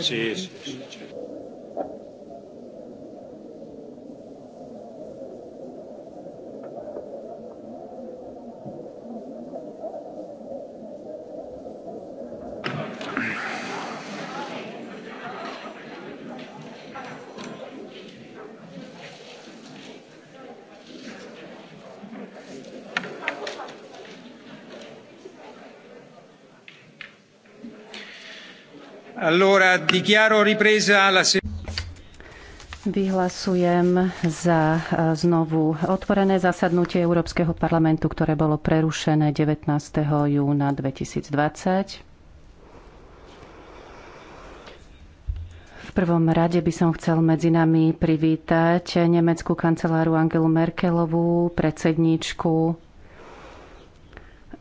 Sí, sí, Allora, dichiaro ripresa la Vyhlasujem za e, znovu otvorené zasadnutie Európskeho parlamentu, ktoré bolo prerušené 19. júna 2020. V prvom rade by som chcel medzi nami privítať nemeckú kanceláru Angelu Merkelovú, predsedníčku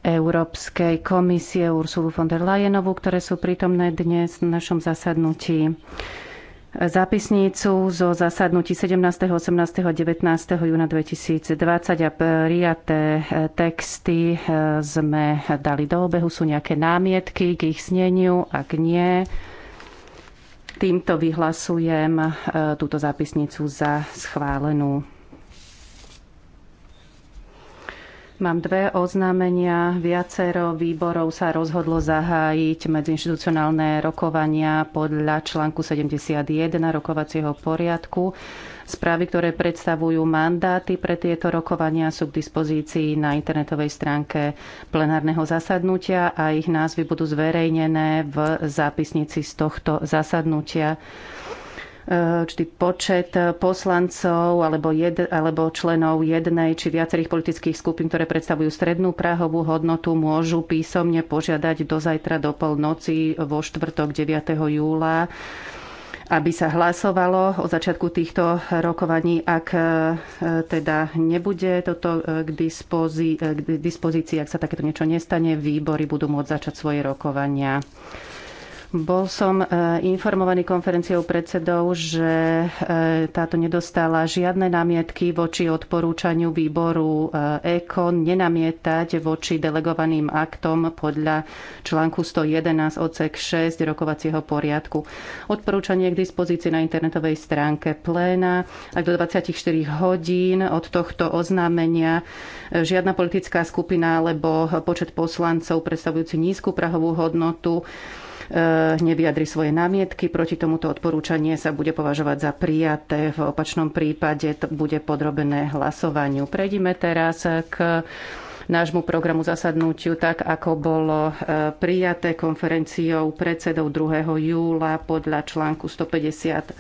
Európskej komisie Ursulu von der Leyenovú, ktoré sú prítomné dnes na našom zasadnutí. Zápisnicu zo zasadnutí 17., 18., 19. júna 2020 a prijaté eh, texty eh, sme dali do obehu. Sú nejaké námietky k ich zneniu? Ak nie, týmto vyhlasujem eh, túto zápisnicu za schválenú. Mám dve oznámenia. Viacero výborov sa rozhodlo zahájiť medziinstitucionálne rokovania podľa článku 71 rokovacieho poriadku. Správy, ktoré predstavujú mandáty pre tieto rokovania, sú k dispozícii na internetovej stránke plenárneho zasadnutia a ich názvy budú zverejnené v zápisnici z tohto zasadnutia či počet poslancov alebo, jed, alebo členov jednej či viacerých politických skupín, ktoré predstavujú strednú prahovú hodnotu, môžu písomne požiadať do zajtra do polnoci vo štvrtok 9. júla aby sa hlasovalo o začiatku týchto rokovaní, ak e, teda nebude toto k, dispozí, e, k dispozícii, ak sa takéto niečo nestane, výbory budú môcť začať svoje rokovania. Bol som e, informovaný konferenciou predsedov, že e, táto nedostala žiadne námietky voči odporúčaniu výboru ECO nenamietať voči delegovaným aktom podľa článku 111 odsek 6 rokovacieho poriadku. Odporúčanie je k dispozícii na internetovej stránke pléna. Ak do 24 hodín od tohto oznámenia e, žiadna politická skupina alebo počet poslancov predstavujúci nízku prahovú hodnotu E, nevyjadri svoje námietky. Proti tomuto odporúčanie sa bude považovať za prijaté. V opačnom prípade to bude podrobené hlasovaniu. Prejdime teraz k nášmu programu zasadnutiu, tak ako bolo e, prijaté konferenciou predsedov 2. júla podľa článku 157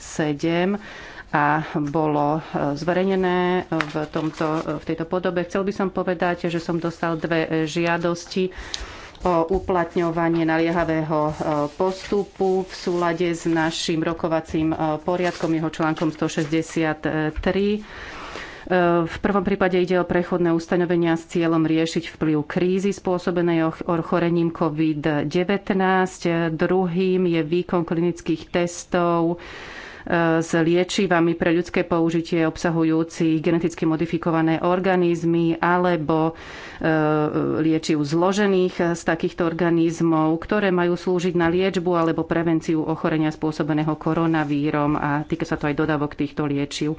a bolo e, zverejnené v, tomto, v tejto podobe. Chcel by som povedať, že som dostal dve žiadosti uplatňovanie naliehavého e, postupu v súlade s našim rokovacím e, poriadkom, jeho článkom 163. E, v prvom prípade ide o prechodné ustanovenia s cieľom riešiť vplyv krízy spôsobenej ochorením COVID-19. Druhým je výkon klinických testov s liečivami pre ľudské použitie obsahujúci geneticky modifikované organizmy alebo e, liečiv zložených z takýchto organizmov, ktoré majú slúžiť na liečbu alebo prevenciu ochorenia spôsobeného koronavírom a týka sa to aj dodávok týchto liečiv.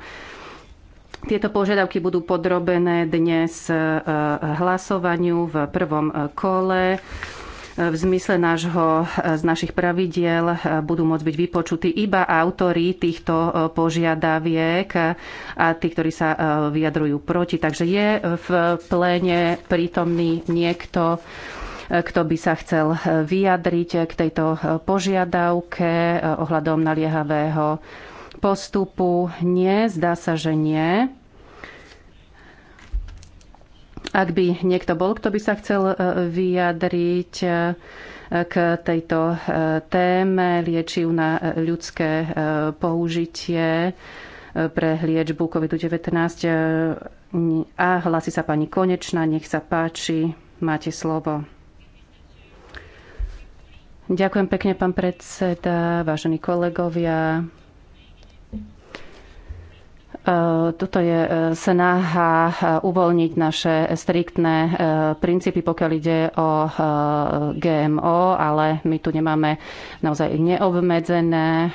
Tieto požiadavky budú podrobené dnes e, hlasovaniu v prvom kole v zmysle nášho, eh, z našich pravidiel eh, budú môcť byť vypočutí iba autory týchto eh, požiadaviek a tí, ktorí sa vyjadrujú proti. Takže je v pléne prítomný niekto, kto by sa chcel vyjadriť k tejto požiadavke ohľadom naliehavého postupu. Nie, zdá sa, že nie. Ak by niekto bol, kto by sa chcel e, vyjadriť e, k tejto e, téme liečiv na ľudské použitie pre liečbu COVID-19 a hlasí sa pani Konečná, nech sa páči, máte slovo. Ďakujem pekne, pán predseda, vážení kolegovia. E, Toto je e, snaha e, uvoľniť naše striktné princípy, pokiaľ ide o GMO, ale my tu nemáme naozaj neobmedzené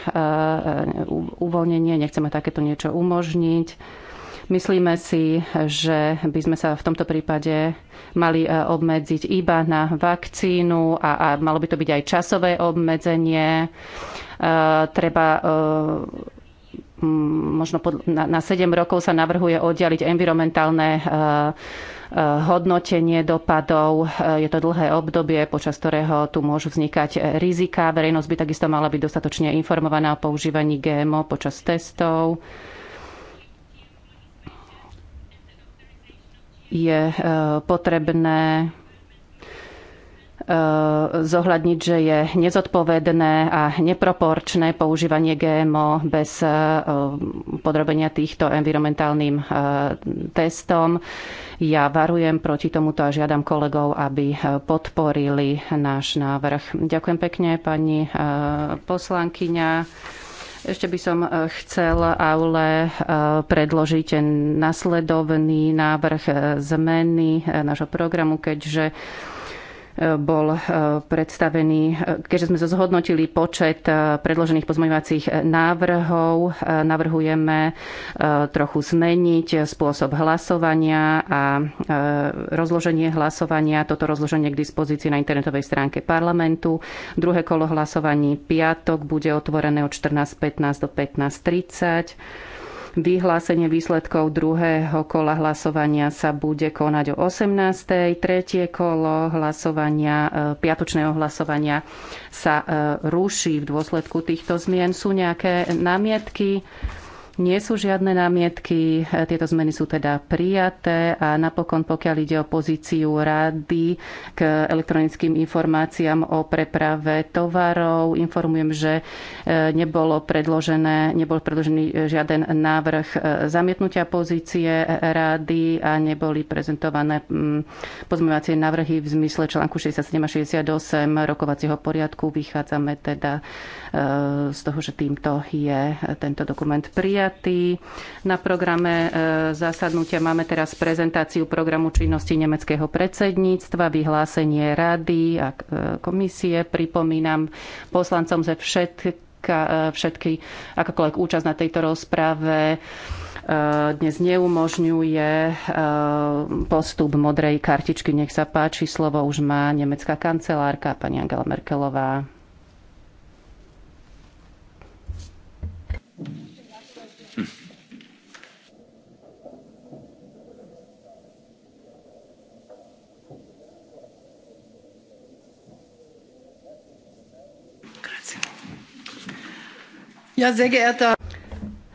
uvoľnenie, nechceme takéto niečo umožniť. Myslíme si, že by sme sa v tomto prípade mali obmedziť iba na vakcínu a, a malo by to byť aj časové obmedzenie. treba možno pod, na, na 7 rokov sa navrhuje oddeliť environmentálne e, e, hodnotenie dopadov. E, je to dlhé obdobie, počas ktorého tu môžu vznikať rizika. Verejnosť by takisto mala byť dostatočne informovaná o používaní GMO počas testov. Je potrebné Eh, zohľadniť, že je nezodpovedné a neproporčné používanie GMO bez eh, podrobenia týchto environmentálnym eh, testom. Ja varujem proti tomuto a žiadam kolegov, aby podporili náš návrh. Ďakujem pekne, pani poslankyňa. Ešte by som chcel aule predložiť nasledovný návrh zmeny nášho programu, keďže bol eh, predstavený, eh, keďže sme zhodnotili počet eh, predložených pozmeňovacích návrhov, navrhujeme trochu zmeniť spôsob hlasovania a rozloženie hlasovania. Toto rozloženie k dispozícii na internetovej stránke parlamentu. Druhé kolo hlasovaní piatok bude otvorené od 14.15 do 15.30 Vyhlásenie výsledkov druhého kola hlasovania sa bude konať o 18. Tretie kolo hlasovania, e, piatočného hlasovania sa e, ruší v dôsledku týchto zmien. Sú nejaké námietky? Nie sú žiadne námietky, tieto zmeny sú teda prijaté a napokon, pokiaľ ide o pozíciu rady k elektronickým informáciám o preprave tovarov, informujem, že e, nebolo predložené, nebol predložený žiaden návrh e, zamietnutia pozície rady a neboli prezentované mm, pozmeňovacie návrhy v zmysle článku 67 a 68 rokovacieho poriadku. Vychádzame teda e, z toho, že týmto je tento dokument prijatý prijatý. Na programe e, zasadnutia máme teraz prezentáciu programu činnosti nemeckého predsedníctva, vyhlásenie rady a e, komisie. Pripomínam poslancom, že všetka, e, všetky, akákoľvek účasť na tejto rozprave dnes neumožňuje postup modrej kartičky. Nech sa páči, slovo už má nemecká kancelárka pani Angela Merkelová. Ja, sehr geehrter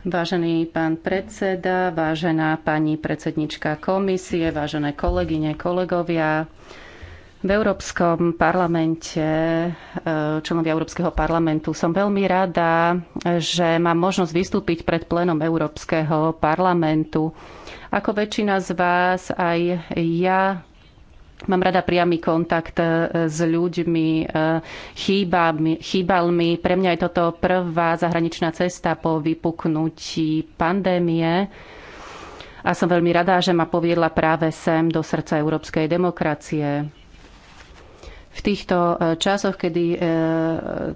Vážený pán predseda, vážená pani predsednička komisie, vážené kolegyne, kolegovia, v Európskom parlamente, eh, členovia Európskeho parlamentu, som veľmi rada, že mám možnosť vystúpiť pred plénom Európskeho parlamentu. Ako väčšina z vás, aj ja Mám rada priamy kontakt e, s ľuďmi, e, chýbal mi. Pre mňa je toto prvá zahraničná cesta po vypuknutí pandémie. A som veľmi rada, že ma poviedla práve sem do srdca európskej demokracie. V týchto e, časoch, kedy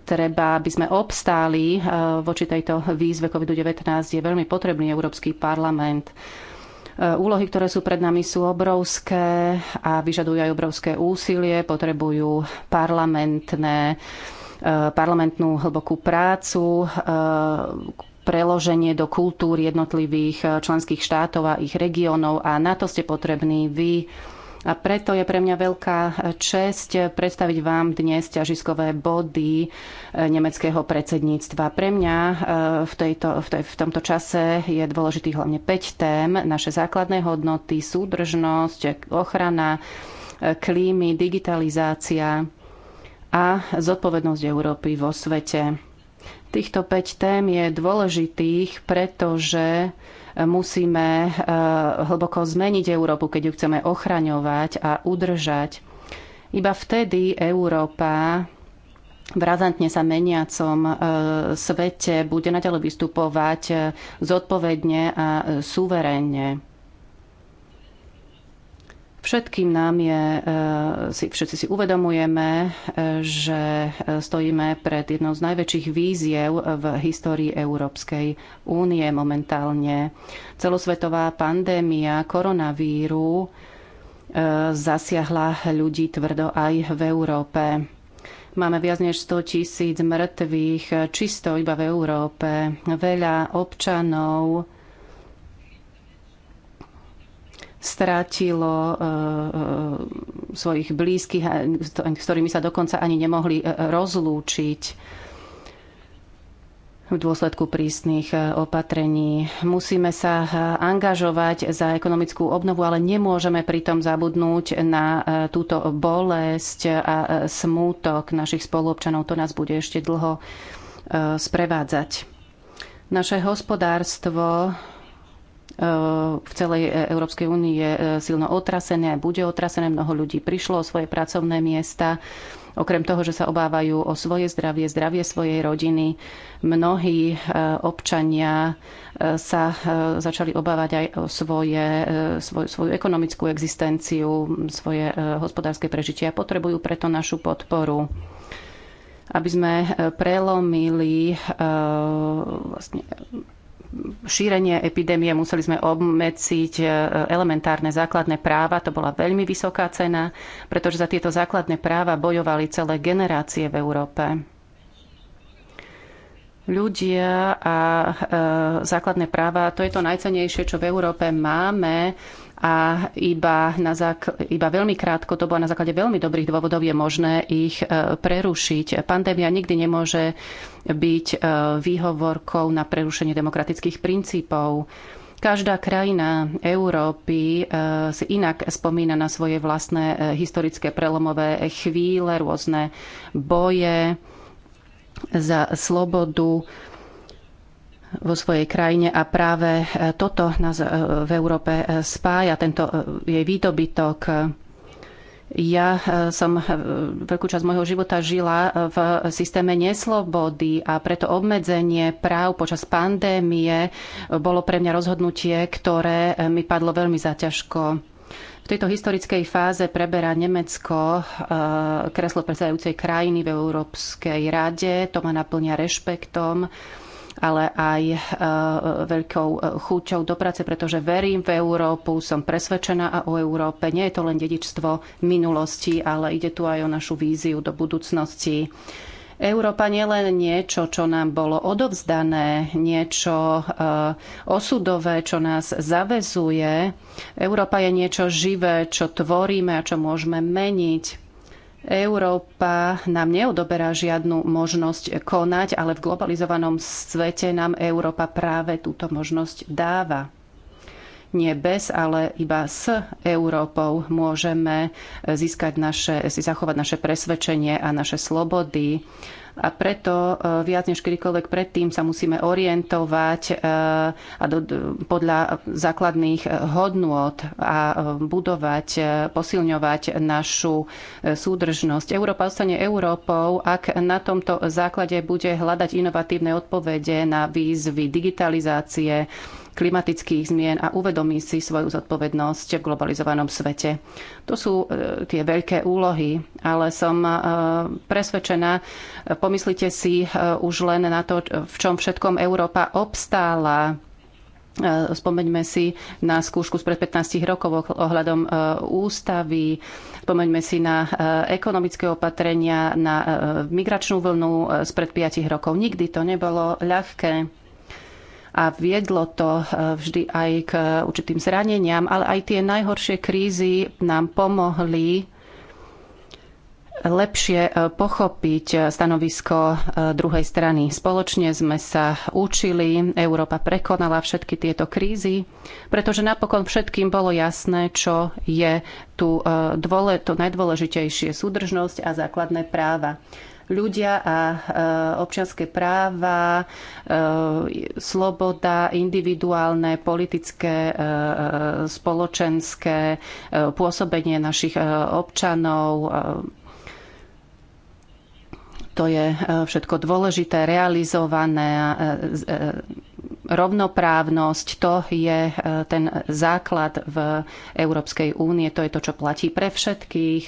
treba, aby sme obstáli voči tejto výzve COVID-19, je veľmi potrebný Európsky parlament Eh, úlohy, ktoré sú pred nami, sú obrovské a vyžadujú aj obrovské úsilie, potrebujú parlamentné, eh, parlamentnú hlbokú prácu, eh, preloženie do kultúr jednotlivých členských štátov a ich regiónov a na to ste potrební vy a preto je pre mňa veľká česť predstaviť vám dnes ťažiskové body e, nemeckého predsedníctva. Pre mňa e, v, tejto, v, tej, v tomto čase je dôležitý hlavne 5 tém. Naše základné hodnoty, súdržnosť, ochrana e, klímy, digitalizácia a zodpovednosť Európy vo svete. Týchto 5 tém je dôležitých, pretože musíme e, hlboko zmeniť Európu, keď ju chceme ochraňovať a udržať. Iba vtedy Európa v razantne sa meniacom e, svete bude naďalej vystupovať e, zodpovedne a suverénne. Všetkým nám je, eh, všetci si uvedomujeme, eh, že eh, stojíme pred jednou z najväčších víziev v histórii Európskej únie momentálne. Celosvetová pandémia koronavíru zasiahla ľudí tvrdo aj v Európe. Máme viac než 100 tisíc mŕtvych čisto iba v Európe. Veľa občanov strátilo e, e, svojich blízkych, s ktorými sa dokonca ani nemohli e, rozlúčiť v dôsledku prísnych opatrení. Musíme sa angažovať za ekonomickú obnovu, ale nemôžeme pritom zabudnúť na túto bolesť a smútok našich spoluobčanov. To nás bude ešte dlho sprevádzať. Naše hospodárstvo v celej Európskej únii je e, silno otrasené a bude otrasené. Mnoho ľudí prišlo o svoje pracovné miesta. Okrem toho, že sa obávajú o svoje zdravie, zdravie svojej rodiny, mnohí e, občania e, sa začali obávať aj o svoje, svoj, svoju ekonomickú existenciu, svoje hospodárske prežitie a potrebujú preto našu podporu aby sme prelomili vlastne šírenie epidémie, museli sme obmedziť e, elementárne základné práva. To bola veľmi vysoká cena, pretože za tieto základné práva bojovali celé generácie v Európe. Ľudia a e, základné práva, to je to najcenejšie, čo v Európe máme a iba, na zák- iba veľmi krátko, to bolo na základe veľmi dobrých dôvodov, je možné ich e, prerušiť. Pandémia nikdy nemôže byť e, výhovorkou na prerušenie demokratických princípov. Každá krajina Európy e, si inak spomína na svoje vlastné historické prelomové chvíle, rôzne boje za slobodu vo svojej krajine a práve e, toto nás e, v Európe e, spája, tento jej výdobytok. Ja som veľkú časť môjho života žila v systéme neslobody a preto obmedzenie práv počas pandémie bolo pre mňa rozhodnutie, ktoré mi padlo veľmi zaťažko. V tejto historickej fáze preberá Nemecko kreslo predsedajúcej krajiny v Európskej rade. To ma naplňa rešpektom ale aj e, veľkou e, chúťou do práce, pretože verím v Európu, som presvedčená a o Európe. Nie je to len dedičstvo minulosti, ale ide tu aj o našu víziu do budúcnosti. Európa nie len niečo, čo nám bolo odovzdané, niečo e, osudové, čo nás zavezuje. Európa je niečo živé, čo tvoríme a čo môžeme meniť. Európa nám neodoberá žiadnu možnosť konať, ale v globalizovanom svete nám Európa práve túto možnosť dáva. Nie bez, ale iba s Európou môžeme získať naše, si zachovať naše presvedčenie a naše slobody, a preto e, viac než kedykoľvek predtým sa musíme orientovať e, a do, podľa základných e, hodnôt a budovať, posilňovať našu súdržnosť. Európa ostane Európou, ak na tomto základe bude hľadať inovatívne odpovede na výzvy digitalizácie, klimatických zmien a uvedomí si svoju zodpovednosť v globalizovanom svete. To sú e, tie veľké úlohy, ale som e, presvedčená, pomyslite si e, už len na to, v čom všetkom Európa obstála Spomeňme si na skúšku spred 15 rokov ohľadom ústavy, spomeňme si na ekonomické opatrenia, na migračnú vlnu spred 5 rokov. Nikdy to nebolo ľahké a viedlo to e, vždy aj k e, určitým zraneniam, ale aj tie najhoršie krízy nám pomohli lepšie e, pochopiť stanovisko druhej strany. Spoločne sme sa učili, Európa prekonala všetky tieto krízy, pretože napokon všetkým bolo jasné, čo je tu dôle, to najdôležitejšie súdržnosť a základné práva ľudia a e, občianské práva, e, sloboda, individuálne, politické, e, spoločenské, pôsobenie našich občanov, to je všetko dôležité, realizované, rovnoprávnosť, to je ten základ v Európskej únie, to je to, čo platí pre všetkých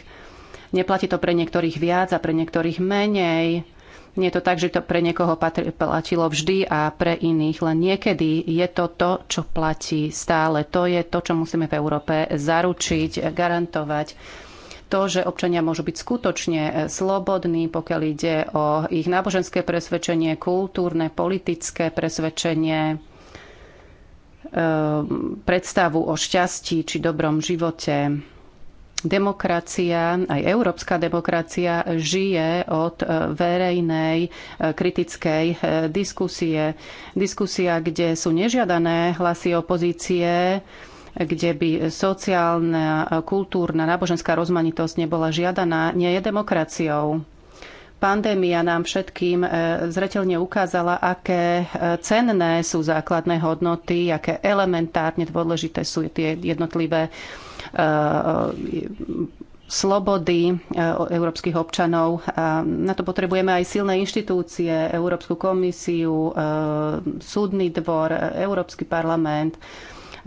Neplatí to pre niektorých viac a pre niektorých menej. Nie je to tak, že to pre niekoho platilo vždy a pre iných len niekedy. Je to to, čo platí stále. To je to, čo musíme v Európe zaručiť, garantovať to, že občania môžu byť skutočne e, slobodní, pokiaľ ide o ich náboženské presvedčenie, kultúrne, politické presvedčenie, e, predstavu o šťastí či dobrom živote demokracia, aj európska demokracia žije od e, verejnej e, kritickej e, diskusie. Diskusia, kde sú nežiadané hlasy opozície, kde by sociálna, kultúrna, náboženská rozmanitosť nebola žiadaná, nie je demokraciou. Pandémia nám všetkým zretelne ukázala, aké cenné sú základné hodnoty, aké elementárne dôležité sú tie jednotlivé E, e, slobody e, európskych občanov. na to potrebujeme aj silné inštitúcie, Európsku komisiu, súdny dvor, Európsky parlament.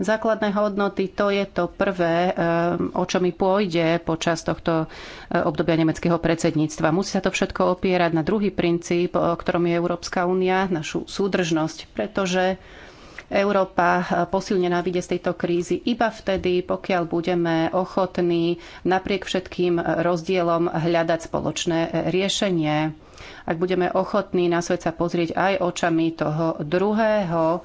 Základné hodnoty, to je to prvé, o čo mi pôjde počas tohto obdobia nemeckého predsedníctva. Musí sa to všetko opierať na druhý princíp, o ktorom je Európska únia, našu súdržnosť, pretože Európa eh, posilnená vyjde z tejto krízy iba vtedy, pokiaľ budeme ochotní napriek všetkým eh, rozdielom hľadať spoločné eh, riešenie ak budeme ochotní na svet sa pozrieť aj očami toho druhého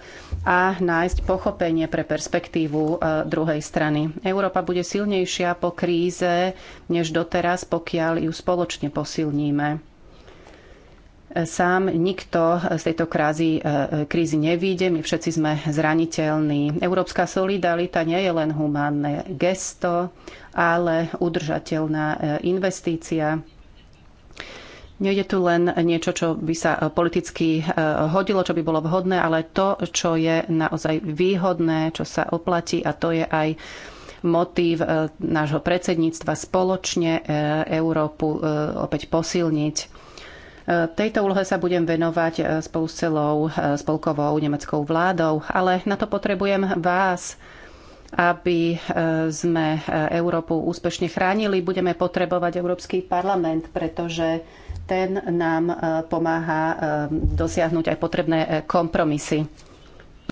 a nájsť pochopenie pre perspektívu druhej strany. Európa bude silnejšia po kríze než doteraz, pokiaľ ju spoločne posilníme sám nikto z tejto krázy, e, krízy nevíde, my všetci sme zraniteľní. Európska solidarita nie je len humánne gesto, ale udržateľná e, investícia. Nie je tu len niečo, čo by sa e, politicky hodilo, čo by bolo vhodné, ale to, čo je naozaj výhodné, čo sa oplatí a to je aj motív nášho predsedníctva spoločne Európu opäť posilniť Tejto úlohe sa budem venovať e, spolu s celou e, spolkovou nemeckou vládou, ale na to potrebujem vás, aby e, sme Európu úspešne chránili. Budeme potrebovať Európsky parlament, pretože ten nám pomáha dosiahnuť aj potrebné kompromisy.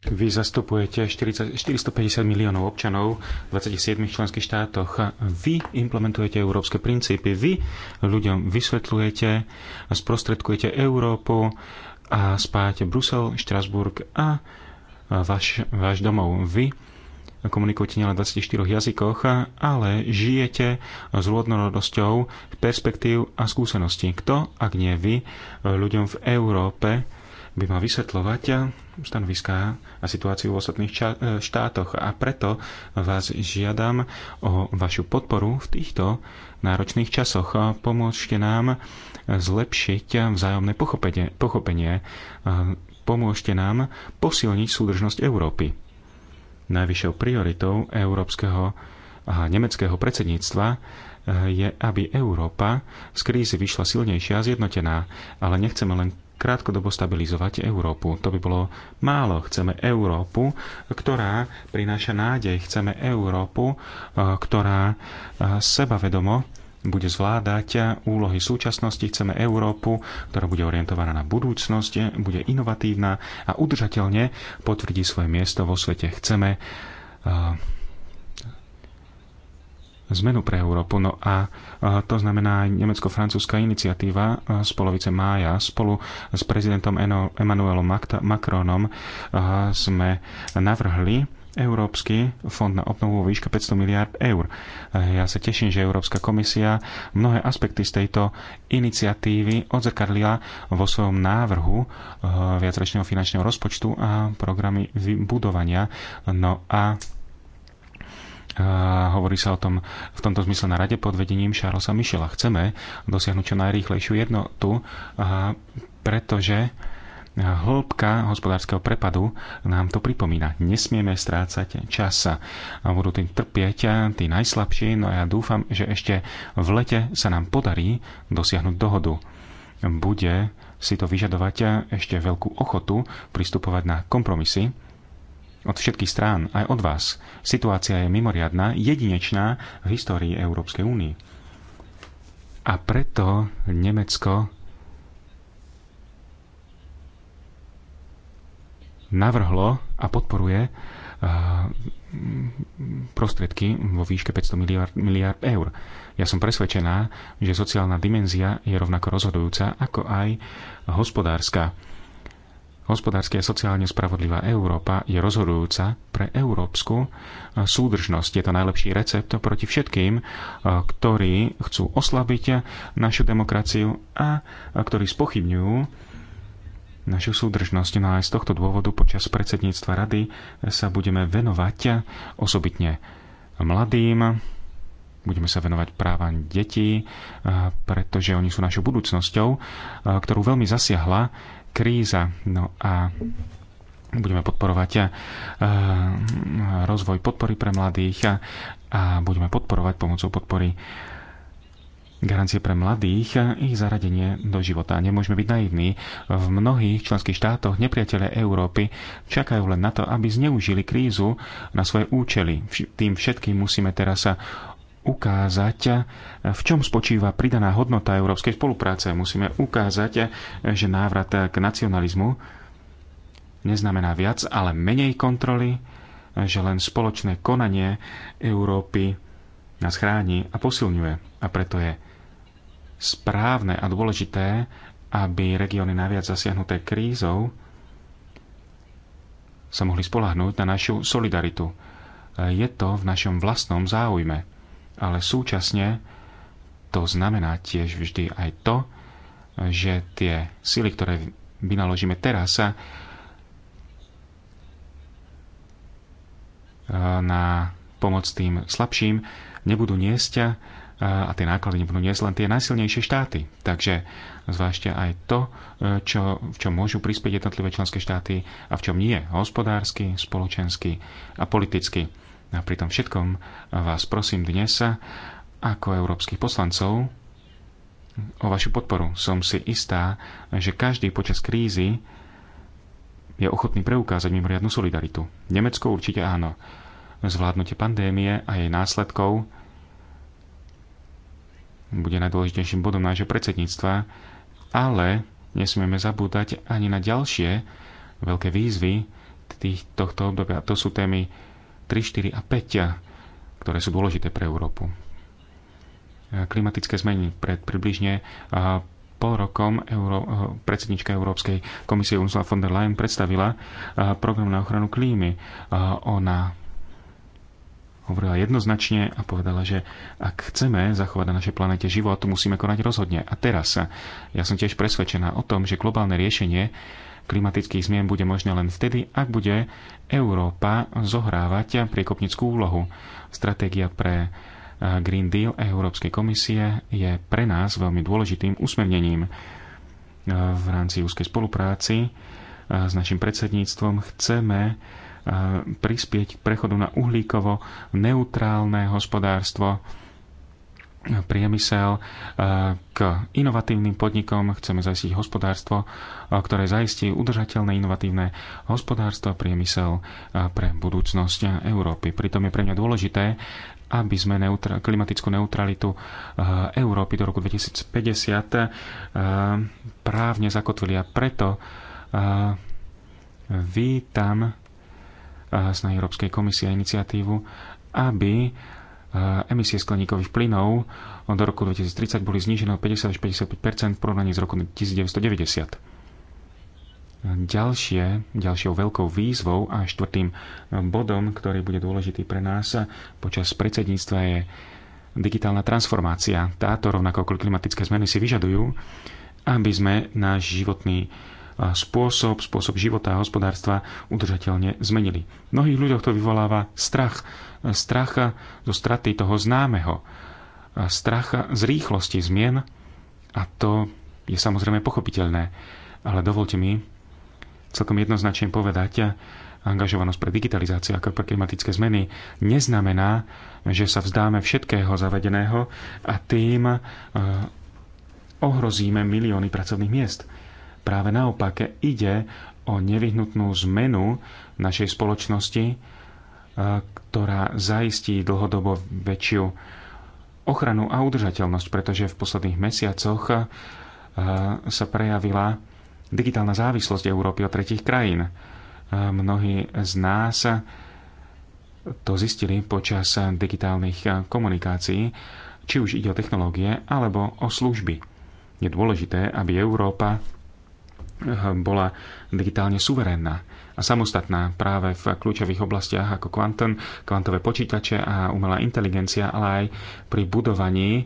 Vy zastupujete 40, 450 miliónov občanov v 27 členských štátoch. Vy implementujete európske princípy, vy ľuďom vysvetľujete, sprostredkujete Európu a spáte Brusel, Štrasburg a váš, váš domov. Vy komunikujete nielen v 24 jazykoch, ale žijete s rôznorodosťou perspektív a skúseností. Kto, ak nie vy, ľuďom v Európe by mal vysvetľovať stanoviská a situáciu v ostatných e, štátoch. A preto vás žiadam o vašu podporu v týchto náročných časoch. Pomôžte nám zlepšiť vzájomné pochopenie, pochopenie. E, pomôžte nám posilniť súdržnosť Európy. Najvyššou prioritou európskeho a nemeckého predsedníctva e, je, aby Európa z krízy vyšla silnejšia a zjednotená. Ale nechceme len krátkodobo stabilizovať Európu. To by bolo málo. Chceme Európu, ktorá prináša nádej. Chceme Európu, e, ktorá e, sebavedomo bude zvládať úlohy súčasnosti. Chceme Európu, ktorá bude orientovaná na budúcnosť, bude inovatívna a udržateľne potvrdí svoje miesto vo svete. Chceme e, zmenu pre Európu. No a to znamená aj nemecko-francúzska iniciatíva z polovice mája. Spolu s prezidentom Emmanuelom Macronom sme navrhli Európsky fond na obnovu výška 500 miliard eur. Ja sa teším, že Európska komisia mnohé aspekty z tejto iniciatívy odzrkadlila vo svojom návrhu viacročného finančného rozpočtu a programy vybudovania. No a hovorí sa o tom v tomto zmysle na rade pod vedením Charlesa Michela. Chceme dosiahnuť čo najrýchlejšiu jednotu, pretože hĺbka hospodárskeho prepadu nám to pripomína. Nesmieme strácať čas. Budú tým trpieť tí najslabší, no a ja dúfam, že ešte v lete sa nám podarí dosiahnuť dohodu. Bude si to vyžadovať ešte veľkú ochotu pristupovať na kompromisy, od všetkých strán, aj od vás. Situácia je mimoriadná, jedinečná v histórii Európskej únie. A preto Nemecko navrhlo a podporuje eh, prostriedky vo výške 500 miliard, miliard eur. Ja som presvedčená, že sociálna dimenzia je rovnako rozhodujúca ako aj hospodárska Hospodársky a sociálne spravodlivá Európa je rozhodujúca pre európsku e, súdržnosť. Je to najlepší recept proti všetkým, e, ktorí chcú oslabiť našu demokraciu a ktorí spochybňujú našu súdržnosť. No aj z tohto dôvodu počas predsedníctva rady sa budeme venovať osobitne mladým, budeme sa venovať právam detí, e, pretože oni sú našou budúcnosťou, ktorú veľmi zasiahla kríza. No a budeme podporovať eh, rozvoj podpory pre mladých a budeme podporovať pomocou podpory garancie pre mladých a ich zaradenie do života. Nemôžeme byť naivní. V mnohých členských štátoch nepriatelia Európy čakajú len na to, aby zneužili krízu na svoje účely. Tým všetkým musíme teraz sa ukázať, eh, v čom spočíva pridaná hodnota európskej spolupráce. Musíme ukázať, eh, že návrat eh, k nacionalizmu neznamená viac, ale menej kontroly, že len spoločné konanie Európy nás chráni a posilňuje. A preto je správne a dôležité, aby regióny naviac zasiahnuté krízou sa mohli spolahnúť na našu solidaritu. Je to v našom vlastnom záujme ale súčasne to znamená tiež vždy aj to, že tie sily, ktoré vynaložíme teraz, sa eh, na pomoc tým slabším nebudú niesť eh, a tie náklady nebudú niesť len tie najsilnejšie štáty. Takže zvážte aj to, eh, čo, v čom môžu prispieť jednotlivé členské štáty a v čom nie. Hospodársky, spoločensky a politicky. A pri tom všetkom vás prosím dnes ako európskych poslancov o vašu podporu. Som si istá, že každý počas krízy je ochotný preukázať mimoriadnu solidaritu. Nemecko určite áno. Zvládnutie pandémie a jej následkov bude najdôležitejším bodom nášho predsedníctva, ale nesmieme zabúdať ani na ďalšie veľké výzvy tohto obdobia. To sú témy 3, 4 a 5, eh, ktoré sú dôležité pre Európu. Eh, klimatické zmeny pred približne eh, pol rokom Euró- predsednička Európskej komisie Ursula von der Leyen predstavila program na ochranu klímy. Ona hovorila jednoznačne a povedala, že ak chceme zachovať na našej planete život, musíme konať rozhodne. A teraz ja som tiež presvedčená o tom, že globálne riešenie klimatických zmien bude možné len vtedy, ak bude Európa zohrávať priekopnickú úlohu. Stratégia pre eh, Green Deal Európskej komisie je pre nás veľmi dôležitým usmernením. Eh, v rámci úzkej spolupráci eh, s našim predsedníctvom chceme prispieť k prechodu na uhlíkovo neutrálne hospodárstvo priemysel eh, k inovatívnym podnikom. Chceme zajistiť hospodárstvo, eh, ktoré zajistí udržateľné inovatívne hospodárstvo a priemysel eh, pre budúcnosť Európy. Pritom je pre mňa dôležité, aby sme neutra- klimatickú neutralitu Európy do roku 2050 právne zakotvili. A preto vítam z Európskej komisie iniciatívu, aby emisie skleníkových plynov do roku 2030 boli znížené o 50 až 55 v porovnaní s roku 1990. Ďalšie, ďalšou veľkou výzvou a štvrtým bodom, ktorý bude dôležitý pre nás počas predsedníctva je digitálna transformácia. Táto rovnako ako klimatické zmeny si vyžadujú, aby sme náš životný spôsob, spôsob života a hospodárstva udržateľne zmenili. V mnohých ľuďoch to vyvoláva strach Stracha zo straty toho známeho, Stracha z rýchlosti zmien a to je samozrejme pochopiteľné. Ale dovolte mi celkom jednoznačne povedať, angažovanosť pre digitalizáciu ako pre klimatické zmeny neznamená, že sa vzdáme všetkého zavedeného a tým e, ohrozíme milióny pracovných miest. Práve naopak ide o nevyhnutnú zmenu našej spoločnosti, ktorá zaistí dlhodobo väčšiu ochranu a udržateľnosť, pretože v posledných mesiacoch sa prejavila digitálna závislosť Európy od tretich krajín. Mnohí z nás to zistili počas digitálnych komunikácií, či už ide o technológie alebo o služby. Je dôležité, aby Európa bola digitálne suverénna samostatná práve v kľúčových oblastiach ako kvantum, kvantové počítače a umelá inteligencia, ale aj pri budovaní eh,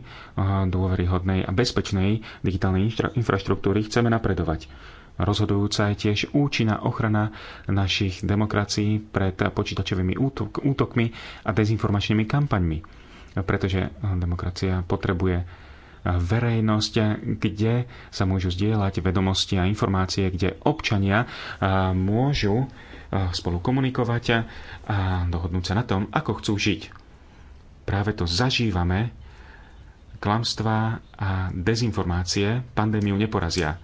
dôveryhodnej a bezpečnej digitálnej infraštruktúry chceme napredovať. Rozhodujúca je tiež účinná ochrana našich demokracií pred počítačovými útok, útokmi a dezinformačnými kampaňmi, pretože eh, demokracia potrebuje verejnosť, kde sa môžu zdieľať vedomosti a informácie, kde občania môžu spolu komunikovať a dohodnúť sa na tom, ako chcú žiť. Práve to zažívame, klamstvá a dezinformácie pandémiu neporazia.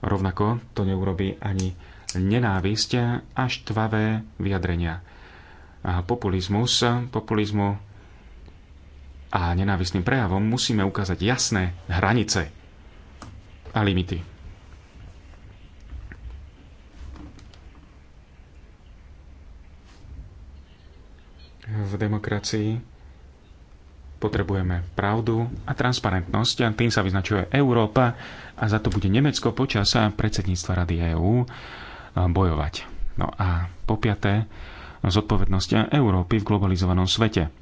Rovnako to neurobi ani nenávisť a štvavé vyjadrenia. A populizmus, populizmu a nenávisným prejavom musíme ukázať jasné hranice a limity. V demokracii potrebujeme pravdu a transparentnosť a tým sa vyznačuje Európa a za to bude Nemecko počas predsedníctva Rady EÚ bojovať. No a po piaté, zodpovednosť Európy v globalizovanom svete.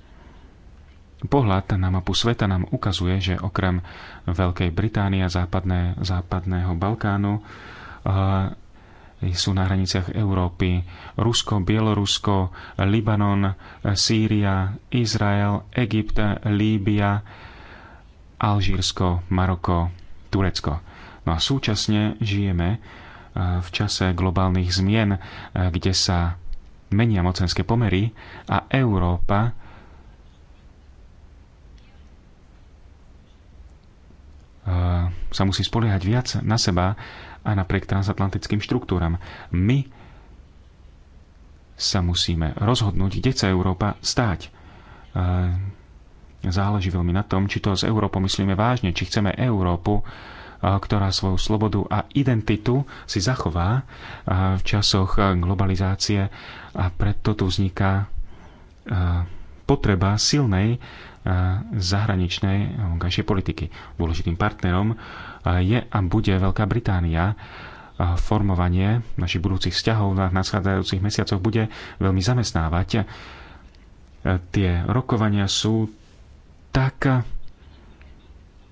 Pohľad na mapu sveta nám ukazuje, že okrem Veľkej Británie a západné, západného Balkánu eh, sú na hraniciach Európy Rusko, Bielorusko, Libanon, Sýria, Izrael, Egypt, Líbia, Alžírsko, Maroko, Turecko. No a súčasne žijeme eh, v čase globálnych zmien, eh, kde sa menia mocenské pomery a Európa sa musí spoliehať viac na seba a napriek transatlantickým štruktúram. My sa musíme rozhodnúť, kde sa Európa stáť. Záleží veľmi na tom, či to s Európou myslíme vážne, či chceme Európu, ktorá svoju slobodu a identitu si zachová v časoch globalizácie a preto tu vzniká potreba silnej zahraničnej vonkajšej politiky. Dôležitým partnerom je a bude Veľká Británia. Formovanie našich budúcich vzťahov na nadchádzajúcich mesiacoch bude veľmi zamestnávať. Tie rokovania sú tak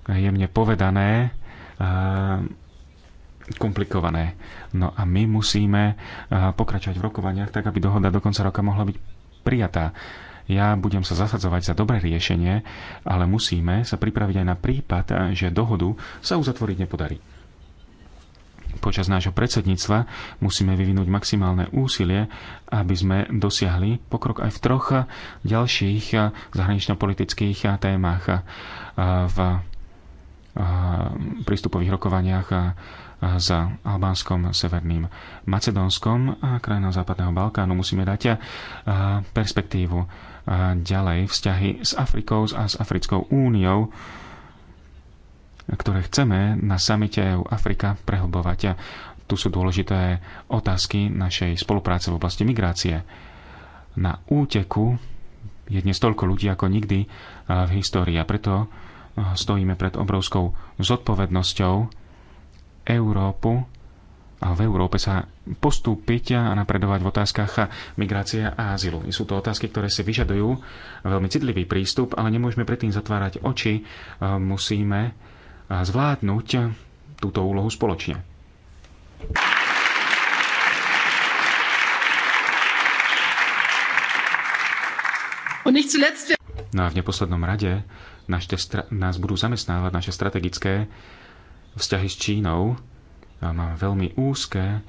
jemne povedané komplikované. No a my musíme pokračovať v rokovaniach tak, aby dohoda do konca roka mohla byť prijatá. Ja budem sa zasadzovať za dobré riešenie, ale musíme sa pripraviť aj na prípad, že dohodu sa uzatvoriť nepodarí. Počas nášho predsedníctva musíme vyvinúť maximálne úsilie, aby sme dosiahli pokrok aj v troch ďalších zahranično-politických témach v prístupových rokovaniach za Albánskom, Severným Macedónskom a krajinám Západného Balkánu musíme dať perspektívu ďalej vzťahy s Afrikou a s Africkou úniou, ktoré chceme na samite EU Afrika prehlbovať. Tu sú dôležité otázky našej spolupráce v oblasti migrácie. Na úteku je dnes toľko ľudí ako nikdy v histórii a preto e, stojíme pred obrovskou zodpovednosťou Európu v Európe sa postúpiť a napredovať v otázkach migrácie a azylu. Sú to otázky, ktoré si vyžadujú veľmi citlivý prístup, ale nemôžeme predtým zatvárať oči. E, musíme e, zvládnuť túto úlohu spoločne. No a v neposlednom rade nás budú zamestnávať naše strategické vzťahy s Čínou, Máme veľmi úzke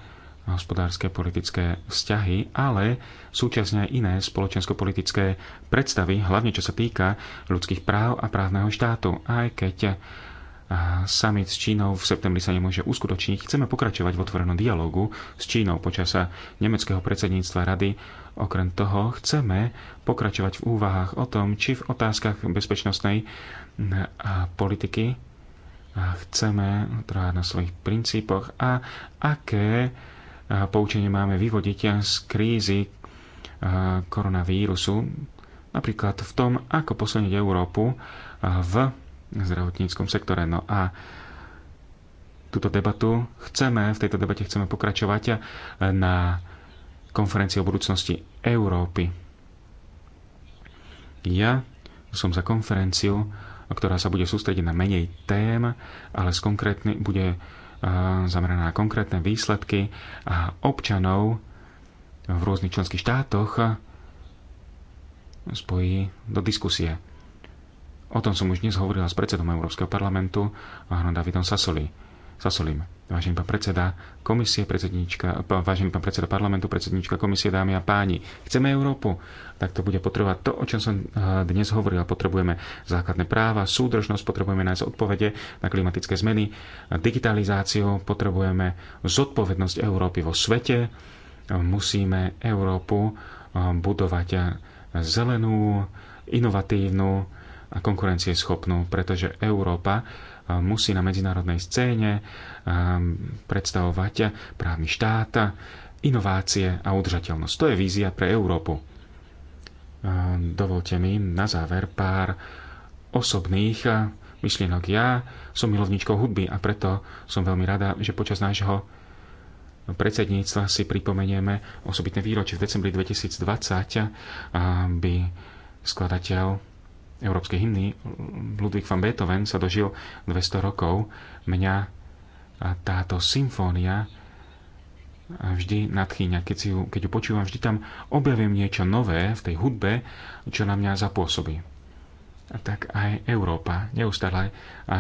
hospodárske politické vzťahy, ale súčasne aj iné spoločensko-politické predstavy, hlavne čo sa týka ľudských práv a právneho štátu. Aj keď summit s Čínou v septembri sa nemôže uskutočniť, chceme pokračovať v otvorenom dialogu s Čínou počas nemeckého predsedníctva rady. Okrem toho chceme pokračovať v úvahách o tom, či v otázkach bezpečnostnej politiky chceme trvať na svojich princípoch a aké poučenie máme vyvodiť z krízy koronavírusu, napríklad v tom, ako posunieť Európu v zdravotníckom sektore. No a túto debatu chceme, v tejto debate chceme pokračovať na konferencii o budúcnosti Európy. Ja som za konferenciu ktorá sa bude sústrediť na menej tém, ale z konkrétny, bude eh, zameraná na konkrétne výsledky a občanov v rôznych členských štátoch eh, spojí do diskusie. O tom som už dnes hovorila s predsedom Európskeho parlamentu Davidom Sasoli, Sasolim. Vážený pán predseda komisie, predsednička, vážený pán predseda parlamentu, predsednička komisie, dámy a páni, chceme Európu, tak to bude potrebovať to, o čom som eh, dnes hovoril. Potrebujeme základné práva, súdržnosť, potrebujeme nájsť odpovede na klimatické zmeny, digitalizáciu, potrebujeme zodpovednosť Európy vo svete, musíme Európu eh, budovať eh, zelenú, inovatívnu a konkurencieschopnú, pretože Európa musí na medzinárodnej scéne predstavovať právny štát, inovácie a udržateľnosť. To je vízia pre Európu. Dovolte mi na záver pár osobných myšlienok. Ja som milovničkou hudby a preto som veľmi rada, že počas nášho predsedníctva si pripomenieme osobitné výročie. V decembri 2020 by skladateľ európskej hymny eh, Ludwig van Beethoven sa dožil 200 rokov. Mňa táto symfónia eh, vždy nadchýňa. Keď, si ju, keď ju počúvam, vždy tam objavím niečo nové v tej hudbe, čo na mňa zapôsobí. Tak aj Európa neustále eh,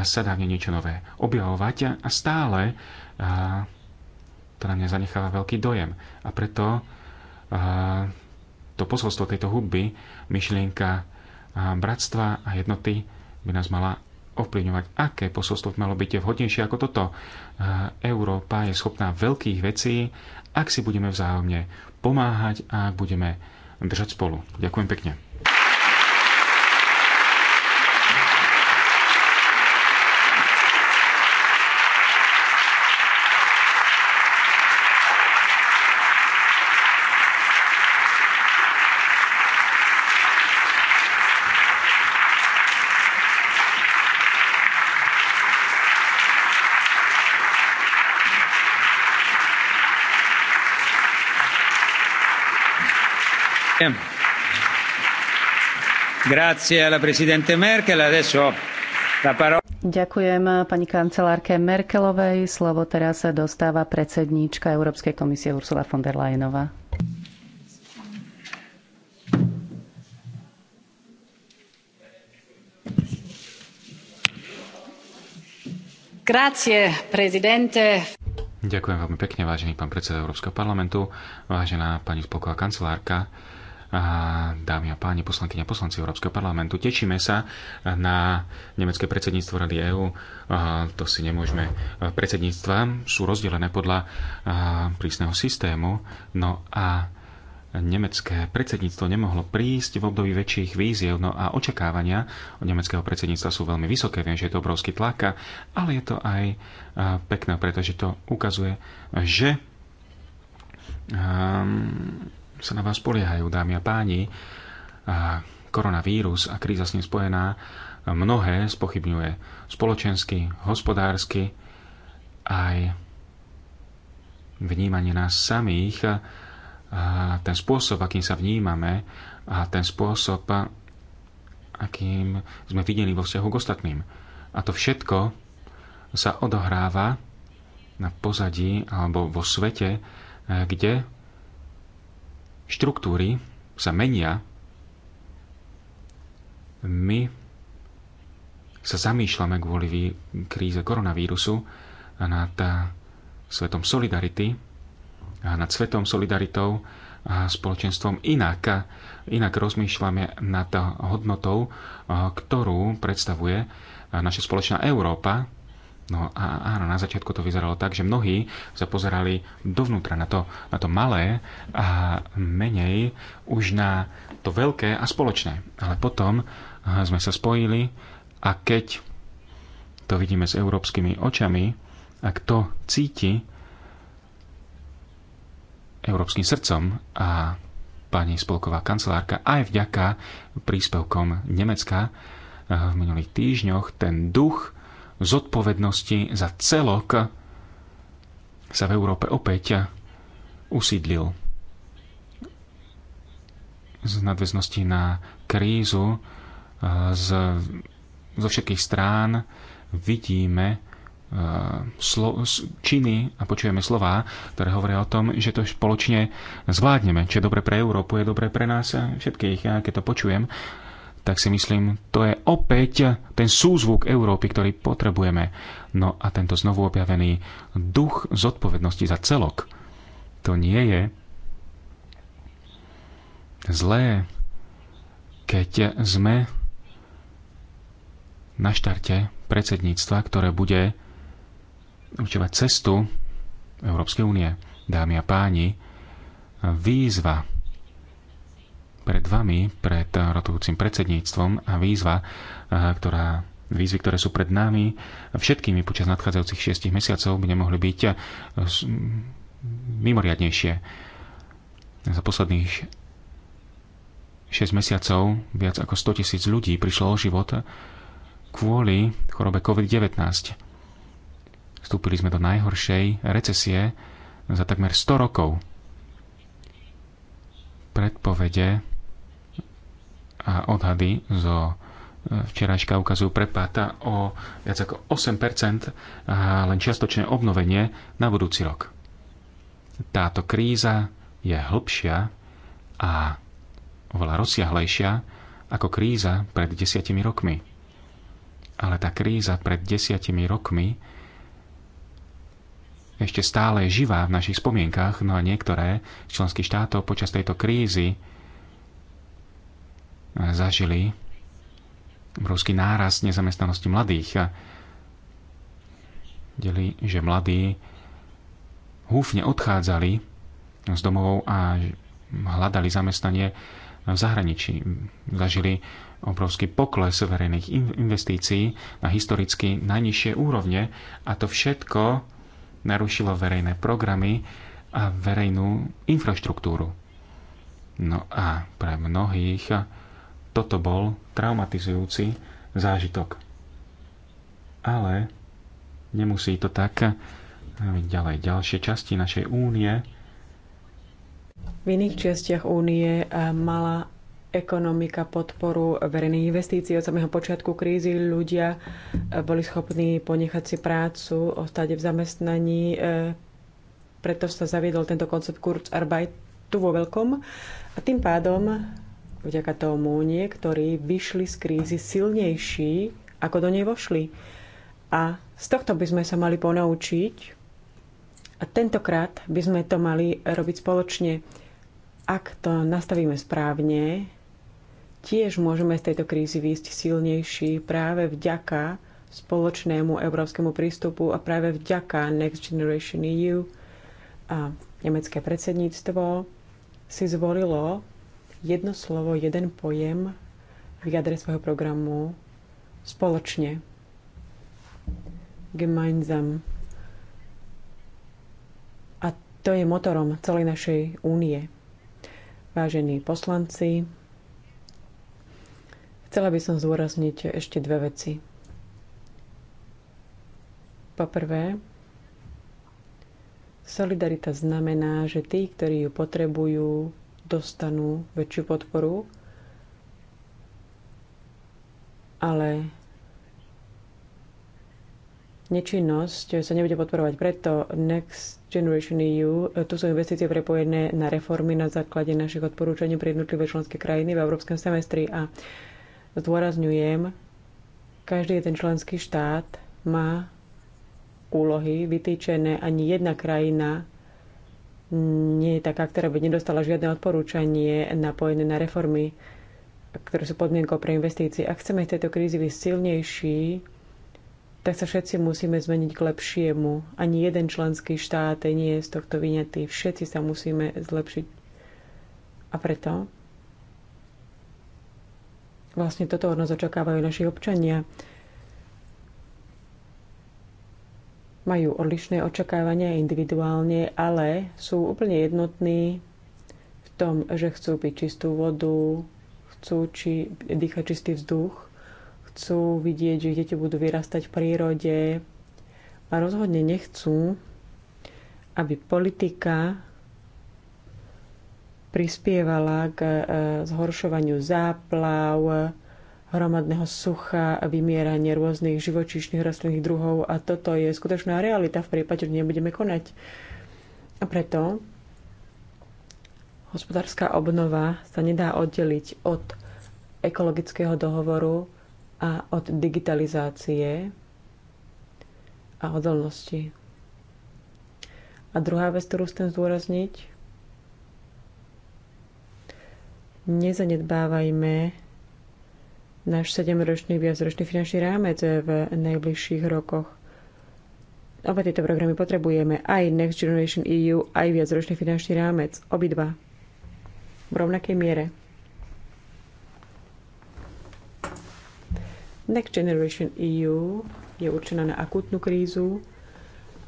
sa dá v nej niečo nové objavovať a stále a, to na mňa zanecháva veľký dojem. A preto a, to posolstvo tejto hudby, myšlienka bratstva a jednoty by nás mala ovplyvňovať, aké posolstvo malo byť vhodnejšie ako toto. E, Európa je schopná veľkých vecí, ak si budeme vzájomne pomáhať a ak budeme držať spolu. Ďakujem pekne. Ďakujem pani kancelárke Merkelovej. Slovo teraz sa dostáva predsedníčka Európskej komisie Ursula von der Leyenová. Grazie, prezidente. Ďakujem veľmi pekne, vážený pán predseda Európskeho parlamentu, vážená pani spolková kancelárka dámy a páni, poslankyňa a poslanci Európskeho parlamentu. Tešíme sa na nemecké predsedníctvo Rady EÚ. To si nemôžeme. Predsedníctva sú rozdelené podľa prísneho systému. No a nemecké predsedníctvo nemohlo prísť v období väčších víziev, no a očakávania od nemeckého predsedníctva sú veľmi vysoké, viem, že je to obrovský tlak, ale je to aj pekné, pretože to ukazuje, že sa na vás poliehajú, dámy a páni. A koronavírus a kríza s ním spojená mnohé spochybňuje spoločensky, hospodársky, aj vnímanie nás samých, a ten spôsob, akým sa vnímame a ten spôsob, akým sme videní vo vzťahu k ostatným. A to všetko sa odohráva na pozadí alebo vo svete, kde štruktúry sa menia, my sa zamýšľame kvôli kríze koronavírusu nad eh, svetom solidarity, nad svetom solidaritou a spoločenstvom inak. Eh, inak rozmýšľame nad hodnotou, eh, ktorú predstavuje naša spoločná Európa No a áno, na začiatku to vyzeralo tak, že mnohí sa pozerali dovnútra na to, na to malé a menej už na to veľké a spoločné. Ale potom sme sa spojili a keď to vidíme s európskymi očami, a kto cíti európskym srdcom a pani spolková kancelárka aj vďaka príspevkom Nemecka eh, v minulých týždňoch ten duch zodpovednosti za celok sa v Európe opäť usídlil. Z nadväznosti na krízu eh, z, zo všetkých strán vidíme eh, slo, činy a počujeme slová, ktoré hovoria o tom, že to spoločne zvládneme. Čo je dobre pre Európu, je dobre pre nás všetkých. Ja keď to počujem, tak si myslím, to je opäť ten súzvuk Európy, ktorý potrebujeme. No a tento znovu objavený duch zodpovednosti za celok, to nie je zlé, keď sme na štarte predsedníctva, ktoré bude určovať cestu Európskej únie. Dámy a páni, výzva pred vami, pred rotujúcim predsedníctvom a výzva, eh, ktorá výzvy, ktoré sú pred nami, všetkými počas nadchádzajúcich šiestich mesiacov by nemohli byť eh, mimoriadnejšie. Za posledných 6 mesiacov viac ako 100 tisíc ľudí prišlo o život kvôli chorobe COVID-19. Vstúpili sme do najhoršej recesie za takmer 100 rokov. Predpovede a odhady zo e, včerajška ukazujú prepáta o viac ako 8% a len čiastočné obnovenie na budúci rok. Táto kríza je hĺbšia a oveľa rozsiahlejšia ako kríza pred desiatimi rokmi. Ale tá kríza pred desiatimi rokmi ešte stále je živá v našich spomienkach, no a niektoré z členských štátov počas tejto krízy zažili obrovský nárast nezamestnanosti mladých. Deli, že mladí húfne odchádzali z domovou a hľadali zamestnanie v zahraničí. Zažili obrovský pokles verejných investícií na historicky najnižšie úrovne a to všetko narušilo verejné programy a verejnú infraštruktúru. No a pre mnohých toto bol traumatizujúci zážitok. Ale nemusí to tak ďalej. Ďalšie časti našej únie v iných častiach únie eh, mala ekonomika podporu verejných investícií. Od samého počiatku krízy ľudia eh, boli schopní ponechať si prácu, ostať v zamestnaní. Eh, preto sa zaviedol tento koncept Kurzarbeit tu vo veľkom. A tým pádom Vďaka tomu niektorí vyšli z krízy silnejší, ako do nej vošli. A z tohto by sme sa mali ponaučiť a tentokrát by sme to mali robiť spoločne. Ak to nastavíme správne, tiež môžeme z tejto krízy výjsť silnejší práve vďaka spoločnému európskemu prístupu a práve vďaka Next Generation EU a nemecké predsedníctvo si zvolilo jedno slovo, jeden pojem v jadre svojho programu spoločne. Gemeinsam. A to je motorom celej našej únie. Vážení poslanci, chcela by som zúrazniť ešte dve veci. Poprvé, solidarita znamená, že tí, ktorí ju potrebujú, dostanú väčšiu podporu, ale nečinnosť sa nebude podporovať. Preto Next Generation EU, e, tu sú investície prepojené na reformy na základe našich odporúčaní pre jednotlivé členské krajiny v európskom semestri a zdôrazňujem, každý jeden členský štát má úlohy vytýčené, ani jedna krajina nie je taká, ktorá by nedostala žiadne odporúčanie napojené na reformy, ktoré sú podmienkou pre investície. Ak chceme v tejto krízi byť silnejší, tak sa všetci musíme zmeniť k lepšiemu. Ani jeden členský štát nie je z tohto vyňatý. Všetci sa musíme zlepšiť. A preto vlastne toto od nás očakávajú naši občania. majú odlišné očakávania individuálne, ale sú úplne jednotní v tom, že chcú piť čistú vodu, chcú či, dýchať čistý vzduch, chcú vidieť, že deti budú vyrastať v prírode a rozhodne nechcú, aby politika prispievala k e, zhoršovaniu záplav, hromadného sucha, vymieranie rôznych živočíšnych rastlinných druhov a toto je skutočná realita v prípade, že nebudeme konať. A preto hospodárska obnova sa nedá oddeliť od ekologického dohovoru a od digitalizácie a odolnosti. A druhá vec, ktorú chcem zdôrazniť, nezanedbávajme náš 7-ročný viacročný finančný rámec v najbližších rokoch. Oba tieto programy potrebujeme, aj Next Generation EU, aj viacročný finančný rámec, obidva. V rovnakej miere. Next Generation EU je určená na akútnu krízu,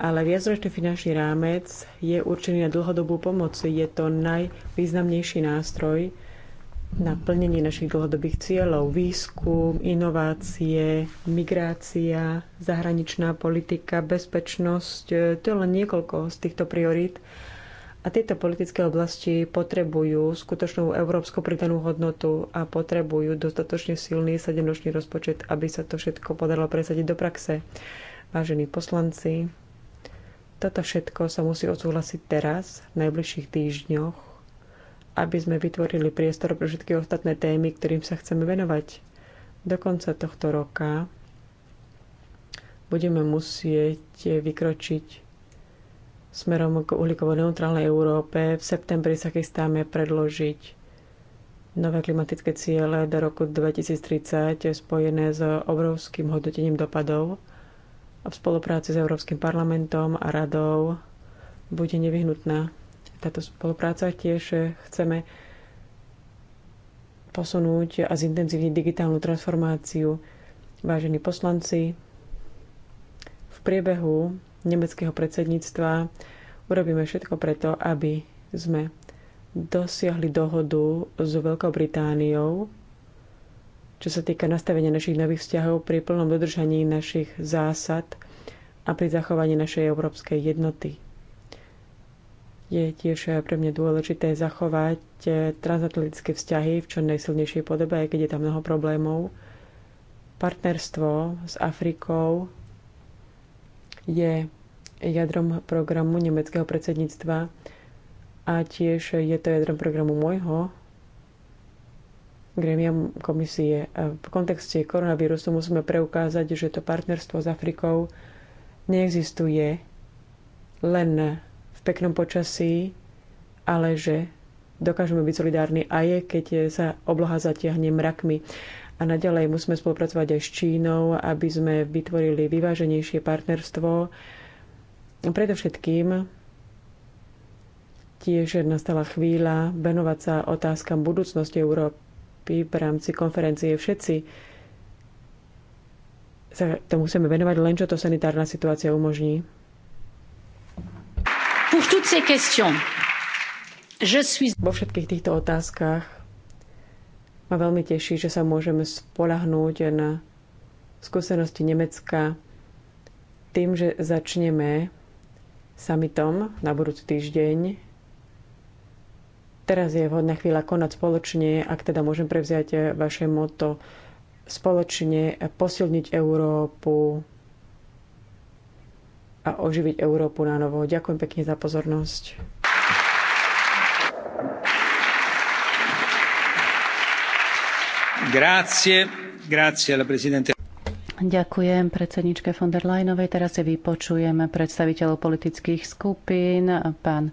ale viacročný finančný rámec je určený na dlhodobú pomoc. Je to najvýznamnejší nástroj, na plnení našich dlhodobých cieľov. Výskum, inovácie, migrácia, zahraničná politika, bezpečnosť, e, to je len niekoľko z týchto priorít. A tieto politické oblasti potrebujú skutočnú európsku pridanú hodnotu a potrebujú dostatočne silný sedemnočný rozpočet, aby sa to všetko podarilo presadiť do praxe. Vážení poslanci, toto všetko sa musí odsúhlasiť teraz, v najbližších týždňoch, aby sme vytvorili priestor pre všetky ostatné témy, ktorým sa chceme venovať. Do konca tohto roka budeme musieť vykročiť smerom k uhlíkovo-neutrálnej Európe. V septembri sa chystáme predložiť nové klimatické ciele do roku 2030 spojené s obrovským hodnotením dopadov a v spolupráci s Európskym parlamentom a radou bude nevyhnutná táto spolupráca. Tiež eh, chceme posunúť a zintenzívniť digitálnu transformáciu. Vážení poslanci, v priebehu nemeckého predsedníctva urobíme všetko preto, aby sme dosiahli dohodu s Veľkou Britániou, čo sa týka nastavenia našich nových vzťahov pri plnom dodržaní našich zásad a pri zachovaní našej európskej jednoty. Je tiež pre mňa dôležité zachovať eh, transatlantické vzťahy v čo najsilnejšej podobe, aj keď je tam mnoho problémov. Partnerstvo s Afrikou je jadrom programu nemeckého predsedníctva a tiež je to jadrom programu môjho gremia komisie. V kontexte koronavírusu musíme preukázať, že to partnerstvo s Afrikou neexistuje len v peknom počasí, ale že dokážeme byť solidárni aj keď sa obloha zatiahne mrakmi. A naďalej musíme spolupracovať aj s Čínou, aby sme vytvorili vyváženejšie partnerstvo. Predovšetkým tiež nastala chvíľa venovať sa otázkam budúcnosti Európy v rámci konferencie. Všetci sa to musíme venovať len, čo to sanitárna situácia umožní. Vo všetkých týchto otázkach ma veľmi teší, že sa môžeme spolahnúť na skúsenosti Nemecka tým, že začneme summitom na budúci týždeň teraz je vhodná chvíľa konať spoločne, ak teda môžem prevziať vaše moto, spoločne posilniť Európu, a oživiť Európu na novo. Ďakujem pekne za pozornosť. Grazie, grazie alla presidente. Ďakujem predsedničke von der Leyenovej. Teraz si vypočujeme predstaviteľov politických skupín. Pán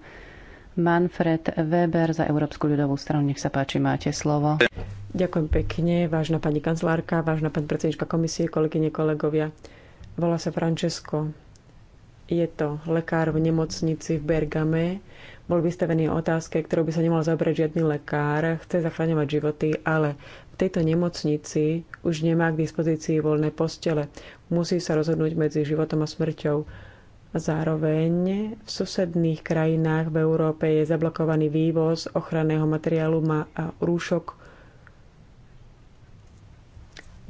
Manfred Weber za Európsku ľudovú stranu. Nech sa páči, máte slovo. Ďakujem pekne, vážna pani kancelárka, vážna pani predsednička komisie, kolegyne, kolegovia. Volá sa Francesco je to lekár v nemocnici v Bergame, bol vystavený otázke, ktorou by sa nemal zabrať žiadny lekár, chce zachraňovať životy, ale v tejto nemocnici už nemá k dispozícii voľné postele. Musí sa rozhodnúť medzi životom a smrťou. Zároveň v susedných krajinách v Európe je zablokovaný vývoz ochranného materiálu a rúšok.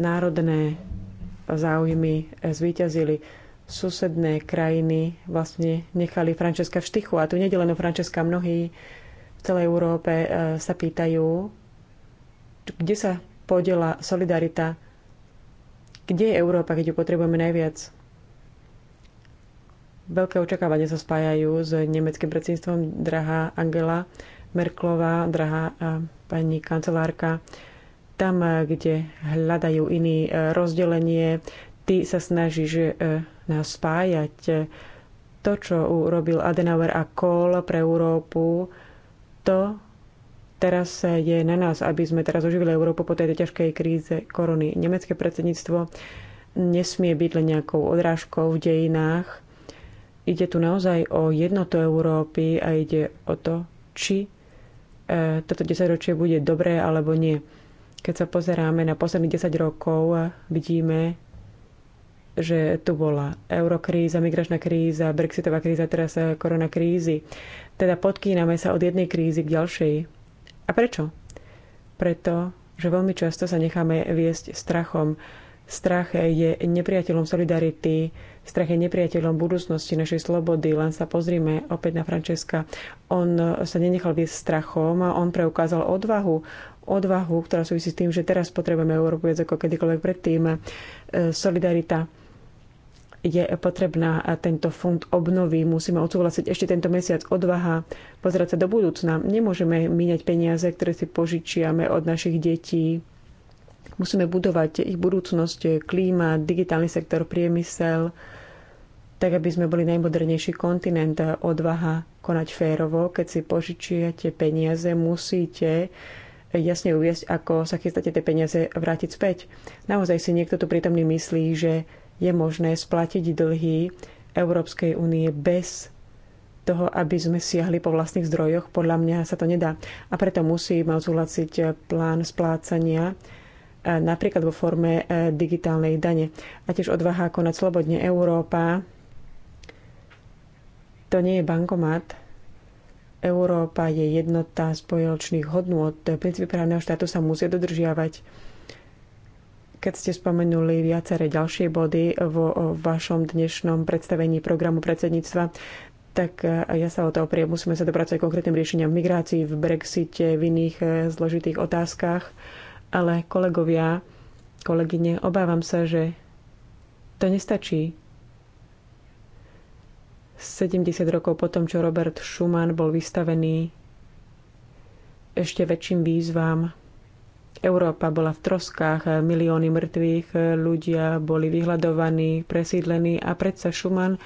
Národné záujmy zvíťazili susedné krajiny vlastne nechali Frančeska v štychu. A tu nie len Frančeska, mnohí v celej Európe e, sa pýtajú, kde sa podiela solidarita, kde je Európa, keď ju potrebujeme najviac. Veľké očakávania sa spájajú s nemeckým predsedníctvom, drahá Angela Merklová, drahá e, pani kancelárka. Tam, e, kde hľadajú iní rozdelenie, ty sa snažíš nás spájať. To, čo urobil Adenauer a Kohl pre Európu, to teraz je na nás, aby sme teraz oživili Európu po tejto ťažkej kríze korony. Nemecké predsedníctvo nesmie byť len nejakou odrážkou v dejinách. Ide tu naozaj o jednotu Európy a ide o to, či e, toto desaťročie bude dobré alebo nie. Keď sa pozeráme na posledných 10 rokov, vidíme, že tu bola eurokríza, migračná kríza, brexitová kríza, teraz e, korona krízy. Teda podkýname sa od jednej krízy k ďalšej. A prečo? Preto, že veľmi často sa necháme viesť strachom. Strach je nepriateľom solidarity, strach je nepriateľom budúcnosti, našej slobody. Len sa pozrime opäť na Francesca. On sa nenechal viesť strachom a on preukázal odvahu, odvahu, ktorá súvisí s tým, že teraz potrebujeme Európu viac ako kedykoľvek predtým. E, solidarita je potrebná a tento fond obnovy musíme odsúhlasiť ešte tento mesiac. Odvaha pozerať sa do budúcna. Nemôžeme míňať peniaze, ktoré si požičiame od našich detí. Musíme budovať ich budúcnosť, klíma, digitálny sektor, priemysel, tak aby sme boli najmodernejší kontinent. Odvaha konať férovo, keď si požičiate peniaze, musíte jasne uviesť, ako sa chystáte tie peniaze vrátiť späť. Naozaj si niekto tu prítomný myslí, že je možné splatiť dlhy Európskej únie bez toho, aby sme siahli po vlastných zdrojoch. Podľa mňa sa to nedá. A preto musíme odsúhlasiť plán splácania e, napríklad vo forme e, digitálnej dane. A tiež odvaha konať slobodne Európa. To nie je bankomat. Európa je jednota spoločných hodnôt. Princípy právneho štátu sa musia dodržiavať keď ste spomenuli viaceré ďalšie body vo vašom dnešnom predstavení programu predsedníctva, tak e, ja sa o to opriem. Musíme sa dopracovať konkrétnym riešeniam v migrácii, v Brexite, v iných e, zložitých otázkach. Ale kolegovia, kolegyne, obávam sa, že to nestačí. 70 rokov po tom, čo Robert Schumann bol vystavený ešte väčším výzvam, Európa bola v troskách, milióny mŕtvych, ľudia boli vyhľadovaní, presídlení a predsa Schumann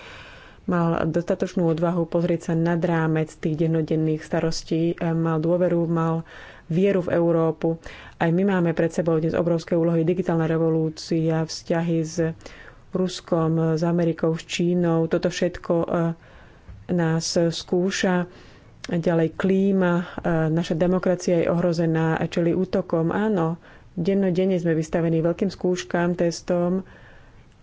mal dostatočnú odvahu pozrieť sa nad rámec tých dennodenných starostí, mal dôveru, mal vieru v Európu. Aj my máme pred sebou dnes obrovské úlohy, digitálna revolúcia, vzťahy s Ruskom, s Amerikou, s Čínou. Toto všetko eh, nás skúša Ďalej klíma, e, naša demokracia je ohrozená, čeli útokom. Áno, dennodenne sme vystavení veľkým skúškam, testom.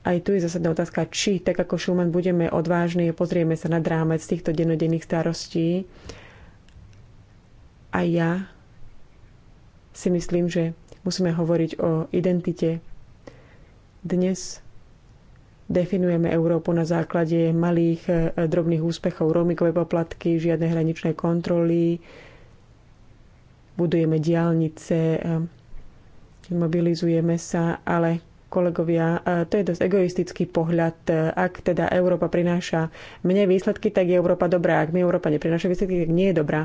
Aj tu je zásadná otázka, či, tak ako Schumann, budeme odvážni, a pozrieme sa na drámec týchto dennodenných starostí. A ja si myslím, že musíme hovoriť o identite. Dnes definujeme Európu na základe malých e, drobných úspechov, rómikové poplatky, žiadne hraničné kontroly, budujeme diálnice, e, mobilizujeme sa, ale kolegovia, e, to je dosť egoistický pohľad. Ak teda Európa prináša mne výsledky, tak je Európa dobrá. Ak mi Európa neprináša výsledky, tak nie je dobrá.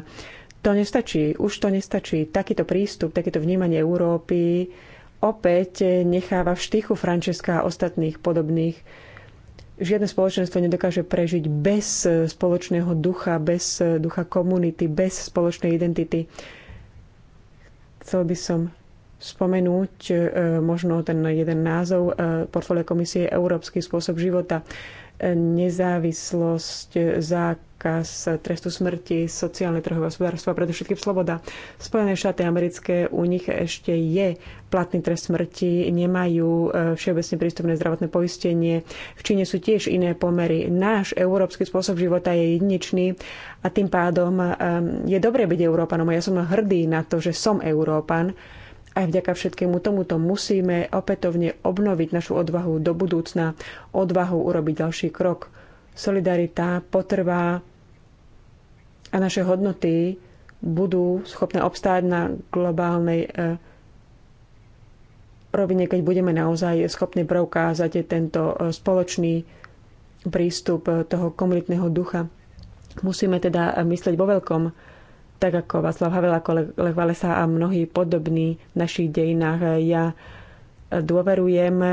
To nestačí, už to nestačí. Takýto prístup, takéto vnímanie Európy opäť necháva v štychu Frančeska a ostatných podobných. Žiadne spoločenstvo nedokáže prežiť bez spoločného ducha, bez ducha komunity, bez spoločnej identity. Chcel by som spomenúť e, možno ten jeden názov e, portfólia komisie Európsky spôsob života nezávislosť, zákaz trestu smrti, sociálne trhové hospodárstvo a predovšetkým sloboda. Spojené štáty americké u nich ešte je platný trest smrti, nemajú e, všeobecne prístupné zdravotné poistenie. V Číne sú tiež iné pomery. Náš európsky spôsob života je jedinečný a tým pádom e, je dobré byť Európanom. Ja som hrdý na to, že som Európan aj vďaka všetkému tomuto musíme opätovne obnoviť našu odvahu do budúcna, odvahu urobiť ďalší krok. Solidarita potrvá a naše hodnoty budú schopné obstáť na globálnej e, rovine, keď budeme naozaj schopní preukázať tento e, spoločný prístup e, toho komunitného ducha. Musíme teda myslieť vo veľkom tak ako Václav Havel, ako Lech Valesa a mnohí podobní v našich dejinách. Ja e, dôverujem e,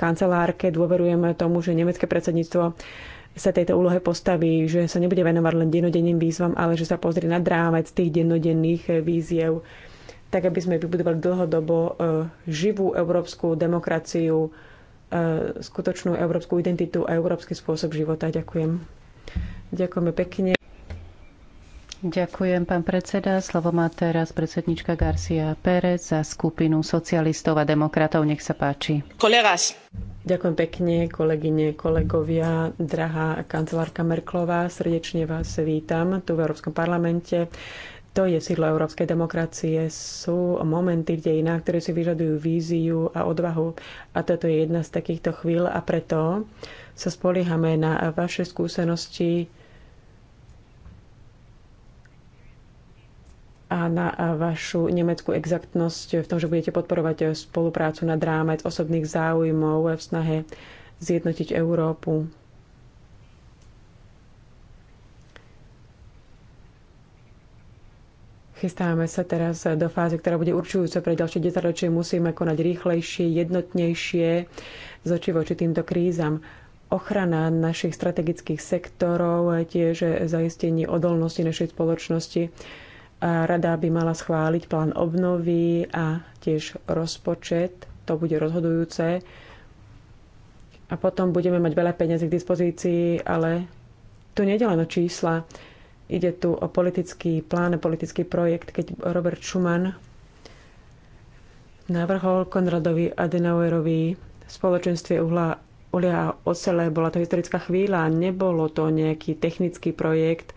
kancelárke, dôverujem tomu, že nemecké predsedníctvo sa tejto úlohe postaví, že sa nebude venovať len dennodenným výzvam, ale že sa pozrie na drámec tých dennodenných výziev, tak aby sme vybudovali dlhodobo e, živú európsku demokraciu, skutočnú európsku identitu a európsky spôsob života. Ďakujem. Ďakujeme pekne. Ďakujem, pán predseda. Slovo má teraz predsednička Garcia Pérez za skupinu socialistov a demokratov. Nech sa páči. Kolegas. Ďakujem pekne, kolegyne, kolegovia, drahá kancelárka Merklová. Srdečne vás vítam tu v Európskom parlamente. To je sídlo európskej demokracie. Sú momenty v dejinách, ktoré si vyžadujú víziu a odvahu. A toto je jedna z takýchto chvíľ a preto sa spoliehame na vaše skúsenosti, a na vašu nemeckú exaktnosť v tom, že budete podporovať spoluprácu nad rámec osobných záujmov v snahe zjednotiť Európu. Chystáme sa teraz do fázy, ktorá bude určujúca pre ďalšie desaťročie. Musíme konať rýchlejšie, jednotnejšie z oči voči týmto krízam. Ochrana našich strategických sektorov, tiež zaistenie odolnosti našej spoločnosti Rada by mala schváliť plán obnovy a tiež rozpočet. To bude rozhodujúce. A potom budeme mať veľa peniazy k dispozícii, ale tu nie je len o čísla. Ide tu o politický plán, a politický projekt. Keď Robert Schuman navrhol Konradovi Adenauerovi spoločenstve uhla, Ulia osele, bola to historická chvíľa. Nebolo to nejaký technický projekt,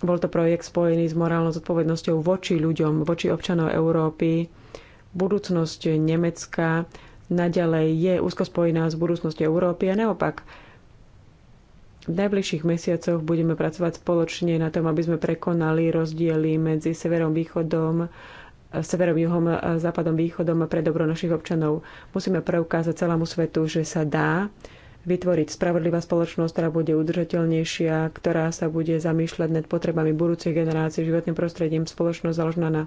bol to projekt spojený s morálnou zodpovednosťou voči ľuďom, voči občanov Európy. Budúcnosť Nemecka naďalej je úzko spojená s budúcnosťou Európy a naopak. V najbližších mesiacoch budeme pracovať spoločne na tom, aby sme prekonali rozdiely medzi severom, východom, severom, juhom, západom, východom pre dobro našich občanov. Musíme preukázať celému svetu, že sa dá vytvoriť spravodlivá spoločnosť, ktorá bude udržateľnejšia, ktorá sa bude zamýšľať nad potrebami budúcej generácie, životným prostredím, spoločnosť založená na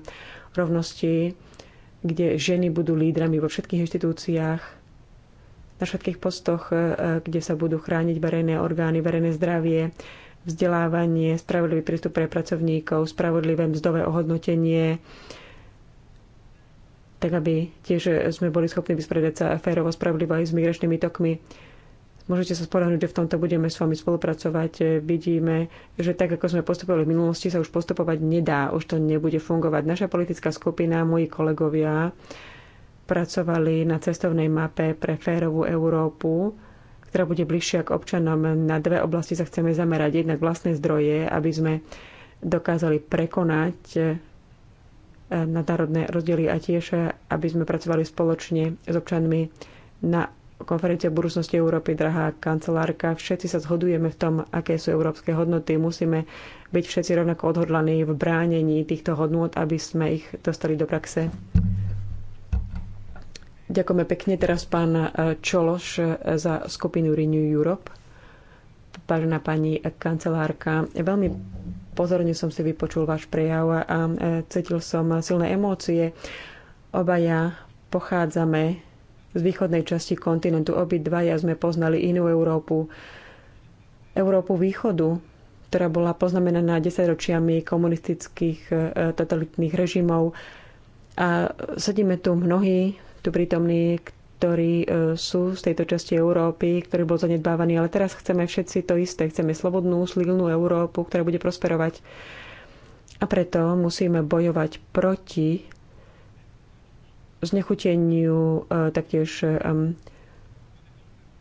rovnosti, kde ženy budú lídrami vo všetkých inštitúciách, na všetkých postoch, e, kde sa budú chrániť verejné orgány, verejné zdravie, vzdelávanie, spravodlivý prístup pre pracovníkov, spravodlivé mzdové ohodnotenie, tak aby tiež sme boli schopní vysporiadať sa férovo, spravodlivo aj s migračnými tokmi. Môžete sa spolahnuť, že v tomto budeme s vami spolupracovať. Vidíme, že tak, ako sme postupovali v minulosti, sa už postupovať nedá, už to nebude fungovať. Naša politická skupina, moji kolegovia, pracovali na cestovnej mape pre férovú Európu, ktorá bude bližšia k občanom. Na dve oblasti sa chceme zamerať. Jednak vlastné zdroje, aby sme dokázali prekonať e, nadnárodné rozdiely a tiež, aby sme pracovali spoločne s občanmi na konferencia budúcnosti Európy, drahá kancelárka, všetci sa zhodujeme v tom, aké sú európske hodnoty. Musíme byť všetci rovnako odhodlaní v bránení týchto hodnot, aby sme ich dostali do praxe. Ďakujeme pekne teraz pán e, Čološ e, za skupinu Renew Europe. Vážená pani kancelárka, veľmi pozorne som si vypočul váš prejav a e, cítil som silné emócie. Obaja pochádzame z východnej časti kontinentu. Obidvaja sme poznali inú Európu, Európu východu, ktorá bola poznamenaná desaťročiami komunistických e, totalitných režimov. A sedíme tu mnohí, tu prítomní, ktorí e, sú z tejto časti Európy, ktorý bol zanedbávaný, ale teraz chceme všetci to isté. Chceme slobodnú, slilnú Európu, ktorá bude prosperovať. A preto musíme bojovať proti znechuteniu, e, taktiež e,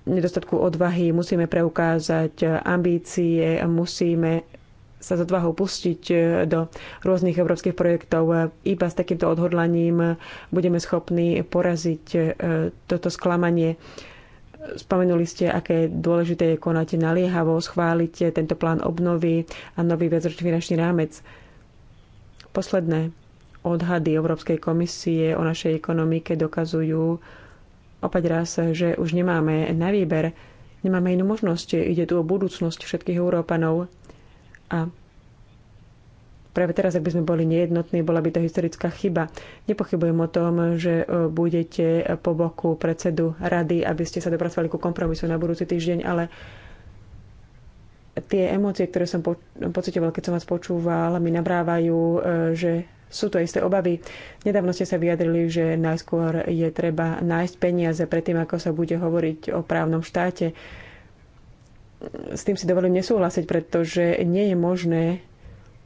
nedostatku odvahy, musíme preukázať e, ambície, musíme sa s odvahou pustiť do rôznych európskych projektov. Iba s takýmto odhodlaním budeme schopní poraziť toto sklamanie. Spomenuli ste, aké dôležité je konať naliehavo, schváliť tento plán obnovy a nový viacročný finančný rámec. Posledné odhady Európskej komisie o našej ekonomike dokazujú opäť raz, že už nemáme na výber, nemáme inú možnosť. Ide tu o budúcnosť všetkých Európanov. A práve teraz, ak by sme boli nejednotní, bola by to historická chyba. Nepochybujem o tom, že e, budete po boku predsedu rady, aby ste sa dopracovali ku kompromisu na budúci týždeň, ale tie emócie, ktoré som po- pocitoval, keď som vás počúval, mi nabrávajú, e, že sú to isté obavy. Nedávno ste sa vyjadrili, že najskôr je treba nájsť peniaze predtým, ako sa bude hovoriť o právnom štáte. S tým si dovolím nesúhlasiť, pretože nie je možné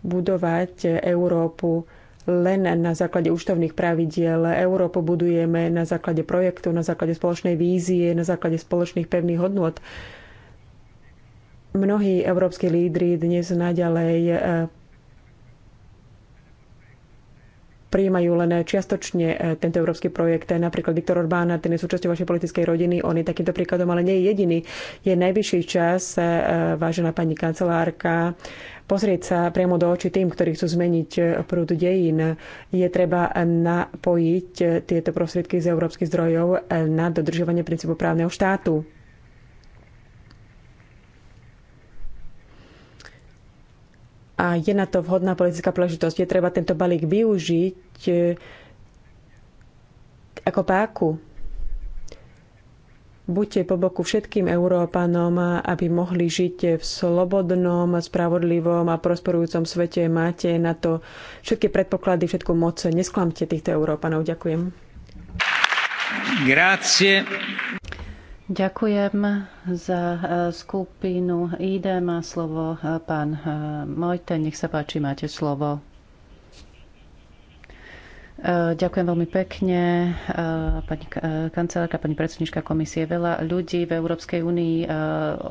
budovať Európu len na základe účtovných pravidiel. Európu budujeme na základe projektu, na základe spoločnej vízie, na základe spoločných pevných hodnot. Mnohí európsky lídry dnes naďalej eh, prijímajú len čiastočne e, tento európsky projekt. Napríklad Viktor Orbán, ten je súčasťou vašej politickej rodiny, on je takýmto príkladom, ale nie je jediný. Je najvyšší čas, e, vážená pani kancelárka, pozrieť sa priamo do očí tým, ktorí chcú zmeniť e, prúd dejín. Je treba napojiť tieto prostriedky z európskych zdrojov na dodržovanie princípu právneho štátu. a je na to vhodná politická príležitosť. Je treba tento balík využiť e, ako páku. Buďte po boku všetkým Európanom, aby mohli žiť v slobodnom, spravodlivom a prosperujúcom svete. Máte na to všetky predpoklady, všetku moc. Nesklamte týchto Európanov. Ďakujem. Grazie. Ďakujem za eh, skupinu ID. Má slovo eh, pán eh, Mojte. Nech sa páči, máte slovo. Ďakujem veľmi pekne. Pani kancelárka, pani predsednička komisie, veľa ľudí v Európskej únii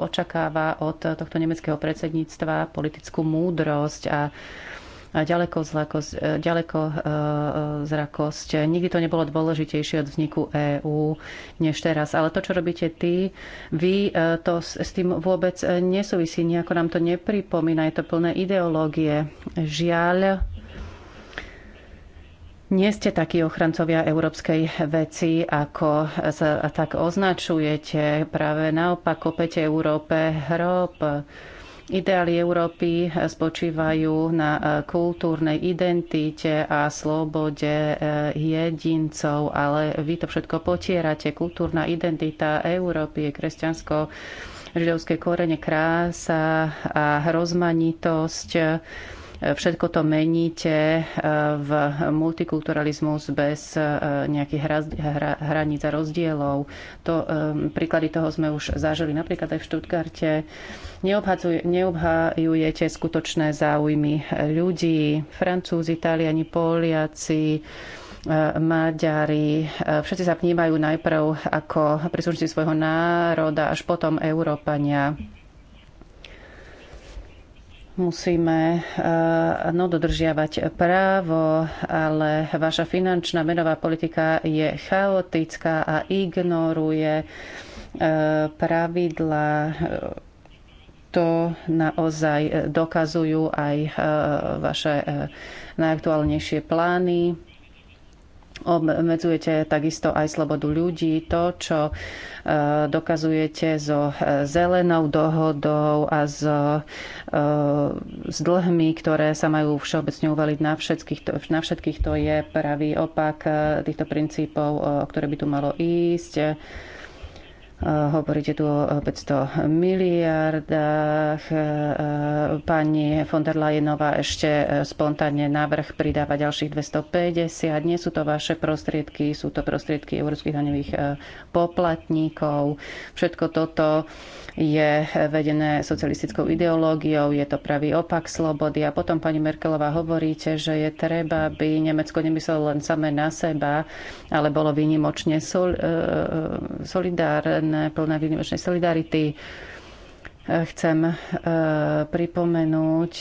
očakáva od tohto nemeckého predsedníctva politickú múdrosť a ďaleko, zlakosť, e, ďaleko e, e, zrakosť. Nikdy to nebolo dôležitejšie od vzniku EÚ než teraz. Ale to, čo robíte ty, vy, to s, tým vôbec nesúvisí. Nejako nám to nepripomína. Je to plné ideológie. Žiaľ, nie ste takí ochrancovia európskej veci, ako sa tak označujete. Práve naopak kopete Európe hrob Ideály Európy spočívajú na e, kultúrnej identite a slobode e, jedincov, ale vy to všetko potierate. Kultúrna identita Európy je kresťansko židovské korene, krása a rozmanitosť Všetko to meníte e, v multikulturalizmus bez e, nejakých hra, hra, hraníc a rozdielov. To, e, príklady toho sme už zažili napríklad aj v Štutgarte. Neobhajujete skutočné záujmy ľudí. Francúzi, Italiani, Poliaci, Maďari, všetci sa vnímajú najprv ako príslušníci svojho národa, až potom Európania musíme e, no, dodržiavať právo, ale vaša finančná menová politika je chaotická a ignoruje e, pravidla. To naozaj dokazujú aj e, vaše najaktuálnejšie plány. Obmedzujete takisto aj slobodu ľudí, to, čo e, dokazujete so e, zelenou dohodou a s, e, s dlhmi, ktoré sa majú všeobecne uvaliť na všetkých. Na všetkých to je pravý opak týchto princípov, o ktoré by tu malo ísť Hovoríte tu o 500 miliardách. Pani von der Leyenová ešte spontánne návrh pridáva ďalších 250. Nie sú to vaše prostriedky, sú to prostriedky európskych daňových poplatníkov. Všetko toto je vedené socialistickou ideológiou, je to pravý opak slobody. A potom, pani Merkelová, hovoríte, že je treba, aby Nemecko nemyslelo len samé na seba, ale bolo výnimočne sol, e, e, solidárne, plné výnimočnej solidarity. Chcem e, pripomenúť,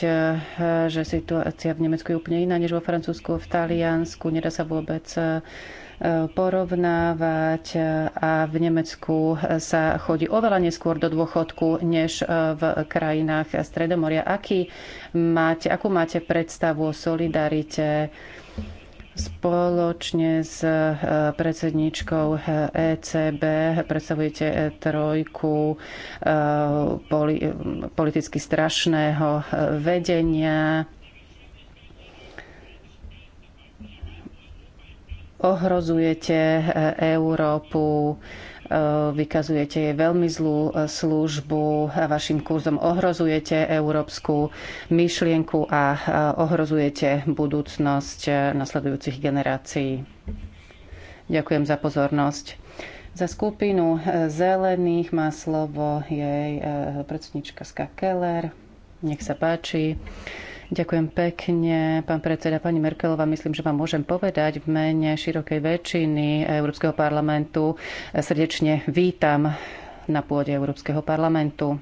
že situácia v Nemecku je úplne iná než vo Francúzsku, v Taliansku. Nedá sa vôbec porovnávať e, a v Nemecku e, sa chodí oveľa neskôr do dôchodku než e, v krajinách Stredomoria. Aký máte, akú máte predstavu o solidarite Spoločne s predsedničkou ECB predstavujete trojku politicky strašného vedenia. ohrozujete eh, Európu, eh, vykazujete jej veľmi zlú eh, službu, a vašim kurzom ohrozujete európsku myšlienku a ohrozujete budúcnosť nasledujúcich generácií. Ďakujem za pozornosť. Za skupinu zelených má slovo jej predsednička Ska Keller. Nech sa páči. Ďakujem pekne, pán predseda. Pani Merkelová, myslím, že vám môžem povedať v mene širokej väčšiny Európskeho parlamentu. Srdečne vítam na pôde Európskeho parlamentu.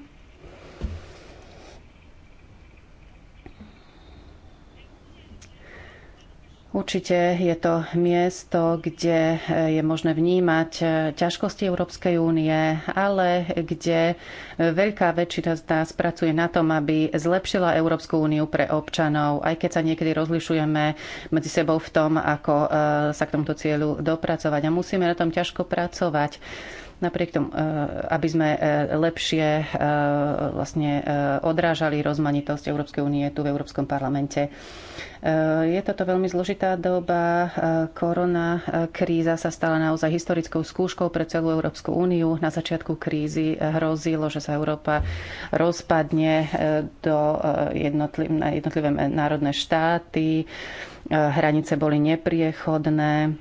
Určite je to miesto, kde je možné vnímať ťažkosti Európskej únie, ale kde veľká väčšina z nás pracuje na tom, aby zlepšila Európsku úniu pre občanov, aj keď sa niekedy rozlišujeme medzi sebou v tom, ako eh, sa k tomuto cieľu dopracovať. A musíme na tom ťažko pracovať napriek tomu, e, aby sme e, lepšie e, vlastne odrážali rozmanitosť Európskej únie tu v Európskom parlamente. Je toto veľmi zložitá doba. Korona kríza sa stala naozaj historickou skúškou pre celú Európsku úniu. Na začiatku krízy hrozilo, že sa Európa rozpadne do jednotliv, na jednotlivé národné štáty. Hranice boli nepriechodné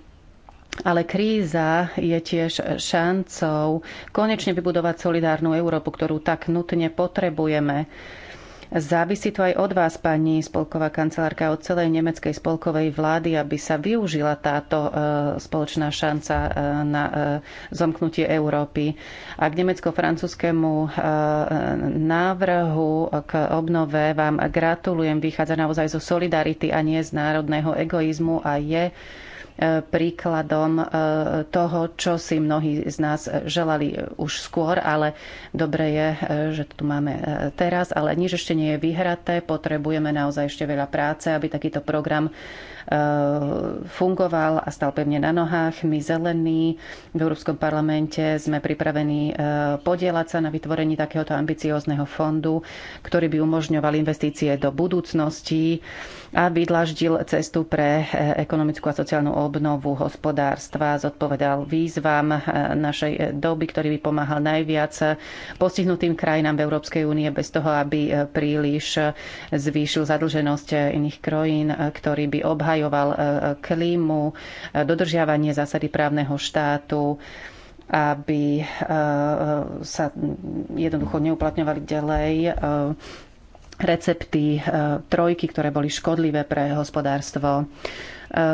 ale kríza je tiež šancou konečne vybudovať solidárnu Európu, ktorú tak nutne potrebujeme. Závisí to aj od vás, pani spolková kancelárka, od celej nemeckej spolkovej vlády, aby sa využila táto e, spoločná šanca e, na e, zomknutie Európy. A k nemecko-francúzskému návrhu k obnove vám gratulujem. Vychádza naozaj zo solidarity a nie z národného egoizmu a je Eh, príkladom eh, toho, čo si mnohí z nás želali eh, už skôr, ale dobre je, že to tu máme teraz, ale nič ešte nie je vyhraté, potrebujeme naozaj ešte veľa práce, aby takýto program fungoval a stal pevne na nohách. My zelení v Európskom parlamente sme pripravení podielať sa na vytvorení takéhoto ambiciózneho fondu, ktorý by umožňoval investície do budúcnosti, aby vydlaždil cestu pre eh, ekonomickú a sociálnu obnovu hospodárstva, zodpovedal výzvam eh, našej eh, doby, ktorý by pomáhal najviac postihnutým krajinám v Európskej únie bez toho, aby príliš zvýšil zadlženosť iných krajín, ktorý by obhajoval klímu, dodržiavanie zásady právneho štátu, aby sa mm, jednoducho neuplatňovali ďalej recepty e, trojky, ktoré boli škodlivé pre hospodárstvo.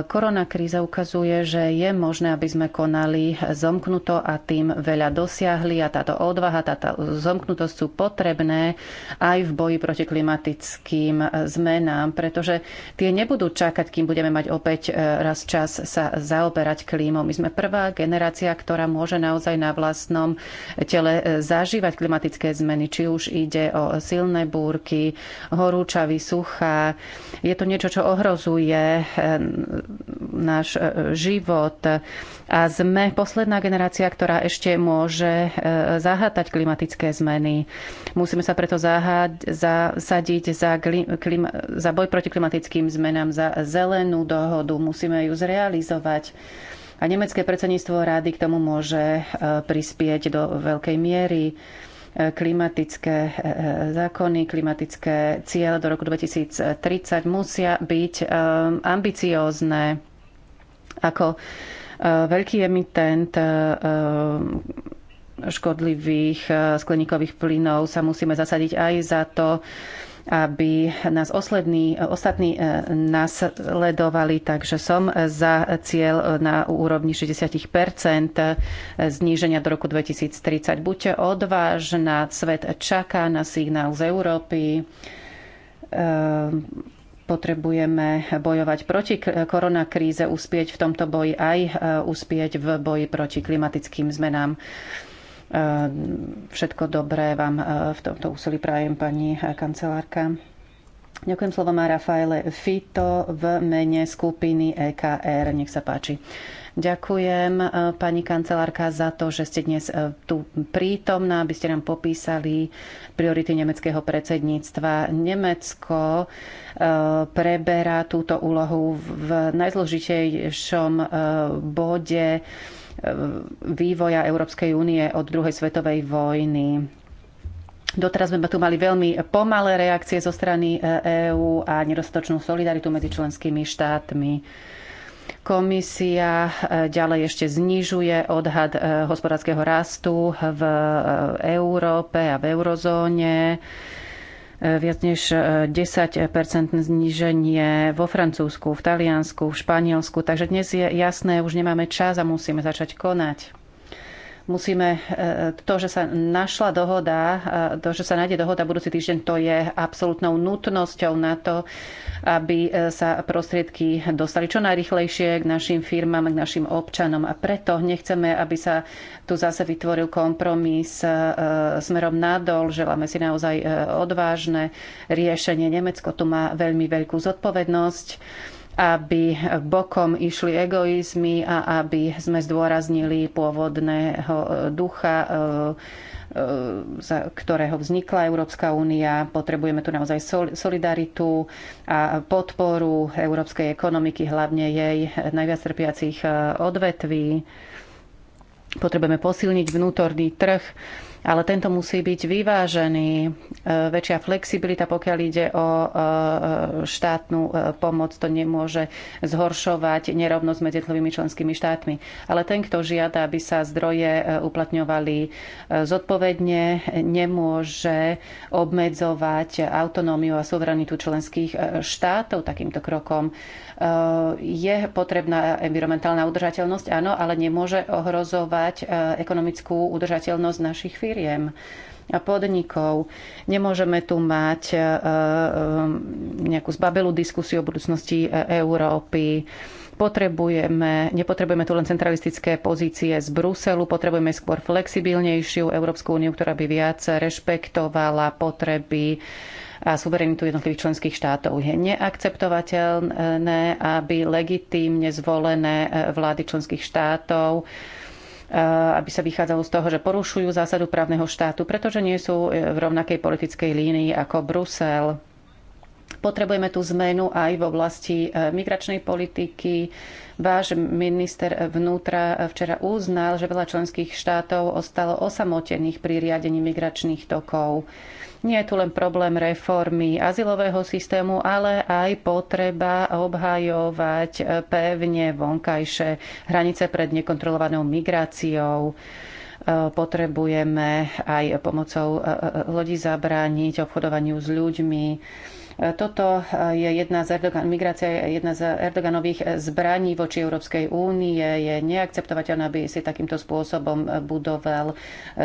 Korona kríza ukazuje, že je možné, aby sme konali zomknuto a tým veľa dosiahli a táto odvaha, táto zomknutosť sú potrebné aj v boji proti klimatickým zmenám, pretože tie nebudú čakať, kým budeme mať opäť e, raz čas sa zaoberať klímou. My sme prvá generácia, ktorá môže naozaj na vlastnom tele e, zažívať klimatické zmeny, či už ide o silné búrky, horúčavy, suchá. Je to niečo, čo ohrozuje e, náš e, život. A sme posledná generácia, ktorá ešte môže e, zahátať klimatické zmeny. Musíme sa preto zahať, zasadiť za, klima, za boj proti klimatickým zmenám, za zelenú dohodu. Musíme ju zrealizovať. A nemecké predsedníctvo rády k tomu môže e, prispieť do veľkej miery E, klimatické e, e, zákony, klimatické ciele do roku 2030 musia byť ambiciózne ako veľký emitent škodlivých skleníkových plynov sa musíme zasadiť aj za to, aby nás osledný, ostatní e, nasledovali, takže som za cieľ na úrovni 60 e, zníženia do roku 2030. Buďte odvážna, svet čaká na signál z Európy e, potrebujeme bojovať proti koronakríze, uspieť v tomto boji aj uspieť v boji proti klimatickým zmenám. Ehm, všetko dobré vám e, v tomto úsilí prajem, pani kancelárka. Ďakujem slovo má Rafaele Fito v mene skupiny EKR. Nech sa páči. Ďakujem e, pani kancelárka za to, že ste dnes e, tu prítomná, aby ste nám popísali priority nemeckého predsedníctva. Nemecko preberá túto úlohu v najzložitejšom bode vývoja Európskej únie od druhej svetovej vojny. Doteraz sme tu mali veľmi pomalé reakcie zo strany EÚ e a nedostatočnú solidaritu medzi členskými štátmi. Komisia e, ďalej ešte znižuje odhad e, hospodárskeho rastu v Európe a v eurozóne Eh, viac než 10-percentné eh, zníženie vo Francúzsku, v Taliansku, v Španielsku. Takže dnes je jasné, už nemáme čas a musíme začať konať musíme e, to, že sa našla dohoda, e, to, že sa nájde dohoda budúci týždeň, to je absolútnou nutnosťou na to, aby e, sa prostriedky dostali čo najrychlejšie k našim firmám, k našim občanom. A preto nechceme, aby sa tu zase vytvoril kompromis smerom nadol. Želáme si naozaj odvážne riešenie. Nemecko tu má veľmi veľkú zodpovednosť aby bokom išli egoizmy a aby sme zdôraznili pôvodného e, ducha, e, e, za ktorého vznikla Európska únia. Potrebujeme tu naozaj solidaritu a podporu európskej ekonomiky, hlavne jej najviac trpiacich odvetví. Potrebujeme posilniť vnútorný trh ale tento musí byť vyvážený. E, väčšia flexibilita, pokiaľ ide o e, štátnu e, pomoc, to nemôže zhoršovať nerovnosť medzi jednotlivými členskými štátmi. Ale ten, kto žiada, aby sa zdroje uplatňovali zodpovedne, nemôže obmedzovať autonómiu a suverenitu členských štátov takýmto krokom. Je potrebná environmentálna udržateľnosť, áno, ale nemôže ohrozovať ekonomickú udržateľnosť našich firm firiem a podnikov. Nemôžeme tu mať e, e, nejakú zbabelú diskusiu o budúcnosti e, Európy. Potrebujeme, nepotrebujeme tu len centralistické pozície z Bruselu, potrebujeme skôr flexibilnejšiu Európsku úniu, ktorá by viac rešpektovala potreby a suverenitu jednotlivých členských štátov. Je neakceptovateľné, aby legitímne zvolené vlády členských štátov Eh, aby sa vychádzalo z toho, že porušujú zásadu právneho štátu, pretože nie sú eh, v rovnakej politickej línii ako Brusel. Potrebujeme tú zmenu aj v oblasti eh, migračnej politiky. Váš minister vnútra včera uznal, že veľa členských štátov ostalo osamotených pri riadení migračných tokov. Nie je tu len problém reformy azylového systému, ale aj potreba obhajovať pevne vonkajšie hranice pred nekontrolovanou migráciou potrebujeme aj pomocou ľudí e, e, e, zabrániť obchodovaniu s ľuďmi, toto eh, je jedna z Erdogan, migrácia je jedna z Erdoganových eh, zbraní voči Európskej únie. Je neakceptovateľné, aby si takýmto spôsobom eh, budoval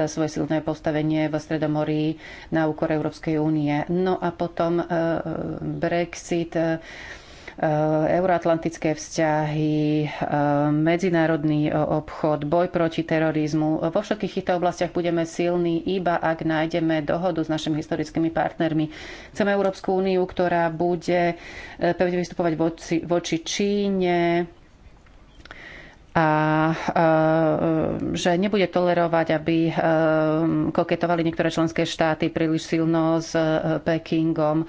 svoje silné postavenie v Stredomorí na úkor Európskej únie. No a potom Brexit Eh, euroatlantické vzťahy, eh, medzinárodný eh, obchod, boj proti terorizmu. Vo všetkých týchto oblastiach budeme silní, iba ak nájdeme dohodu s našimi historickými partnermi. Chceme Európsku úniu, ktorá bude pevne vystupovať voči, voči Číne, a že nebude tolerovať, aby koketovali niektoré členské štáty príliš silno s Pekingom.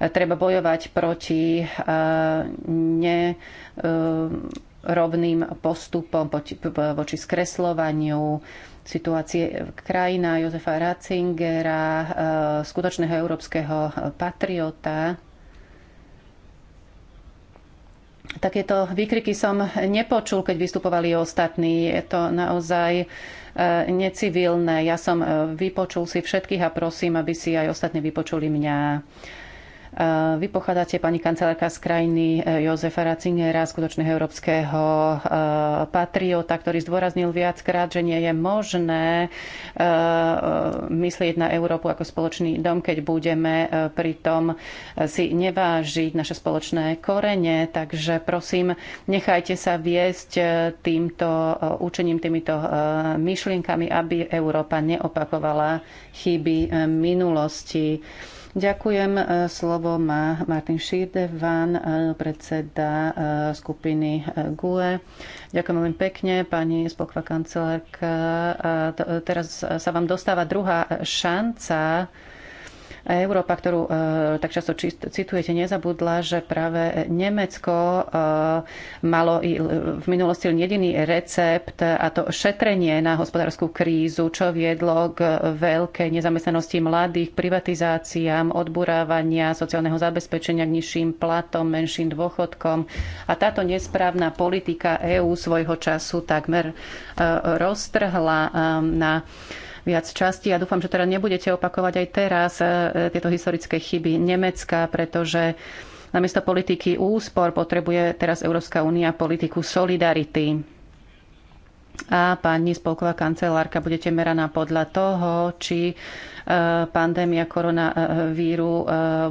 Treba bojovať proti eh, ne eh, rovným postupom voči skreslovaniu situácie krajina Jozefa Ratzingera, eh, skutočného európskeho patriota. Takéto výkriky som nepočul, keď vystupovali ostatní. Je to naozaj necivilné. Ja som vypočul si všetkých a prosím, aby si aj ostatní vypočuli mňa. Vy pochádzate, pani kancelárka, z krajiny eh, Jozefa Racinera, skutočného európskeho eh, patriota, ktorý zdôraznil viackrát, že nie je možné eh, myslieť na Európu ako spoločný dom, keď budeme pritom si nevážiť naše spoločné korene. Takže prosím, nechajte sa viesť týmto učením, týmito myšlienkami, aby Európa neopakovala chyby minulosti. Ďakujem. E, slovo má Martin Šírdevan, e, predseda e, skupiny GUE. Ďakujem veľmi pekne, pani spokva kancelárka. Teraz sa vám dostáva druhá šanca Európa, ktorú e, tak často citujete, nezabudla, že práve Nemecko e, malo e, v minulosti len jediný recept a to šetrenie na hospodárskú krízu, čo viedlo k veľkej nezamestnanosti mladých, privatizáciám, odburávania sociálneho zabezpečenia k nižším platom, menším dôchodkom. A táto nesprávna politika EÚ svojho času takmer roztrhla na viac častí a dúfam, že teda nebudete opakovať aj teraz e, tieto historické chyby Nemecka, pretože namiesto politiky úspor potrebuje teraz Európska únia politiku solidarity. A pani spolková kancelárka budete meraná podľa toho, či e, pandémia koronavíru e,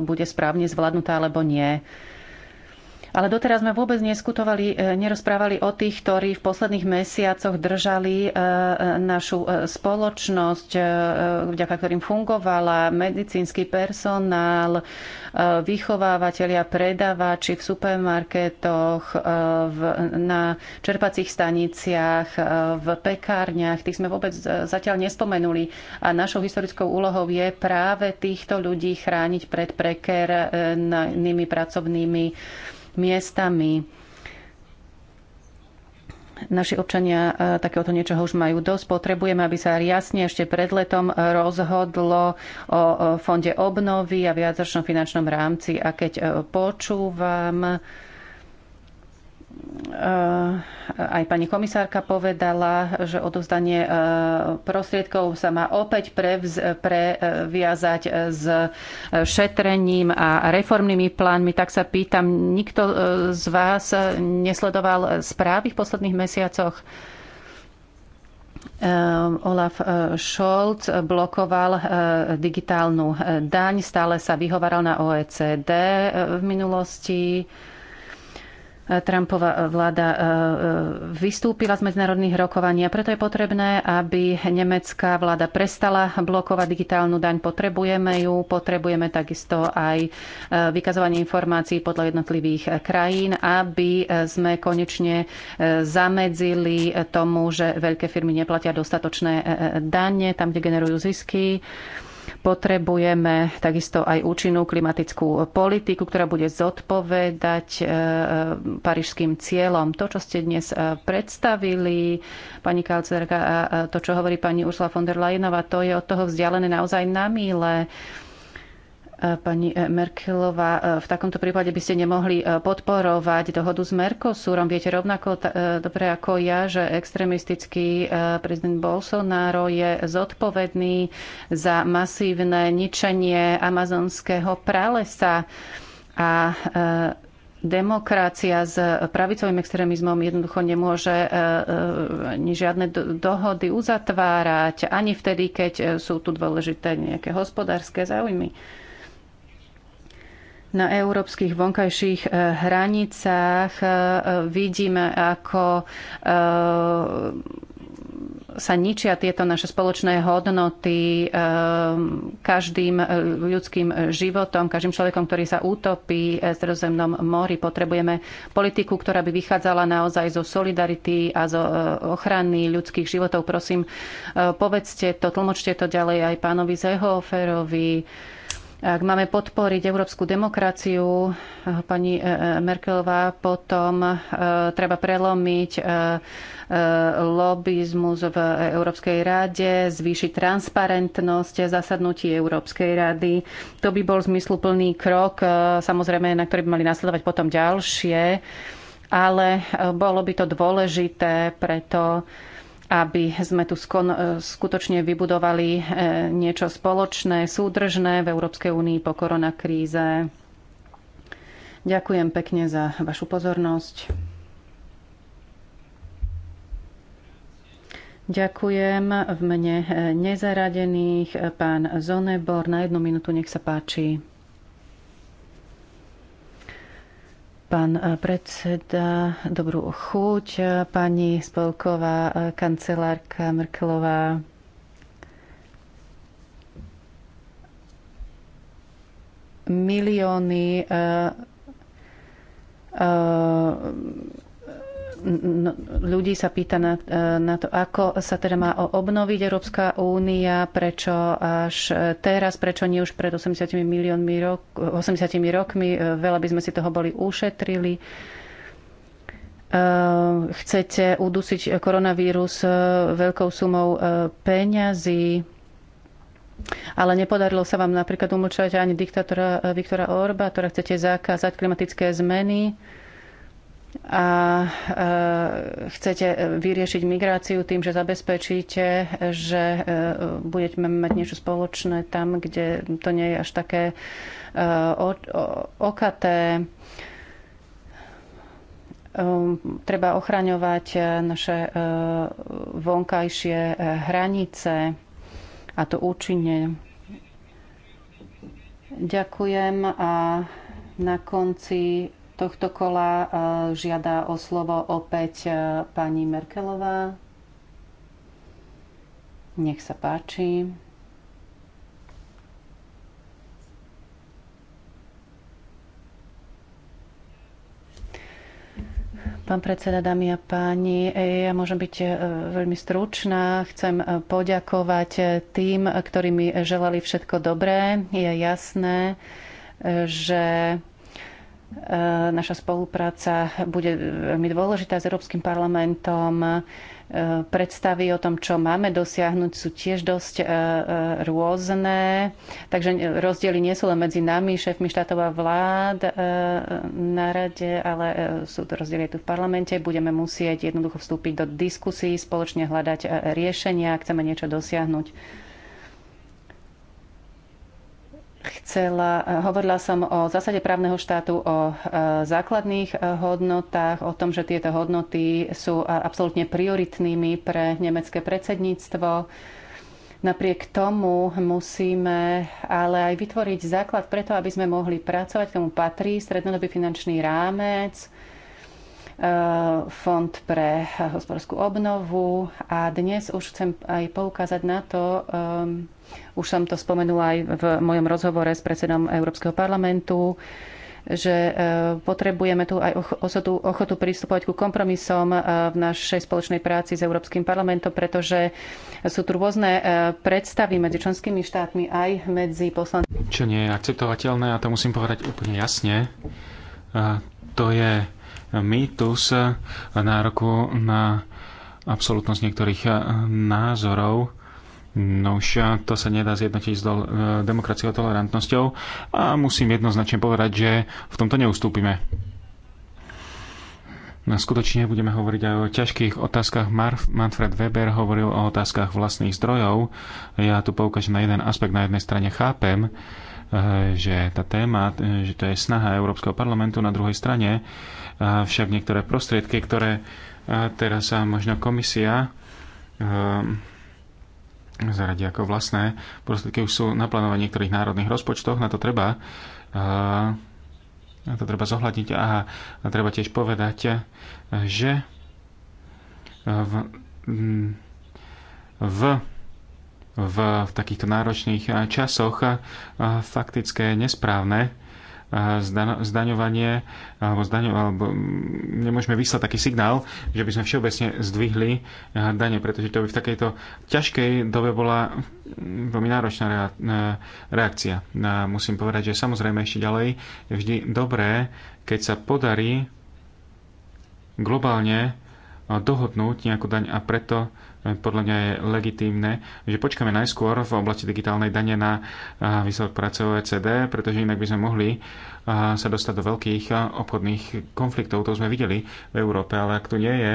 bude správne zvládnutá alebo nie. Ale doteraz sme vôbec neskutovali, e, nerozprávali o tých, ktorí v posledných mesiacoch držali e, našu e, spoločnosť, vďaka ktorým fungovala medicínsky personál, vychovávateľia, predávači v supermarketoch, na čerpacích staniciach, v pekárniach. Tých sme vôbec zatiaľ nespomenuli. A našou historickou úlohou je práve týchto ľudí chrániť pred prekernými pracovnými miestami. Naši občania e, takéhoto niečoho už majú dosť. Potrebujeme, aby sa jasne ešte pred letom rozhodlo o fonde obnovy a viacročnom finančnom rámci. A keď e, počúvam Eh, aj pani komisárka povedala, že odovzdanie eh, prostriedkov sa má opäť previazať eh, s šetrením a reformnými plánmi. Tak sa pýtam, nikto z vás nesledoval správy v posledných mesiacoch? Olaf Scholz blokoval digitálnu daň, stále sa vyhovaral na OECD v minulosti E, Trumpova e, vláda e, vystúpila z medzinárodných rokovaní a preto je potrebné, aby nemecká vláda prestala blokovať digitálnu daň. Potrebujeme ju, potrebujeme takisto aj vykazovanie informácií podľa jednotlivých krajín, aby sme konečne zamedzili tomu, že veľké firmy neplatia dostatočné dane tam, kde generujú zisky Potrebujeme takisto aj účinnú klimatickú politiku, ktorá bude zodpovedať e, e, parížským cieľom. To, čo ste dnes e, predstavili, pani Kalcerka, a to, čo hovorí pani Ursula von der Leyenová, to je od toho vzdialené naozaj na míle. E, pani e, Merkelová, e, v takomto prípade by ste nemohli podporovať dohodu s Mercosurom. Viete rovnako dobre ako ja, že extremistický prezident Bolsonaro je zodpovedný za masívne ničenie amazonského pralesa a demokracia s pravicovým extrémizmom jednoducho nemôže ani žiadne dohody uzatvárať, ani vtedy, keď sú tu dôležité nejaké hospodárske záujmy na európskych vonkajších e, hranicách e, vidíme, ako e, sa ničia tieto naše spoločné hodnoty každým ľudským životom, každým človekom, ktorý sa utopí v Stredozemnom mori. Potrebujeme politiku, ktorá by vychádzala naozaj zo solidarity a zo ochrany ľudských životov. Prosím, povedzte to, tlmočte to ďalej aj pánovi Zehoferovi ak máme podporiť európsku demokraciu, eh, pani eh, eh, Merkelová, potom treba prelomiť lobbyzmus v Európskej rade, zvýšiť transparentnosť zasadnutí Európskej rady. To by bol zmysluplný krok, samozrejme, na ktorý by mali nasledovať potom ďalšie, ale bolo by to dôležité preto, aby sme tu e, skutočne vybudovali e, niečo spoločné, súdržné v Európskej únii po koronakríze. Ďakujem pekne za vašu pozornosť. Ďakujem v mene e, nezaradených. Pán Zonebor, na jednu minútu nech sa páči. Pán eh, predseda, dobrú chuť. Eh, pani spolková eh, kancelárka Merkelová. Milióny uh, uh, No, ľudí sa pýta na, e, na to, ako sa teda má obnoviť Európska únia, prečo až teraz, prečo nie už pred 80 miliónmi rok, 80 rokmi, e, veľa by sme si toho boli ušetrili. E, chcete udusiť koronavírus veľkou sumou peňazí, ale nepodarilo sa vám napríklad umlčať ani diktátora Viktora Orba, ktorá chcete zakázať klimatické zmeny a e, chcete vyriešiť migráciu tým, že zabezpečíte, že e, budete mať niečo spoločné tam, kde to nie je až také e, okaté. Ehm, treba ochraňovať naše vonkajšie hranice a to účinne. Ďakujem a na konci tohto kola e, žiada o slovo opäť e, pani Merkelová. Nech sa páči. Pán predseda, dámy a páni, e, ja môžem byť veľmi stručná. Chcem poďakovať tým, ktorí mi želali všetko dobré. Je jasné, že E, naša spolupráca bude veľmi dôležitá s Európskym parlamentom. E, predstavy o tom, čo máme dosiahnuť, sú tiež dosť e, rôzne. Takže rozdiely nie sú len medzi nami, šéfmi štátov a vlád na rade, ale sú to rozdiely tu v parlamente. Budeme musieť jednoducho vstúpiť do diskusí, spoločne hľadať riešenia, ak chceme niečo dosiahnuť chcela, eh, hovorila som o zásade právneho štátu, o eh, základných eh, hodnotách, o tom, že tieto hodnoty sú absolútne prioritnými pre nemecké predsedníctvo. Napriek tomu musíme ale aj vytvoriť základ preto, aby sme mohli pracovať. K tomu patrí strednodobý finančný rámec, Eh, Fond pre hospodárskú obnovu a dnes už chcem aj poukázať na to, eh, už som to spomenula aj v mojom rozhovore s predsedom Európskeho parlamentu, že eh, potrebujeme tu aj osotu, ochotu pristupovať ku kompromisom v našej spoločnej práci s Európskym parlamentom, pretože sú tu rôzne predstavy medzi členskými štátmi aj medzi poslancami. Čo nie je akceptovateľné, a to musím povedať úplne jasne, to je mýtus nároku na absolútnosť niektorých názorov. No už to sa nedá zjednotiť s demokraciou a tolerantnosťou a musím jednoznačne povedať, že v tomto neustúpime. No, skutočne budeme hovoriť aj o ťažkých otázkach. Marf, Manfred Weber hovoril o otázkach vlastných zdrojov. Ja tu poukážem na jeden aspekt. Na jednej strane chápem, eh, že tá téma, eh, že to je snaha Európskeho parlamentu, na druhej strane však niektoré prostriedky, ktoré teraz možno komisia zaradí ako vlastné prostriedky už sú naplánované v niektorých národných rozpočtoch, na to treba na to treba zohľadniť a, a treba tiež povedať, že v, v v, v takýchto náročných časoch faktické nesprávne zdaňovanie, alebo, zdaňo, alebo mm, nemôžeme vyslať taký signál, že by sme všeobecne zdvihli eh, dane, pretože to by v takejto ťažkej dobe bola mm, veľmi náročná eh, reakcia. A musím povedať, že samozrejme ešte ďalej je vždy dobré, keď sa podarí globálne eh, dohodnúť nejakú daň a preto Eh, podľa mňa je legitímne, že počkáme najskôr v oblasti digitálnej dane na eh, výsledok práce OECD, pretože inak by sme mohli eh, sa dostať do veľkých obchodných konfliktov. To sme videli v Európe, ale ak tu nie je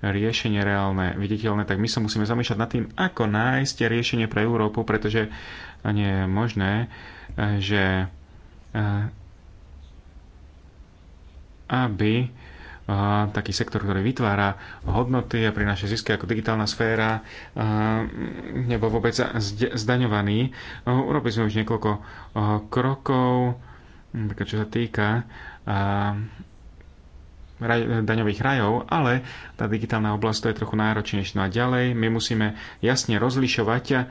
riešenie reálne, viditeľné, tak my sa musíme zamýšľať nad tým, ako nájsť riešenie pre Európu, pretože nie je možné, že aby taký sektor, ktorý vytvára hodnoty a prináša zisky ako digitálna sféra, eh, nebo vôbec zdaňovaný. Eh, urobili sme už niekoľko eh, krokov, hm, čo sa týka daňových rajov, ale tá digitálna oblasť to je trochu náročnejšia. No a ďalej my musíme jasne rozlišovať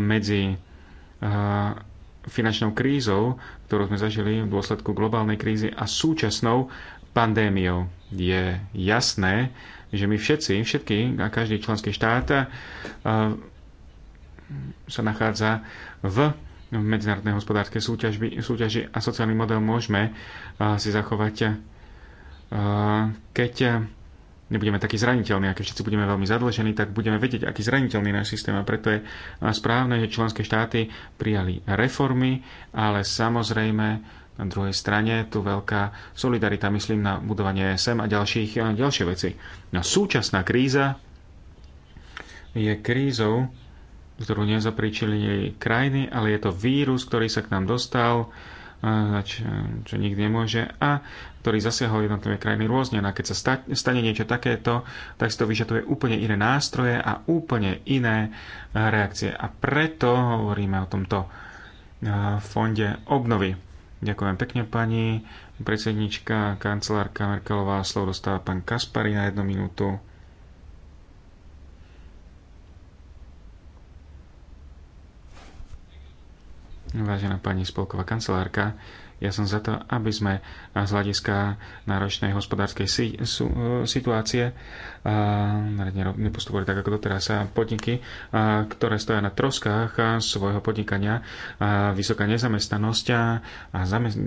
medzi finančnou krízou, ktorú sme zažili v dôsledku globálnej krízy a súčasnou pandémiou je jasné, že my všetci, všetky a každý členský štát eh, sa nachádza v medzinárodnej hospodárskej súťaži, súťaži a sociálny model môžeme eh, si zachovať, eh, keď nebudeme takí zraniteľní, a keď všetci budeme veľmi zadlžení, tak budeme vedieť, aký zraniteľný náš systém a preto je správne, že členské štáty prijali reformy, ale samozrejme na druhej strane tu veľká solidarita, myslím na budovanie SM a ďalších, ďalšie veci. No súčasná kríza je krízou, ktorú nezapríčili jej krajiny, ale je to vírus, ktorý sa k nám dostal, čo, čo nikdy nemôže, a ktorý zasiahol jednotlivé krajiny rôzne. No a keď sa stane niečo takéto, tak si to vyžaduje úplne iné nástroje a úplne iné reakcie. A preto hovoríme o tomto fonde obnovy. Ďakujem pekne pani predsednička, kancelárka Merkelová, slovo dostáva pán Kaspari na jednu minútu. Vážená pani spolková kancelárka, ja som za to, aby sme z hľadiska náročnej hospodárskej si, su- situácie nepostupovali tak ako doteraz. Podniky, a, ktoré stoja na troskách a svojho podnikania, a, vysoká nezamestnanosť a, a zamest...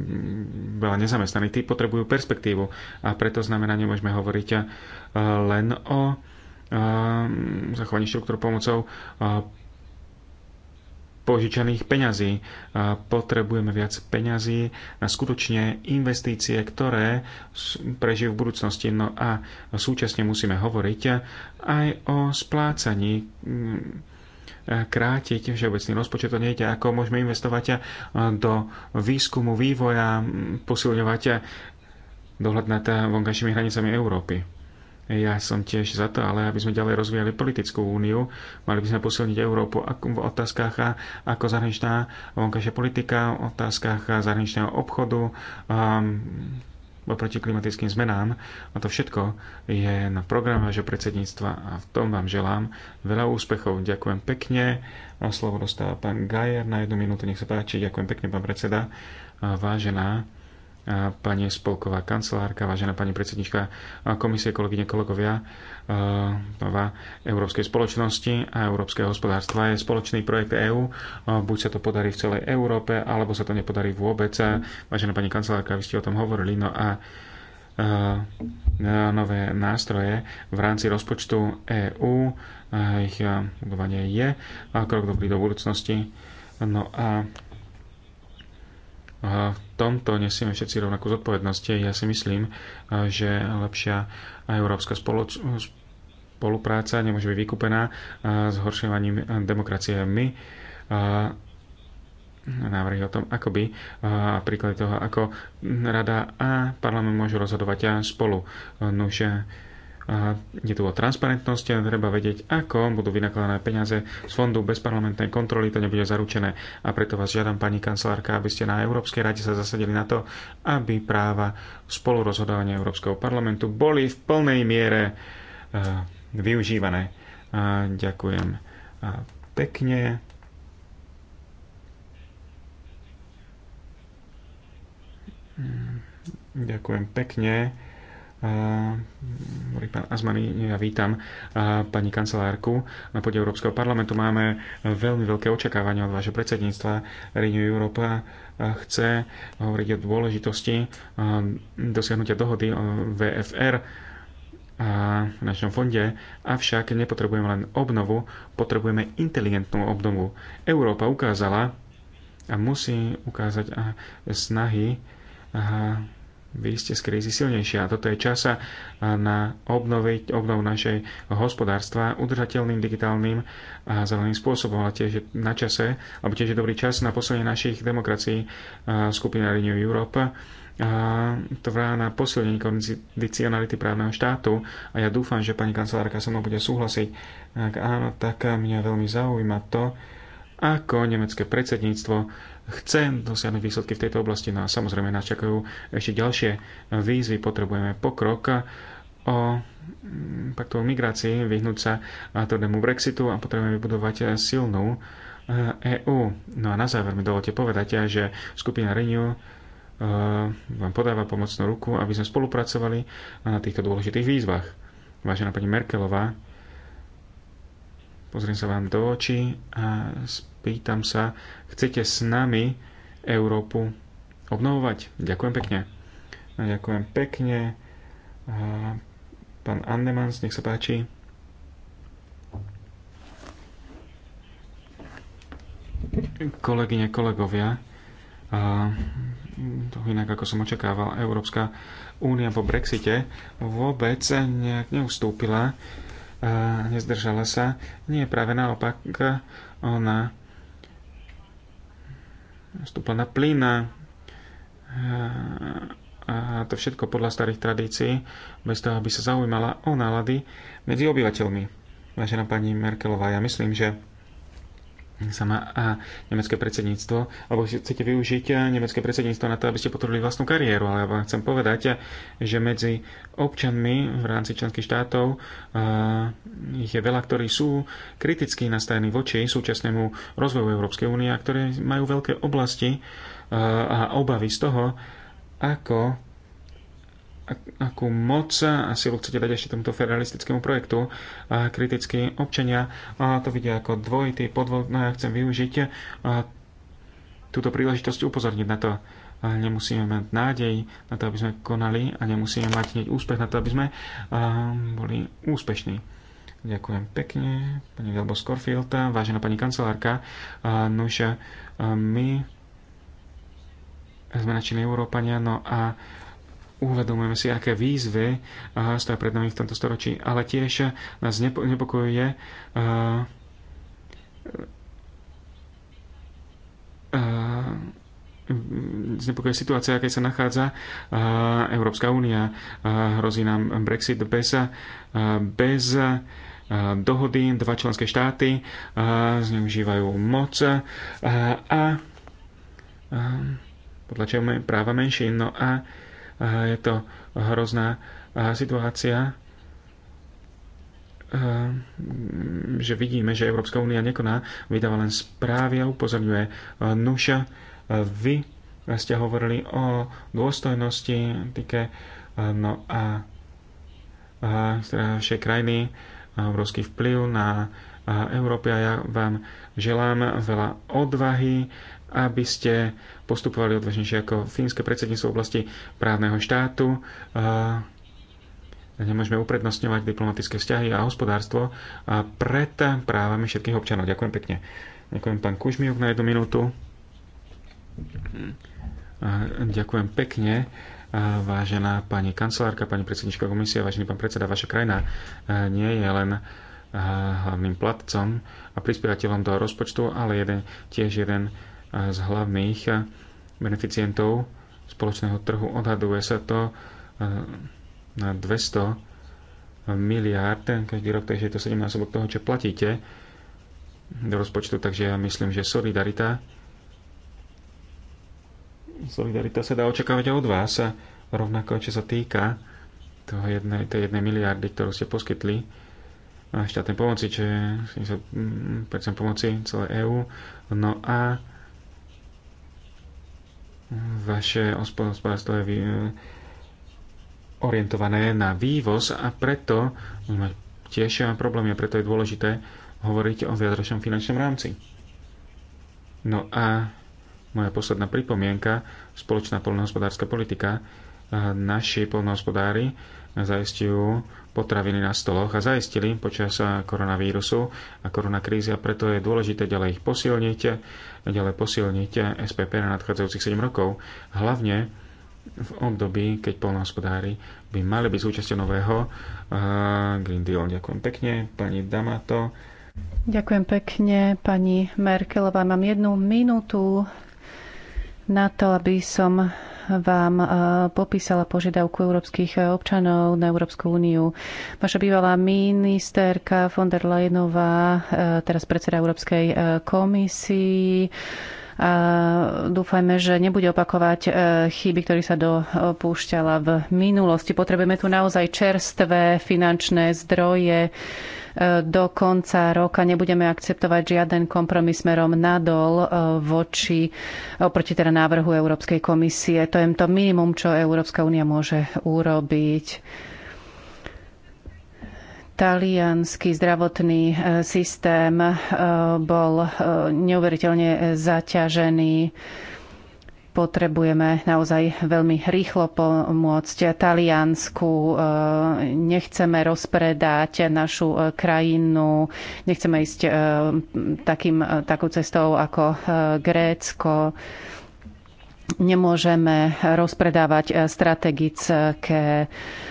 veľa nezamestnaných, tí potrebujú perspektívu. A preto znamená, nemôžeme hovoriť a, len o hm, zachovaní štruktúr pomocou požičaných peňazí. Potrebujeme viac peňazí na skutočne investície, ktoré prežijú v budúcnosti. No a súčasne musíme hovoriť aj o splácaní mm, krátiť všeobecný rozpočet. To nejde, ako môžeme investovať do výskumu, vývoja, posilňovať dohľad nad vonkajšími hranicami Európy. Ja som tiež za to, ale aby sme ďalej rozvíjali politickú úniu, mali by sme posilniť Európu v otázkach ako zahraničná vonkajšia politika, v otázkach zahraničného obchodu, um, oproti klimatickým zmenám. A to všetko je na programe vášho predsedníctva a v tom vám želám veľa úspechov. Ďakujem pekne. slovo dostáva pán Gajer na jednu minútu. Nech sa páči. Ďakujem pekne, pán predseda. Vážená pani spolková kancelárka, vážená pani predsednička komisie, kolegyne, kolegovia Európskej spoločnosti a Európskeho hospodárstva je spoločný projekt EÚ. Buď sa to podarí v celej Európe, alebo sa to nepodarí vôbec. Vážená pani kancelárka, vy ste o tom hovorili. No a nové nástroje v rámci rozpočtu EÚ. Ich budovanie je krok dobrý do budúcnosti. No a v tomto nesieme všetci rovnakú zodpovednosť. Ja si myslím, že lepšia európska spoloč- spolupráca nemôže byť vykúpená horšovaním demokracie. My návrhy o tom, ako by a príklady toho, ako rada a parlament môžu rozhodovať a spolu. Nože je tu o transparentnosti a treba vedieť, ako budú vynakladané peniaze z fondu bez parlamentnej kontroly, to nebude zaručené. A preto vás žiadam, pani kancelárka, aby ste na Európskej rade sa zasadili na to, aby práva spolurozhodovania Európskeho parlamentu boli v plnej miere e, využívané. A ďakujem pekne. Hm, ďakujem pekne hovorí pán Azmany, ja vítam pani kancelárku. Na pôde Európskeho parlamentu máme veľmi veľké očakávania od vášho predsedníctva. Renew Európa chce hovoriť o dôležitosti dosiahnutia dohody o VFR a v našom fonde, avšak nepotrebujeme len obnovu, potrebujeme inteligentnú obnovu. Európa ukázala a musí ukázať snahy vy ste z krízy silnejšie. A toto je časa na obnoviť, obnovu našej hospodárstva udržateľným, digitálnym a zeleným spôsobom. A tiež na čase, alebo tiež je dobrý čas na posledenie našich demokracií skupina Renew Europe to vrá na posilnenie kondicionality právneho štátu a ja dúfam, že pani kancelárka so mnou bude súhlasiť. Ak áno, tak mňa veľmi zaujíma to, ako nemecké predsedníctvo chce dosiahnuť výsledky v tejto oblasti. No a samozrejme nás čakajú ešte ďalšie výzvy, potrebujeme pokrok o mm, paktu migrácii, vyhnúť sa tvrdému Brexitu a potrebujeme vybudovať silnú EÚ. Eh, e no a na záver mi dovolte povedať, že skupina Renew eh, vám podáva pomocnú ruku, aby sme spolupracovali na týchto dôležitých výzvach. Vážená pani Merkelová, pozriem sa vám do očí a pýtam sa, chcete s nami Európu obnovovať? Ďakujem pekne. No, ďakujem pekne. Pán Andemans, nech sa páči. Kolegyne, kolegovia, to inak ako som očakával, Európska únia po Brexite vôbec nejak neustúpila, nezdržala sa. Nie, práve naopak, ona vstúpil na plyn a, a to všetko podľa starých tradícií, bez toho, aby sa zaujímala o nálady medzi obyvateľmi. Vážená pani Merkelová, ja myslím, že sa má a nemecké predsedníctvo, alebo chcete využiť eh, nemecké predsedníctvo na to, aby ste potvrdili vlastnú kariéru, ale ja vám chcem povedať, eh, že medzi občanmi v rámci členských štátov uh, ich je veľa, ktorí sú kriticky nastavení voči súčasnému rozvoju Európskej únie, a ktoré majú veľké oblasti uh, a obavy z toho, ako akú moc a silu chcete dať ešte tomuto federalistickému projektu. A kritickí občania a to vidia ako dvojitý podvod, no ja chcem využiť a túto príležitosť upozorniť na to. A nemusíme mať nádej na to, aby sme konali a nemusíme mať hneď úspech na to, aby sme boli úspešní. Ďakujem pekne, pani Delbo Scorfield, vážená pani kancelárka. Nuž, my sme načili Európania, no a uvedomujeme si, aké výzvy eh, stojí pred nami v tomto storočí, ale tiež eh, nás nepokojuje eh, znepokojuje situácia, aké sa nachádza Európska únia. hrozí nám Brexit bez, bez dohody. Dva členské štáty zneužívajú moc a, a podľa čoho práva menšín. No a a je to hrozná situácia, že vidíme, že Európska únia nekoná, vydáva len správy a upozorňuje. Nuša, vy ste hovorili o dôstojnosti, týke, no a, a našej teda krajiny, obrovský vplyv na Európe a ja vám želám veľa odvahy, aby ste postupovali odvážnejšie ako fínske predsedníctvo v oblasti právneho štátu. Nemôžeme uprednostňovať diplomatické vzťahy a hospodárstvo a pred právami všetkých občanov. Ďakujem pekne. Ďakujem pán Kužmiuk na jednu minútu. Ďakujem pekne vážená pani kancelárka, pani predsednička komisie, vážený pán predseda, vaša krajina nie je len hlavným platcom a prispievateľom do rozpočtu, ale jeden, tiež jeden z hlavných eh, beneficientov spoločného trhu. Odhaduje sa to eh, na 200 miliárd každý rok, takže je to 17 toho, čo platíte do rozpočtu. Takže ja myslím, že solidarita solidarita sa dá očakávať od vás. A rovnako, čo sa týka toho jednej, tej jednej miliardy, ktorú ste poskytli eh, štátnej pomoci, čo je 70% pomoci celé EÚ. No a vaše hospodárstvo je eh, orientované na vývoz a preto tiež problémy a preto je dôležité hovoriť o viacročnom finančnom rámci. No a moja posledná pripomienka, spoločná poľnohospodárska politika. Eh, naši poľnohospodári zaistujú potraviny na stoloch a zaistili počas koronavírusu a koronakrízy a preto je dôležité ďalej ich posilniť, ďalej posilniť SPP na nadchádzajúcich 7 rokov, hlavne v období, keď polnohospodári by mali byť súčasťou nového Green Deal. Ďakujem pekne, pani Damato. Ďakujem pekne, pani Merkelová. Mám jednu minútu na to, aby som vám e, popísala požiadavku európskych občanov na Európsku úniu. Vaša bývalá ministerka von der Leyenová, e, teraz predseda Európskej e, komisii, a dúfajme, že nebude opakovať chyby, ktoré sa dopúšťala v minulosti. Potrebujeme tu naozaj čerstvé finančné zdroje, do konca roka nebudeme akceptovať žiaden kompromis smerom nadol e, voči, oproti teda návrhu Európskej komisie. To je to minimum, čo Európska únia môže urobiť talianský zdravotný e, systém e, bol neuveriteľne zaťažený potrebujeme naozaj veľmi rýchlo pomôcť Taliansku. E, nechceme rozpredať našu e, krajinu, nechceme ísť e, takým, takú cestou ako Grécko. Nemôžeme rozpredávať strategické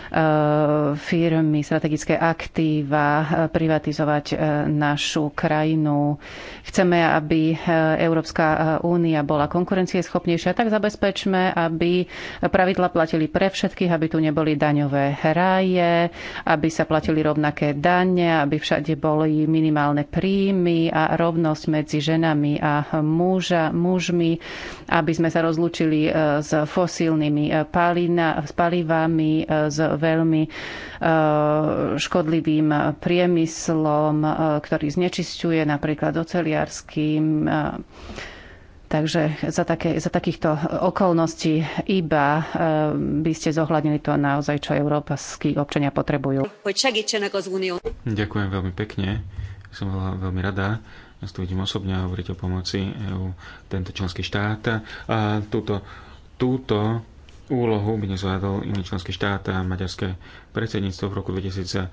Eh, firmy, strategické aktíva, eh, privatizovať eh, našu krajinu. Chceme, aby Európska únia bola konkurencieschopnejšia, tak zabezpečme, aby pravidla platili pre všetkých, aby tu neboli daňové ráje, aby sa platili rovnaké dane, aby všade boli minimálne príjmy a rovnosť medzi ženami a muža, mužmi, aby sme sa rozlúčili s fosílnymi palivami, s veľmi eh, škodlivým priemyslom, eh, ktorý znečisťuje napríklad oceliarským eh, Takže za, také, za takýchto okolností iba by ste zohľadnili to naozaj, čo európsky občania potrebujú. Ďakujem veľmi pekne. Som veľmi rada. Ja tu vidím osobne a hovoriť o pomoci EU, tento členský štát. A túto, túto úlohu by nezvládol iný členský štát a maďarské predsedníctvo v roku 2011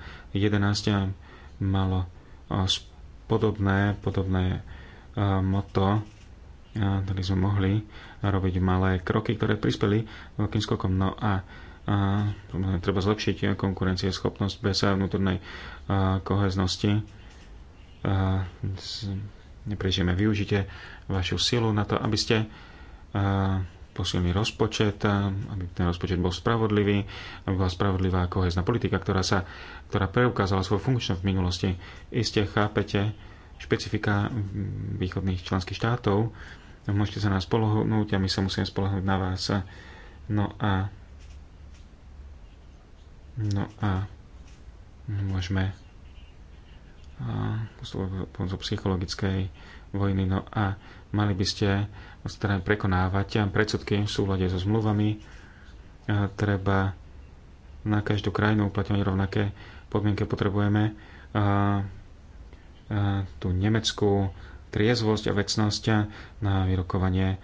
malo podobné, podobné moto, ktorý sme mohli robiť malé kroky, ktoré prispeli veľkým skokom. No a, a treba zlepšiť konkurencieschopnosť bez vnútornej a, koheznosti. neprežijeme, využite vašu silu na to, aby ste posilný rozpočet, aby ten rozpočet bol spravodlivý, aby bola spravodlivá kohezná politika, ktorá, sa, ktorá preukázala svoju funkčnosť v minulosti. Iste chápete špecifika východných členských štátov, môžete sa nás spolohnúť a my sa musíme spolohnúť na vás. No a no a môžeme postupovať psychologickej vojny. No a mali by ste ktoré prekonávať predsudky v súlade so zmluvami. E, treba na každú krajinu uplatňovať rovnaké podmienky. Potrebujeme e, e, tú nemeckú triezvosť a vecnosť na vyrokovanie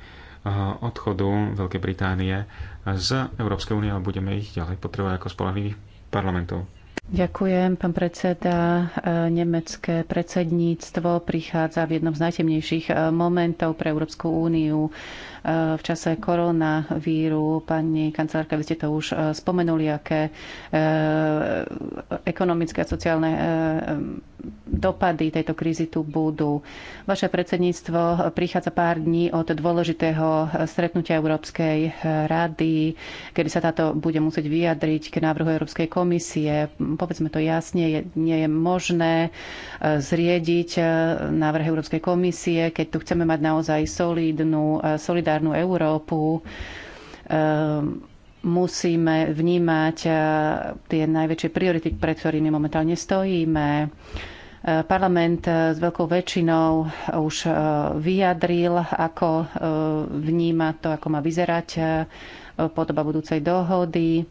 odchodu Veľkej Británie z Európskej únie, ale budeme ich ďalej potrebovať ako spolahlivých parlamentov. Ďakujem, pán predseda. E, nemecké predsedníctvo prichádza v jednom z najtemnejších e, momentov pre Európsku úniu v čase koronavíru. Pani kancelárka, vy ste to už eh, spomenuli, aké eh, ekonomické a sociálne eh, dopady tejto krízy tu budú. Vaše predsedníctvo prichádza pár dní od dôležitého stretnutia Európskej rady, kedy sa táto bude musieť vyjadriť k návrhu Európskej komisie. Povedzme to jasne, nie je možné zriediť návrh Európskej komisie, keď tu chceme mať naozaj solidnú, solidárnu solidárnu Európu, ehm, musíme vnímať eh, tie najväčšie priority, pred ktorými momentálne stojíme. Eh, parlament eh, s veľkou väčšinou už vyjadril, ako vníma to, ako má vyzerať podoba budúcej dohody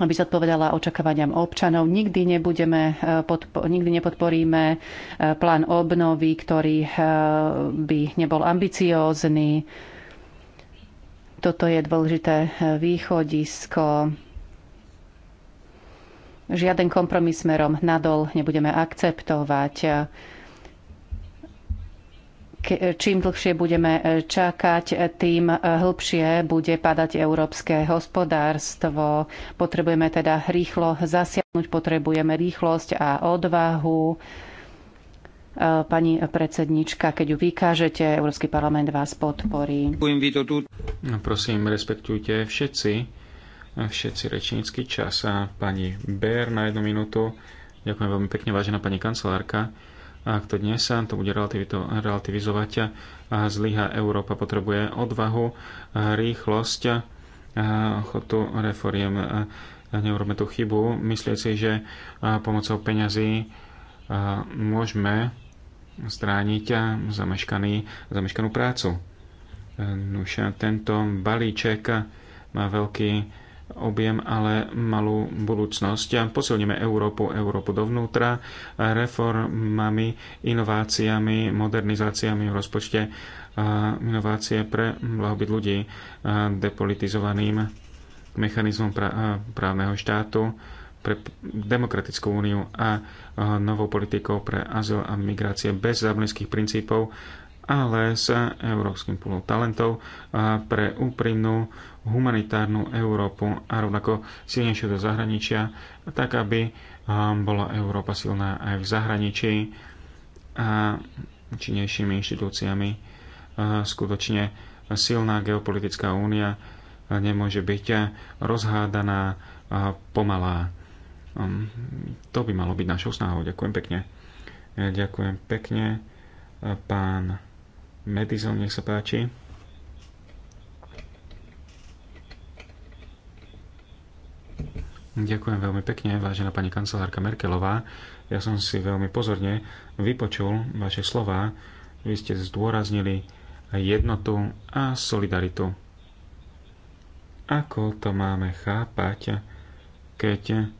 aby zodpovedala očakávaniam občanov. Nikdy, nebudeme, e, nikdy nepodporíme e, plán obnovy, ktorý e, by nebol ambiciózny. Toto je dôležité východisko. Žiaden kompromis smerom nadol nebudeme akceptovať čím dlhšie budeme e, čakať, e, tým e, hĺbšie bude padať európske hospodárstvo. Potrebujeme teda rýchlo zasiahnuť, potrebujeme rýchlosť a odvahu. Pani predsednička, keď ju vykážete, Európsky parlament vás podporí. No, prosím, respektujte všetci, všetci rečnícky čas. A pani Bér na jednu minútu. Ďakujem veľmi pekne, vážená pani kancelárka. A ak to dnes sa to bude relativizovať, a zlyha Európa potrebuje odvahu, rýchlosť, ochotu reforiem. Neurobme tú chybu, myslieť si, že pomocou peňazí môžeme strániť zameškaný, zameškanú prácu. Už tento balíček má veľký objem, ale malú budúcnosť. Posilníme Európu, Európu dovnútra, reformami, inováciami, modernizáciami v rozpočte, inovácie pre blahobyt ľudí, depolitizovaným mechanizmom právneho štátu, pre demokratickú úniu a novou politikou pre azyl a migrácie bez záblinských princípov, ale s európskym pôlom talentov pre úprimnú humanitárnu Európu a rovnako silnejšiu do zahraničia, tak aby bola Európa silná aj v zahraničí a činnejšími inštitúciami. Skutočne silná geopolitická únia nemôže byť rozhádaná pomalá. To by malo byť našou snahou. Ďakujem pekne. Ďakujem pekne. Pán Medizon, nech sa páči. Ďakujem veľmi pekne, vážená pani kancelárka Merkelová. Ja som si veľmi pozorne vypočul vaše slova. Vy ste zdôraznili jednotu a solidaritu. Ako to máme chápať, keď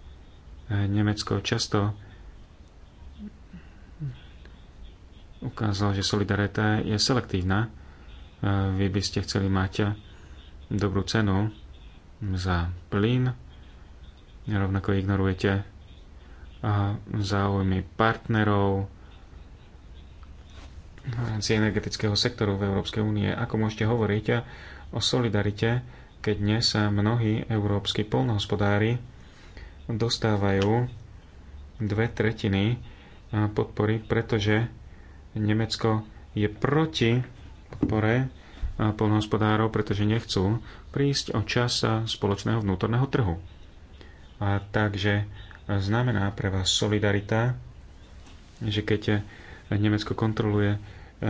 Nemecko často ukázalo, že solidarita je selektívna. Vy by ste chceli mať dobrú cenu za plyn, rovnako ignorujete záujmy partnerov z energetického sektoru v Európskej únie. Ako môžete hovoriť o solidarite, keď dnes sa mnohí európsky polnohospodári dostávajú dve tretiny podpory, pretože Nemecko je proti podpore polnohospodárov, pretože nechcú prísť o čas spoločného vnútorného trhu. A takže znamená pre vás solidarita, že keď Nemecko kontroluje e,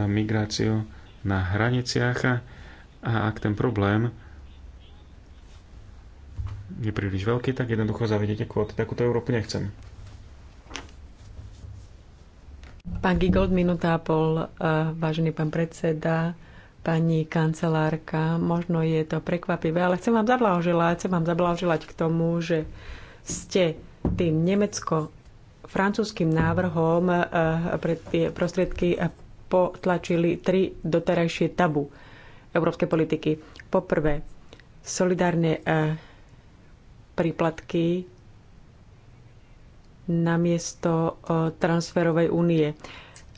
migráciu na hraniciach a ak ten problém je príliš veľký, tak jednoducho zavedete kvóty. Takúto Európu nechcem. Pán Gigold, minúta a pol, e, vážený pán predseda pani kancelárka. Možno je to prekvapivé, ale chcem vám zablahoželať, chcem vám zablahoželať k tomu, že ste tým Nemecko francúzským návrhom eh, pre tie prostriedky eh, potlačili tri doterajšie tabu európskej politiky. Poprvé, solidárne eh, príplatky namiesto transferovej únie.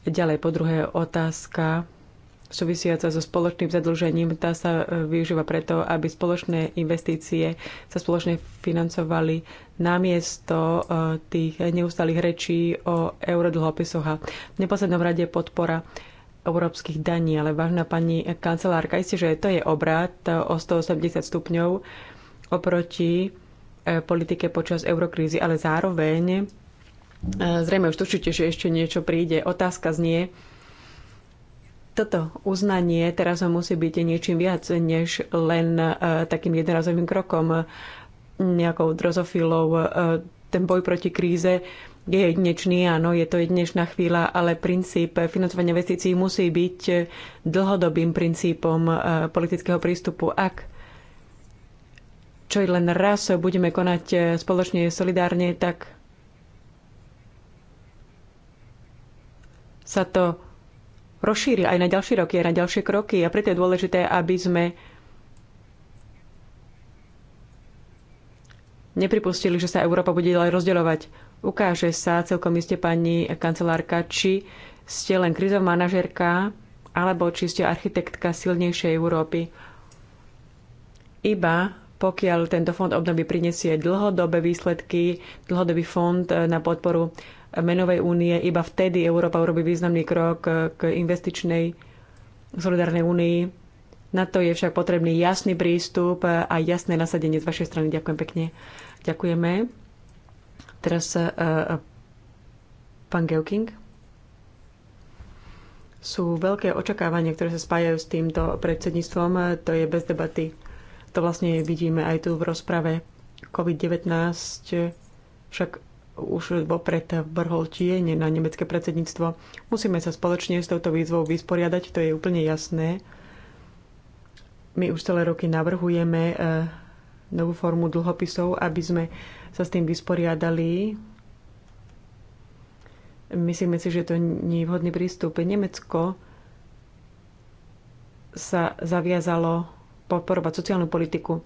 Ďalej, po druhé, otázka súvisiaca so spoločným zadlžením, tá sa e, využíva preto, aby spoločné investície sa spoločne financovali namiesto e, tých neustálých rečí o eurodlhopisoch a v neposlednom rade podpora európskych daní. Ale vážna pani kancelárka, isté, že to je obrad o 180 stupňov oproti e, politike počas eurokrízy, ale zároveň zrejme už tušíte, že ešte niečo príde. Otázka znie, toto uznanie teraz musí byť niečím viac než len e, takým jednorazovým krokom, e, nejakou drozofilou. E, ten boj proti kríze je jedinečný, áno, je to jedinečná chvíľa, ale princíp financovania investícií musí byť dlhodobým princípom politického prístupu. Ak čo len raz budeme konať spoločne solidárne, tak sa to rozšíri aj na ďalšie roky, aj na ďalšie kroky. A preto je dôležité, aby sme nepripustili, že sa Európa bude ďalej rozdeľovať. Ukáže sa celkom iste pani kancelárka, či ste len krizová manažerka, alebo či ste architektka silnejšej Európy. Iba pokiaľ tento fond obnovy prinesie dlhodobé výsledky, dlhodobý fond na podporu menovej únie. Iba vtedy Európa urobí významný krok eh, k investičnej solidárnej únii. Na to je však potrebný jasný prístup eh, a jasné nasadenie z vašej strany. Ďakujem pekne. Ďakujeme. Teraz uh, pán Gelking. Sú veľké očakávania, ktoré sa spájajú s týmto predsedníctvom. To je bez debaty. To vlastne vidíme aj tu v rozprave. COVID-19 však už vopred vrhol tieň na nemecké predsedníctvo. Musíme sa spoločne s touto výzvou vysporiadať, to je úplne jasné. My už celé roky navrhujeme eh, novú formu dlhopisov, aby sme sa s tým vysporiadali. Myslíme si, že to nie je vhodný prístup. Nemecko sa zaviazalo podporovať sociálnu politiku.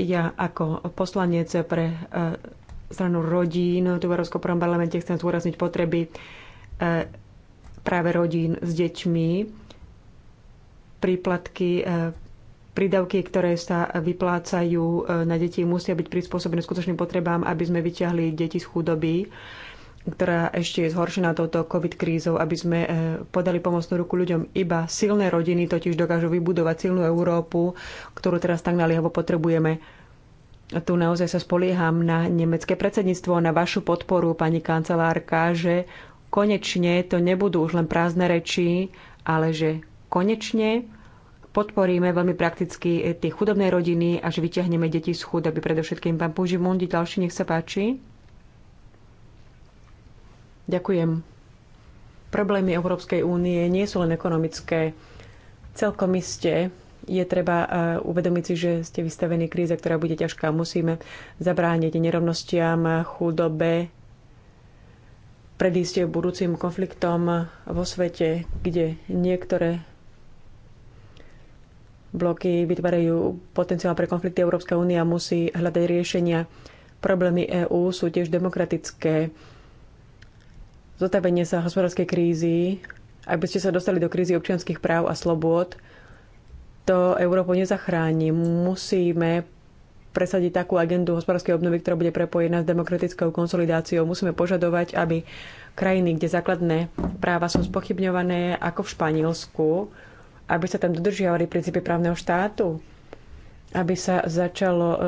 Ja ako poslanec pre eh, stranu rodín. Tu v Európskom prvom parlamente chcem zúrazniť potreby e, práve rodín s deťmi, príplatky, e, prídavky, ktoré sa vyplácajú e, na deti, musia byť prispôsobené skutočným potrebám, aby sme vyťahli deti z chudoby ktorá ešte je zhoršená touto COVID krízou, aby sme podali pomocnú ruku ľuďom. Iba silné rodiny totiž dokážu vybudovať silnú Európu, ktorú teraz tak naliehavo potrebujeme tu naozaj sa spolieham na nemecké predsedníctvo, na vašu podporu, pani kancelárka, že konečne to nebudú už len prázdne reči, ale že konečne podporíme veľmi prakticky tie chudobné rodiny a že vyťahneme deti z aby Predovšetkým pán Mundi ďalší, nech sa páči. Ďakujem. Problémy Európskej únie nie sú len ekonomické. Celkom iste je treba e, uvedomiť si, že ste vystavení kríze, ktorá bude ťažká. Musíme zabrániť nerovnostiam, chudobe, predísť budúcim konfliktom vo svete, kde niektoré bloky vytvárajú potenciál pre konflikty. Európska únia musí hľadať riešenia. Problémy EÚ sú tiež demokratické. Zotavenie sa hospodárskej krízy, aby ste sa dostali do krízy občianských práv a slobôd, to Európu nezachráni. Musíme presadiť takú agendu hospodárskej obnovy, ktorá bude prepojená s demokratickou konsolidáciou. Musíme požadovať, aby krajiny, kde základné práva sú spochybňované, ako v Španielsku, aby sa tam dodržiavali princípy právneho štátu, aby sa začalo e,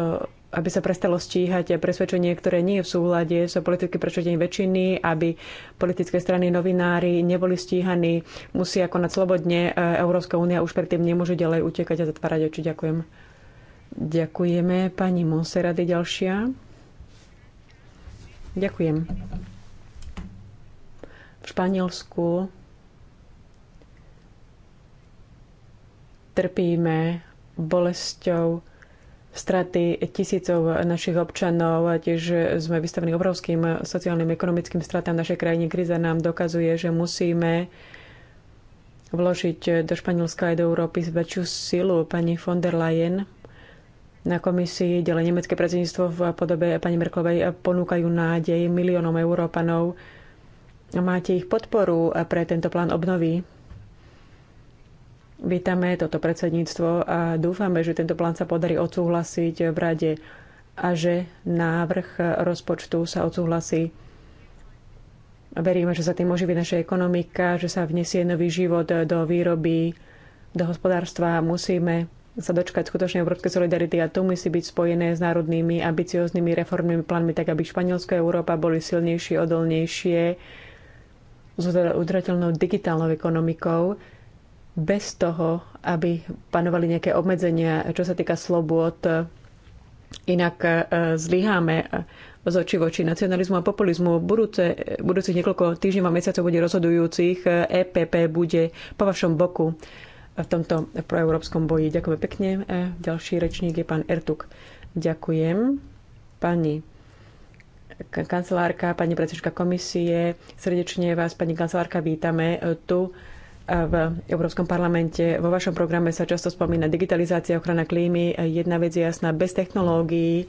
aby sa prestalo stíhať presvedčenie, ktoré nie je v súhľade so politickým presvedčením väčšiny, aby politické strany, novinári neboli stíhaní, ako konať slobodne. E, Európska únia už predtým nemôže ďalej utekať a zatvárať oči. Ďakujem. Ďakujeme. Pani Monserady ďalšia. Ďakujem. V Španielsku trpíme bolesťou straty tisícov našich občanov. Tiež sme vystavení obrovským sociálnym, ekonomickým stratám v našej krajine. Kríza nám dokazuje, že musíme vložiť do Španielska aj do Európy väčšiu silu. Pani von der Leyen na komisii, ďalej nemecké predsedníctvo v podobe pani Merklovej ponúkajú nádej miliónom Európanov. Máte ich podporu pre tento plán obnovy? Vítame toto predsedníctvo a dúfame, že tento plán sa podarí odsúhlasiť v rade a že návrh rozpočtu sa odsúhlasí. Veríme, že sa tým oživí naša ekonomika, že sa vniesie nový život do výroby, do hospodárstva. Musíme sa dočkať skutočnej európskej solidarity a to musí byť spojené s národnými ambicióznymi reformnými plánmi, tak aby Španielsko a Európa boli silnejšie, odolnejšie s udržateľnou digitálnou ekonomikou bez toho, aby panovali nejaké obmedzenia, čo sa týka slobôd. Inak e, zlyháme e, z očí voči nacionalizmu a populizmu. Budúce, budúcich niekoľko týždňov a mesiacov bude rozhodujúcich. EPP e bude po vašom boku v tomto proeurópskom boji. Ďakujem pekne. Ďalší rečník je pán Ertuk. Ďakujem. Pani kancelárka, pani predsedička komisie, srdečne vás, pani kancelárka, vítame tu v Európskom parlamente. Vo vašom programe sa často spomína digitalizácia, ochrana klímy. Jedna vec je jasná, bez technológií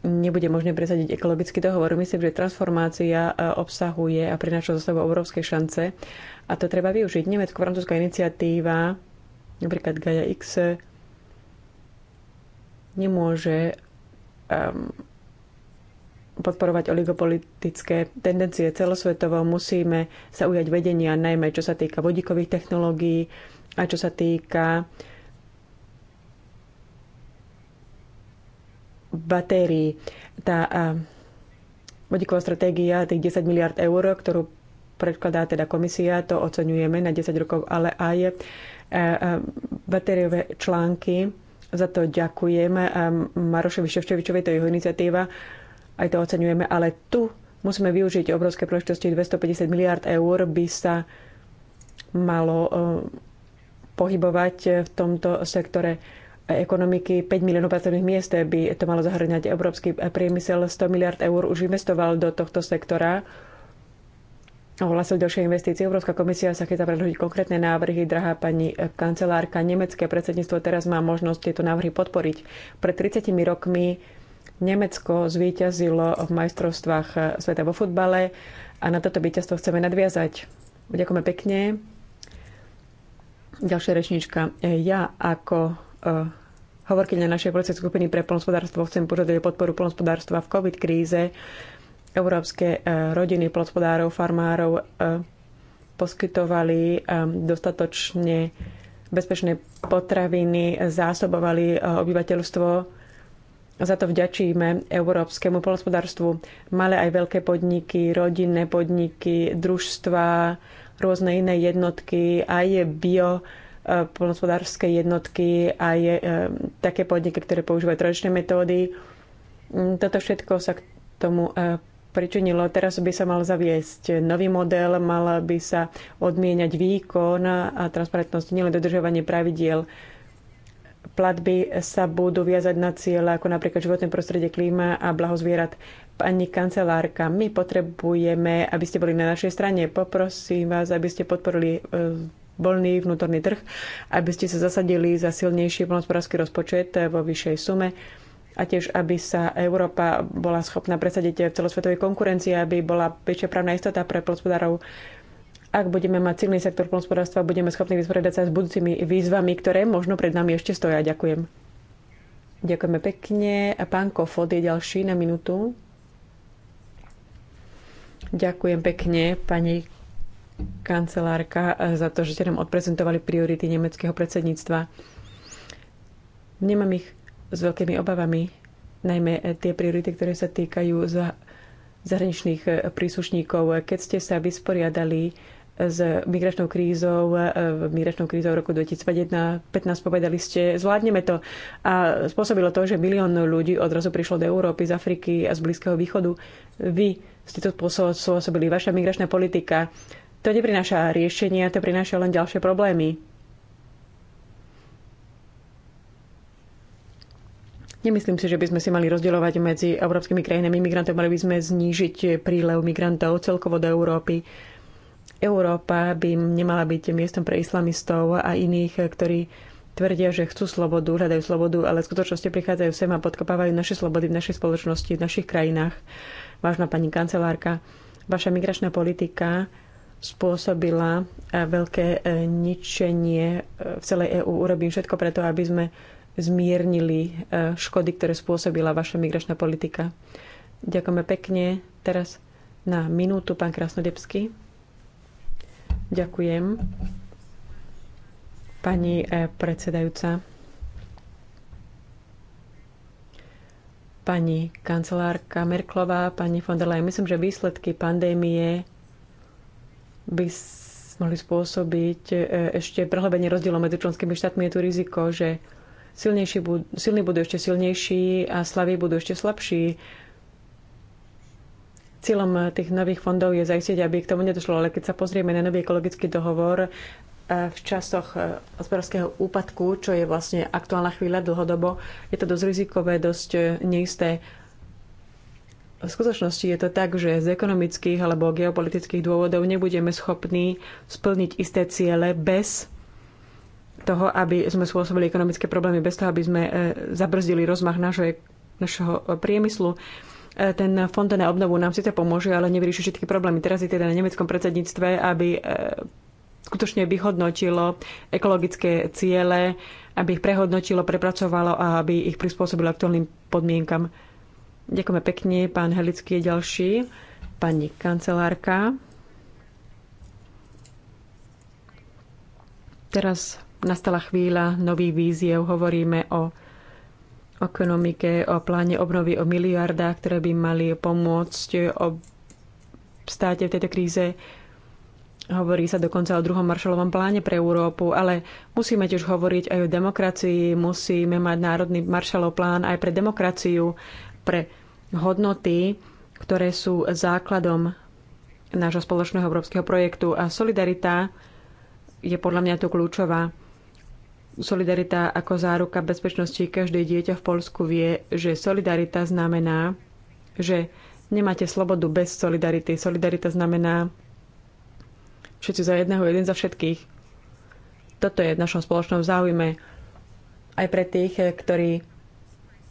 nebude možné presadiť ekologický dohovor. Myslím, že transformácia e, obsahuje a prináša za sebou obrovské šance a to treba využiť. Nemecko-francúzska iniciatíva, napríklad Gaia X, nemôže um, podporovať oligopolitické tendencie celosvetovo, musíme sa ujať vedenia, najmä čo sa týka vodíkových technológií a čo sa týka batérií. Tá vodíková stratégia, tých 10 miliard eur, ktorú predkladá teda komisia, to oceňujeme na 10 rokov, ale aj e, e, batériové články. Za to ďakujem e, Marošovi Ševčevičovi, to je jeho iniciatíva aj to oceňujeme, ale tu musíme využiť obrovské príležitosti. 250 miliard eur by sa malo eh, pohybovať eh, v tomto sektore ekonomiky. 5 miliónov pracovných miest by to malo zahrňať. Európsky eh, priemysel 100 miliard eur už investoval do tohto sektora. Ohlasil ďalšie investície. Európska komisia sa chce predložiť konkrétne návrhy. Drahá pani kancelárka, nemecké predsedníctvo teraz má možnosť tieto návrhy podporiť. Pred 30 rokmi Nemecko zvíťazilo v majstrovstvách sveta vo futbale a na toto víťazstvo chceme nadviazať. Ďakujeme pekne. Ďalšia rečnička. Ja ako e, hovorkyňa našej policie skupiny pre plnospodárstvo chcem požiadať o podporu plnospodárstva v COVID kríze. Európske e, rodiny plnospodárov, farmárov e, poskytovali dostatočne bezpečné potraviny, zásobovali obyvateľstvo za to vďačíme európskemu polospodárstvu. Malé aj veľké podniky, rodinné podniky, družstva, rôzne iné jednotky, aj bio e, polnospodárske jednotky, aj e, také podniky, ktoré používajú tradičné metódy. Mm, toto všetko sa k tomu e, pričinilo. Teraz by sa mal zaviesť nový model, mal by sa odmieniať výkon a transparentnosť, nielen dodržovanie pravidiel platby sa budú viazať na cieľa ako napríklad životné prostredie, klíma a blaho zvierat. Pani kancelárka, my potrebujeme, aby ste boli na našej strane. Poprosím vás, aby ste podporili e, voľný vnútorný trh, aby ste sa zasadili za silnejší plnospodársky rozpočet e, vo vyššej sume a tiež, aby sa Európa bola schopná presadiť v celosvetovej konkurencii, aby bola väčšia právna istota pre plnospodárov ak budeme mať silný sektor plnospodárstva, budeme schopní vysporiadať sa s budúcimi výzvami, ktoré možno pred nami ešte stoja. Ďakujem. Ďakujeme pekne. A pán Kofod je ďalší na minútu. Ďakujem pekne, pani kancelárka, za to, že ste nám odprezentovali priority nemeckého predsedníctva. Nemám ich s veľkými obavami, najmä eh, tie priority, ktoré sa týkajú za zahraničných eh, príslušníkov. Keď ste sa vysporiadali s migračnou krízou, e, migračnou krízou roku 2015 povedali ste, zvládneme to. A spôsobilo to, že milión ľudí odrazu prišlo do Európy, z Afriky a z Blízkeho východu. Vy ste to spôsobili, vaša migračná politika. To neprináša riešenia, to prináša len ďalšie problémy. Nemyslím si, že by sme si mali rozdielovať medzi európskymi krajinami migrantov, mali by sme znížiť prílev migrantov celkovo do Európy Európa by nemala byť miestom pre islamistov a iných, ktorí tvrdia, že chcú slobodu, hľadajú slobodu, ale v skutočnosti prichádzajú sem a podkopávajú naše slobody v našej spoločnosti, v našich krajinách. Vážna pani kancelárka, vaša migračná politika spôsobila e, veľké e, ničenie e, v celej EÚ. Urobím všetko preto, aby sme zmiernili škody, ktoré spôsobila vaša migračná politika. Ďakujeme pekne. Teraz na minútu pán Krasnodebský. Ďakujem. Pani e, predsedajúca. Pani kancelárka Merklová, pani von der Leyen, myslím, že výsledky pandémie by mohli spôsobiť e, ešte prehlbenie rozdielov medzi členskými štátmi. Je tu riziko, že silnejší, silní budú ešte silnejší a slaví budú ešte slabší. Cieľom eh, tých nových fondov je zaistiť, aby k tomu nedošlo, ale keď sa pozrieme na nový ekologický dohovor eh, v časoch eh, hospodárskeho úpadku, čo je vlastne aktuálna chvíľa dlhodobo, je to dosť rizikové, dosť neisté. V skutočnosti je to tak, že z ekonomických alebo geopolitických dôvodov nebudeme schopní splniť isté ciele bez toho, aby sme spôsobili ekonomické problémy, bez toho, aby sme zabrzdili rozmach našeho našeho priemyslu. E, ten fond na obnovu nám síce pomôže, ale nevyrieši všetky problémy. Teraz je teda na nemeckom predsedníctve, aby e, skutočne vyhodnotilo ekologické ciele, aby ich prehodnotilo, prepracovalo a aby ich prispôsobilo aktuálnym podmienkam. Ďakujeme pekne. Pán Helický je ďalší. Pani kancelárka. Teraz nastala chvíľa nových víziev. Hovoríme o o ekonomike, o pláne obnovy, o miliardách, ktoré by mali pomôcť o státe v tejto kríze. Hovorí sa dokonca o druhom maršalovom pláne pre Európu, ale musíme tiež hovoriť aj o demokracii, musíme mať národný maršalov plán aj pre demokraciu, pre hodnoty, ktoré sú základom nášho spoločného európskeho projektu. A solidarita je podľa mňa tu kľúčová. Solidarita ako záruka bezpečnosti. každej dieťa v Polsku vie, že solidarita znamená, že nemáte slobodu bez solidarity. Solidarita znamená všetci za jedného, jeden za všetkých. Toto je v našom spoločnom záujme. Aj pre tých, ktorí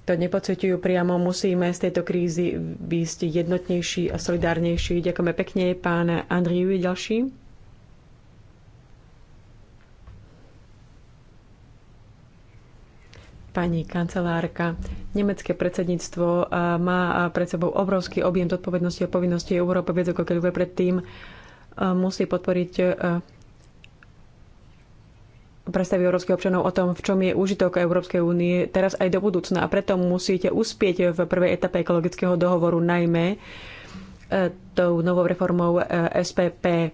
to nepocitujú priamo, musíme z tejto krízy byť jednotnejší a solidárnejší. Ďakujeme pekne. Pán Andriu ďalší. Pani kancelárka, nemecké predsedníctvo eh, má eh, pred sebou obrovský objem zodpovednosti a povinnosti Európy viac ako kedykoľvek predtým eh, musí podporiť predstavy európskych občanov o tom, v čom je úžitok Európskej únie teraz aj do budúcna. A preto musíte uspieť v prvej etape ekologického dohovoru, najmä tou novou reformou SPP.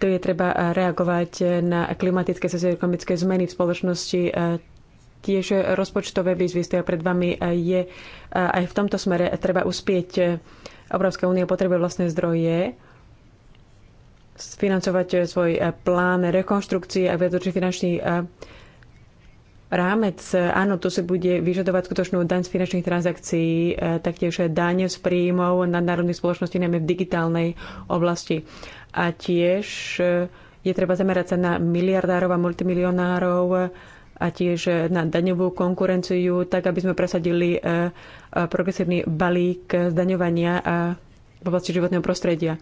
Tu je treba reagovať na klimatické a socioekonomické zmeny v spoločnosti. Tiež rozpočtové výzvy stoja pred vami je aj v tomto smere treba uspieť. Európska únia potrebuje vlastné zdroje financovať svoj plán rekonštrukcie a viacročný finančný eh, rámec. Áno, to si bude vyžadovať skutočnú daň z finančných transakcií, eh, taktiež daň z príjmov nadnárodných spoločností, najmä v digitálnej oblasti. A tiež eh, je treba zamerať sa na miliardárov a multimilionárov, a tiež eh, na daňovú konkurenciu, tak aby sme presadili eh, eh, progresívny balík zdaňovania v oblasti životného prostredia.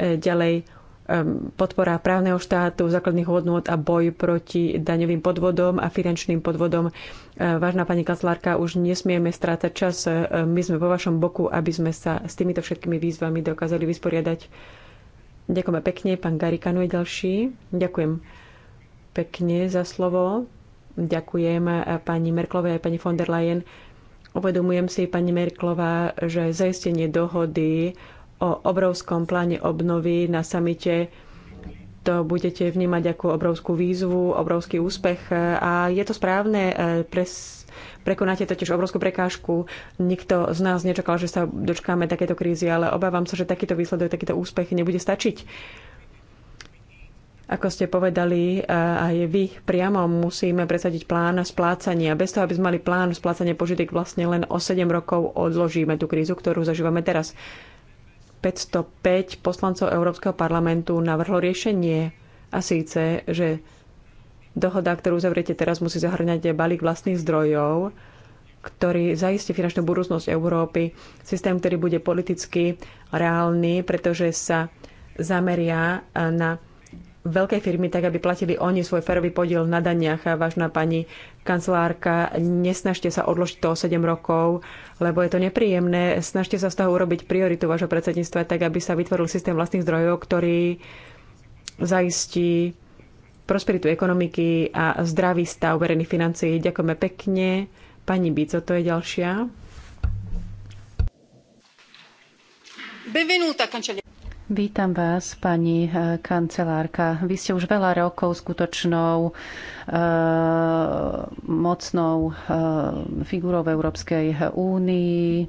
Ďalej ehm, podpora právneho štátu, základných hodnôt a boj proti daňovým podvodom a finančným podvodom. Vážna pani kancelárka, už nesmieme strácať čas. My sme vo vašom boku, aby sme sa s týmito všetkými výzvami dokázali vysporiadať. Ďakujeme pekne. Pán Garikanu je ďalší. Ďakujem pekne za slovo. Ďakujem eh, pani Merklovej aj pani von der Leyen. Uvedomujem si, pani Merklová, že zaistenie dohody o obrovskom pláne obnovy na samite to budete vnímať ako obrovskú výzvu, obrovský úspech eh, a je to správne. Eh, pres, prekonáte totiž obrovskú prekážku. Nikto z nás nečakal, že sa dočkáme takéto krízy, ale obávam sa, že takýto výsledok, takýto úspech nebude stačiť ako ste povedali, e, aj vy priamo musíme presadiť plán splácania. Bez toho, aby sme mali plán splácania požitek, vlastne len o 7 rokov odložíme tú krízu, ktorú zažívame teraz. 505 poslancov Európskeho parlamentu navrhlo riešenie a síce, že dohoda, ktorú zavriete teraz, musí zahrňať balík vlastných zdrojov, ktorý zaistí finančnú budúcnosť Európy, systém, ktorý bude politicky reálny, pretože sa zameria e, na veľké firmy, tak aby platili oni svoj ferový podiel na daniach. A vážna pani kancelárka, nesnažte sa odložiť to o 7 rokov, lebo je to nepríjemné. Snažte sa z toho urobiť prioritu vašho predsedníctva, tak aby sa vytvoril systém vlastných zdrojov, ktorý zaistí prosperitu ekonomiky a zdravý stav verejných financií. Ďakujeme pekne. Pani Bico, to je ďalšia. Vítam vás, pani eh, kancelárka. Vy ste už veľa rokov skutočnou e, mocnou e, figurou v Európskej únii. E,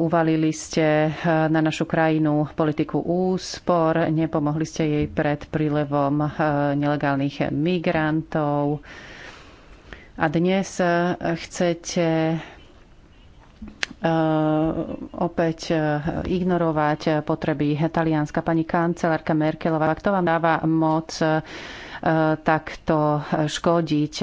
uvalili ste na našu krajinu politiku úspor, nepomohli ste jej pred prílevom nelegálnych migrantov. A dnes chcete Eh, opäť eh, ignorovať eh, potreby talianska. Pani kancelárka Merkelová, kto vám dáva moc takto škodiť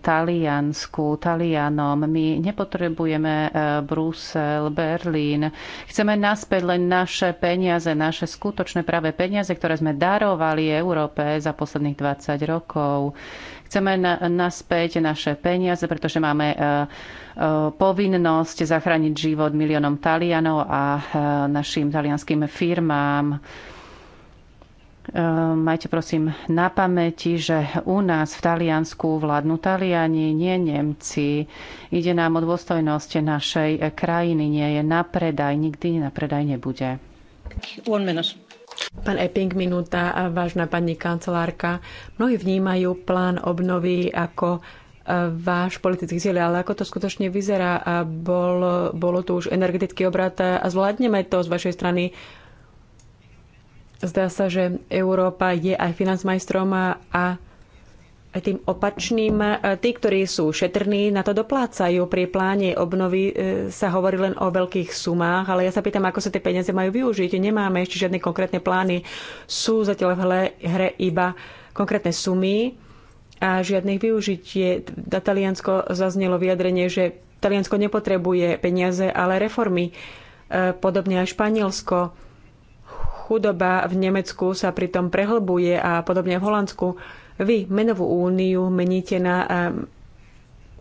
Taliansku, Talianom. My nepotrebujeme Brusel, Berlín. Chceme naspäť len naše peniaze, naše skutočné práve peniaze, ktoré sme darovali Európe za posledných 20 rokov. Chceme naspäť naše peniaze, pretože máme e, e, povinnosť zachrániť život miliónom Talianov a e, našim talianským firmám. Majte prosím na pamäti, že u nás v Taliansku vládnu Taliani, nie Nemci. Ide nám o dôstojnosť našej krajiny, nie je na predaj, nikdy na predaj nebude. One minute. Pán Epping, minúta, a vážna pani kancelárka. Mnohí vnímajú plán obnovy ako e, váš politický cieľ, ale ako to skutočne vyzerá a bol, bolo tu už energetický obrat a zvládneme to z vašej strany. Zdá sa, že Európa je aj financmajstrom a, a tým opačným. E, tí, ktorí sú šetrní, na to doplácajú. Pri pláne obnovy e, sa hovorí len o veľkých sumách, ale ja sa pýtam, ako sa tie peniaze majú využiť. Nemáme ešte žiadne konkrétne plány. Sú zatiaľ v hre iba konkrétne sumy a žiadnych využitie. Na Taliansko zaznelo vyjadrenie, že Taliansko nepotrebuje peniaze, ale reformy. E, podobne aj Španielsko. Chudoba v Nemecku sa pritom prehlbuje a podobne aj v Holandsku vy menovú úniu meníte na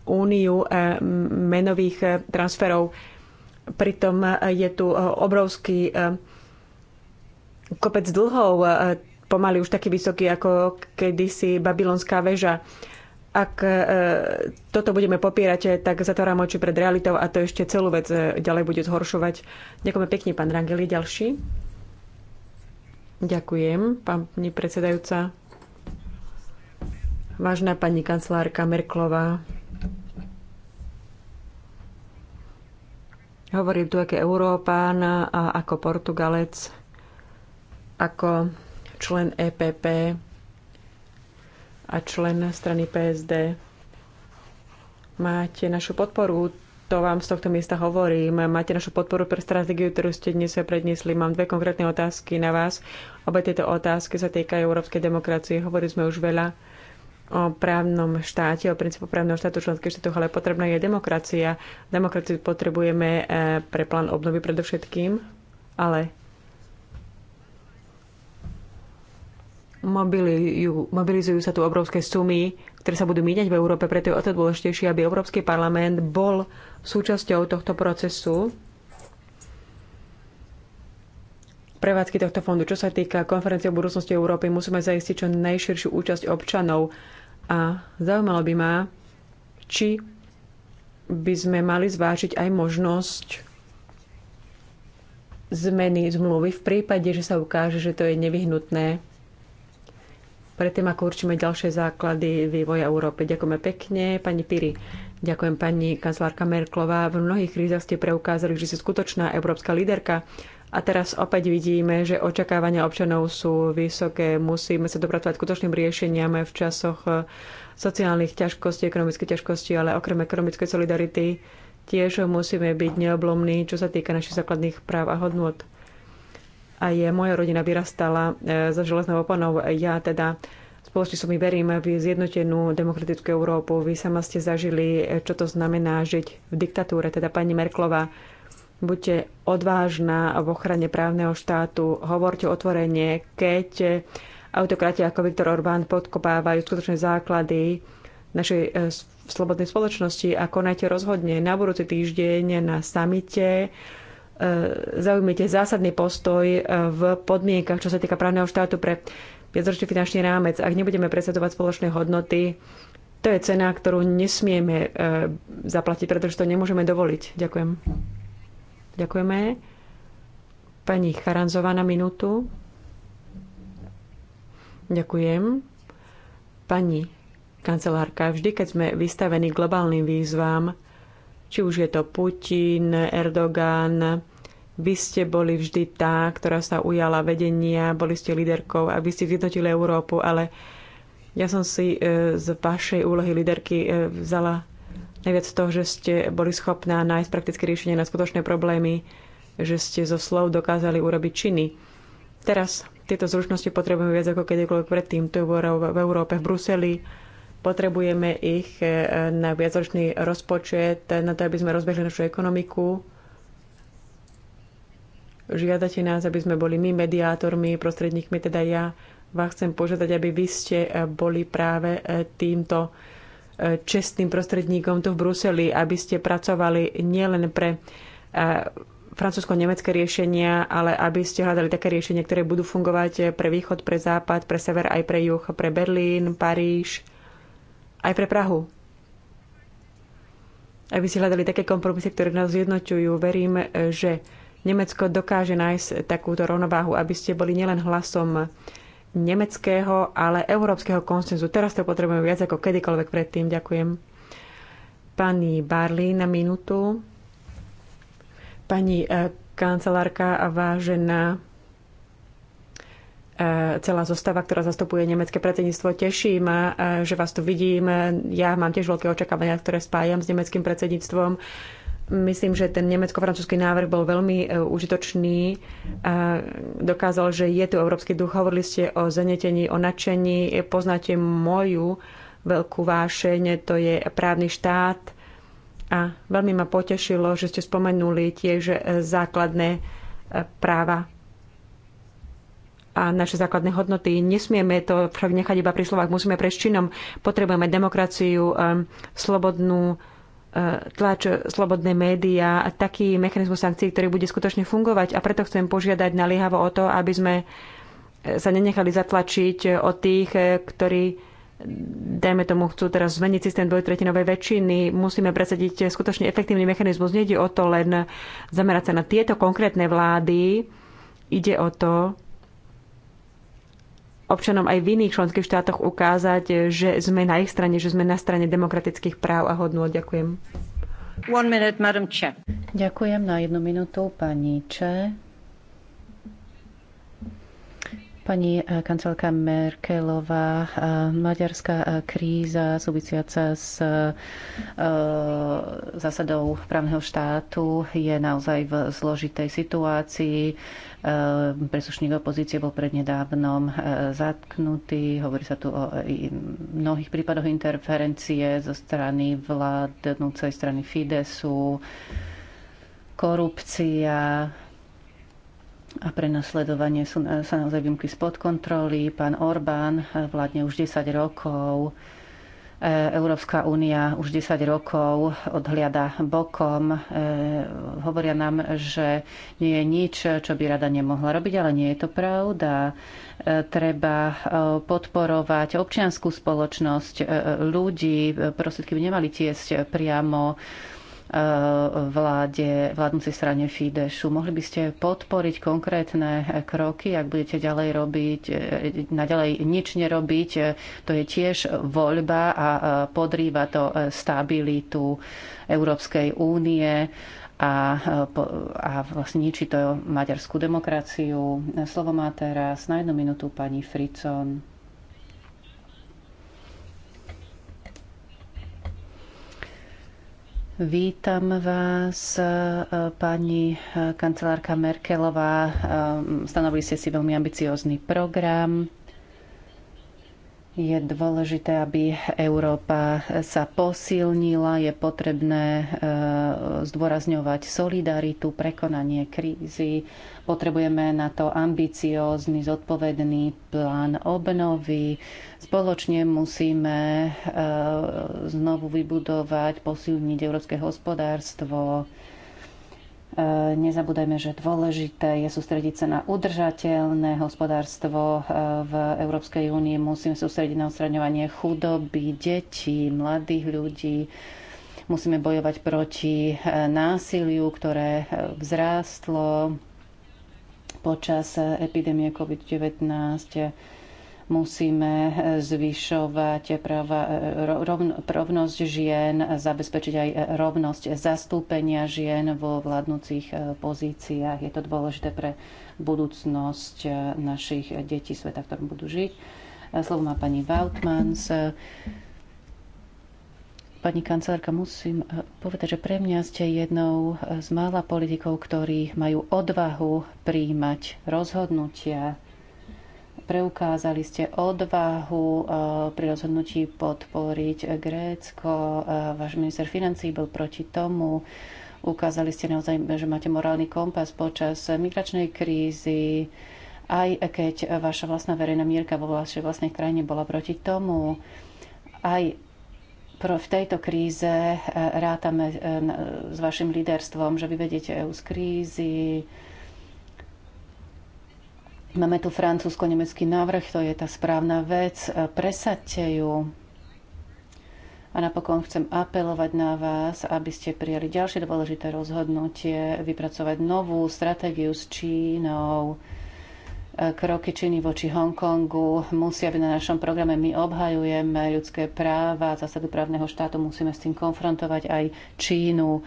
úniu menových eh, transferov. Pritom eh, je tu eh, obrovský kopec dlhov, pomaly už taký vysoký ako kedysi babylonská väža. Ak toto budeme popierať, tak zatváram oči pred realitou a to ešte celú vec ďalej bude zhoršovať. Ďakujeme pekne, pán Rangeli. Ďalší. Ďakujem, pani predsedajúca. Vážna pani kancelárka Merklová, hovorím tu ako Európán a ako Portugalec, ako člen EPP a člen strany PSD. Máte našu podporu, to vám z tohto miesta hovorím. Máte našu podporu pre stratégiu, ktorú ste dnes predniesli. Mám dve konkrétne otázky na vás. Obe tieto otázky sa týkajú európskej demokracie. Hovorili sme už veľa o právnom štáte, o princípu právneho štátu členských štátoch, ale potrebná je demokracia. Demokraciu potrebujeme eh, pre plán obnovy predovšetkým, ale mobilizujú, mobilizujú sa tu obrovské sumy, ktoré sa budú míňať v Európe, preto je o to dôležitejšie, aby Európsky parlament bol súčasťou tohto procesu prevádzky tohto fondu. Čo sa týka konferencie o budúcnosti Európy, musíme zaistiť čo najširšiu účasť občanov a zaujímalo by ma, či by sme mali zvážiť aj možnosť zmeny zmluvy v prípade, že sa ukáže, že to je nevyhnutné predtým, ako určíme ďalšie základy vývoja Európy. Ďakujeme pekne, pani Piri. Ďakujem pani kancelárka Merklová. V mnohých krízach ste preukázali, že ste skutočná európska líderka. A teraz opäť vidíme, že očakávania občanov sú vysoké. Musíme sa dopracovať k skutočným riešeniam v časoch eh, sociálnych ťažkostí, ekonomických ťažkostí, ale okrem ekonomickej solidarity tiež musíme byť neoblomní, čo sa týka našich základných práv a hodnot. A je moja rodina vyrastala eh, za železnou oponou. Ja teda spoločne som mi verím v zjednotenú demokratickú Európu. Vy sama ste zažili, eh, čo to znamená žiť v diktatúre. Teda pani Merklová. Buďte odvážna v ochrane právneho štátu, hovorte otvorene, keď autokrati ako Viktor Orbán podkopávajú skutočné základy našej e, slobodnej spoločnosti a konajte rozhodne. Na budúci týždeň na samite e, zaujmite zásadný postoj e, v podmienkach, čo sa týka právneho štátu pre viacročný finančný rámec. Ak nebudeme presadovať spoločné hodnoty, to je cena, ktorú nesmieme zaplatiť, pretože to nemôžeme dovoliť. Ďakujem. Ďakujeme. Pani Charanzová na minútu. Ďakujem. Pani kancelárka, vždy, keď sme vystavení globálnym výzvám, či už je to Putin, Erdogan, vy ste boli vždy tá, ktorá sa ujala vedenia, boli ste líderkou a vy ste zjednotili Európu, ale ja som si e, z vašej úlohy líderky e, vzala Najviac toho, že ste boli schopná nájsť praktické riešenie na skutočné problémy, že ste zo slov dokázali urobiť činy. Teraz tieto zručnosti potrebujeme viac ako kedykoľvek predtým tu v Európe, v Bruseli. Potrebujeme ich eh, na viacročný rozpočet, na to, aby sme rozbehli našu ekonomiku. Žiadate nás, aby sme boli my mediátormi, prostredníkmi, teda ja vás chcem požiadať, aby vy ste eh, boli práve eh, týmto čestným prostredníkom tu v Bruseli, aby ste pracovali nielen pre e, francúzsko-nemecké riešenia, ale aby ste hľadali také riešenia, ktoré budú fungovať pre východ, pre západ, pre sever, aj pre juh, pre Berlín, Paríž, aj pre Prahu. Aby ste hľadali také kompromisy, ktoré nás zjednoťujú. Verím, že Nemecko dokáže nájsť takúto rovnováhu, aby ste boli nielen hlasom nemeckého, ale európskeho konsenzu. Teraz to potrebujeme viac ako kedykoľvek predtým. Ďakujem. Pani Barley na minútu. Pani e, kancelárka a vážená eh, celá zostava, ktorá zastupuje nemecké predsedníctvo. Teší ma, eh, že vás tu vidím. Ja mám tiež veľké očakávania, ktoré spájam s nemeckým predsedníctvom. Myslím, že ten nemecko-francúzsky návrh bol veľmi e, užitočný. E, dokázal, že je tu európsky duch. Hovorili ste o zanetení, o nadšení. Poznáte moju veľkú vášeň, to je právny štát. A veľmi ma potešilo, že ste spomenuli tiež základné e, práva a naše základné hodnoty. Nesmieme to však nechať iba pri slovách, musíme prejsť činom. Potrebujeme demokraciu, slobodnú tlač, slobodné médiá a taký mechanizmus sankcií, ktorý bude skutočne fungovať. A preto chcem požiadať naliehavo o to, aby sme sa nenechali zatlačiť od tých, ktorí dajme tomu, chcú teraz zmeniť systém dvojtretinovej väčšiny, musíme presadiť skutočne efektívny mechanizmus. Nejde o to len zamerať sa na tieto konkrétne vlády, ide o to, občanom aj v iných členských štátoch ukázať, že sme na ich strane, že sme na strane demokratických práv a hodnot Ďakujem. One minute, Madam Che. Ďakujem na jednu minútu, pani Che. Pani eh, kancelka Merkelová, eh, maďarská eh, kríza súvisiaca s zásadou právneho štátu je naozaj v zložitej situácii. Preslušník opozície bol prednedávnom zatknutý. Hovorí sa tu o mnohých prípadoch interferencie zo strany vládnúcej strany Fidesu, korupcia, a prenasledovanie sú, sa naozaj vymkli spod kontroly. Pán Orbán eh, vládne už 10 rokov. Eh, Európska únia už 10 rokov odhliada bokom. Eh, hovoria nám, že nie je nič, čo by rada nemohla robiť, ale nie je to pravda. Treba podporovať občianskú spoločnosť ľudí. Prostriedky by nemali tiesť priamo Eh, vláde, vládnúcej strane Fidešu. Mohli by ste podporiť konkrétne kroky, ak budete ďalej robiť, eh, naďalej nič nerobiť. To je tiež voľba a eh, podrýva to stabilitu Európskej únie a, a vlastne ničí to maďarskú demokraciu. Slovo má teraz na jednu minútu pani Fricon. Vítam vás, e, pani e, kancelárka Merkelová. E, stanovili ste si veľmi ambiciózny program. Je dôležité, aby Európa sa posilnila, je potrebné e, zdôrazňovať solidaritu, prekonanie krízy. Potrebujeme na to ambiciózny, zodpovedný plán obnovy. Spoločne musíme e, znovu vybudovať, posilniť európske hospodárstvo, E, nezabúdajme, že dôležité je sústrediť sa na udržateľné hospodárstvo e, v Európskej únii. Musíme sústrediť na odstraňovanie chudoby detí, mladých ľudí. Musíme bojovať proti e, násiliu, ktoré vzrástlo počas epidémie COVID-19 Musíme eh, zvyšovať eh, rovnosť žien, zabezpečiť aj eh, rovnosť zastúpenia žien vo vládnúcich pozíciách. Je to dôležité pre budúcnosť našich detí, sveta, v ktorom budú žiť. Slovo má pani Vautmans. Pani kancelárka, musím povedať, že pre mňa ste jednou z mála politikov, ktorí majú odvahu príjmať rozhodnutia, Preukázali ste odvahu eh, pri rozhodnutí podporiť Grécko. Eh, váš minister financí bol proti tomu. Ukázali ste naozaj, že máte morálny kompas počas migračnej krízy, aj keď vaša vlastná verejná mierka vo vašej vlastnej krajine bola proti tomu. Aj v tejto kríze eh, rátame s vašim líderstvom, že vyvediete EU z krízy, Máme tu francúzsko-nemecký návrh, to je tá správna vec. E, presaďte ju. A napokon chcem apelovať na vás, aby ste prijali ďalšie dôležité rozhodnutie, vypracovať novú stratégiu s Čínou. E, kroky Číny voči Hongkongu musia byť na našom programe. My obhajujeme ľudské práva, zásadu právneho štátu, musíme s tým konfrontovať aj Čínu.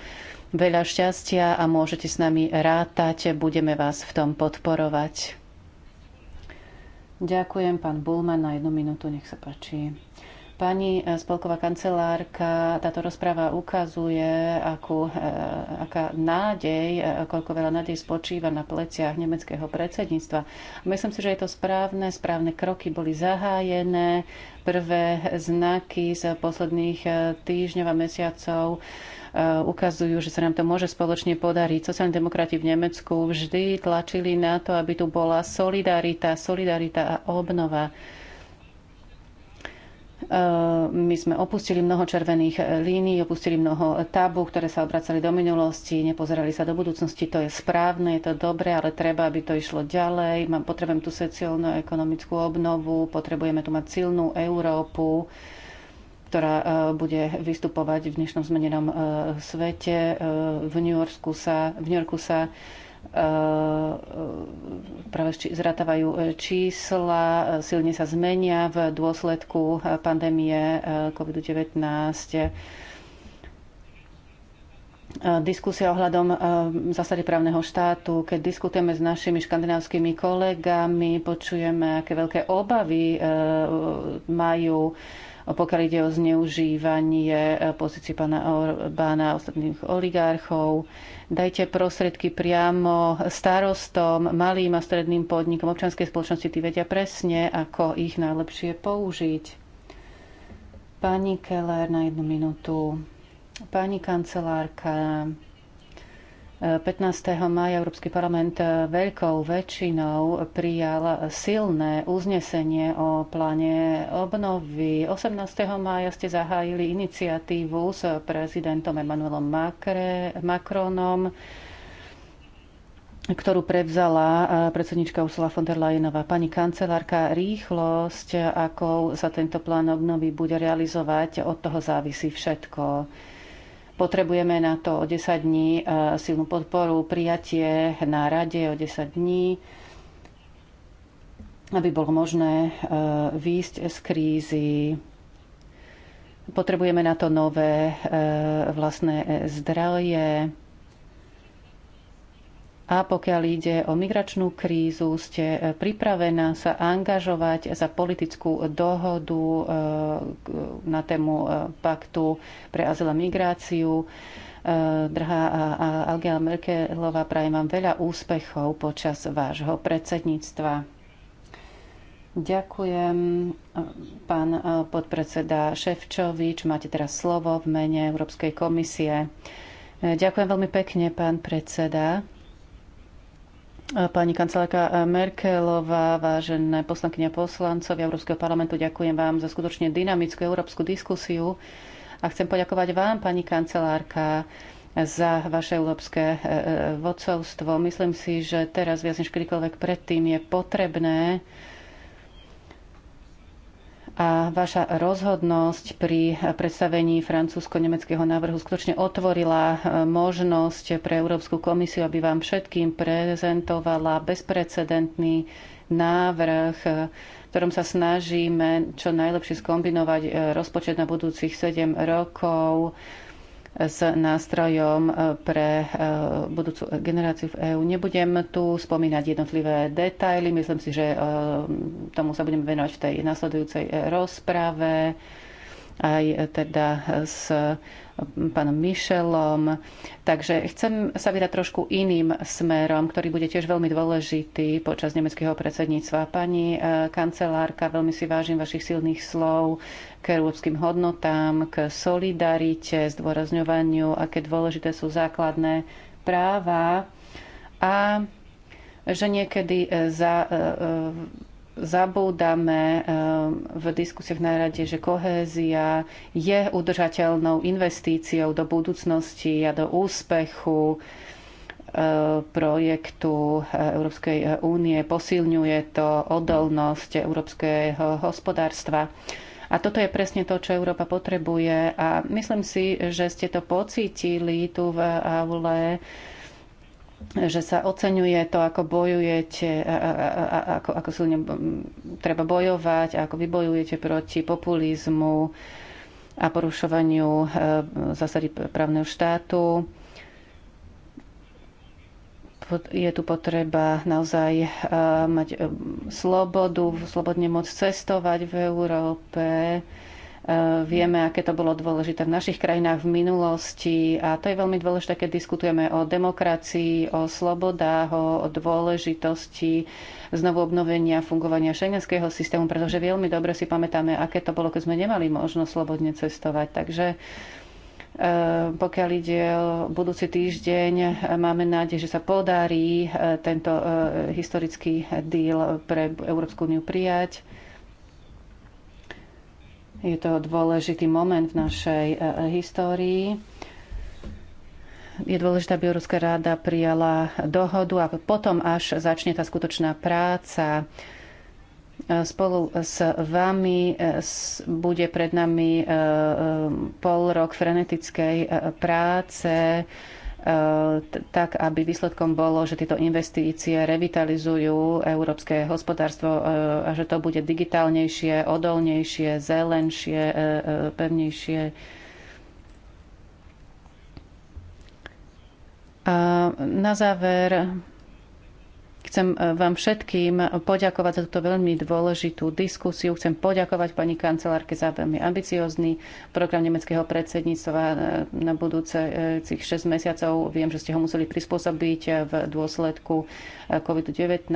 Veľa šťastia a môžete s nami rátať, budeme vás v tom podporovať. Ďakujem, pán Bulman, na jednu minútu, nech sa páči. Pani eh, spolková kancelárka, táto rozpráva ukazuje, akú, eh, aká nádej, eh, koľko veľa nádej spočíva na pleciach nemeckého predsedníctva. Myslím si, že je to správne, správne kroky boli zahájené, prvé znaky z posledných týždňov a mesiacov Eh, ukazujú, že sa nám to môže spoločne podariť. Sociálni demokrati v Nemecku vždy tlačili na to, aby tu bola solidarita, solidarita a obnova. Eh, my sme opustili mnoho červených línií, opustili mnoho tabu, ktoré sa obracali do minulosti, nepozerali sa do budúcnosti. To je správne, je to dobré, ale treba, aby to išlo ďalej. Potrebujem tú sociálno-ekonomickú obnovu, potrebujeme tu mať silnú Európu ktorá e, bude vystupovať v dnešnom zmenenom e, svete. E, v New Yorku sa, v New Yorku sa práve zratávajú čísla, silne sa zmenia v dôsledku pandémie COVID-19. Diskusia ohľadom zásady právneho štátu, keď diskutujeme s našimi škandinávskymi kolegami, počujeme, aké veľké obavy majú pokiaľ ide o zneužívanie e, pozícií pána Orbána a ostatných oligarchov. Dajte prostriedky priamo starostom, malým a stredným podnikom občanskej spoločnosti. Tí vedia presne, ako ich najlepšie použiť. Pani Keller na jednu minútu. Pani kancelárka, 15. maja Európsky parlament veľkou väčšinou prijal silné uznesenie o pláne obnovy. 18. maja ste zahájili iniciatívu s prezidentom Emmanuelom Macronom ktorú prevzala predsednička Ursula von der Leyenová. Pani kancelárka, rýchlosť, ako sa tento plán obnovy bude realizovať, od toho závisí všetko Potrebujeme na to o 10 dní e, silnú podporu, prijatie na rade o 10 dní, aby bolo možné e, výjsť z krízy. Potrebujeme na to nové e, vlastné zdraje. A pokiaľ ide o migračnú krízu, ste e, pripravená sa angažovať za politickú dohodu e, na tému e, paktu pre azyl a migráciu. Drahá Algea Merkelová, prajem vám veľa úspechov počas vášho predsedníctva. Ďakujem, pán podpredseda Ševčovič. Máte teraz slovo v mene Európskej komisie. Ďakujem veľmi pekne, pán predseda. Pani kancelárka Merkelová, vážené poslankyne a poslancovia Európskeho parlamentu, ďakujem vám za skutočne dynamickú európsku diskusiu a chcem poďakovať vám, pani kancelárka, za vaše európske e, e, vodcovstvo. Myslím si, že teraz viac než kedykoľvek predtým je potrebné a vaša rozhodnosť pri predstavení francúzsko-nemeckého návrhu skutočne otvorila e, možnosť pre Európsku komisiu, aby vám všetkým prezentovala bezprecedentný návrh, e, v ktorom sa snažíme čo najlepšie skombinovať e, rozpočet na budúcich 7 rokov s nástrojom e, pre e, budúcu generáciu v EÚ. Nebudem tu spomínať jednotlivé detaily. Myslím si, že e, tomu sa budeme venovať v tej nasledujúcej rozprave aj teda s pánom Michelom. Takže chcem sa vydať trošku iným smerom, ktorý bude tiež veľmi dôležitý počas nemeckého predsedníctva. Pani e, kancelárka, veľmi si vážim vašich silných slov k európskym hodnotám, k solidarite, zdôrazňovaniu, aké dôležité sú základné práva a že niekedy e, za e, zabúdame eh, v diskusiách na rade, že kohézia je udržateľnou investíciou do budúcnosti a do úspechu eh, projektu eh, Európskej únie. Posilňuje to odolnosť európskeho hospodárstva. A toto je presne to, čo Európa potrebuje. A myslím si, že ste to pocítili tu v aule že sa oceňuje to, ako bojujete, ako, ako silne treba bojovať, ako vy bojujete proti populizmu a porušovaniu e, zásady právneho štátu. Je tu potreba naozaj e, mať e, slobodu, slobodne môcť cestovať v Európe, Eh, vieme, aké to bolo dôležité v našich krajinách v minulosti a to je veľmi dôležité, keď diskutujeme o demokracii, o slobodách, o dôležitosti znovu obnovenia fungovania šengenského systému, pretože veľmi dobre si pamätáme, aké to bolo, keď sme nemali možnosť slobodne cestovať. Takže eh, pokiaľ ide o budúci týždeň, máme nádej, že sa podarí eh, tento historický díl pre Európsku úniu prijať je to dôležitý moment v našej e, e, histórii. Je dôležitá, aby rada prijala dohodu a potom až začne tá skutočná práca. E, spolu s vami bude pred nami pol rok frenetickej práce, tak, aby výsledkom bolo, že tieto investície revitalizujú európske hospodárstvo e, a že to bude digitálnejšie, odolnejšie, zelenšie, e, e, pevnejšie. A na záver Chcem e, vám všetkým poďakovať za túto veľmi dôležitú diskusiu. Chcem poďakovať pani kancelárke za veľmi ambiciózny program nemeckého predsedníctva e, na cich 6 mesiacov. Viem, že ste ho museli prispôsobiť e, v dôsledku COVID-19.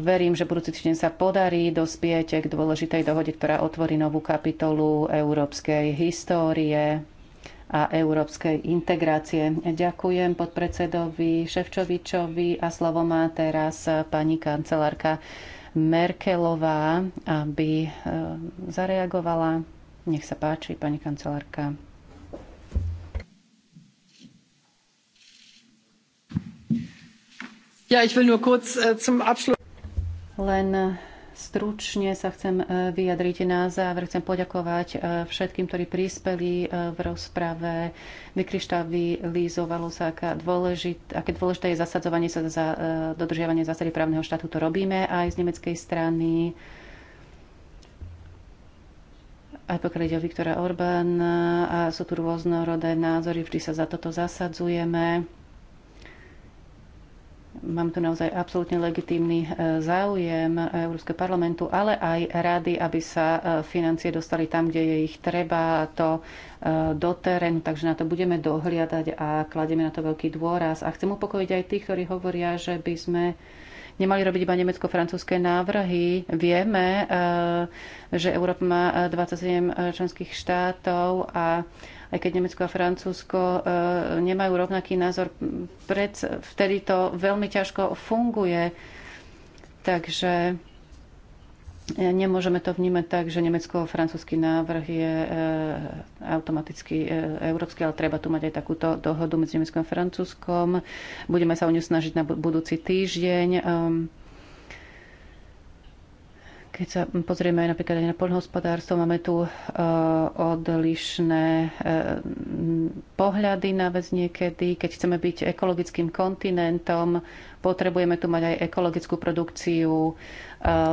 Verím, že budúci týždeň sa podarí dospieť k dôležitej dohode, ktorá otvorí novú kapitolu európskej histórie a európskej integrácie. Ďakujem podpredsedovi Ševčovičovi a slovo má teraz pani kancelárka Merkelová, aby e, zareagovala. Nech sa páči, pani kancelárka. Ja, ich will nur kurz äh, zum Abschluss. Len Stručne sa chcem e, vyjadriť na záver. Chcem poďakovať e, všetkým, ktorí prispeli e, v rozprave. Vykrištavy z sa, aká dôležit, aké dôležité je zasadzovanie sa za dodržiavanie zásady právneho štátu. To robíme aj z nemeckej strany. Aj pokiaľ ide o Viktora Orbán a sú tu rôznorodé názory, vždy sa za toto zasadzujeme Mám tu naozaj absolútne legitímny e, záujem e, Európskeho parlamentu, ale aj rady, aby sa e, financie dostali tam, kde je ich treba, a to do terénu. Takže na to budeme dohliadať a kladieme na to veľký dôraz. A chcem upokojiť aj tých, ktorí hovoria, že by sme nemali robiť iba nemecko-francúzske návrhy. Vieme, eh, že Európa má 27 eh, eh, členských štátov a aj keď Nemecko a Francúzsko nemajú rovnaký názor, vtedy to veľmi ťažko funguje. Takže E, nemôžeme to vnímať tak, že nemecko-francúzsky návrh je e, automaticky e, európsky, ale treba tu mať aj takúto dohodu medzi Nemeckom a Francúzskom. Budeme sa o ňu snažiť na budúci týždeň. Keď sa pozrieme aj napríklad aj na poľnohospodárstvo, máme tu odlišné pohľady na vec niekedy. Keď chceme byť ekologickým kontinentom, Potrebujeme tu mať aj ekologickú produkciu e,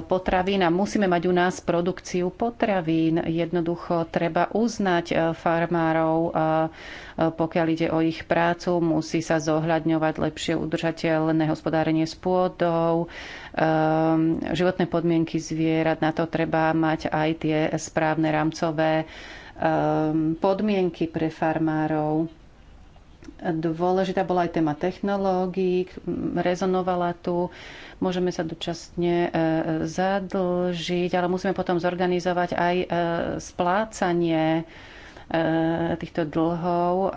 potravín a musíme mať u nás produkciu potravín. Jednoducho treba uznať e, farmárov, e, pokiaľ ide o ich prácu, musí sa zohľadňovať lepšie udržateľné hospodárenie s pôdou, životné podmienky zvierat, na to treba mať aj tie správne rámcové podmienky pre farmárov Dôležitá bola aj téma technológií, rezonovala tu. Môžeme sa dočasne e, zadlžiť, ale musíme potom zorganizovať aj e, splácanie e, týchto dlhov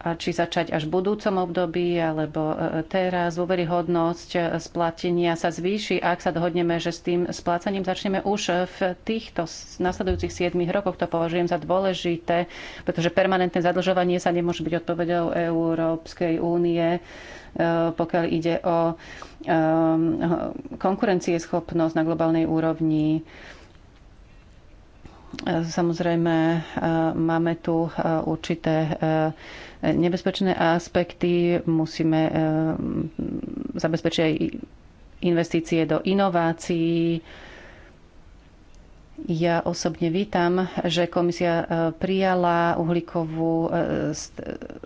či začať až v budúcom období alebo e, e, teraz. Dôveryhodnosť e, splatenia sa zvýši, ak sa dohodneme, že s tým splácaním začneme už v týchto nasledujúcich 7 rokoch. To považujem za dôležité, pretože permanentné zadlžovanie sa nemôže byť odpovedou Európskej únie, pokiaľ ide o konkurencieschopnosť na globálnej úrovni. Samozrejme, máme tu určité nebezpečné aspekty, musíme eh, zabezpečiť aj investície do inovácií, ja osobne vítam, že komisia e, prijala uhlíkovú e,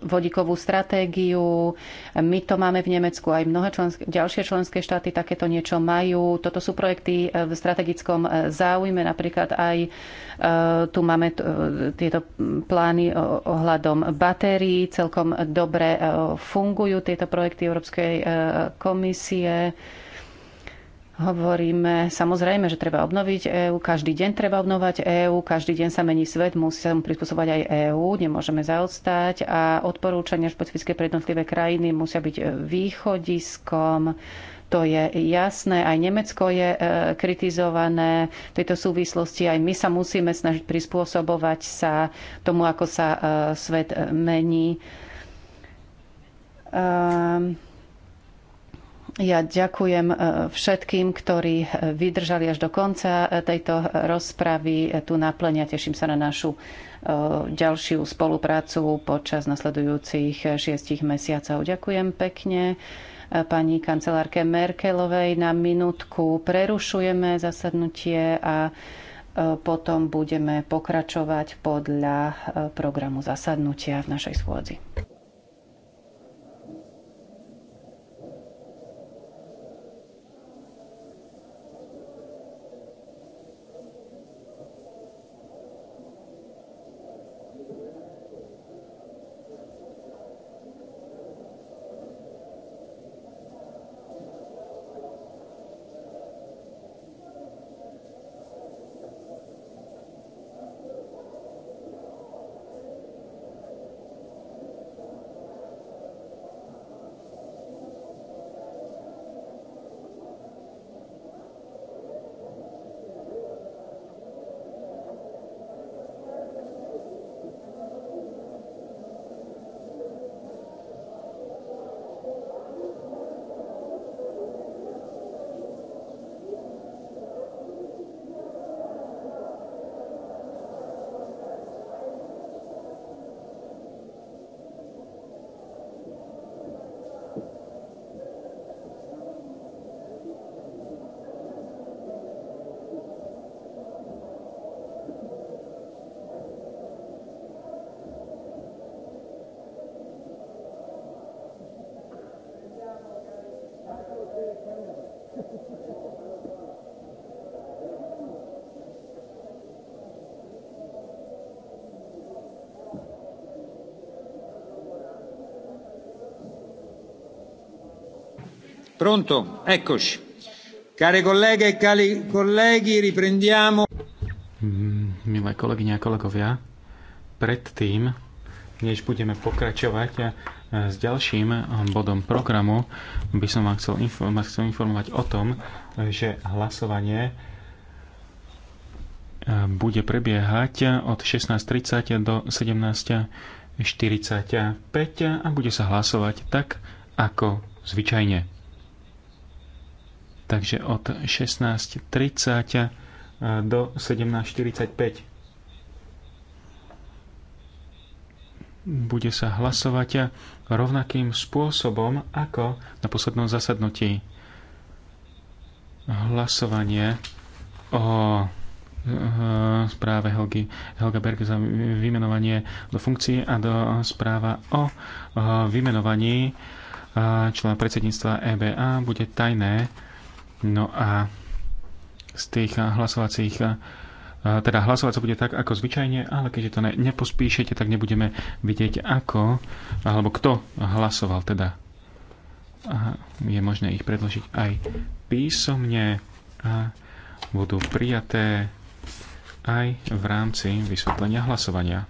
vodíkovú stratégiu. My to máme v Nemecku, aj mnohé členské, ďalšie členské štáty takéto niečo majú. Toto sú projekty e, v strategickom záujme, napríklad aj tu máme tieto plány ohľadom batérií. Celkom dobre fungujú tieto projekty Európskej komisie Hovoríme samozrejme, že treba obnoviť EÚ, každý deň treba obnovať EÚ, každý deň sa mení svet, musí sa mu prispôsobovať aj EÚ, nemôžeme zaostať a odporúčania špecifické pre jednotlivé krajiny musia byť e, východiskom. To je jasné, aj Nemecko je e, kritizované v tejto súvislosti, aj my sa musíme snažiť prispôsobovať sa tomu, ako sa e, svet mení. Um, ja ďakujem e, všetkým, ktorí e, vydržali až do konca e, tejto rozpravy tu na plene a teším sa na našu ďalšiu spoluprácu počas nasledujúcich šiestich mesiacov. Ďakujem pekne pani kancelárke Merkelovej. Na minútku prerušujeme zasadnutie a potom budeme pokračovať podľa programu zasadnutia v našej schôdzi. Pronto? Eccoci. Care colleghe e cari colleghi, riprendiamo. Mm, milé kolegyne a kolegovia, predtým, než budeme pokračovať eh, s ďalším eh, bodom programu, by som vám chcel, inform- chcel informovať o tom, že hlasovanie eh, bude prebiehať od 16.30 do 17.45 a bude sa hlasovať tak, ako zvyčajne takže od 16.30 eh, do 17.45. Bude sa hlasovať eh, rovnakým spôsobom ako na poslednom zasadnutí. Hlasovanie o eh, správe Helgi, Helga Berg za vymenovanie do funkcií a do správa o vymenovaní člena predsedníctva EBA bude tajné No a z tých eh, hlasovacích eh, teda hlasovať sa bude tak, ako zvyčajne, ale keďže to ne, nepospíšete, tak nebudeme vidieť, ako, alebo kto hlasoval teda. A je možné ich predložiť aj písomne a budú prijaté aj v rámci vysvetlenia hlasovania.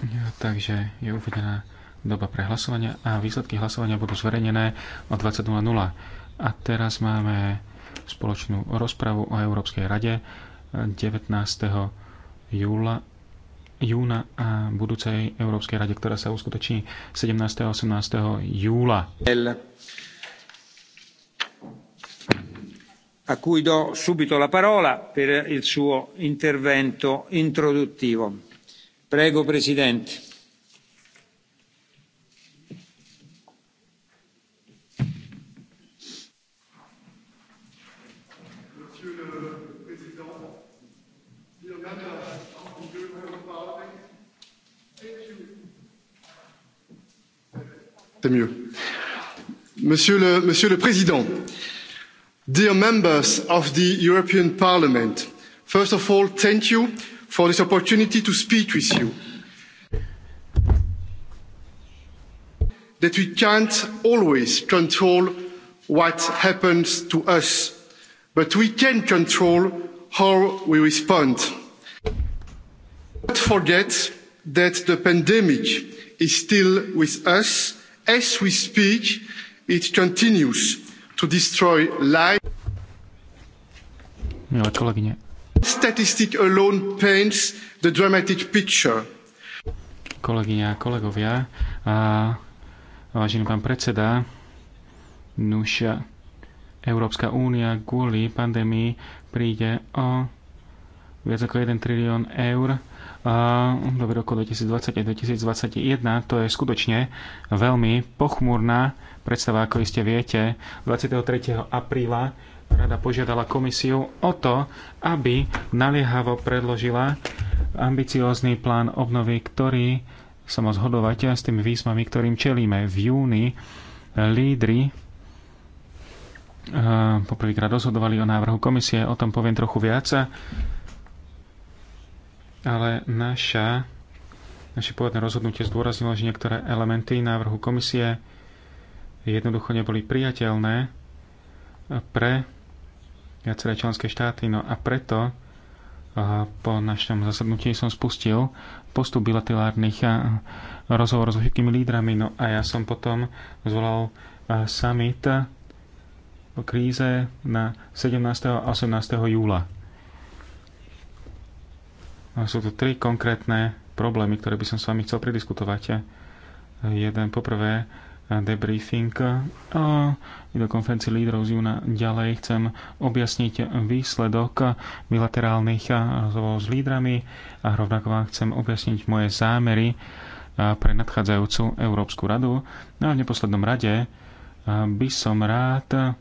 Ja, takže je uvedená doba pre hlasovania a výsledky hlasovania budú zverejnené o 20.00. A teraz máme spoločnú rozpravu o Európskej rade 19. júla júna a budúcej Európskej rade, ktorá sa uskutoční 17. a 18. júla. A cui do subito la parola per il suo intervento introduttivo. Prego, Presidente. c'est mieux. Monsieur le, Monsieur le Président, dear members of the European Parliament, first of all, thank you for this opportunity to speak with you. That we can't always control what happens to us, but we can control how we respond. Don't forget that the pandemic is still with us As we speak, it continues to destroy life. Milé kolegyne. Statistic alone paints the dramatic picture. a kolegovia, a vážený pán predseda, nuša Európska únia kvôli pandémii príde o viac ako 1 trilión eur v roku 2020 a 2021. To je skutočne veľmi pochmúrna predstava, ako iste viete. 23. apríla rada požiadala komisiu o to, aby naliehavo predložila ambiciózny plán obnovy, ktorý sa má zhodovať s tými výzvami, ktorým čelíme. V júni lídry poprvýkrát rozhodovali o návrhu komisie, o tom poviem trochu viac ale naša, naše pôvodné rozhodnutie zdôraznilo, že niektoré elementy návrhu komisie jednoducho neboli priateľné pre viaceré členské štáty. No a preto po našom zasadnutí som spustil postup bilaterálnych rozhovorov so všetkými lídrami. No a ja som potom zvolal summit o kríze na 17. a 18. júla. Sú tu tri konkrétne problémy, ktoré by som s vami chcel prediskutovať. Jeden poprvé debriefing do videokonferencii lídrov z júna. Ďalej chcem objasniť výsledok bilaterálnych rozhovorov s lídrami a rovnako vám chcem objasniť moje zámery pre nadchádzajúcu Európsku radu. No a v neposlednom rade by som rád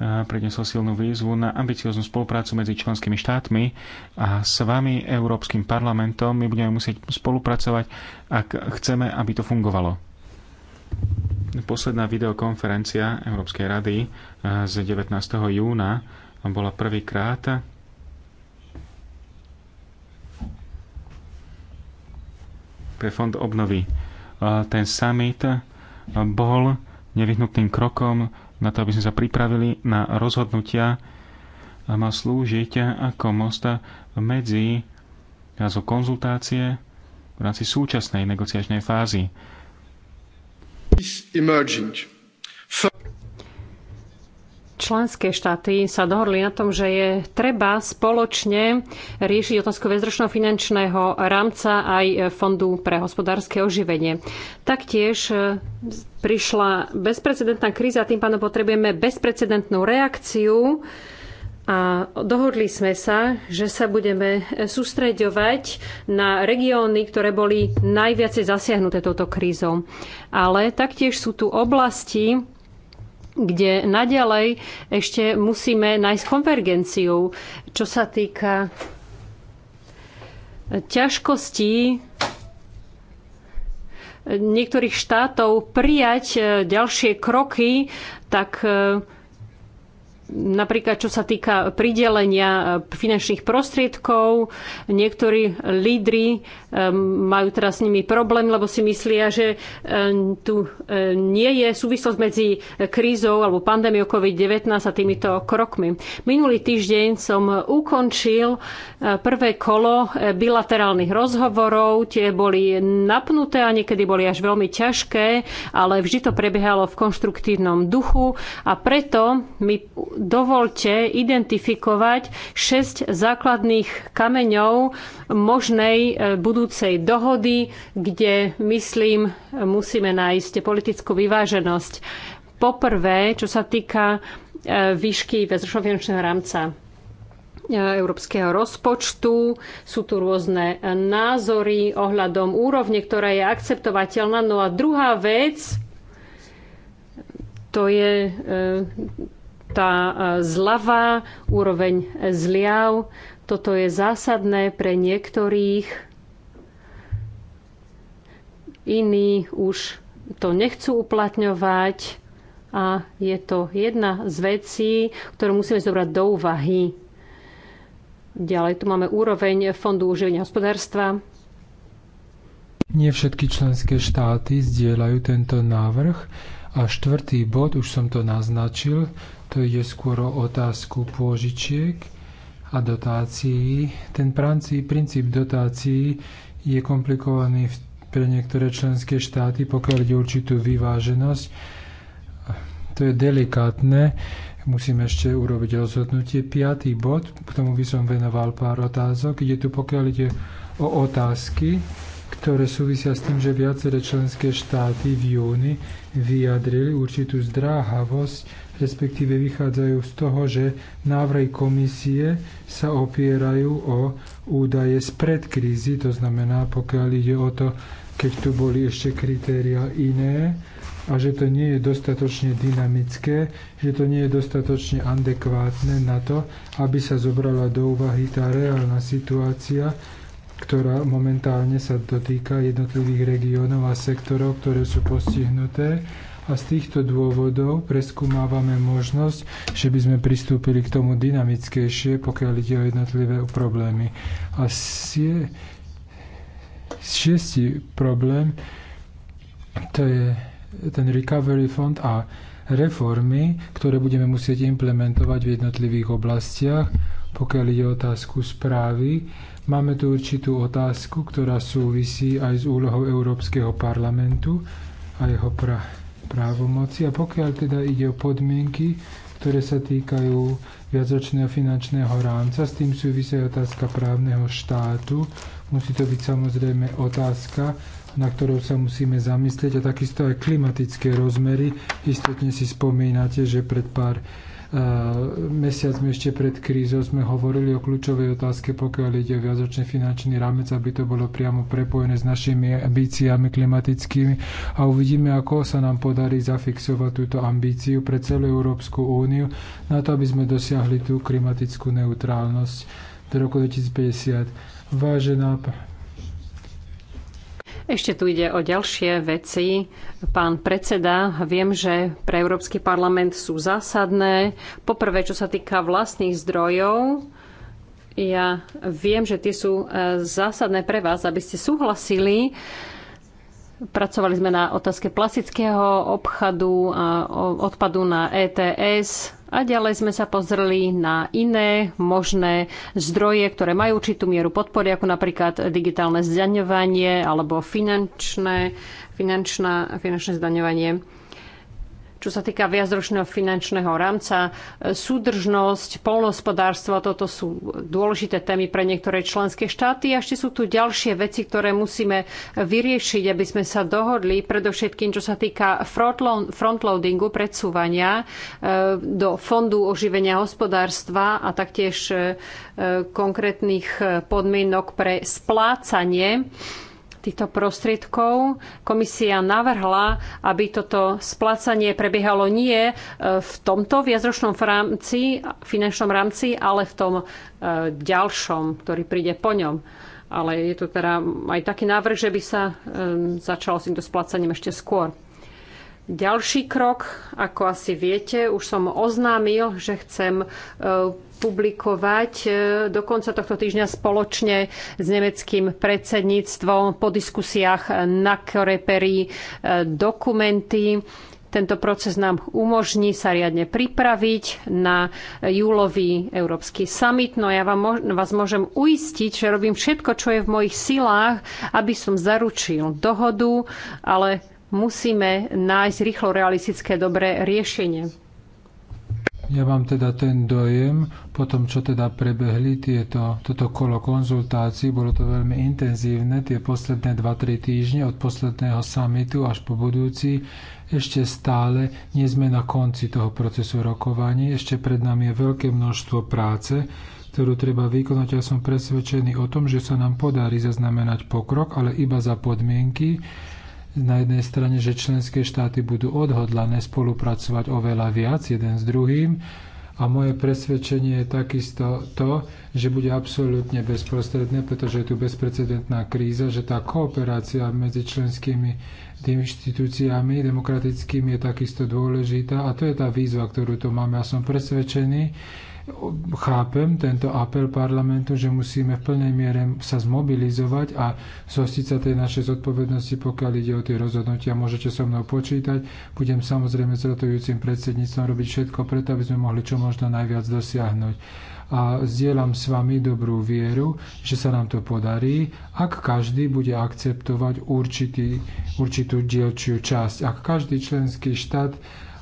prednesol silnú výzvu na ambicioznú spoluprácu medzi členskými štátmi a s vami, Európskym parlamentom, my budeme musieť spolupracovať, ak chceme, aby to fungovalo. Posledná videokonferencia Európskej rady e, z 19. júna bola prvýkrát pre fond obnovy. E, ten summit bol nevyhnutným krokom na to, aby sme sa pripravili na rozhodnutia a má slúžiť ako most medzi názov konzultácie v rámci súčasnej negociačnej fázy členské štáty sa dohodli na tom, že je treba spoločne riešiť otázku väzročného finančného rámca aj Fondu pre hospodárske oživenie. Taktiež e, prišla bezprecedentná kríza, tým pádom potrebujeme bezprecedentnú reakciu a dohodli sme sa, že sa budeme sústreďovať na regióny, ktoré boli najviac zasiahnuté touto krízou. Ale taktiež sú tu oblasti, kde naďalej ešte musíme nájsť konvergenciu, čo sa týka ťažkostí niektorých štátov prijať e, ďalšie kroky, tak e, Napríklad, čo sa týka pridelenia e, finančných prostriedkov, niektorí lídry e, majú teraz s nimi problém, lebo si myslia, že e, tu nie je súvislosť medzi krízou alebo pandémiou COVID-19 a týmito krokmi. Minulý týždeň som ukončil prvé kolo bilaterálnych rozhovorov. Tie boli napnuté a niekedy boli až veľmi ťažké, ale vždy to prebiehalo v konštruktívnom duchu a preto mi dovolte identifikovať šesť základných kameňov možnej e, budúcej dohody, kde, myslím, musíme nájsť politickú vyváženosť. Poprvé, čo sa týka e, výšky bezrošovienčného rámca e, európskeho rozpočtu. Sú tu rôzne názory ohľadom úrovne, ktorá je akceptovateľná. No a druhá vec, to je tá e, zlava, úroveň zliav. Toto je zásadné pre niektorých. Iní už to nechcú uplatňovať a je to jedna z vecí, ktorú musíme zobrať do úvahy. Ďalej tu máme úroveň Fondu uživenia hospodárstva. Nie všetky členské štáty zdieľajú tento návrh. A štvrtý bod, už som to naznačil, to ide skôr o otázku pôžičiek a dotácií. Ten princíp dotácií je komplikovaný pre niektoré členské štáty, pokiaľ ide určitú vyváženosť. To je delikátne. Musím ešte urobiť rozhodnutie. Piatý bod, k tomu by som venoval pár otázok. Ide tu, pokiaľ ide o otázky, ktoré súvisia s tým, že viaceré členské štáty v júni vyjadrili určitú zdráhavosť respektíve vychádzajú z toho, že návrhy komisie sa opierajú o údaje spred krízy, to znamená, pokiaľ ide o to, keď tu boli ešte kritéria iné a že to nie je dostatočne dynamické, že to nie je dostatočne adekvátne na to, aby sa zobrala do úvahy tá reálna situácia, ktorá momentálne sa dotýka jednotlivých regiónov a sektorov, ktoré sú postihnuté a z týchto dôvodov preskúmávame možnosť, že by sme pristúpili k tomu dynamickejšie, pokiaľ ide o jednotlivé problémy. A sie, šiestý problém, to je ten Recovery Fund a reformy, ktoré budeme musieť implementovať v jednotlivých oblastiach, pokiaľ ide o otázku správy. Máme tu určitú otázku, ktorá súvisí aj s úlohou Európskeho parlamentu a jeho pra- právomoci. A pokiaľ teda ide o podmienky, ktoré sa týkajú viacročného finančného rámca, s tým súvisia otázka právneho štátu. Musí to byť samozrejme otázka, na ktorou sa musíme zamyslieť a takisto aj klimatické rozmery. Istotne si spomínate, že pred pár mesiacmi ešte pred krízou sme hovorili o kľúčovej otázke, pokiaľ ide o viazočný finančný rámec, aby to bolo priamo prepojené s našimi ambíciami klimatickými a uvidíme, ako sa nám podarí zafixovať túto ambíciu pre celú Európsku úniu na to, aby sme dosiahli tú klimatickú neutrálnosť do roku 2050. Vážená ešte tu ide o ďalšie veci. Pán predseda, viem, že pre Európsky parlament sú zásadné. Poprvé, čo sa týka vlastných zdrojov, ja viem, že tie sú e, zásadné pre vás, aby ste súhlasili Pracovali sme na otázke plastického obchadu a odpadu na ETS a ďalej sme sa pozreli na iné možné zdroje, ktoré majú určitú mieru podpory, ako napríklad digitálne zdaňovanie alebo finančné, finančná, finančné zdaňovanie čo sa týka viacročného finančného rámca, e, súdržnosť, polnospodárstvo, toto sú dôležité témy pre niektoré členské štáty. A ešte sú tu ďalšie veci, ktoré musíme vyriešiť, aby sme sa dohodli, predovšetkým čo sa týka frontloadingu, predsúvania e, do fondu oživenia hospodárstva a taktiež e, konkrétnych podmienok pre splácanie týchto prostriedkov. Komisia navrhla, aby toto splácanie prebiehalo nie e, v tomto viacročnom rámci, finančnom rámci, ale v tom e, ďalšom, ktorý príde po ňom. Ale je tu teda aj taký návrh, že by sa e, začalo s týmto splácaním ešte skôr. Ďalší krok, ako asi viete, už som oznámil, že chcem e, publikovať e, do konca tohto týždňa spoločne s nemeckým predsedníctvom po diskusiách na Koreperi e, dokumenty. Tento proces nám umožní sa riadne pripraviť na júlový Európsky summit. No ja vám, vás môžem uistiť, že robím všetko, čo je v mojich silách, aby som zaručil dohodu, ale musíme nájsť rýchlo realistické dobré riešenie. Ja mám teda ten dojem, po tom, čo teda prebehli tieto, toto kolo konzultácií, bolo to veľmi intenzívne, tie posledné 2-3 týždne od posledného samitu až po budúci, ešte stále nie sme na konci toho procesu rokovaní, ešte pred nami je veľké množstvo práce, ktorú treba vykonať. Ja som presvedčený o tom, že sa nám podarí zaznamenať pokrok, ale iba za podmienky, na jednej strane, že členské štáty budú odhodlané spolupracovať oveľa viac jeden s druhým a moje presvedčenie je takisto to, že bude absolútne bezprostredné, pretože je tu bezprecedentná kríza, že tá kooperácia medzi členskými inštitúciami demokratickými je takisto dôležitá a to je tá výzva, ktorú tu máme. Ja som presvedčený, chápem tento apel parlamentu, že musíme v plnej miere sa zmobilizovať a zostiť sa tej našej zodpovednosti, pokiaľ ide o tie rozhodnutia. Môžete so mnou počítať. Budem samozrejme s rotujúcim predsedníctvom robiť všetko preto, aby sme mohli čo možno najviac dosiahnuť. A zdieľam s vami dobrú vieru, že sa nám to podarí, ak každý bude akceptovať určitý, určitú dielčiu časť. Ak každý členský štát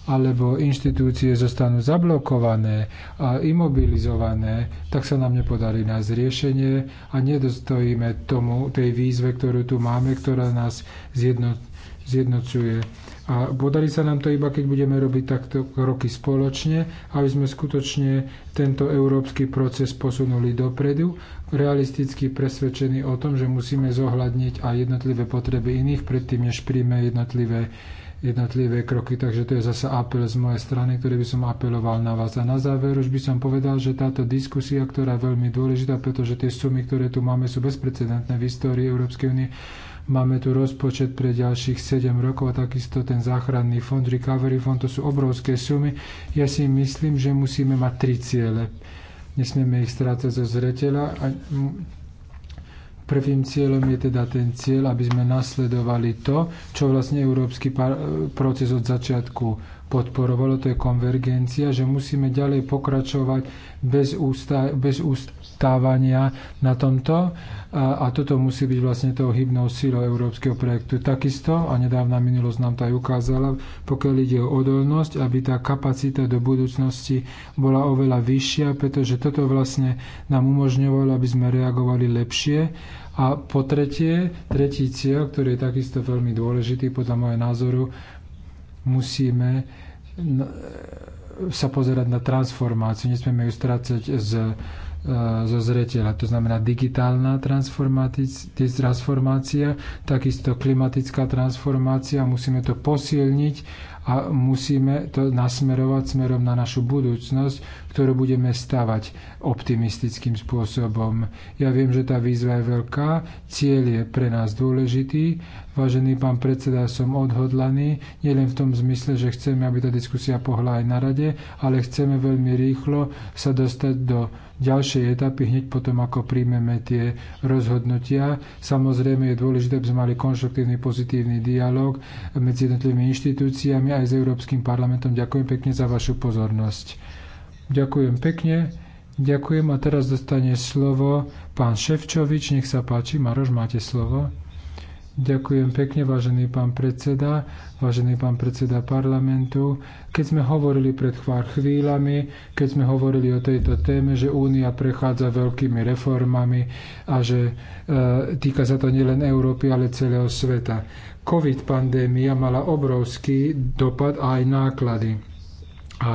alebo inštitúcie zostanú zablokované a imobilizované, tak sa nám nepodarí nájsť riešenie a nedostojíme tomu, tej výzve, ktorú tu máme, ktorá nás zjedno, zjednocuje. A podarí sa nám to iba, keď budeme robiť takto roky spoločne, aby sme skutočne tento európsky proces posunuli dopredu, realisticky presvedčení o tom, že musíme zohľadniť aj jednotlivé potreby iných, predtým než príjme jednotlivé jednotlivé kroky. Takže to je zase apel z mojej strany, ktorý by som apeloval na vás. A na záver už by som povedal, že táto diskusia, ktorá je veľmi dôležitá, pretože tie sumy, ktoré tu máme, sú bezprecedentné v histórii Európskej únie. Máme tu rozpočet pre ďalších 7 rokov a takisto ten záchranný fond, recovery fond, to sú obrovské sumy. Ja si myslím, že musíme mať tri ciele. Nesmieme ich strácať zo zreteľa a Prvým cieľom je teda ten cieľ, aby sme nasledovali to, čo vlastne európsky proces od začiatku podporovalo, to je konvergencia, že musíme ďalej pokračovať bez, ústa, bez úst, stávania na tomto a, a toto musí byť vlastne tou hybnou síľou európskeho projektu. Takisto, a nedávna minulosť nám to aj ukázala, pokiaľ ide o odolnosť, aby tá kapacita do budúcnosti bola oveľa vyššia, pretože toto vlastne nám umožňovalo, aby sme reagovali lepšie a po tretie, tretí cieľ, ktorý je takisto veľmi dôležitý podľa môjho názoru, musíme sa pozerať na transformáciu. Nesmieme ju strácať z Eh, zo zreteľa. To znamená digitálna transformácia, takisto klimatická transformácia. Musíme to posilniť a musíme to nasmerovať smerom na našu budúcnosť, ktorú budeme stavať optimistickým spôsobom. Ja viem, že tá výzva je veľká, cieľ je pre nás dôležitý. Vážený pán predseda, som odhodlaný, nielen v tom zmysle, že chceme, aby tá diskusia pohla aj na rade, ale chceme veľmi rýchlo sa dostať do ďalšej etapy hneď potom, ako príjmeme tie rozhodnutia. Samozrejme je dôležité, aby sme mali konštruktívny, pozitívny dialog medzi jednotlivými inštitúciami aj s Európskym parlamentom. Ďakujem pekne za vašu pozornosť. Ďakujem pekne. Ďakujem a teraz dostane slovo pán Ševčovič. Nech sa páči. Maroš, máte slovo. Ďakujem pekne, vážený pán predseda, vážený pán predseda parlamentu. Keď sme hovorili pred chvár chvíľami, keď sme hovorili o tejto téme, že Únia prechádza veľkými reformami a že e, týka sa to nielen Európy, ale celého sveta. COVID-pandémia mala obrovský dopad a aj náklady. A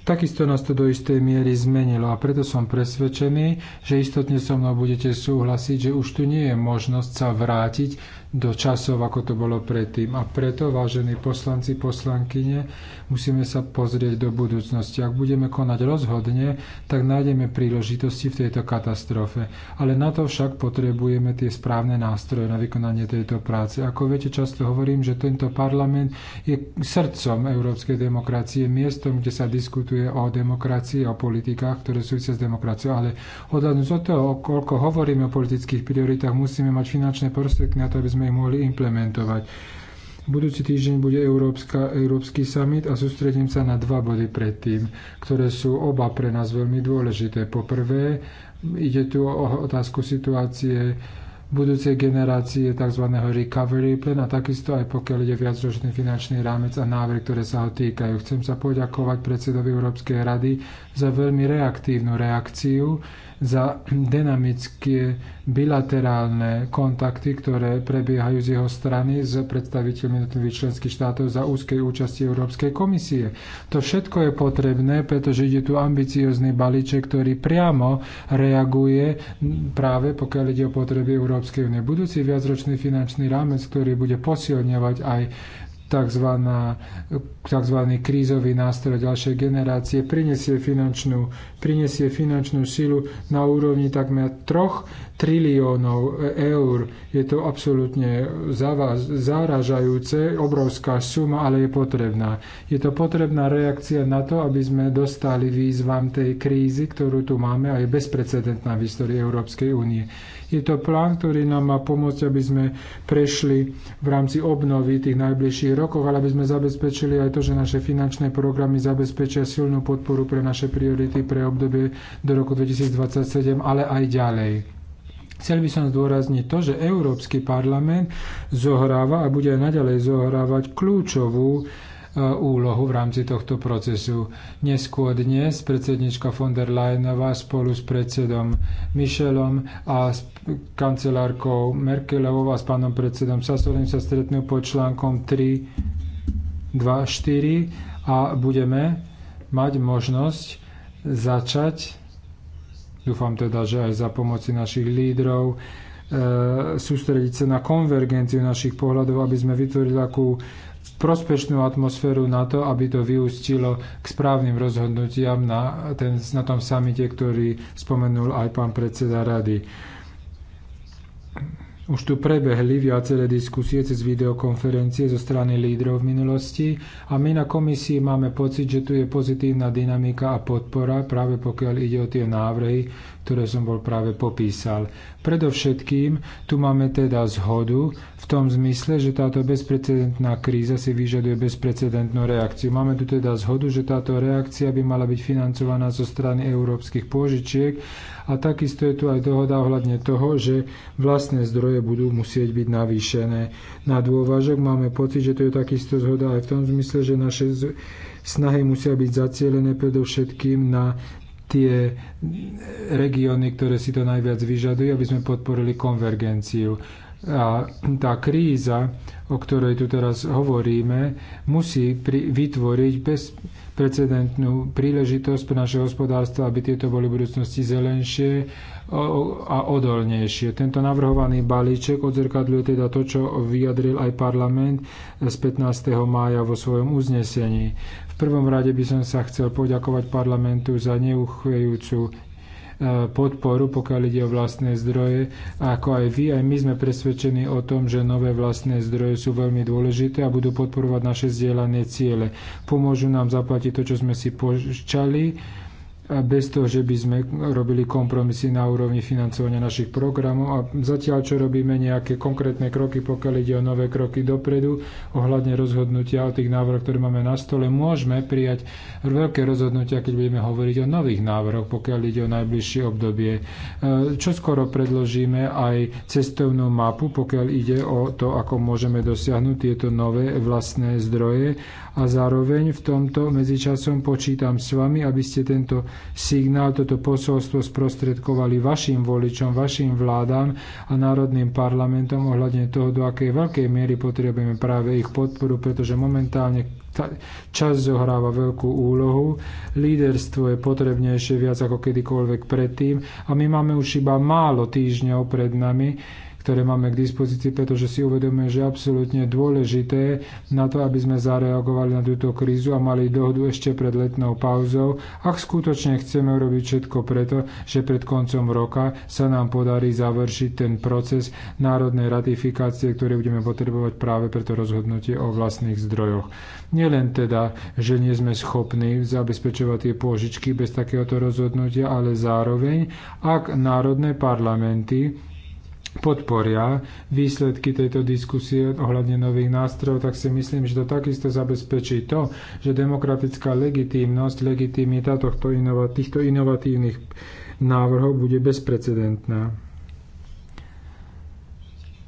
Takisto nás to do istej miery zmenilo a preto som presvedčený, že istotne so mnou budete súhlasiť, že už tu nie je možnosť sa vrátiť do časov, ako to bolo predtým. A preto, vážení poslanci, poslankyne, musíme sa pozrieť do budúcnosti. Ak budeme konať rozhodne, tak nájdeme príležitosti v tejto katastrofe. Ale na to však potrebujeme tie správne nástroje na vykonanie tejto práce. Ako viete, často hovorím, že tento parlament je srdcom európskej demokracie, miestom, kde sa diskutuje o demokracii o politikách, ktoré súvisia s demokraciou. Ale odhľadnúť od toho, koľko hovoríme o politických prioritách, musíme mať finančné prostriedky na to, aby sme sme ich mohli implementovať. Budúci týždeň bude Európska, Európsky summit a sústredím sa na dva body predtým, ktoré sú oba pre nás veľmi dôležité. Po prvé, ide tu o otázku situácie budúcej generácie tzv. recovery plan a takisto aj pokiaľ ide viacročný finančný rámec a návrh, ktoré sa ho týkajú. Chcem sa poďakovať predsedovi Európskej rady za veľmi reaktívnu reakciu, za dynamické bilaterálne kontakty, ktoré prebiehajú z jeho strany s predstaviteľmi jednotlivých členských štátov za úzkej účasti Európskej komisie. To všetko je potrebné, pretože ide tu ambiciózny balíček, ktorý priamo reaguje práve pokiaľ ide o potreby Európskej únie. Budúci viacročný finančný rámec, ktorý bude posilňovať aj tzv. tzv. krízový nástroj ďalšej generácie prinesie finančnú, prinesie finančnú silu na úrovni takmer 3 triliónov eur. Je to absolútne záražajúce, obrovská suma, ale je potrebná. Je to potrebná reakcia na to, aby sme dostali výzvam tej krízy, ktorú tu máme a je bezprecedentná v histórii Európskej únie. Je to plán, ktorý nám má pomôcť, aby sme prešli v rámci obnovy tých najbližších rokov, ale aby sme zabezpečili aj to, že naše finančné programy zabezpečia silnú podporu pre naše priority pre obdobie do roku 2027, ale aj ďalej. Chcel by som zdôrazniť to, že Európsky parlament zohráva a bude aj naďalej zohrávať kľúčovú E, úlohu v rámci tohto procesu. Neskôr dnes predsednička von der Leyenová spolu s predsedom Michelom a s kancelárkou Merkelovou a s pánom predsedom Sasolem sa stretnú pod článkom 3, 2, 4 a budeme mať možnosť začať, dúfam teda, že aj za pomoci našich lídrov, e, sústrediť sa na konvergenciu našich pohľadov, aby sme vytvorili takú prospešnú atmosféru na to, aby to vyústilo k správnym rozhodnutiam na, ten, na tom samite, ktorý spomenul aj pán predseda rady. Už tu prebehli viaceré diskusie cez videokonferencie zo strany lídrov v minulosti a my na komisii máme pocit, že tu je pozitívna dynamika a podpora práve pokiaľ ide o tie návrhy, ktoré som bol práve popísal. Predovšetkým tu máme teda zhodu v tom zmysle, že táto bezprecedentná kríza si vyžaduje bezprecedentnú reakciu. Máme tu teda zhodu, že táto reakcia by mala byť financovaná zo strany európskych pôžičiek a takisto je tu aj dohoda ohľadne toho, že vlastné zdroje budú musieť byť navýšené. Na dôvažok máme pocit, že to je takisto zhoda aj v tom zmysle, že naše snahy musia byť zacielené predovšetkým na tie regióny, ktoré si to najviac vyžadujú, aby sme podporili konvergenciu. A tá kríza, o ktorej tu teraz hovoríme, musí pri, vytvoriť bezprecedentnú príležitosť pre naše hospodárstva, aby tieto boli v budúcnosti zelenšie a odolnejšie. Tento navrhovaný balíček odzrkadľuje teda to, čo vyjadril aj parlament z 15. mája vo svojom uznesení. V prvom rade by som sa chcel poďakovať parlamentu za neuchvejúcu podporu, pokiaľ ide o vlastné zdroje. A ako aj vy, aj my sme presvedčení o tom, že nové vlastné zdroje sú veľmi dôležité a budú podporovať naše zdieľané ciele. Pomôžu nám zaplatiť to, čo sme si počali bez toho, že by sme robili kompromisy na úrovni financovania našich programov. A zatiaľ, čo robíme nejaké konkrétne kroky, pokiaľ ide o nové kroky dopredu, ohľadne rozhodnutia o tých návrhoch, ktoré máme na stole, môžeme prijať veľké rozhodnutia, keď budeme hovoriť o nových návrhoch, pokiaľ ide o najbližšie obdobie. E, čo skoro predložíme aj cestovnú mapu, pokiaľ ide o to, ako môžeme dosiahnuť tieto nové vlastné zdroje. A zároveň v tomto medzičasom počítam s vami, aby ste tento signál, toto posolstvo sprostredkovali vašim voličom, vašim vládám a národným parlamentom ohľadne toho, do akej veľkej miery potrebujeme práve ich podporu, pretože momentálne čas zohráva veľkú úlohu, líderstvo je potrebnejšie viac ako kedykoľvek predtým a my máme už iba málo týždňov pred nami, ktoré máme k dispozícii, pretože si uvedomujeme, že je absolútne dôležité na to, aby sme zareagovali na túto krízu a mali dohodu ešte pred letnou pauzou, ak skutočne chceme urobiť všetko preto, že pred koncom roka sa nám podarí završiť ten proces národnej ratifikácie, ktoré budeme potrebovať práve pre to rozhodnutie o vlastných zdrojoch. Nielen teda, že nie sme schopní zabezpečovať tie pôžičky bez takéhoto rozhodnutia, ale zároveň, ak národné parlamenty podporia výsledky tejto diskusie ohľadne nových nástrojov, tak si myslím, že to takisto zabezpečí to, že demokratická legitímnosť, legitimita tohto inova, týchto inovatívnych návrhov bude bezprecedentná.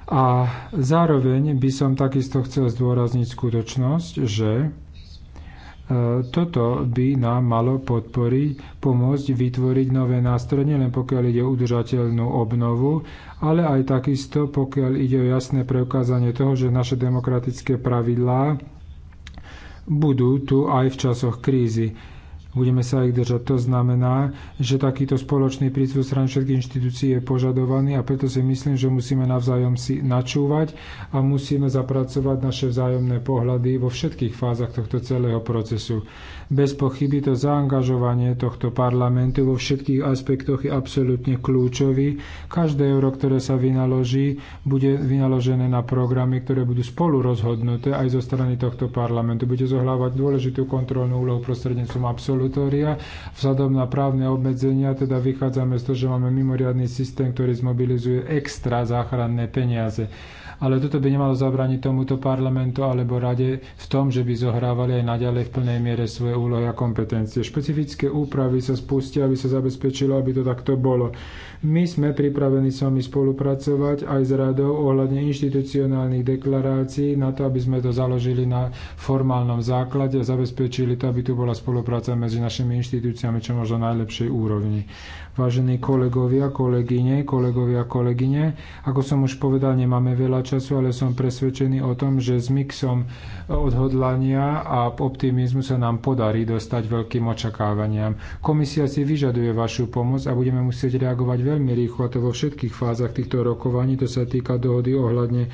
A zároveň by som takisto chcel zdôrazniť skutočnosť, že E, toto by nám malo podporiť, pomôcť vytvoriť nové nástroje, nielen pokiaľ ide o udržateľnú obnovu, ale aj takisto, pokiaľ ide o jasné preukázanie toho, že naše demokratické pravidlá budú tu aj v časoch krízy budeme sa ich držať. To znamená, že takýto spoločný prístup strany všetkých inštitúcií je požadovaný a preto si myslím, že musíme navzájom si načúvať a musíme zapracovať naše vzájomné pohľady vo všetkých fázach tohto celého procesu. Bez pochyby to zaangažovanie tohto parlamentu vo všetkých aspektoch je absolútne kľúčový. Každé euro, ktoré sa vynaloží, bude vynaložené na programy, ktoré budú spolu rozhodnuté aj zo strany tohto parlamentu. Bude zohlávať dôležitú kontrolnú úlohu prostredníctvom absolútne absolutória. Vzhľadom na právne obmedzenia teda vychádzame z toho, že máme mimoriadný systém, ktorý zmobilizuje extra záchranné peniaze ale toto by nemalo zabrániť tomuto parlamentu alebo rade v tom, že by zohrávali aj naďalej v plnej miere svoje úlohy a kompetencie. Špecifické úpravy sa spustia, aby sa zabezpečilo, aby to takto bolo. My sme pripravení s vami spolupracovať aj s radou ohľadne inštitucionálnych deklarácií na to, aby sme to založili na formálnom základe a zabezpečili to, aby tu bola spolupráca medzi našimi inštitúciami čo možno najlepšej úrovni. Vážení kolegovia, kolegyne, kolegovia, kolegyne, ako som už povedal, nemáme veľa času, ale som presvedčený o tom, že s mixom odhodlania a optimizmu sa nám podarí dostať veľkým očakávaniam. Komisia si vyžaduje vašu pomoc a budeme musieť reagovať veľmi rýchlo, a to vo všetkých fázach týchto rokovaní. To sa týka dohody ohľadne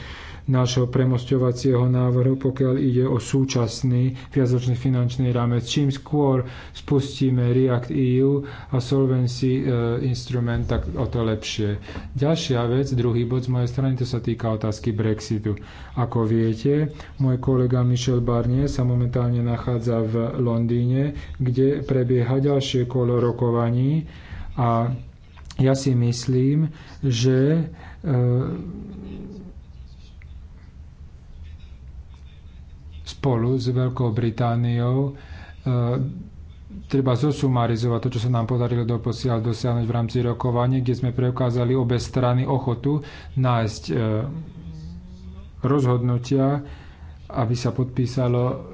nášho premostovacieho návrhu, pokiaľ ide o súčasný viacročný finančný rámec. Čím skôr spustíme React EU a Solvency e, instrument, tak o to lepšie. Ďalšia vec, druhý bod z mojej strany, to sa týka otázky Brexitu. Ako viete, môj kolega Michel Barnier sa momentálne nachádza v Londýne, kde prebieha ďalšie kolo rokovaní a ja si myslím, že e, spolu s Veľkou Britániou. E, treba zosumarizovať to, čo sa nám podarilo doposiaľ dosiahnuť v rámci rokovania, kde sme preukázali obe strany ochotu nájsť e, rozhodnutia, aby sa podpísalo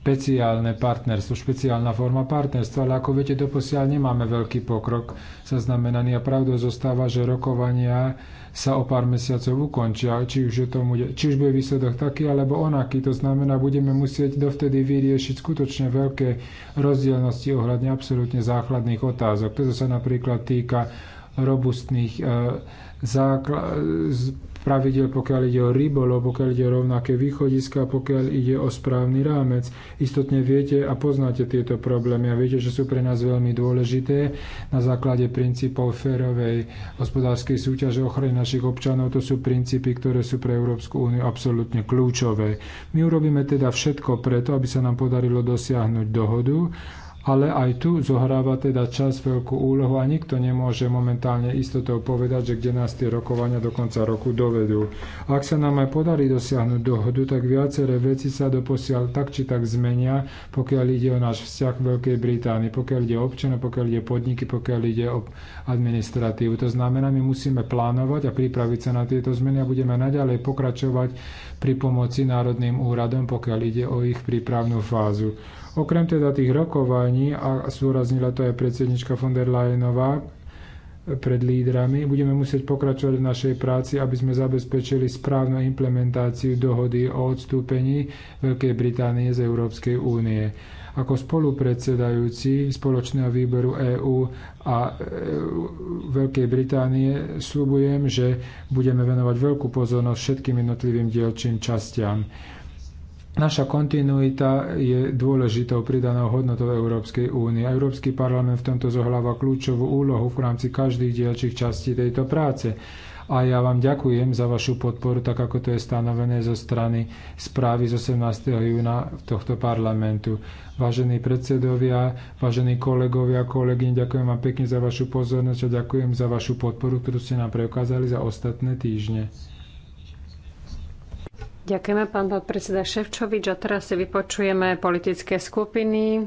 špeciálne partnerstvo, špeciálna forma partnerstva, ale ako viete, doposiaľ nemáme veľký pokrok zaznamenaný a pravdou zostáva, že rokovania sa o pár mesiacov ukončia, či už, je tomu, či už bude výsledok taký alebo onaký. To znamená, budeme musieť dovtedy vyriešiť skutočne veľké rozdielnosti ohľadne absolútne základných otázok. To sa napríklad týka robustných e, zákl- pravidel, pokiaľ ide o rybolov, pokiaľ ide o rovnaké východiska, pokiaľ ide o správny rámec. Istotne viete a poznáte tieto problémy a viete, že sú pre nás veľmi dôležité na základe princípov férovej hospodárskej súťaže ochrany našich občanov. To sú princípy, ktoré sú pre Európsku úniu absolútne kľúčové. My urobíme teda všetko preto, aby sa nám podarilo dosiahnuť dohodu ale aj tu zohráva teda čas veľkú úlohu a nikto nemôže momentálne istotou povedať, že kde nás tie rokovania do konca roku dovedú. Ak sa nám aj podarí dosiahnuť dohodu, tak viaceré veci sa doposiaľ tak či tak zmenia, pokiaľ ide o náš vzťah Veľkej Británii, pokiaľ ide o občana, pokiaľ ide o podniky, pokiaľ ide o administratívu. To znamená, my musíme plánovať a pripraviť sa na tieto zmeny a budeme naďalej pokračovať pri pomoci národným úradom, pokiaľ ide o ich prípravnú fázu. Okrem teda tých rokovaní, a zdôraznila to aj predsednička von der Leyenová, eh, pred lídrami. Budeme musieť pokračovať v našej práci, aby sme zabezpečili správnu implementáciu dohody o odstúpení Veľkej Británie z Európskej únie. Ako spolupredsedajúci spoločného výberu EÚ a eh, Veľkej Británie slúbujem, že budeme venovať veľkú pozornosť všetkým jednotlivým dielčím častiam. Naša kontinuita je dôležitou pridanou hodnotou Európskej únie. Európsky parlament v tomto zohláva kľúčovú úlohu v rámci každých dielčích častí tejto práce. A ja vám ďakujem za vašu podporu, tak ako to je stanovené zo strany správy z 18. júna v tohto parlamentu. Vážení predsedovia, vážení kolegovia, kolegyne, ďakujem vám pekne za vašu pozornosť a ďakujem za vašu podporu, ktorú ste nám preukázali za ostatné týždne. Ďakujeme, pán podpredseda Ševčovič. A teraz si vypočujeme politické skupiny.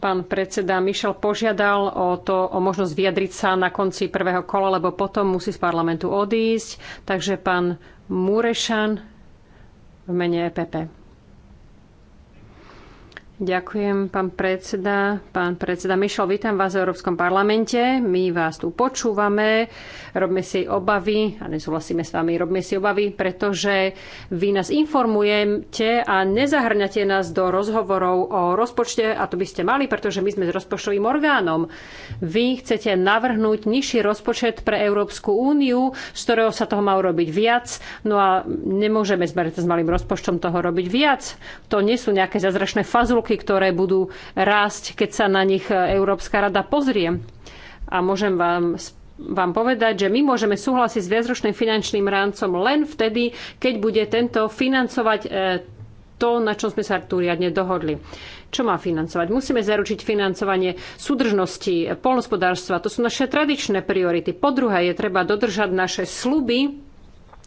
Pán predseda Mišel požiadal o to, o možnosť vyjadriť sa na konci prvého kola, lebo potom musí z parlamentu odísť. Takže pán Murešan v mene EPP. Ďakujem, pán predseda. Pán predseda Mišel, vítam vás v Európskom parlamente. My vás tu počúvame, robme si obavy, a nesúhlasíme s vami, robíme si obavy, pretože vy nás informujete a nezahrňate nás do rozhovorov o rozpočte, a to by ste mali, pretože my sme s rozpočtovým orgánom. Vy chcete navrhnúť nižší rozpočet pre Európsku úniu, z ktorého sa toho má urobiť viac, no a nemôžeme s malým rozpočtom toho robiť viac. To nie sú nejaké zázračné fazulky, kroky, ktoré budú rásť, keď sa na nich Európska rada pozrie. A môžem vám vám povedať, že my môžeme súhlasiť s viacročným finančným rámcom len vtedy, keď bude tento financovať e, to, na čom sme sa tu riadne dohodli. Čo má financovať? Musíme zaručiť financovanie súdržnosti, polnospodárstva. To sú naše tradičné priority. Po druhé, je treba dodržať naše sluby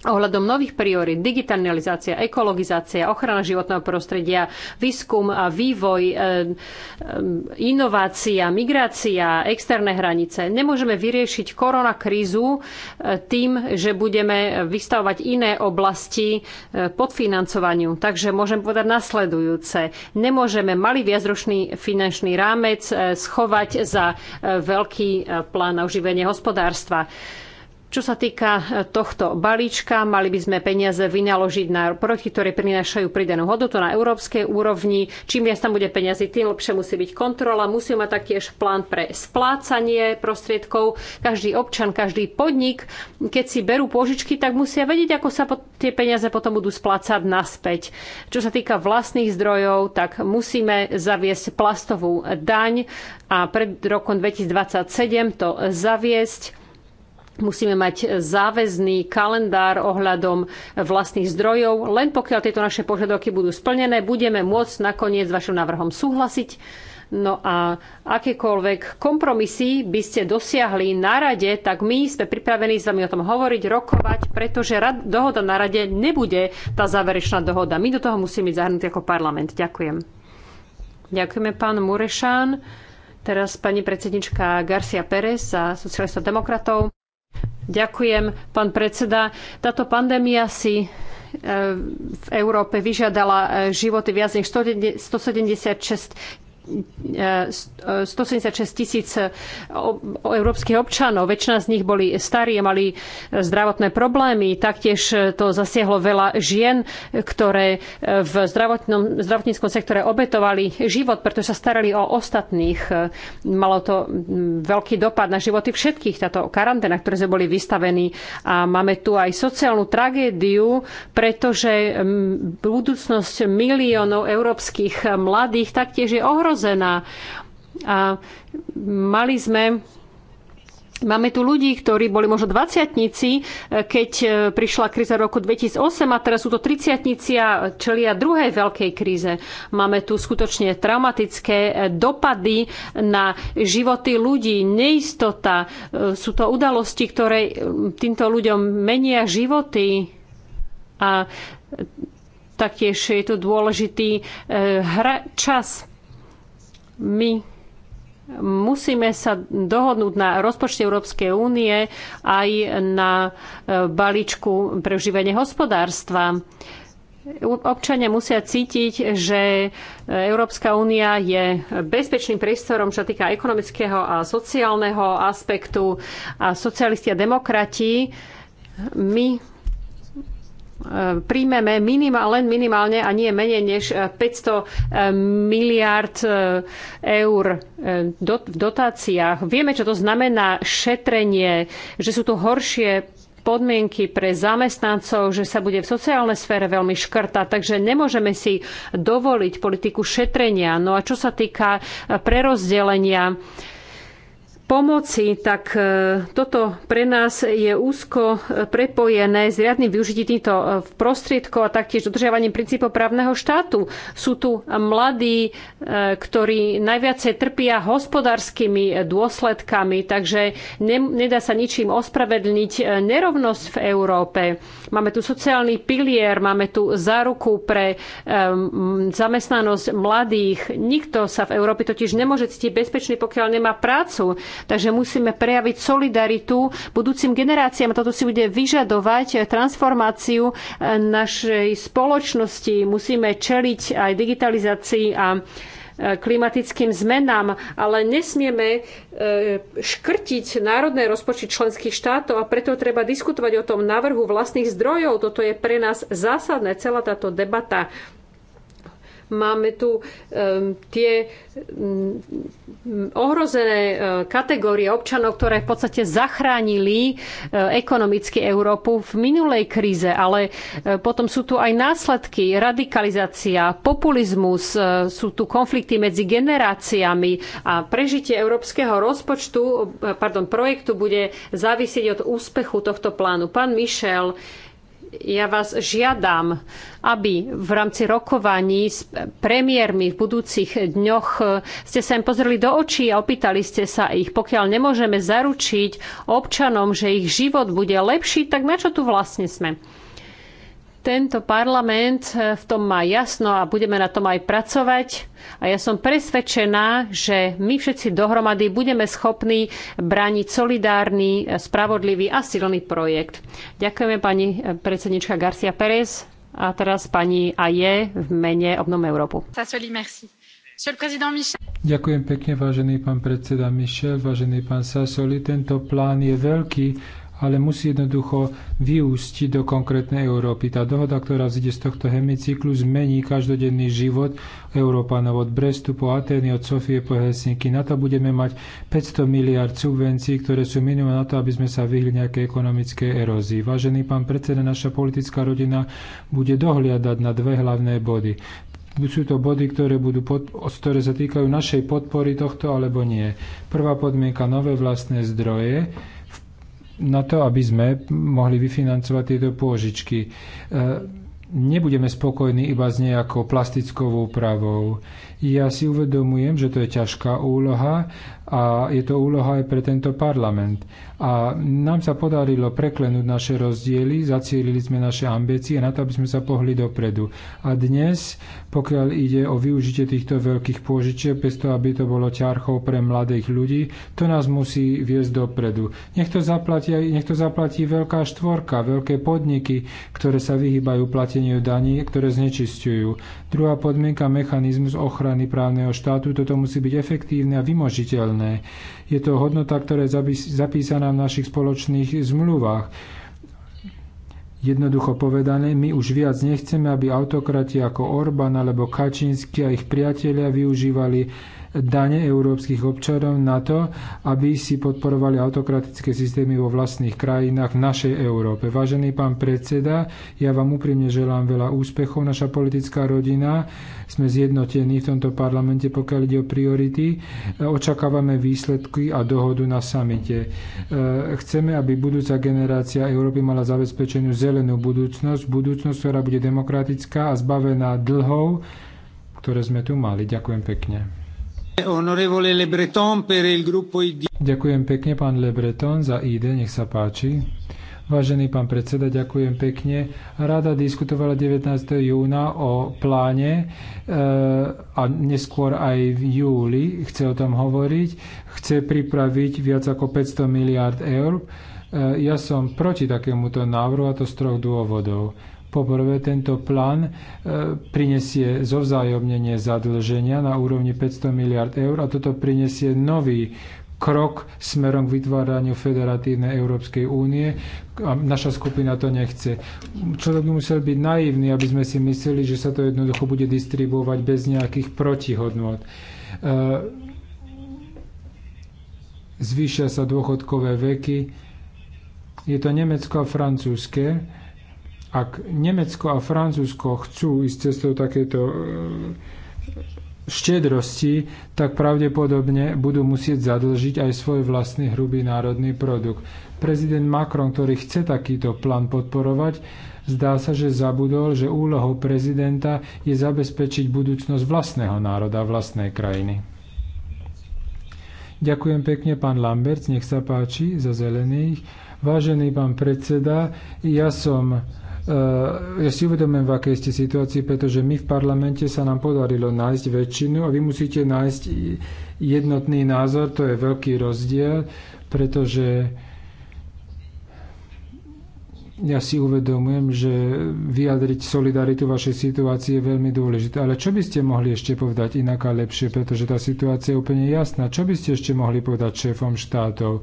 ohľadom nových priorít, digitalizácia, ekologizácia, ochrana životného prostredia, výskum a vývoj, e, e, inovácia, migrácia, externé hranice. Nemôžeme vyriešiť koronakrízu e, tým, že budeme vystavovať iné oblasti podfinancovaniu. Takže môžem povedať nasledujúce. Nemôžeme malý viacročný finančný rámec schovať za veľký plán na oživenie hospodárstva. Čo sa týka e, tohto balíčka, mali by sme peniaze vynaložiť na projekty, ktoré prinášajú pridanú hodnotu na európskej úrovni. Čím viac tam bude peniazy, tým lepšie musí byť kontrola. Musí mať taktiež plán pre splácanie prostriedkov. Každý občan, každý podnik, keď si berú pôžičky, tak musia vedieť, ako sa tie peniaze potom budú splácať naspäť. Čo sa týka vlastných zdrojov, tak musíme zaviesť plastovú daň a pred rokom 2027 to zaviesť Musíme mať záväzný kalendár ohľadom vlastných zdrojov. Len pokiaľ tieto naše požiadavky budú splnené, budeme môcť nakoniec s vašim návrhom súhlasiť. No a akékoľvek kompromisy by ste dosiahli na rade, tak my sme pripravení s vami o tom hovoriť, rokovať, pretože dohoda na rade nebude tá záverečná dohoda. My do toho musíme byť zahrnutí ako parlament. Ďakujem. Ďakujeme, pán Murešán. Teraz pani predsednička Garcia Pérez za socialistov demokratov. Ďakujem, pán predseda. Táto pandémia si e, v Európe vyžiadala e, životy viac než 176 176 tisíc európskych občanov. Väčšina z nich boli starí a mali zdravotné problémy. Taktiež to zasiahlo veľa žien, ktoré v zdravotnom, zdravotníckom sektore obetovali život, pretože sa starali o ostatných. Malo to mm, veľký dopad na životy všetkých, táto karanténa, ktoré sme boli vystavení. A máme tu aj sociálnu tragédiu, pretože mm, budúcnosť miliónov európskych mladých taktiež je ohrozená ohrozená. A mali sme Máme tu ľudí, ktorí boli možno dvaciatnici, e, keď e, prišla kríza roku 2008 a teraz sú to triciatnici a čelia druhej veľkej kríze. Máme tu skutočne traumatické e, dopady na životy ľudí, neistota. Sú to udalosti, ktoré týmto ľuďom menia životy a taktiež je tu dôležitý čas my musíme sa dohodnúť na rozpočte Európskej únie aj na e, balíčku pre uživenie hospodárstva. Občania musia cítiť, že e, Európska únia je bezpečným priestorom, čo týka ekonomického a sociálneho aspektu. A socialisti a demokrati, my E, príjmeme minimál, len minimálne a nie menej než 500 e, e, miliard eur v dotáciách. Vieme, čo to znamená šetrenie, že sú tu horšie podmienky pre zamestnancov, že sa bude v sociálnej sfére veľmi škrta, takže nemôžeme si dovoliť politiku šetrenia. No a čo sa týka prerozdelenia, pomoci, tak e, toto pre nás je úzko e, prepojené s riadnym využitím týchto e, prostriedkov a taktiež dodržiavaním princípov právneho štátu. Sú tu mladí, ktorí najviacej trpia hospodárskymi dôsledkami, takže ne, nedá sa ničím ospravedlniť nerovnosť v Európe. Máme tu sociálny pilier, máme tu záruku pre zamestnanosť mladých. Nikto sa v Európe totiž nemôže cítiť bezpečný, pokiaľ nemá prácu. Takže musíme prejaviť solidaritu budúcim generáciám. Toto si bude vyžadovať transformáciu eh, našej spoločnosti. Musíme čeliť aj digitalizácii a eh, klimatickým zmenám, ale nesmieme eh, škrtiť národné rozpočty členských štátov a preto treba diskutovať o tom návrhu vlastných zdrojov. Toto je pre nás zásadné, celá táto debata. Máme tu tie mm, ohrozené e, kategórie občanov, ktoré v podstate zachránili e, ekonomicky Európu v minulej kríze, ale e, potom sú tu aj následky, radikalizácia, populizmus, sú tu konflikty medzi generáciami a prežitie európskeho rozpočtu, pardon, projektu bude závisieť od úspechu tohto plánu. Pán Michel, ja vás žiadam, aby v rámci rokovaní s premiérmi v budúcich dňoch eh, ste sa im pozreli do očí a opýtali ste sa ich, pokiaľ nemôžeme zaručiť občanom, že ich život bude lepší, tak na čo tu vlastne sme? Tento parlament e, v tom má jasno a budeme na tom aj pracovať. A ja som presvedčená, že my všetci dohromady budeme schopní brániť solidárny, e, spravodlivý a silný projekt. Ďakujeme pani e, predsednička Garcia Pérez a teraz pani Aje v mene Obnom Európu. Ďakujem pekne, vážený pán predseda Michel, vážený pán Tento plán je veľký, ale musí jednoducho vyústiť do konkrétnej Európy. Tá dohoda, ktorá zide z tohto hemicyklu, zmení každodenný život Európanov od Brestu po Atény, od Sofie po Helsinky. Na to budeme mať 500 miliard subvencií, ktoré sú minimum na to, aby sme sa vyhli nejakej ekonomickej erózii. Vážený pán predseda, naša politická rodina bude dohliadať na dve hlavné body sú to body, ktoré, budú pod, ktoré sa týkajú našej podpory tohto alebo nie. Prvá podmienka nové vlastné zdroje, na to, aby sme mohli vyfinancovať tieto pôžičky. E, nebudeme spokojní iba s nejakou plastickou úpravou. Ja si uvedomujem, že to je ťažká úloha a je to úloha aj pre tento parlament. A nám sa podarilo preklenúť naše rozdiely, zacielili sme naše ambície na to, aby sme sa pohli dopredu. A dnes, pokiaľ ide o využitie týchto veľkých pôžičiek, bez toho, aby to bolo ťarchou pre mladých ľudí, to nás musí viesť dopredu. Nech to zaplatí, nech to zaplatí veľká štvorka, veľké podniky, ktoré sa vyhýbajú plateniu daní, ktoré znečistujú. Druhá podmienka, mechanizmus ochrany právneho štátu, toto musí byť efektívne a vymožiteľné globálne. Je to hodnota, ktorá je zapísaná v našich spoločných zmluvách. Jednoducho povedané, my už viac nechceme, aby autokrati ako Orbán alebo Kačínsky a ich priatelia využívali dane európskych občanov na to, aby si podporovali autokratické systémy vo vlastných krajinách v našej Európe. Vážený pán predseda, ja vám úprimne želám veľa úspechov. Naša politická rodina, sme zjednotení v tomto parlamente, pokiaľ ide o priority. Očakávame výsledky a dohodu na samite. E, chceme, aby budúca generácia Európy mala zabezpečenú zelenú budúcnosť, budúcnosť, ktorá bude demokratická a zbavená dlhov, ktoré sme tu mali. Ďakujem pekne. Ďakujem pekne, pán Le Breton, za ID, nech sa páči. Vážený pán predseda, ďakujem pekne. Rada diskutovala 19. júna o pláne e, a neskôr aj v júli chce o tom hovoriť. Chce pripraviť viac ako 500 miliard eur. E, ja som proti takémuto návrhu a to z troch dôvodov. Poprvé, tento plán e, prinesie zovzájomnenie zadlženia na úrovni 500 miliard eur a toto prinesie nový krok smerom k vytváraniu Federatívnej Európskej únie a naša skupina to nechce. Človek by musel byť naivný, aby sme si mysleli, že sa to jednoducho bude distribuovať bez nejakých protihodnot. E, zvýšia sa dôchodkové veky. Je to Nemecko a Francúzske ak Nemecko a Francúzsko chcú ísť cestou takéto e, štedrosti, tak pravdepodobne budú musieť zadlžiť aj svoj vlastný hrubý národný produkt. Prezident Macron, ktorý chce takýto plán podporovať, zdá sa, že zabudol, že úlohou prezidenta je zabezpečiť budúcnosť vlastného národa, vlastnej krajiny. Ďakujem pekne, pán Lambert, nech sa páči, za zelených. Vážený pán predseda, ja som Eh, ja si uvedomujem, v akej ste situácii, pretože my v parlamente sa nám podarilo nájsť väčšinu a vy musíte nájsť jednotný názor, to je veľký rozdiel, pretože ja si uvedomujem, že vyjadriť solidaritu vašej situácie je veľmi dôležité. Ale čo by ste mohli ešte povedať inak a lepšie, pretože tá situácia je úplne jasná. Čo by ste ešte mohli povedať šéfom štátov?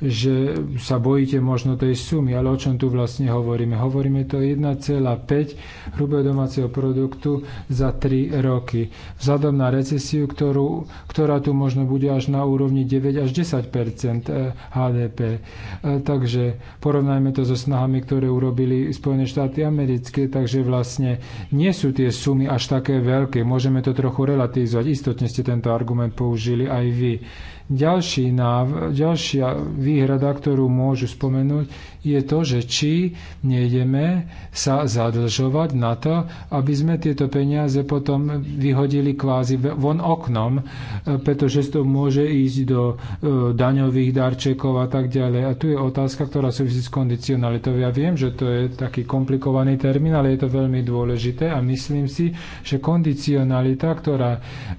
že sa bojíte možno tej sumy, ale o čom tu vlastne hovoríme? Hovoríme to 1,5 hrubého domáceho produktu za 3 roky. Vzhľadom na recesiu, ktorú, ktorá tu možno bude až na úrovni 9 až 10 eh, HDP. Eh, takže porovnajme to so snahami, ktoré urobili Spojené štáty americké, takže vlastne nie sú tie sumy až také veľké. Môžeme to trochu relativizovať. Istotne ste tento argument použili aj vy. Ďalší náv, ďalšia výhrada, ktorú môžu spomenúť, je to, že či nejdeme sa zadlžovať na to, aby sme tieto peniaze potom vyhodili kvázi von oknom, e, pretože to môže ísť do e, daňových darčekov a tak ďalej. A tu je otázka, ktorá súvisí s kondicionalitou. Ja viem, že to je taký komplikovaný termín, ale je to veľmi dôležité a myslím si, že kondicionalita, ktorá,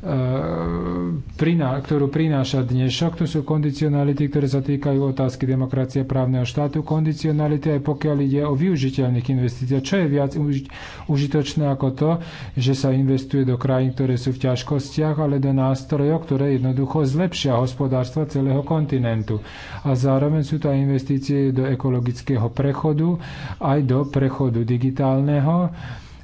e, ktorú prináša dnes dnešok. To sú kondicionality, ktoré sa týkajú otázky demokracie právneho štátu. Kondicionality aj pokiaľ ide o využiteľných investícií. Čo je viac užitočné ako to, že sa investuje do krajín, ktoré sú v ťažkostiach, ale do nástrojov, ktoré jednoducho zlepšia hospodárstva celého kontinentu. A zároveň sú to aj investície do ekologického prechodu, aj do prechodu digitálneho,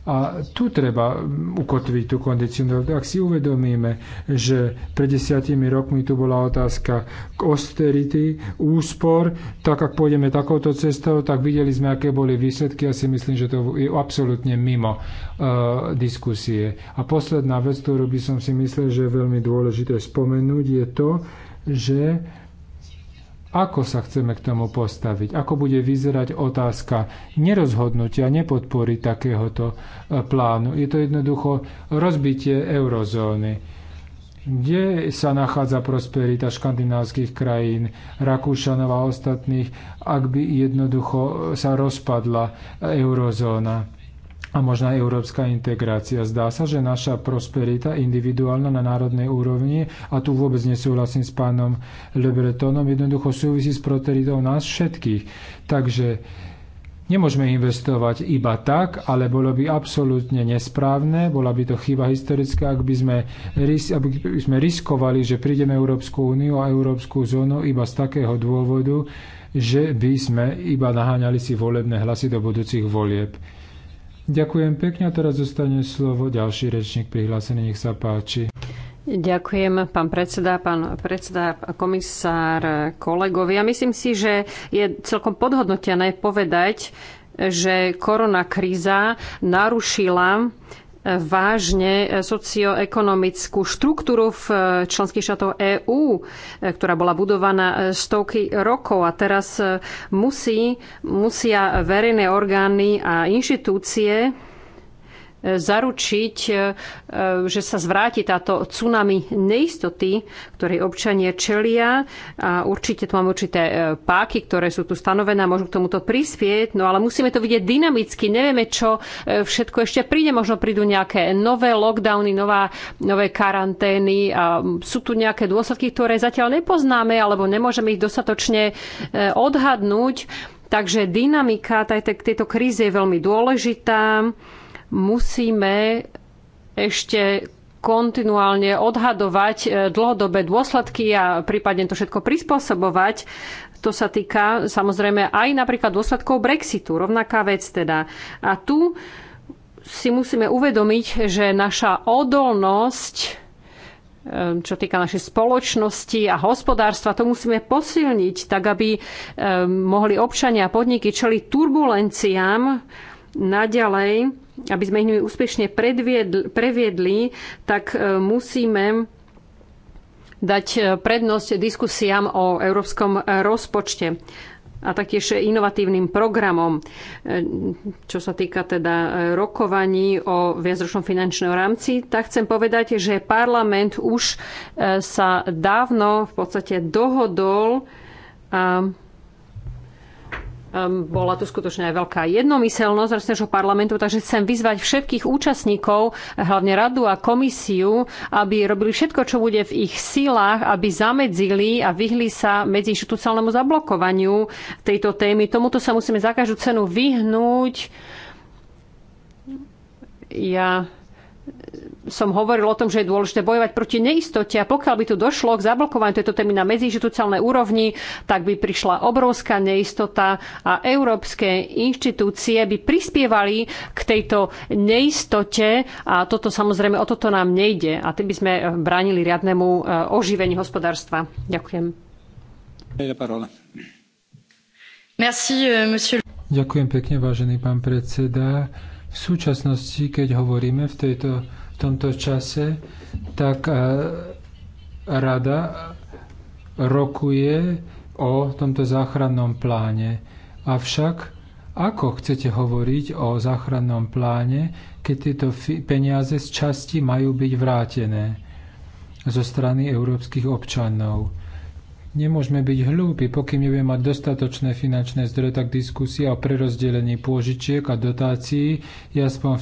a tu treba ukotviť tú kondicionalitu. Ak si uvedomíme, že pred desiatimi rokmi tu bola otázka k austerity, úspor, tak ak pôjdeme takouto cestou, tak videli sme, aké boli výsledky. Ja si myslím, že to je absolútne mimo uh, diskusie. A posledná vec, ktorú by som si myslel, že je veľmi dôležité spomenúť, je to, že ako sa chceme k tomu postaviť, ako bude vyzerať otázka nerozhodnutia, nepodpory takéhoto e, plánu. Je to jednoducho rozbitie eurozóny kde sa nachádza prosperita škandinávskych krajín, Rakúšanov a ostatných, ak by jednoducho sa rozpadla e, eurozóna a možná európska integrácia. Zdá sa, že naša prosperita individuálna na národnej úrovni, a tu vôbec nesúhlasím s pánom Lebretonom, jednoducho súvisí s proteritou nás všetkých. Takže Nemôžeme investovať iba tak, ale bolo by absolútne nesprávne, bola by to chyba historická, ak by sme, aby sme riskovali, že prídeme Európsku úniu a Európsku zónu iba z takého dôvodu, že by sme iba naháňali si volebné hlasy do budúcich volieb. Ďakujem pekne a teraz zostane slovo ďalší rečník prihlásený, nech sa páči. Ďakujem, pán predseda, pán predseda, komisár, kolegovia. Myslím si, že je celkom podhodnotené povedať, že korona kríza narušila vážne e, socioekonomickú štruktúru v e, členských štátoch EÚ, e, ktorá bola budovaná stovky rokov a teraz musí, musia verejné orgány a inštitúcie zaručiť, e, že sa zvráti táto tsunami neistoty, ktorej občania čelia. A určite tu mám určité e, páky, ktoré sú tu stanovené, môžu k tomuto prispieť, no ale musíme to vidieť dynamicky. Nevieme, čo e, všetko ešte príde. Možno prídu nejaké nové lockdowny, nová, nové karantény a sú tu nejaké dôsledky, ktoré zatiaľ nepoznáme alebo nemôžeme ich dostatočne odhadnúť. Takže dynamika tejto krízy je veľmi dôležitá musíme ešte kontinuálne odhadovať e, dlhodobé dôsledky a prípadne to všetko prispôsobovať. To sa týka samozrejme aj napríklad dôsledkov Brexitu, rovnaká vec teda. A tu si musíme uvedomiť, že naša odolnosť e, čo týka našej spoločnosti a hospodárstva, to musíme posilniť, tak aby e, mohli občania a podniky čeliť turbulenciám naďalej aby sme ich úspešne previedli, tak e, musíme dať e, prednosť diskusiám o európskom e, rozpočte a taktiež inovatívnym programom, čo sa týka teda rokovaní o viacročnom finančnom rámci, tak chcem povedať, že parlament už sa dávno v podstate dohodol a Ehm, bola tu skutočne aj veľká jednomyselnosť rastného parlamentu, takže chcem vyzvať všetkých účastníkov, hlavne radu a komisiu, aby robili všetko, čo bude v ich silách, aby zamedzili a vyhli sa medziinstitucionálnemu zablokovaniu tejto témy. Tomuto sa musíme za každú cenu vyhnúť. Ja som hovoril o tom, že je dôležité bojovať proti neistote a pokiaľ by tu došlo k zablokovaniu tejto témy na medziinstitucionálnej úrovni, tak by prišla obrovská neistota a európske inštitúcie by prispievali k tejto neistote a toto samozrejme o toto nám nejde a tým by sme eh, bránili riadnemu eh, oživení hospodárstva. Ďakujem. Merci, euh, monsieur... Ďakujem pekne, vážený pán predseda. V súčasnosti, keď hovoríme v tejto tomto čase, tak e, rada rokuje o tomto záchrannom pláne. Avšak ako chcete hovoriť o záchrannom pláne, keď tieto peniaze z časti majú byť vrátené zo strany európskych občanov? Nemôžeme byť hlúpi, pokým nebudeme mať dostatočné finančné zdroje, tak diskusia o prerozdelení pôžičiek a dotácií je aspoň v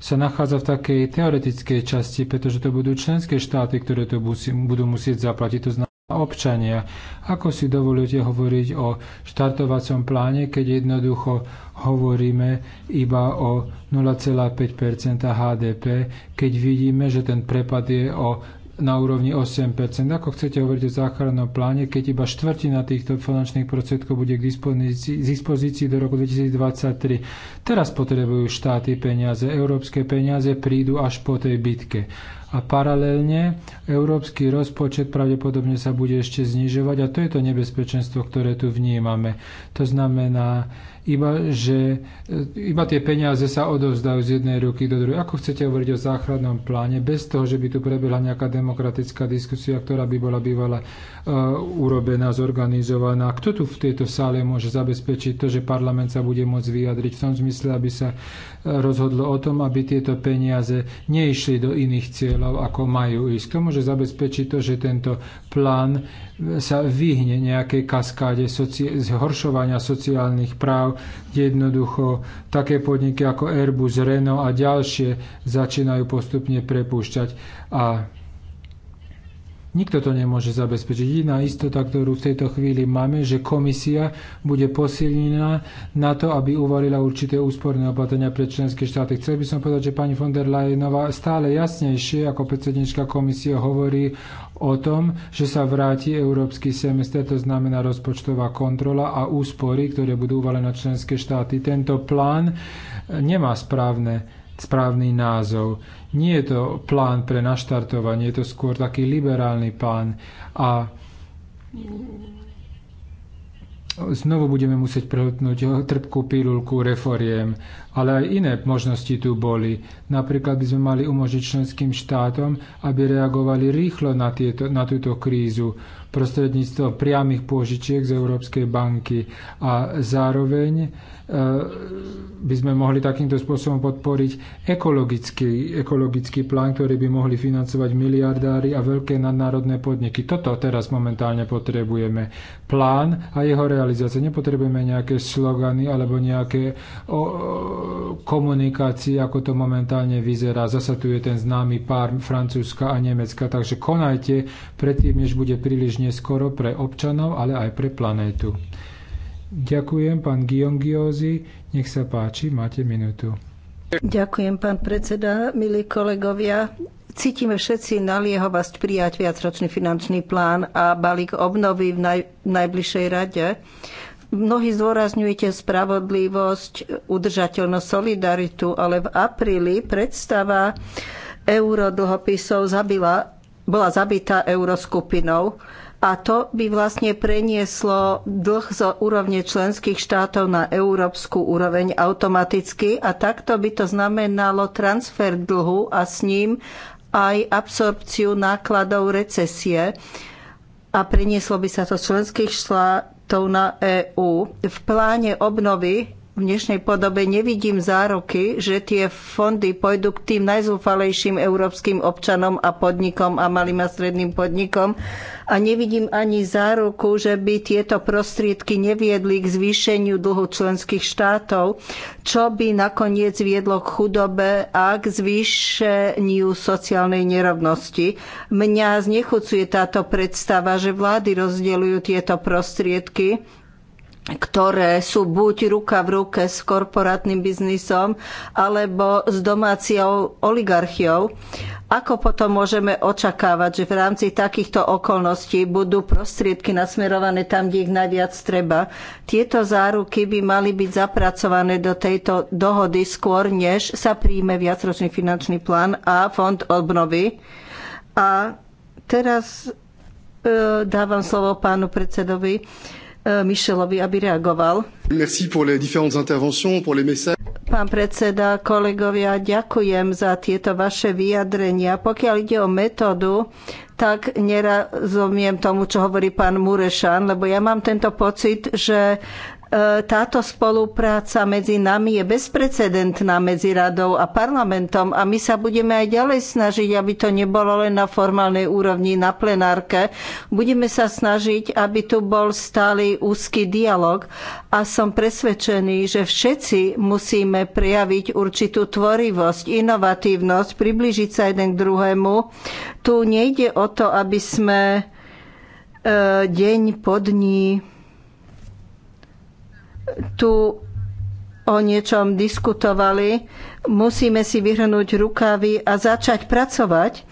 sa nachádza v takej teoretickej časti, pretože to budú členské štáty, ktoré to musí, budú musieť zaplatiť. To znamená občania. Ako si dovolíte hovoriť o štartovacom pláne, keď jednoducho hovoríme iba o 0,5 HDP, keď vidíme, že ten prepad je o na úrovni 8 Ako chcete hovoriť o záchrannom pláne, keď iba štvrtina týchto finančných prostriedkov bude k dispozícii, dispozícii do roku 2023? Teraz potrebujú štáty peniaze, európske peniaze prídu až po tej bitke a paralelne európsky rozpočet pravdepodobne sa bude ešte znižovať a to je to nebezpečenstvo, ktoré tu vnímame. To znamená, iba, že, e, iba tie peniaze sa odovzdajú z jednej ruky do druhej. Ako chcete hovoriť o záchrannom pláne, bez toho, že by tu prebehla nejaká demokratická diskusia, ktorá by bola bývala E, urobená, zorganizovaná. Kto tu v tejto sále môže zabezpečiť to, že parlament sa bude môcť vyjadriť v tom zmysle, aby sa e, rozhodlo o tom, aby tieto peniaze neišli do iných cieľov, ako majú ísť. Kto môže zabezpečiť to, že tento plán e, sa vyhne nejakej kaskáde zhoršovania sociálnych práv, kde jednoducho také podniky ako Airbus, Renault a ďalšie začínajú postupne prepúšťať. A Nikto to nemôže zabezpečiť. Jediná istota, ktorú v tejto chvíli máme, že komisia bude posilnená na to, aby uvalila určité úsporné opatrenia pre členské štáty. Chcel by som povedať, že pani von der Leyenová stále jasnejšie ako predsednička komisie hovorí o tom, že sa vráti európsky semester, to znamená rozpočtová kontrola a úspory, ktoré budú uvalené na členské štáty. Tento plán nemá správne správny názov. Nie je to plán pre naštartovanie, je to skôr taký liberálny plán a znovu budeme musieť prehltnúť trpkú pilulku reforiem, ale aj iné možnosti tu boli. Napríklad by sme mali umožniť členským štátom, aby reagovali rýchlo na, tieto, na túto krízu prostredníctvom priamých pôžičiek z Európskej banky. A zároveň e, by sme mohli takýmto spôsobom podporiť ekologický, ekologický plán, ktorý by mohli financovať miliardári a veľké nadnárodné podniky. Toto teraz momentálne potrebujeme. Plán a jeho realizácia. Nepotrebujeme nejaké slogany alebo nejaké o, o, komunikácie, ako to momentálne vyzerá. Zasa tu je ten známy pár Francúzska a Nemecka. Takže konajte predtým, než bude príliš neskoro pre občanov, ale aj pre planétu. Ďakujem, pán Giongiozi. Nech sa páči, máte minútu. Ďakujem, pán predseda, milí kolegovia. Cítime všetci naliehovasť prijať viacročný finančný plán a balík obnovy v naj, najbližšej rade. Mnohí zdôrazňujete spravodlivosť, udržateľnosť, solidaritu, ale v apríli predstava eurodlhopisov zabila, bola zabitá euroskupinou a to by vlastne prenieslo dlh zo úrovne členských štátov na európsku úroveň automaticky a takto by to znamenalo transfer dlhu a s ním aj absorpciu nákladov recesie a prenieslo by sa to z členských štátov na EÚ. V pláne obnovy v dnešnej podobe nevidím zároky, že tie fondy pôjdu k tým najzúfalejším európskym občanom a podnikom a malým a stredným podnikom a nevidím ani záruku, že by tieto prostriedky neviedli k zvýšeniu dlhu členských štátov, čo by nakoniec viedlo k chudobe a k zvýšeniu sociálnej nerovnosti. Mňa znechucuje táto predstava, že vlády rozdeľujú tieto prostriedky ktoré sú buď ruka v ruke s korporátnym biznisom alebo s domáciou oligarchiou. Ako potom môžeme očakávať, že v rámci takýchto okolností budú prostriedky nasmerované tam, kde ich najviac treba? Tieto záruky by mali byť zapracované do tejto dohody skôr, než sa príjme viacročný finančný plán a fond obnovy. A teraz e, dávam slovo pánu predsedovi. E, Eh, Michelovi, aby reagoval. Merci pour les différentes interventions, pour les messages. Pán predseda, kolegovia, ďakujem za tieto vaše vyjadrenia. Pokiaľ ide o metódu, tak nerozumiem tomu, čo hovorí pán Murešan, lebo ja mám tento pocit, že E, táto spolupráca medzi nami je bezprecedentná medzi radou a parlamentom a my sa budeme aj ďalej snažiť, aby to nebolo len na formálnej úrovni, na plenárke. Budeme sa snažiť, aby tu bol stály úzky dialog a som presvedčený, že všetci musíme prejaviť určitú tvorivosť, inovatívnosť, priblížiť sa jeden k druhému. Tu nejde o to, aby sme e, deň po dní tu o niečom diskutovali, musíme si vyhrnúť rukavy a začať pracovať.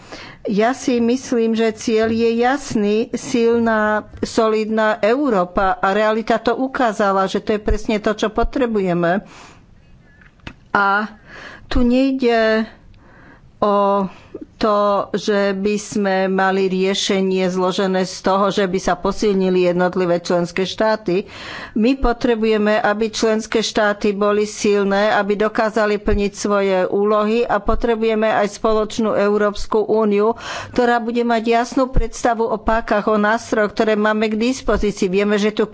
Ja si myslím, že cieľ je jasný, silná, solidná Európa a realita to ukázala, že to je presne to, čo potrebujeme. A tu nejde o to, že by sme mali riešenie zložené z toho, že by sa posilnili jednotlivé členské štáty. My potrebujeme, aby členské štáty boli silné, aby dokázali plniť svoje úlohy a potrebujeme aj spoločnú Európsku úniu, ktorá bude mať jasnú predstavu o pákach, o nástrojoch, ktoré máme k dispozícii. Vieme, že tu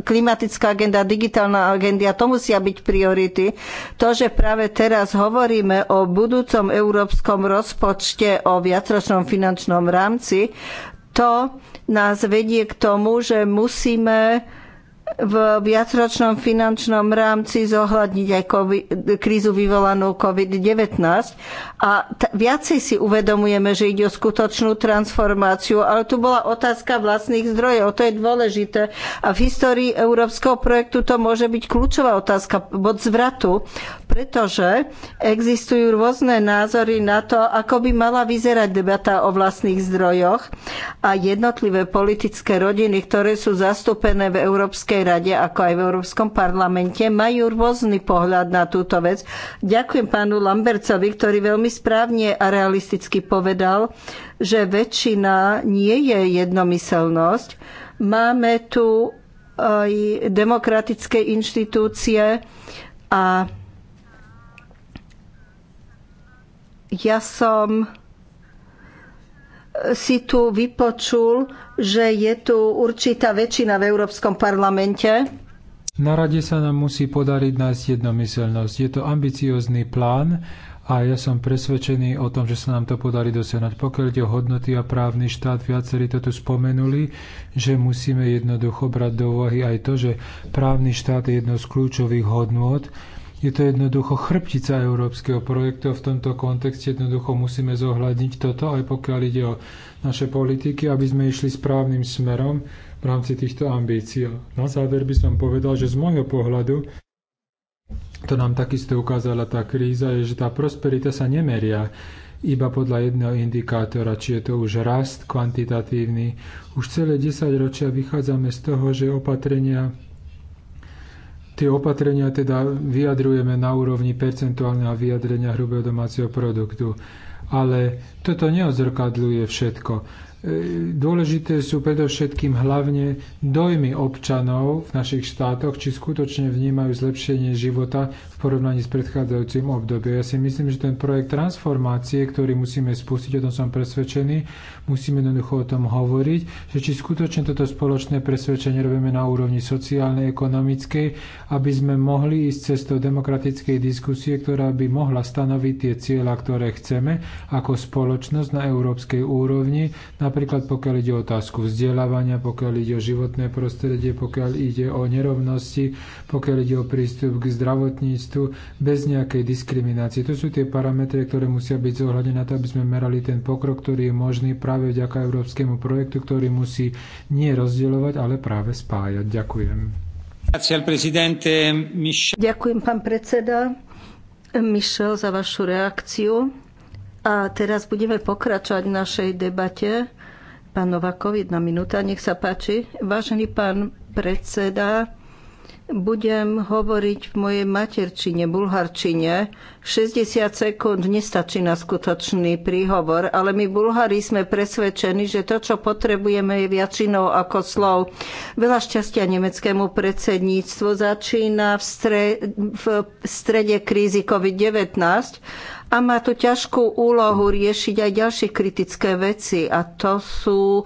klimatická agenda, digitálna agenda, to musia byť priority. To, že práve teraz hovoríme o budúcom európskom rozpočtu, rozpočte o viacročnom finančnom rámci, to nás vedie k tomu, že musíme v viacročnom finančnom rámci zohľadniť aj COVID, krízu vyvolanú COVID-19. A viacej si uvedomujeme, že ide o skutočnú transformáciu, ale tu bola otázka vlastných zdrojov, to je dôležité. A v histórii európskeho projektu to môže byť kľúčová otázka, bod zvratu, pretože existujú rôzne názory na to, ako by mala vyzerať debata o vlastných zdrojoch a jednotlivé politické rodiny, ktoré sú zastúpené v Európskej rade, ako aj v Európskom parlamente, majú rôzny pohľad na túto vec. Ďakujem pánu Lambercovi, ktorý veľmi správne a realisticky povedal, že väčšina nie je jednomyselnosť. Máme tu aj demokratické inštitúcie a ja som si tu vypočul, že je tu určitá väčšina v Európskom parlamente. Na rade sa nám musí podariť nájsť jednomyselnosť. Je to ambiciózny plán a ja som presvedčený o tom, že sa nám to podarí dosiahnuť. Pokiaľ ide o hodnoty a právny štát, viacerí to tu spomenuli, že musíme jednoducho brať do úvahy aj to, že právny štát je jedno z kľúčových hodnôt je to jednoducho chrbtica európskeho projektu a v tomto kontexte jednoducho musíme zohľadniť toto, aj pokiaľ ide o naše politiky, aby sme išli správnym smerom v rámci týchto ambícií. Na záver by som povedal, že z môjho pohľadu to nám takisto ukázala tá kríza, je, že tá prosperita sa nemeria iba podľa jedného indikátora, či je to už rast kvantitatívny. Už celé 10 ročia vychádzame z toho, že opatrenia Tie opatrenia teda vyjadrujeme na úrovni percentuálneho vyjadrenia hrubého domáceho produktu. Ale toto neodzrkadľuje všetko. E, dôležité sú predovšetkým hlavne dojmy občanov v našich štátoch, či skutočne vnímajú zlepšenie života porovnaní s predchádzajúcim obdobím. Ja si myslím, že ten projekt transformácie, ktorý musíme spustiť, o tom som presvedčený, musíme jednoducho o tom hovoriť, že či skutočne toto spoločné presvedčenie robíme na úrovni sociálnej, ekonomickej, aby sme mohli ísť cestou demokratickej diskusie, ktorá by mohla stanoviť tie cieľa, ktoré chceme ako spoločnosť na európskej úrovni, napríklad pokiaľ ide o otázku vzdelávania, pokiaľ ide o životné prostredie, pokiaľ ide o nerovnosti, pokiaľ ide o prístup k zdravotníctvu, cestu bez nejakej diskriminácie. To sú tie parametre, ktoré musia byť zohľadené na to, aby sme merali ten pokrok, ktorý je možný práve vďaka európskemu projektu, ktorý musí nie rozdielovať, ale práve spájať. Ďakujem. Ďakujem, pán predseda Michel, za vašu reakciu. A teraz budeme pokračovať v našej debate. Pán Novakov, jedna minúta, nech sa páči. Vážený pán predseda, budem hovoriť v mojej materčine, bulharčine. 60 sekúnd nestačí na skutočný príhovor, ale my Bulhári sme presvedčení, že to, čo potrebujeme, je viac ako slov. Veľa šťastia nemeckému predsedníctvu začína v, stre, v strede krízy COVID-19 a má tu ťažkú úlohu riešiť aj ďalšie kritické veci a to sú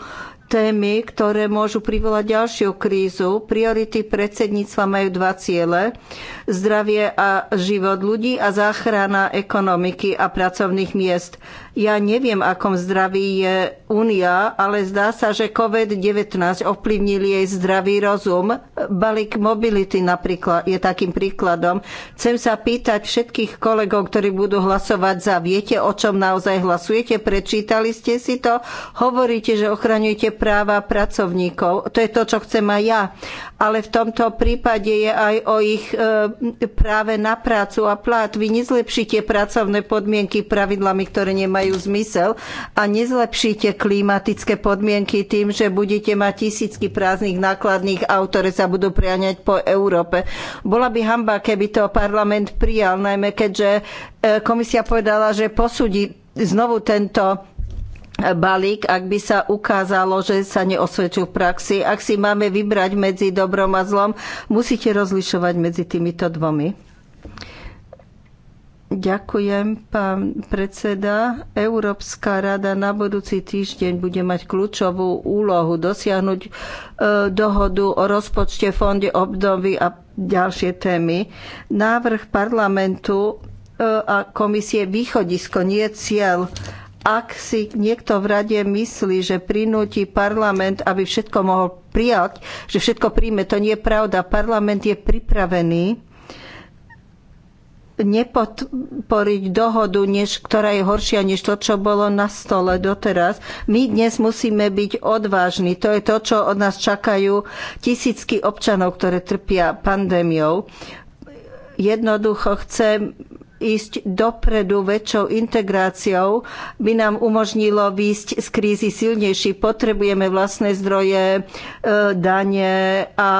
témy, ktoré môžu privolať ďalšiu krízu. Priority predsedníctva majú dva ciele. Zdravie a život ľudí a záchrana ekonomiky a pracovných miest. Ja neviem, akom zdraví je Únia, ale zdá sa, že COVID-19 ovplyvnil jej zdravý rozum. Balík mobility napríklad je takým príkladom. Chcem sa pýtať všetkých kolegov, ktorí budú hlasovať za. Viete, o čom naozaj hlasujete? Prečítali ste si to? Hovoríte, že ochraňujete práva pracovníkov. To je to, čo chcem aj ja. Ale v tomto prípade je aj o ich e, práve na prácu a plat. Vy nezlepšíte pracovné podmienky pravidlami, ktoré nemajú zmysel a nezlepšíte klimatické podmienky tým, že budete mať tisícky prázdnych nákladných aut, ktoré sa budú priaňať po Európe. Bola by hamba, keby to parlament prijal, najmä keďže e, komisia povedala, že posúdi znovu tento balík, ak by sa ukázalo, že sa neosvedčil v praxi. Ak si máme vybrať medzi dobrom a zlom, musíte rozlišovať medzi týmito dvomi. Ďakujem, pán predseda. Európska rada na budúci týždeň bude mať kľúčovú úlohu dosiahnuť e, dohodu o rozpočte fonde obdovy a ďalšie témy. Návrh parlamentu e, a komisie východisko, nie cieľ ak si niekto v rade myslí, že prinúti parlament, aby všetko mohol prijať, že všetko príjme, to nie je pravda. Parlament je pripravený nepodporiť dohodu, než, ktorá je horšia než to, čo bolo na stole doteraz. My dnes musíme byť odvážni. To je to, čo od nás čakajú tisícky občanov, ktoré trpia pandémiou. Jednoducho chcem ísť dopredu väčšou integráciou, by nám umožnilo výjsť z krízy silnejší. Potrebujeme vlastné zdroje, e, dane a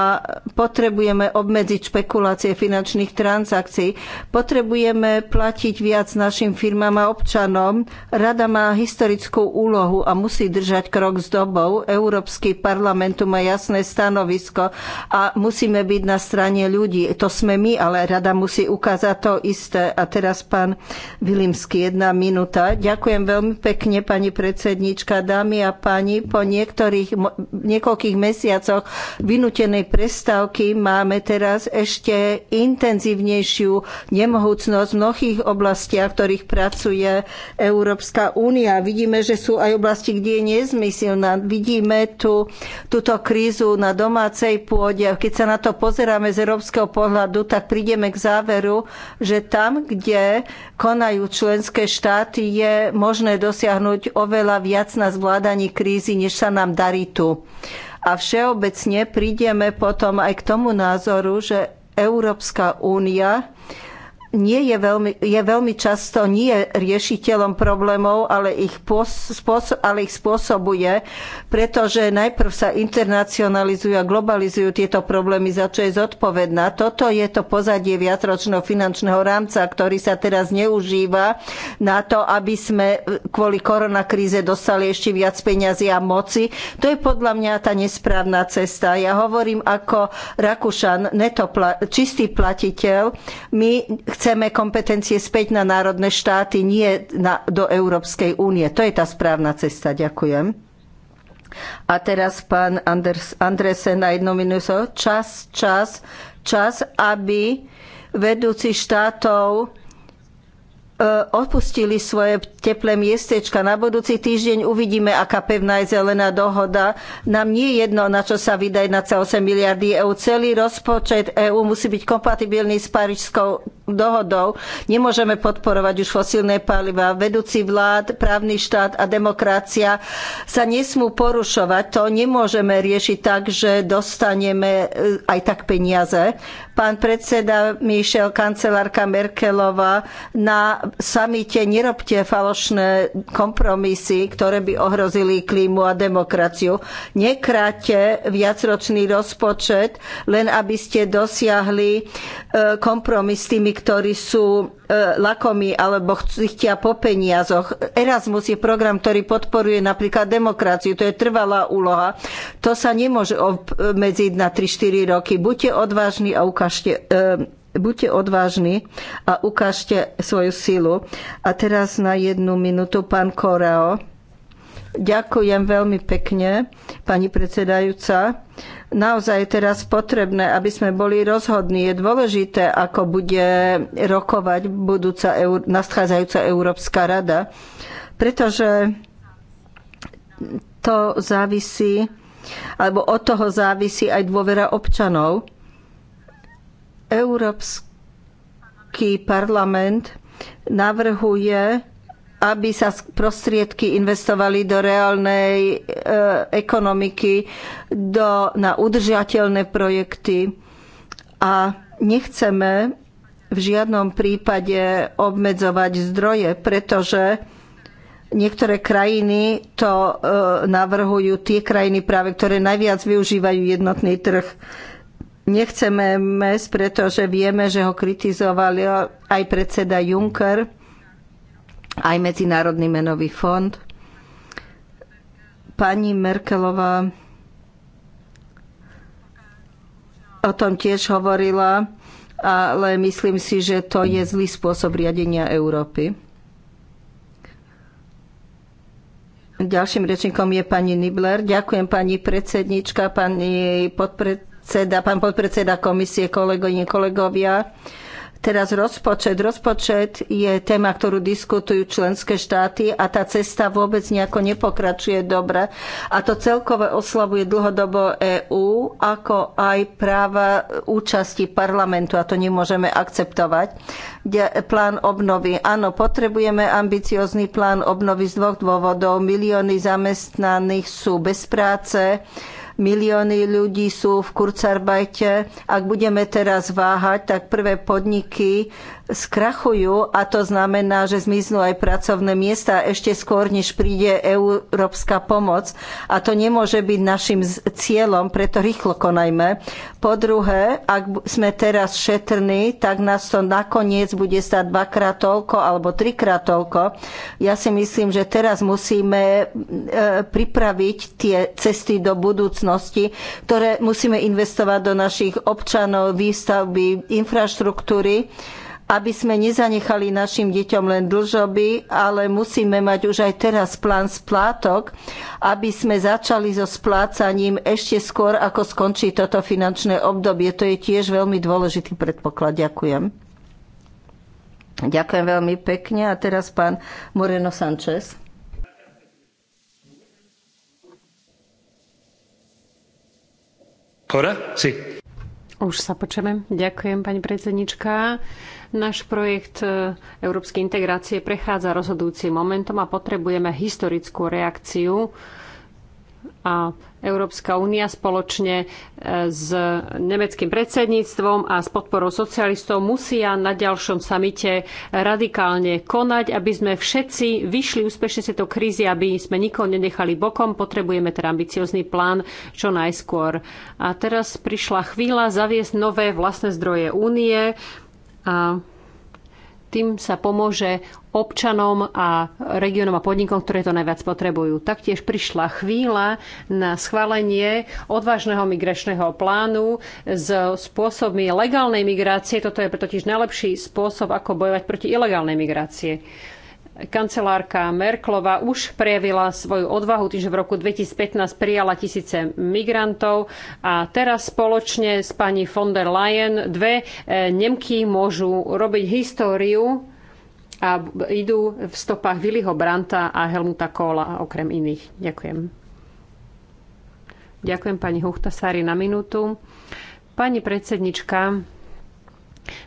potrebujeme obmedziť špekulácie finančných transakcií. Potrebujeme platiť viac našim firmám a občanom. Rada má historickú úlohu a musí držať krok s dobou. Európsky parlament má jasné stanovisko a musíme byť na strane ľudí. To sme my, ale rada musí ukázať to isté a teraz pán Vilimský jedna minúta. Ďakujem veľmi pekne, pani predsednička, dámy a páni. Po niektorých, niekoľkých mesiacoch vynútenej prestávky máme teraz ešte intenzívnejšiu nemohúcnosť v mnohých oblastiach, v ktorých pracuje Európska únia. Vidíme, že sú aj oblasti, kde je nezmyselná. Vidíme tu, túto krízu na domácej pôde. Keď sa na to pozeráme z európskeho pohľadu, tak prídeme k záveru, že tam, kde kde konajú členské štáty, je možné dosiahnuť oveľa viac na zvládaní krízy, než sa nám darí tu. A všeobecne prídeme potom aj k tomu názoru, že Európska únia nie je veľmi, je veľmi často nie riešiteľom problémov, ale ich, ale ich spôsobuje, pretože najprv sa internacionalizujú a globalizujú tieto problémy, za čo je zodpovedná. Toto je to pozadie viacročného finančného rámca, ktorý sa teraz neužíva na to, aby sme kvôli koronakríze dostali ešte viac peňazí a moci. To je podľa mňa tá nesprávna cesta. Ja hovorím ako Rakušan, netopla, čistý platiteľ. My chceme kompetencie späť na národné štáty, nie na, do Európskej únie. To je tá správna cesta. Ďakujem. A teraz pán Anders, Andresen na jedno minútu. Čas, čas, čas, aby vedúci štátov e, odpustili svoje teplé miestečka. Na budúci týždeň uvidíme, aká pevná je zelená dohoda. Nám nie je jedno, na čo sa vydá 1,8 miliardy eur. Celý rozpočet EÚ musí byť kompatibilný s Parížskou dohodou nemôžeme podporovať už fosílne paliva. Vedúci vlád, právny štát a demokracia sa nesmú porušovať. To nemôžeme riešiť tak, že dostaneme eh, aj tak peniaze. Pán predseda Michel, kancelárka Merkelová, na samite nerobte falošné kompromisy, ktoré by ohrozili klímu a demokraciu. Nekráte viacročný rozpočet, len aby ste dosiahli eh, kompromis s tými, ktorí sú e, lakomí alebo chtia po peniazoch. Erasmus je program, ktorý podporuje napríklad demokraciu. To je trvalá úloha. To sa nemôže obmedziť na 3-4 roky. Buďte odvážni a ukážte e, buďte odvážni a ukážte svoju silu. A teraz na jednu minútu pán Koreo. Ďakujem veľmi pekne, pani predsedajúca. Naozaj je teraz potrebné, aby sme boli rozhodní. Je dôležité, ako bude rokovať budúca, nadchádzajúca Európska rada, pretože to závisí, alebo od toho závisí aj dôvera občanov. Európsky parlament navrhuje aby sa prostriedky investovali do reálnej e, ekonomiky, do, na udržateľné projekty. A nechceme v žiadnom prípade obmedzovať zdroje, pretože niektoré krajiny to e, navrhujú, tie krajiny práve, ktoré najviac využívajú jednotný trh. Nechceme MES, pretože vieme, že ho kritizoval aj predseda Juncker aj Medzinárodný menový fond. Pani Merkelová o tom tiež hovorila, ale myslím si, že to je zlý spôsob riadenia Európy. Ďalším rečníkom je pani Nibler. Ďakujem pani predsednička, pani podpred, pán podpredseda komisie, kolegovia. kolegovia. Teraz rozpočet. Rozpočet je téma, ktorú diskutujú členské štáty a tá cesta vôbec nejako nepokračuje dobre. A to celkové oslavuje dlhodobo EÚ, ako aj práva účasti parlamentu a to nemôžeme akceptovať. Plán obnovy. Áno, potrebujeme ambiciózny plán obnovy z dvoch dôvodov. Milióny zamestnaných sú bez práce Milióny ľudí sú v Kurzarbeite. Ak budeme teraz váhať, tak prvé podniky skrachujú a to znamená, že zmiznú aj pracovné miesta ešte skôr, než príde európska pomoc a to nemôže byť našim cieľom, preto rýchlo konajme. Po druhé, ak sme teraz šetrní, tak nás to nakoniec bude stať dvakrát toľko alebo trikrát toľko. Ja si myslím, že teraz musíme e, pripraviť tie cesty do budúcnosti, ktoré musíme investovať do našich občanov, výstavby, infraštruktúry aby sme nezanechali našim deťom len dlžoby, ale musíme mať už aj teraz plán splátok, aby sme začali so splácaním ešte skôr, ako skončí toto finančné obdobie. To je tiež veľmi dôležitý predpoklad. Ďakujem. Ďakujem veľmi pekne. A teraz pán Moreno Sanchez. Kora? Si. Už sa počujeme. Ďakujem, pani predsednička. Náš projekt e, európskej integrácie prechádza rozhodujúcim momentom a potrebujeme historickú reakciu a Európska únia spoločne e, s nemeckým predsedníctvom a s podporou socialistov musia na ďalšom samite radikálne konať, aby sme všetci vyšli úspešne z tejto krízy, aby sme nikoho nenechali bokom. Potrebujeme teda ambiciozný plán čo najskôr. A teraz prišla chvíľa zaviesť nové vlastné zdroje únie, a tým sa pomôže občanom a regiónom a podnikom, ktoré to najviac potrebujú. Taktiež prišla chvíľa na schválenie odvážneho migračného plánu s spôsobmi legálnej migrácie. Toto je totiž najlepší spôsob, ako bojovať proti ilegálnej migrácie kancelárka Merklova už prejavila svoju odvahu, tým, že v roku 2015 prijala tisíce migrantov a teraz spoločne s pani von der Leyen dve eh, Nemky môžu robiť históriu a idú v stopách Williho Branta a Helmuta Kohla, okrem iných. Ďakujem. Ďakujem pani Huchtasári na minútu. Pani predsednička,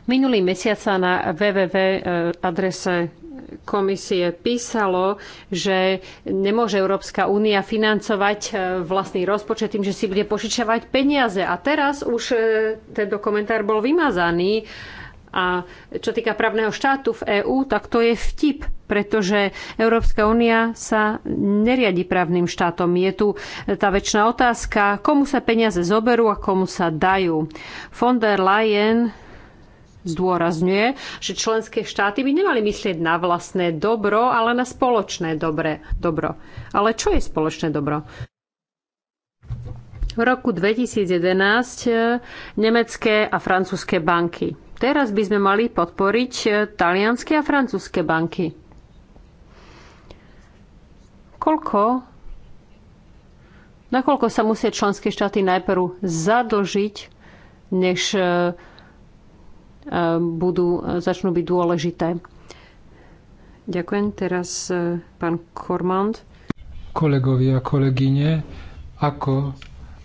minulý mesiac sa na www eh, adrese komisie písalo, že nemôže Európska únia financovať e, vlastný rozpočet tým, že si bude požičavať peniaze. A teraz už e, tento komentár bol vymazaný. A čo týka právneho štátu v EÚ, tak to je vtip, pretože Európska únia sa neriadi právnym štátom. Je tu tá väčšiná otázka, komu sa peniaze zoberú a komu sa dajú. Von der Leyen zdôrazňuje, že členské štáty by nemali myslieť na vlastné dobro, ale na spoločné dobre, dobro. Ale čo je spoločné dobro? V roku 2011 e, nemecké a francúzske banky. Teraz by sme mali podporiť e, talianské a francúzske banky. Koľko? Nakoľko sa musia členské štáty najprv zadlžiť, než e, budú, začnú byť dôležité. Ďakujem. Teraz e, pán Kormand. Kolegovia, kolegyne, ako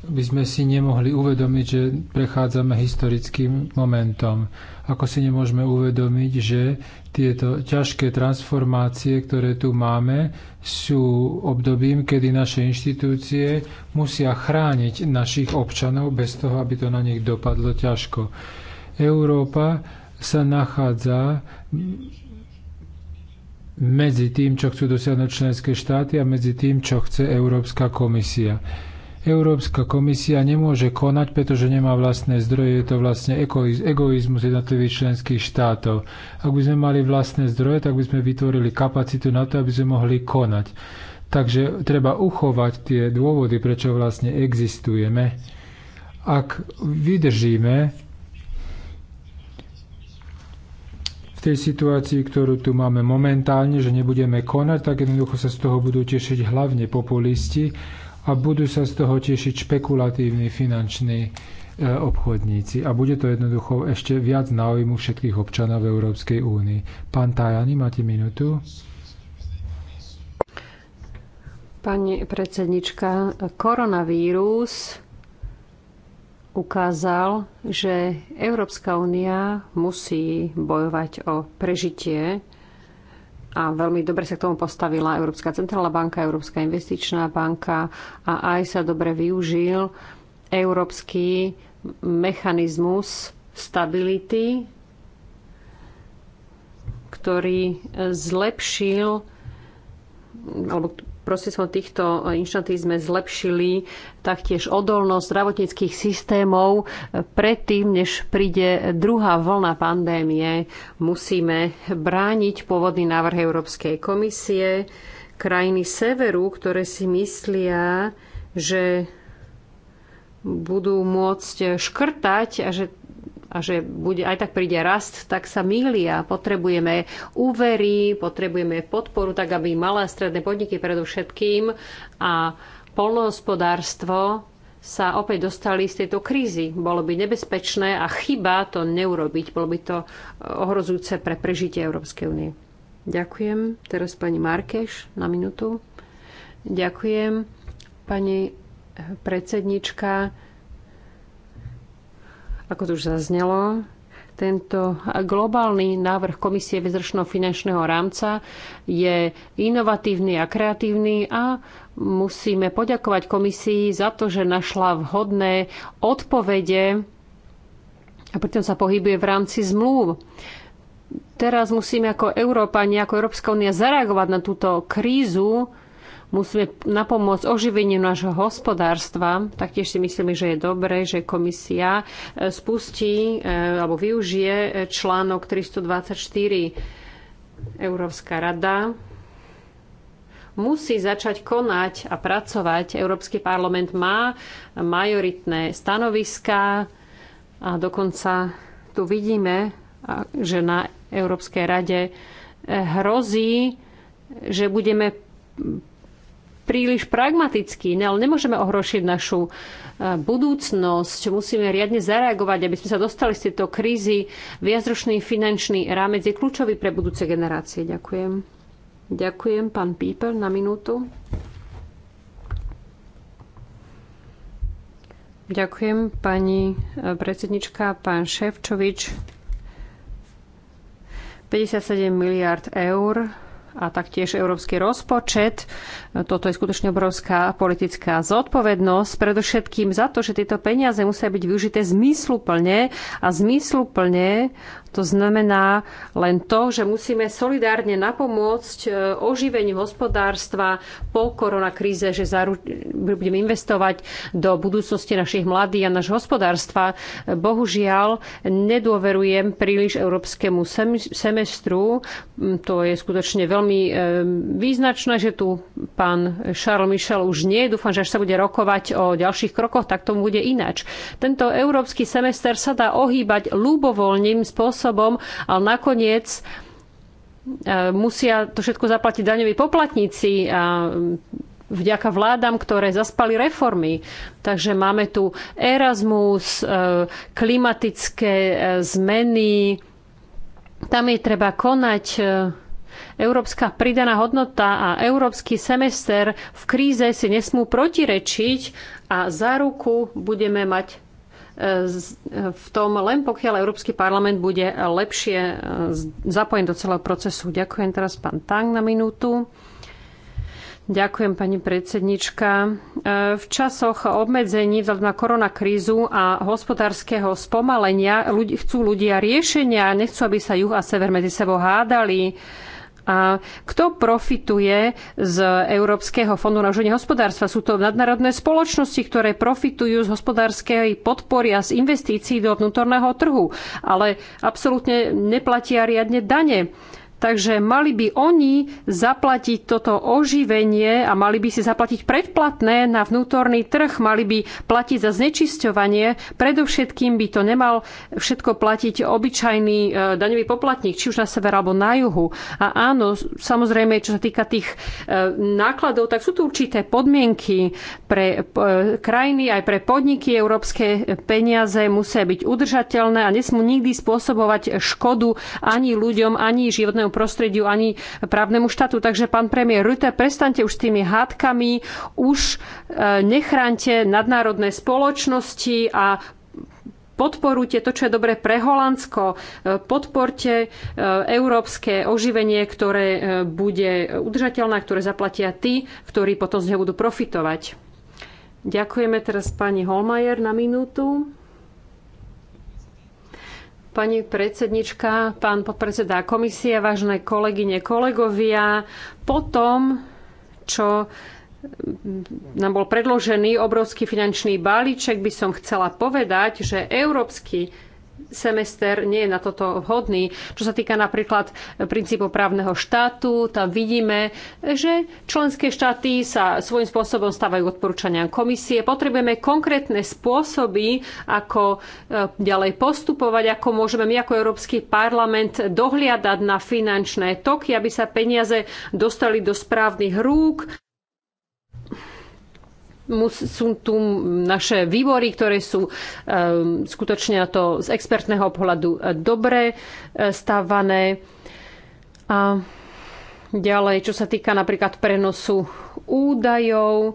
by sme si nemohli uvedomiť, že prechádzame historickým momentom. Ako si nemôžeme uvedomiť, že tieto ťažké transformácie, ktoré tu máme, sú obdobím, kedy naše inštitúcie musia chrániť našich občanov bez toho, aby to na nich dopadlo ťažko. Európa sa nachádza medzi tým, čo chcú dosiahnuť členské štáty a medzi tým, čo chce Európska komisia. Európska komisia nemôže konať, pretože nemá vlastné zdroje, je to vlastne egoizmus jednotlivých členských štátov. Ak by sme mali vlastné zdroje, tak by sme vytvorili kapacitu na to, aby sme mohli konať. Takže treba uchovať tie dôvody, prečo vlastne existujeme. Ak vydržíme tej situácii, ktorú tu máme momentálne, že nebudeme konať, tak jednoducho sa z toho budú tešiť hlavne populisti a budú sa z toho tešiť špekulatívni finanční e, obchodníci. A bude to jednoducho ešte viac náujmu všetkých občanov Európskej únii. Pán Tajani, máte minútu? Pani predsednička, koronavírus ukázal, že Európska únia musí bojovať o prežitie a veľmi dobre sa k tomu postavila Európska centrálna banka, Európska investičná banka a aj sa dobre využil európsky mechanizmus stability, ktorý zlepšil alebo Prostredstvom týchto e, inštantí sme zlepšili taktiež odolnosť zdravotníckých systémov. Predtým, než príde druhá vlna pandémie, musíme brániť pôvodný návrh Európskej komisie. Krajiny severu, ktoré si myslia, že budú môcť škrtať a že a že bude, aj tak príde rast, tak sa mýlia. Potrebujeme úvery, potrebujeme podporu, tak aby malé a stredné podniky predovšetkým a polnohospodárstvo sa opäť dostali z tejto krízy. Bolo by nebezpečné a chyba to neurobiť. Bolo by to eh, ohrozujúce pre prežitie Európskej únie. Ďakujem. Teraz pani Markeš na minútu. Ďakujem. Pani eh, predsednička, ako to už zaznelo, tento globálny návrh Komisie bezročného finančného rámca je inovatívny a kreatívny a musíme poďakovať komisii za to, že našla vhodné odpovede a pritom sa pohybuje v rámci zmluv. Teraz musíme ako Európa, ako Európska únia zareagovať na túto krízu, musíme napomôcť oživeniu nášho hospodárstva. Taktiež si myslíme, že je dobré, že komisia e, spustí e, alebo využije e, článok 324 Európska rada musí začať konať a pracovať. Európsky parlament má majoritné stanoviská a dokonca tu vidíme, že na Európskej rade hrozí, že budeme príliš pragmatickí, ne, ale nemôžeme ohrošiť našu e, budúcnosť. Musíme riadne zareagovať, aby sme sa dostali z tejto krízy. Viazrušný finančný rámec je kľúčový pre budúce generácie. Ďakujem. Ďakujem, pán Píper, na minútu. Ďakujem, pani e, predsednička, pán Ševčovič. 57 miliard eur a taktiež európsky rozpočet toto je skutočne obrovská politická zodpovednosť, predovšetkým za to, že tieto peniaze musia byť využité zmysluplne a zmysluplne to znamená len to, že musíme solidárne napomôcť e, oživeniu hospodárstva po koronakríze, že zaru- budeme investovať do budúcnosti našich mladých a našho hospodárstva. Bohužiaľ, nedôverujem príliš európskemu semestru. To je skutočne veľmi e, význačné, že tu pán pán Charles Michel už nie. Dúfam, že až sa bude rokovať o ďalších krokoch, tak tomu bude ináč. Tento európsky semester sa dá ohýbať ľubovoľným spôsobom, ale nakoniec e, musia to všetko zaplatiť daňoví poplatníci a vďaka vládam, ktoré zaspali reformy. Takže máme tu Erasmus, e, klimatické e, zmeny. Tam je treba konať Európska pridaná hodnota a európsky semester v kríze si nesmú protirečiť a za ruku budeme mať e, e, v tom len pokiaľ Európsky parlament bude lepšie e, zapojený do celého procesu. Ďakujem teraz pán Tang na minútu. Ďakujem, pani predsednička. V časoch obmedzení vzhľadom na koronakrízu a hospodárskeho spomalenia chcú ľudia riešenia, nechcú, aby sa juh a sever medzi sebou hádali a kto profituje z Európskeho fondu na oženie hospodárstva? Sú to nadnárodné spoločnosti, ktoré profitujú z hospodárskej podpory a z investícií do vnútorného trhu, ale absolútne neplatia riadne dane. Takže mali by oni zaplatiť toto oživenie a mali by si zaplatiť predplatné na vnútorný trh, mali by platiť za znečisťovanie. Predovšetkým by to nemal všetko platiť obyčajný e, daňový poplatník, či už na sever alebo na juhu. A áno, samozrejme, čo sa týka tých e, nákladov, tak sú tu určité podmienky pre e, krajiny, aj pre podniky. Európske peniaze musia byť udržateľné a nesmú nikdy spôsobovať škodu ani ľuďom, ani životnému právnemu prostrediu ani právnemu štátu. Takže pán premiér Rutte, prestante už s tými hádkami, už e, nechránte nadnárodné spoločnosti a podporujte to, čo je dobre pre Holandsko, e, podporte e, európske oživenie, ktoré bude udržateľné, ktoré zaplatia tí, ktorí potom z neho budú profitovať. Ďakujeme teraz pani Holmajer na minútu. Pani predsednička, pán podpredseda komisie, vážne kolegyne, kolegovia, Po tom, čo nám bol predložený obrovský finančný balíček, by som chcela povedať, že Európsky semester nie je na toto vhodný. Čo sa týka napríklad princípov právneho štátu, tam vidíme, že členské štáty sa svojím spôsobom stávajú odporúčania komisie. Potrebujeme konkrétne spôsoby, ako e, ďalej postupovať, ako môžeme my ako Európsky parlament dohliadať na finančné toky, aby sa peniaze dostali do správnych rúk sú tu naše výbory, ktoré sú ehm, skutočne na to z expertného pohľadu e, dobre e, stávané. A ďalej, čo sa týka napríklad prenosu údajov e,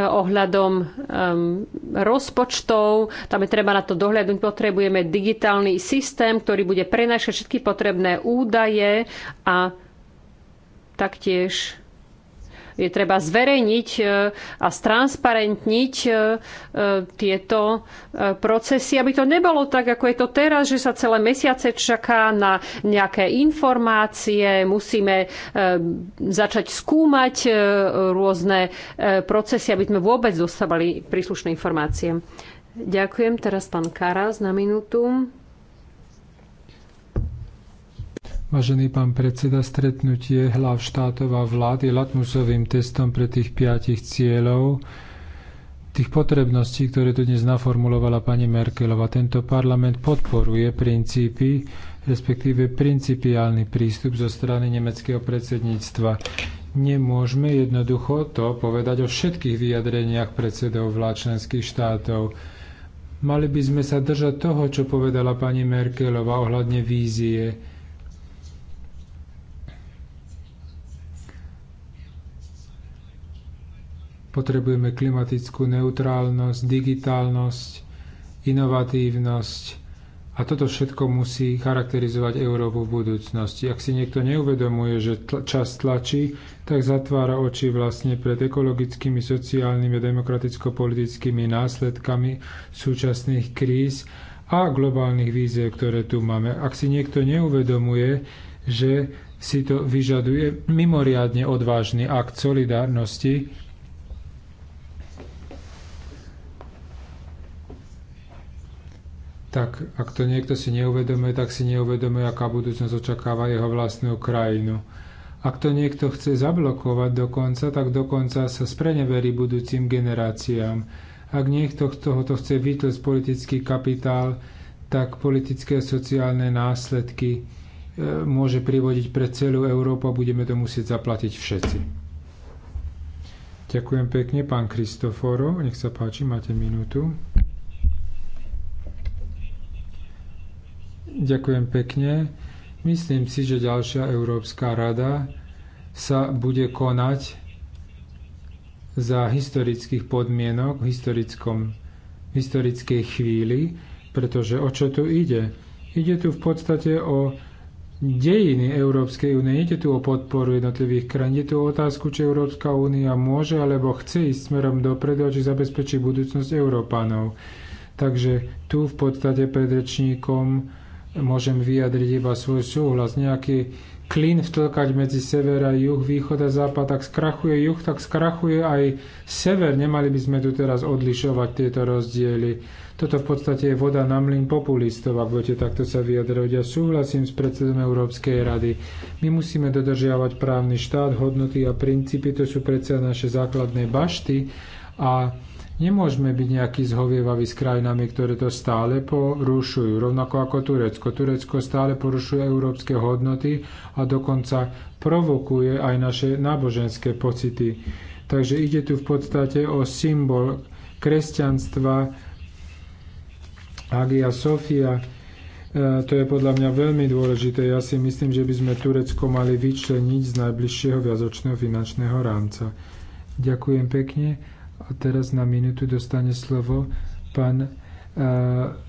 ohľadom ehm, rozpočtov, tam je treba na to dohľadnúť, potrebujeme digitálny systém, ktorý bude prenášať všetky potrebné údaje a taktiež je treba zverejniť e, a stransparentniť e, e, tieto procesy, aby to nebolo tak, ako je to teraz, že sa celé mesiace čaká na nejaké informácie, musíme začať skúmať rôzne procesy, aby sme vôbec dostávali príslušné informácie. Ďakujem. Teraz pán Karas na minútu. Vážený pán predseda, stretnutie hlav štátov a vlád je latmusovým testom pre tých piatich cieľov, tých potrebností, ktoré tu dnes naformulovala pani Merkelová. Tento parlament podporuje princípy, respektíve principiálny prístup zo strany nemeckého predsedníctva nemôžeme jednoducho to povedať o všetkých vyjadreniach predsedov vlád členských štátov. Mali by sme sa držať toho, čo povedala pani Merkelová ohľadne vízie Potrebujeme klimatickú neutrálnosť, digitálnosť, inovatívnosť a toto všetko musí charakterizovať Európu v budúcnosti. Ak si niekto neuvedomuje, že tl- čas tlačí, tak zatvára oči vlastne pred ekologickými, sociálnymi a demokraticko-politickými následkami súčasných kríz a globálnych víziev, ktoré tu máme. Ak si niekto neuvedomuje, že si to vyžaduje mimoriadne odvážny akt solidárnosti, tak ak to niekto si neuvedomuje, tak si neuvedomuje, aká budúcnosť očakáva jeho vlastnú krajinu. Ak to niekto chce zablokovať dokonca, tak dokonca sa spreneverí budúcim generáciám. Ak niekto tohoto chce vytlesť politický kapitál, tak politické a sociálne následky e, môže privodiť pre celú Európu a budeme to musieť zaplatiť všetci. Ďakujem pekne, pán Kristoforo. Nech sa páči, máte minútu. Ďakujem pekne. Myslím si, že ďalšia Európska rada sa bude konať za historických podmienok, v historickej chvíli, pretože o čo tu ide? Ide tu v podstate o dejiny Európskej únie. Ide tu o podporu jednotlivých krajín. Je tu o otázku, či Európska únia môže alebo chce ísť smerom dopredu a či zabezpečí budúcnosť Európanov. Takže tu v podstate pred rečníkom môžem vyjadriť iba svoj súhlas. Nejaký klin vtlkať medzi sever a juh, východ a západ, tak skrachuje juh, tak skrachuje aj sever. Nemali by sme tu teraz odlišovať tieto rozdiely. Toto v podstate je voda na mlyn populistov, ak budete takto sa vyjadrovať. Ja súhlasím s predsedom Európskej rady. My musíme dodržiavať právny štát, hodnoty a princípy, to sú predsa naše základné bašty a Nemôžeme byť nejaký zhovievaví s krajinami, ktoré to stále porušujú, rovnako ako Turecko. Turecko stále porušuje európske hodnoty a dokonca provokuje aj naše náboženské pocity. Takže ide tu v podstate o symbol kresťanstva Agia Sofia. E, to je podľa mňa veľmi dôležité. Ja si myslím, že by sme Turecko mali vyčleniť z najbližšieho viazočného finančného rámca. Ďakujem pekne. A teraz na minutu dostane slovo pán uh, eh,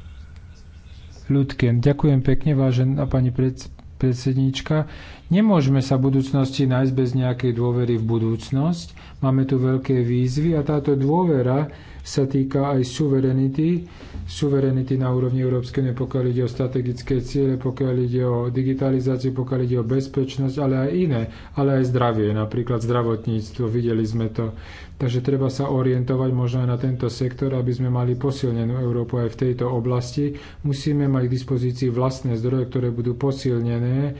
Ľudkem. Ďakujem pekne, vážená pani pred, predsednička. Nemôžeme sa v budúcnosti nájsť bez nejakej dôvery v budúcnosť. Máme tu veľké výzvy a táto dôvera sa týka aj suverenity, suverenity na úrovni Európskej unie, pokiaľ ide o strategické ciele, pokiaľ ide o digitalizáciu, pokiaľ ide o bezpečnosť, ale aj iné, ale aj zdravie, napríklad zdravotníctvo, videli sme to. Takže treba sa orientovať možno aj na tento sektor, aby sme mali posilnenú Európu aj v tejto oblasti. Musíme mať k dispozícii vlastné zdroje, ktoré budú posilnené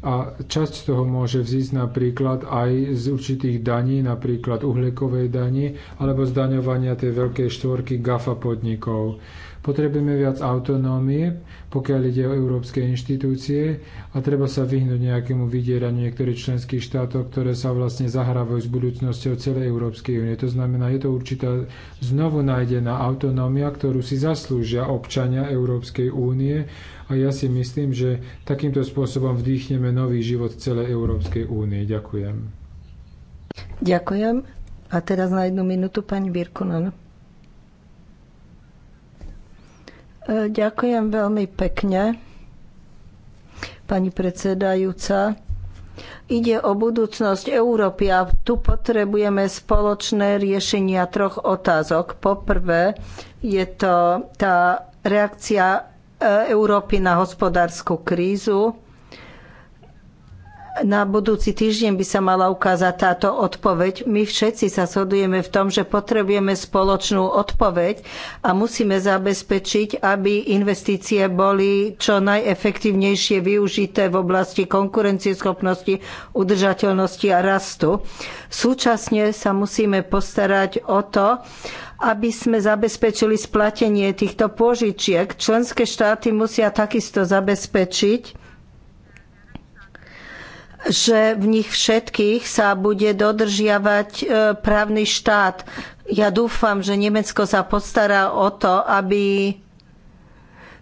a časť z toho môže vzísť napríklad aj z určitých daní, napríklad uhlekovej dani, alebo zdaňovania tej veľkej štvorky GAFA podnikov. Potrebujeme viac autonómie, pokiaľ ide o európske inštitúcie a treba sa vyhnúť nejakému vydieraniu niektorých členských štátov, ktoré sa vlastne zahrávajú s budúcnosťou celej Európskej únie. To znamená, je to určitá znovu nájdená autonómia, ktorú si zaslúžia občania Európskej únie a ja si myslím, že takýmto spôsobom vdýchneme nový život celej Európskej únie. Ďakujem. Ďakujem. A teraz na jednu minútu pani Birkunen. E, ďakujem veľmi pekne, pani predsedajúca. Ide o budúcnosť Európy a tu potrebujeme spoločné riešenia troch otázok. Poprvé je to tá reakcia e, Európy na hospodárskú krízu na budúci týždeň by sa mala ukázať táto odpoveď. My všetci sa shodujeme v tom, že potrebujeme spoločnú odpoveď a musíme zabezpečiť, aby investície boli čo najefektívnejšie využité v oblasti konkurencieschopnosti, udržateľnosti a rastu. Súčasne sa musíme postarať o to, aby sme zabezpečili splatenie týchto pôžičiek. Členské štáty musia takisto zabezpečiť, že v nich všetkých sa bude dodržiavať e, právny štát. Ja dúfam, že Nemecko sa postará o to, aby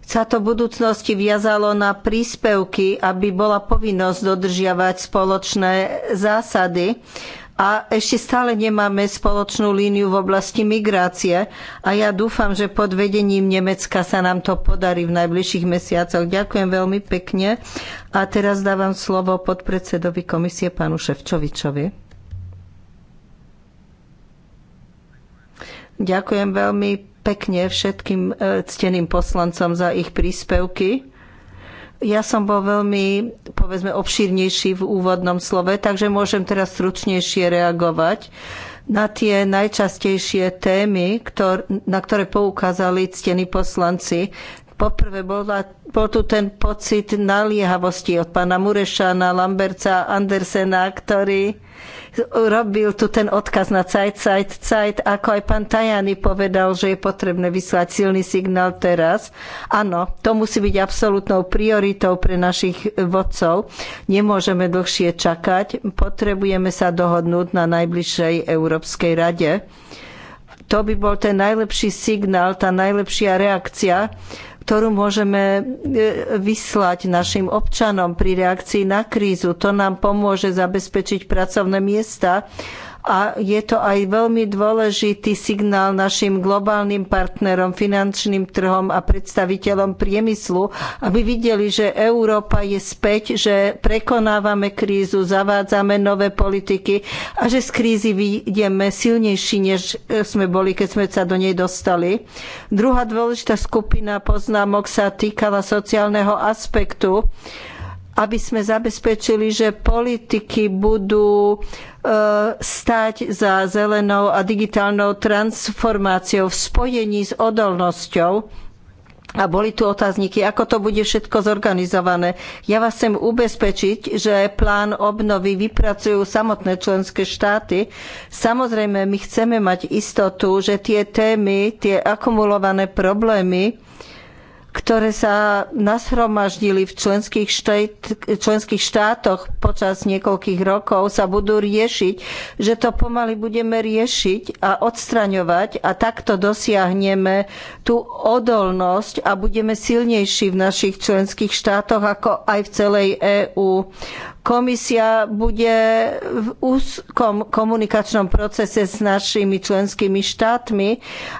sa to v budúcnosti viazalo na príspevky, aby bola povinnosť dodržiavať spoločné zásady a ešte stále nemáme spoločnú líniu v oblasti migrácie a ja dúfam, že pod vedením Nemecka sa nám to podarí v najbližších mesiacoch. Ďakujem veľmi pekne a teraz dávam slovo podpredsedovi komisie pánu Ševčovičovi. Ďakujem veľmi pekne všetkým e, cteným poslancom za ich príspevky. Ja som bol veľmi, povedzme, obšírnejší v úvodnom slove, takže môžem teraz stručnejšie reagovať na tie najčastejšie témy, na ktoré poukázali ctení poslanci. Poprvé bola, bol tu ten pocit naliehavosti od pána Murešana, Lamberca, Andersena, ktorý robil tu ten odkaz na Zeit, Zeit, Zeit, ako aj pán Tajani povedal, že je potrebné vyslať silný signál teraz. Áno, to musí byť absolútnou prioritou pre našich vodcov. Nemôžeme dlhšie čakať, potrebujeme sa dohodnúť na najbližšej Európskej rade. To by bol ten najlepší signál, tá najlepšia reakcia, ktorú môžeme e, vyslať našim občanom pri reakcii na krízu. To nám pomôže zabezpečiť pracovné miesta a je to aj veľmi dôležitý signál našim globálnym partnerom, finančným trhom a predstaviteľom priemyslu, aby videli, že Európa je späť, že prekonávame krízu, zavádzame nové politiky a že z krízy vyjdeme silnejší, než eh, sme boli, keď sme sa do nej dostali. Druhá dôležitá skupina poznámok sa týkala sociálneho aspektu aby sme zabezpečili, že politiky budú E, stať za zelenou a digitálnou transformáciou v spojení s odolnosťou a boli tu otázniky, ako to bude všetko zorganizované. Ja vás chcem ubezpečiť, že plán obnovy vypracujú samotné členské štáty. Samozrejme, my chceme mať istotu, že tie témy, tie akumulované problémy, ktoré sa nashromaždili v členských, štát, členských štátoch počas niekoľkých rokov, sa budú riešiť, že to pomaly budeme riešiť a odstraňovať a takto dosiahneme tú odolnosť a budeme silnejší v našich členských štátoch ako aj v celej EÚ. Komisia bude v úzkom komunikačnom procese s našimi členskými štátmi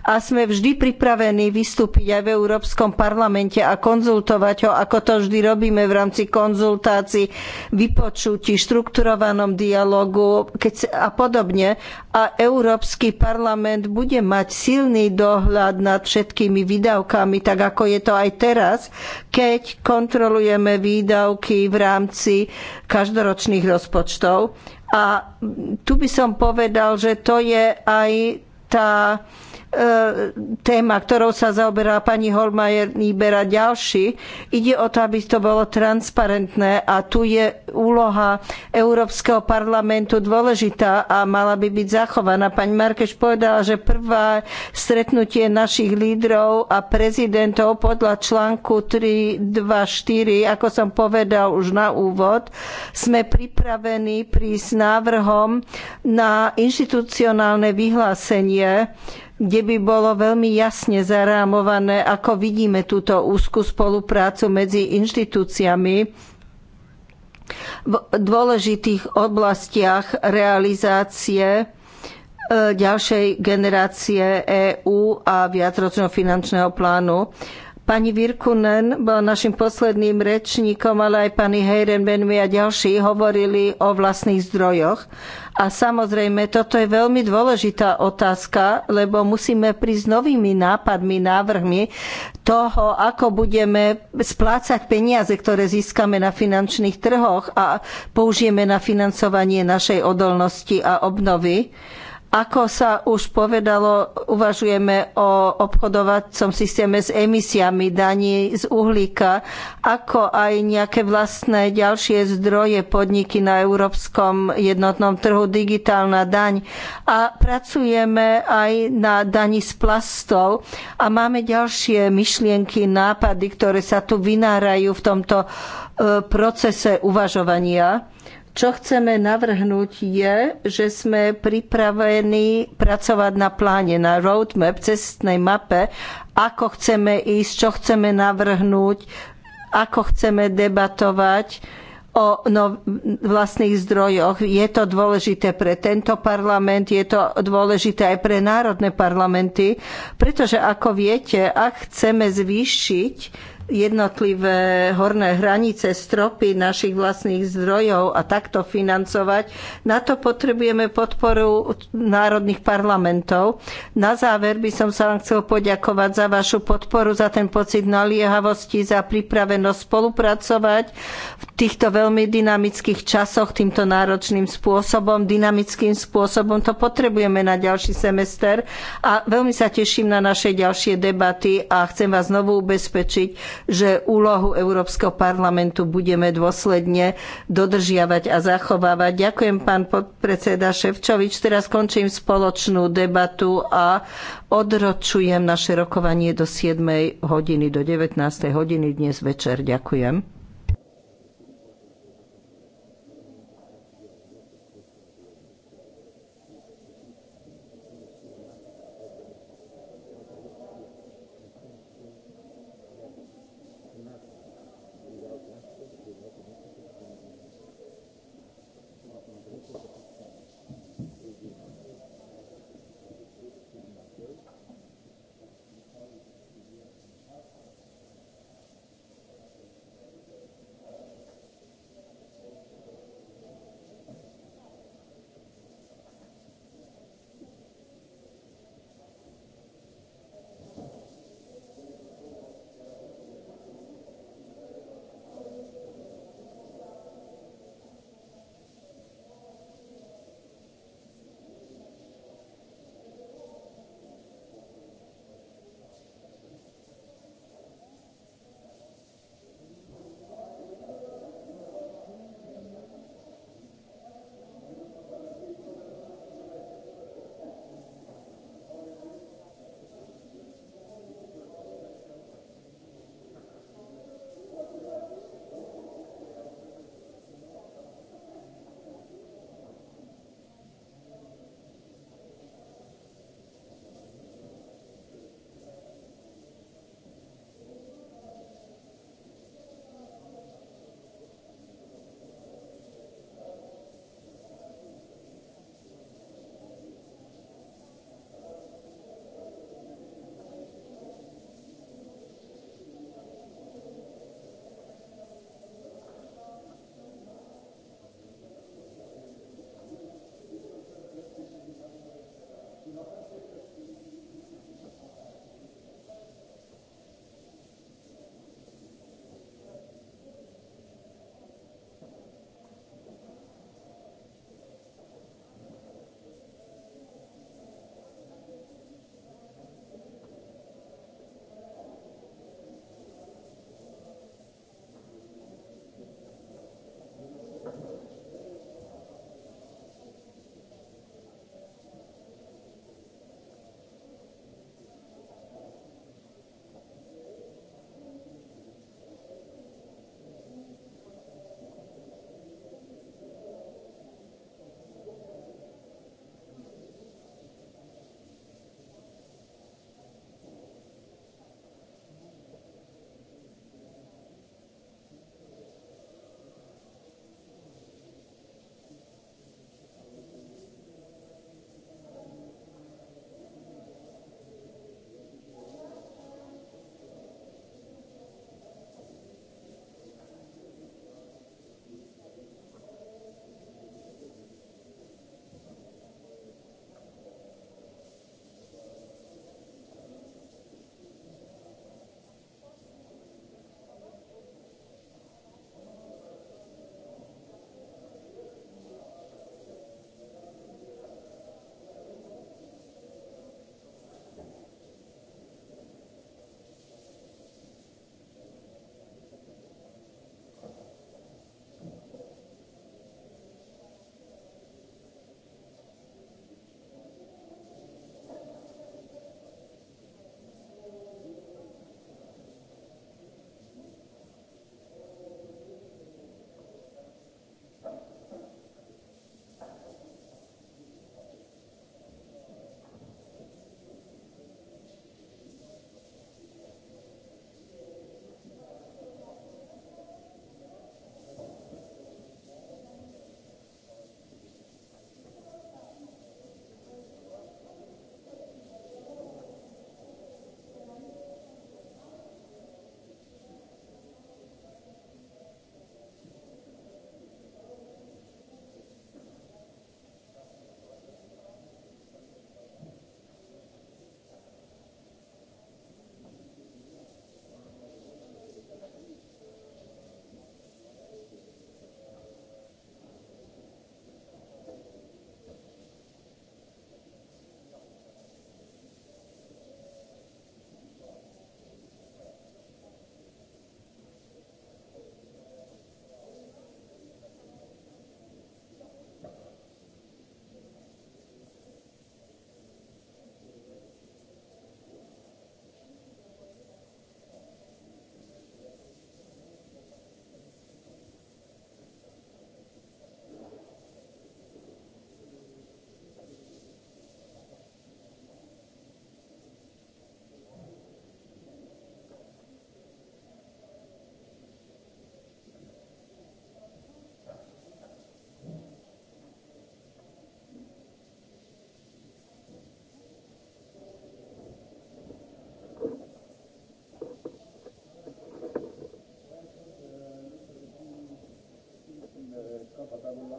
a sme vždy pripravení vystúpiť aj v Európskom parlamente a konzultovať ho, ako to vždy robíme v rámci konzultácií, vypočutí, štrukturovanom dialogu a podobne. A Európsky parlament bude mať silný dohľad nad všetkými výdavkami, tak ako je to aj teraz, keď kontrolujeme výdavky v rámci každoročných rozpočtov. A tu by som povedal, že to je aj tá E, téma, ktorou sa zaoberala pani Holmajer Níbera ďalší. Ide o to, aby to bolo transparentné a tu je úloha Európskeho parlamentu dôležitá a mala by byť zachovaná. Pani Markeš povedala, že prvé stretnutie našich lídrov a prezidentov podľa článku 3.2.4, ako som povedal už na úvod, sme pripravení prísť návrhom na inštitucionálne vyhlásenie kde by bolo veľmi jasne zarámované, ako vidíme túto úzku spoluprácu medzi inštitúciami v dôležitých oblastiach realizácie e, ďalšej generácie EÚ a viacročného finančného plánu. Pani Virkunen bola našim posledným rečníkom, ale aj pani Heiren Benmi a ďalší hovorili o vlastných zdrojoch. A samozrejme, toto je veľmi dôležitá otázka, lebo musíme prísť novými nápadmi, návrhmi toho, ako budeme splácať peniaze, ktoré získame na finančných trhoch a použijeme na financovanie našej odolnosti a obnovy. Ako sa už povedalo, uvažujeme o obchodovacom systéme s emisiami daní z uhlíka, ako aj nejaké vlastné ďalšie zdroje podniky na európskom jednotnom trhu, digitálna daň. A pracujeme aj na dani z plastov a máme ďalšie myšlienky, nápady, ktoré sa tu vynárajú v tomto e, procese uvažovania čo chceme navrhnúť je, že sme pripravení pracovať na pláne, na roadmap, cestnej mape, ako chceme ísť, čo chceme navrhnúť, ako chceme debatovať o no, vlastných zdrojoch. Je to dôležité pre tento parlament, je to dôležité aj pre národné parlamenty, pretože ako viete, ak chceme zvýšiť jednotlivé horné hranice, stropy našich vlastných zdrojov a takto financovať. Na to potrebujeme podporu národných parlamentov. Na záver by som sa vám chcel poďakovať za vašu podporu, za ten pocit naliehavosti, za pripravenosť spolupracovať v týchto veľmi dynamických časoch týmto náročným spôsobom, dynamickým spôsobom. To potrebujeme na ďalší semester a veľmi sa teším na naše ďalšie debaty a chcem vás znovu ubezpečiť, že úlohu Európskeho parlamentu budeme dôsledne dodržiavať a zachovávať. Ďakujem pán podpredseda Ševčovič. Teraz končím spoločnú debatu a odročujem naše rokovanie do 7 hodiny, do 19 hodiny dnes večer. Ďakujem. का पता मिलना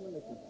minuten.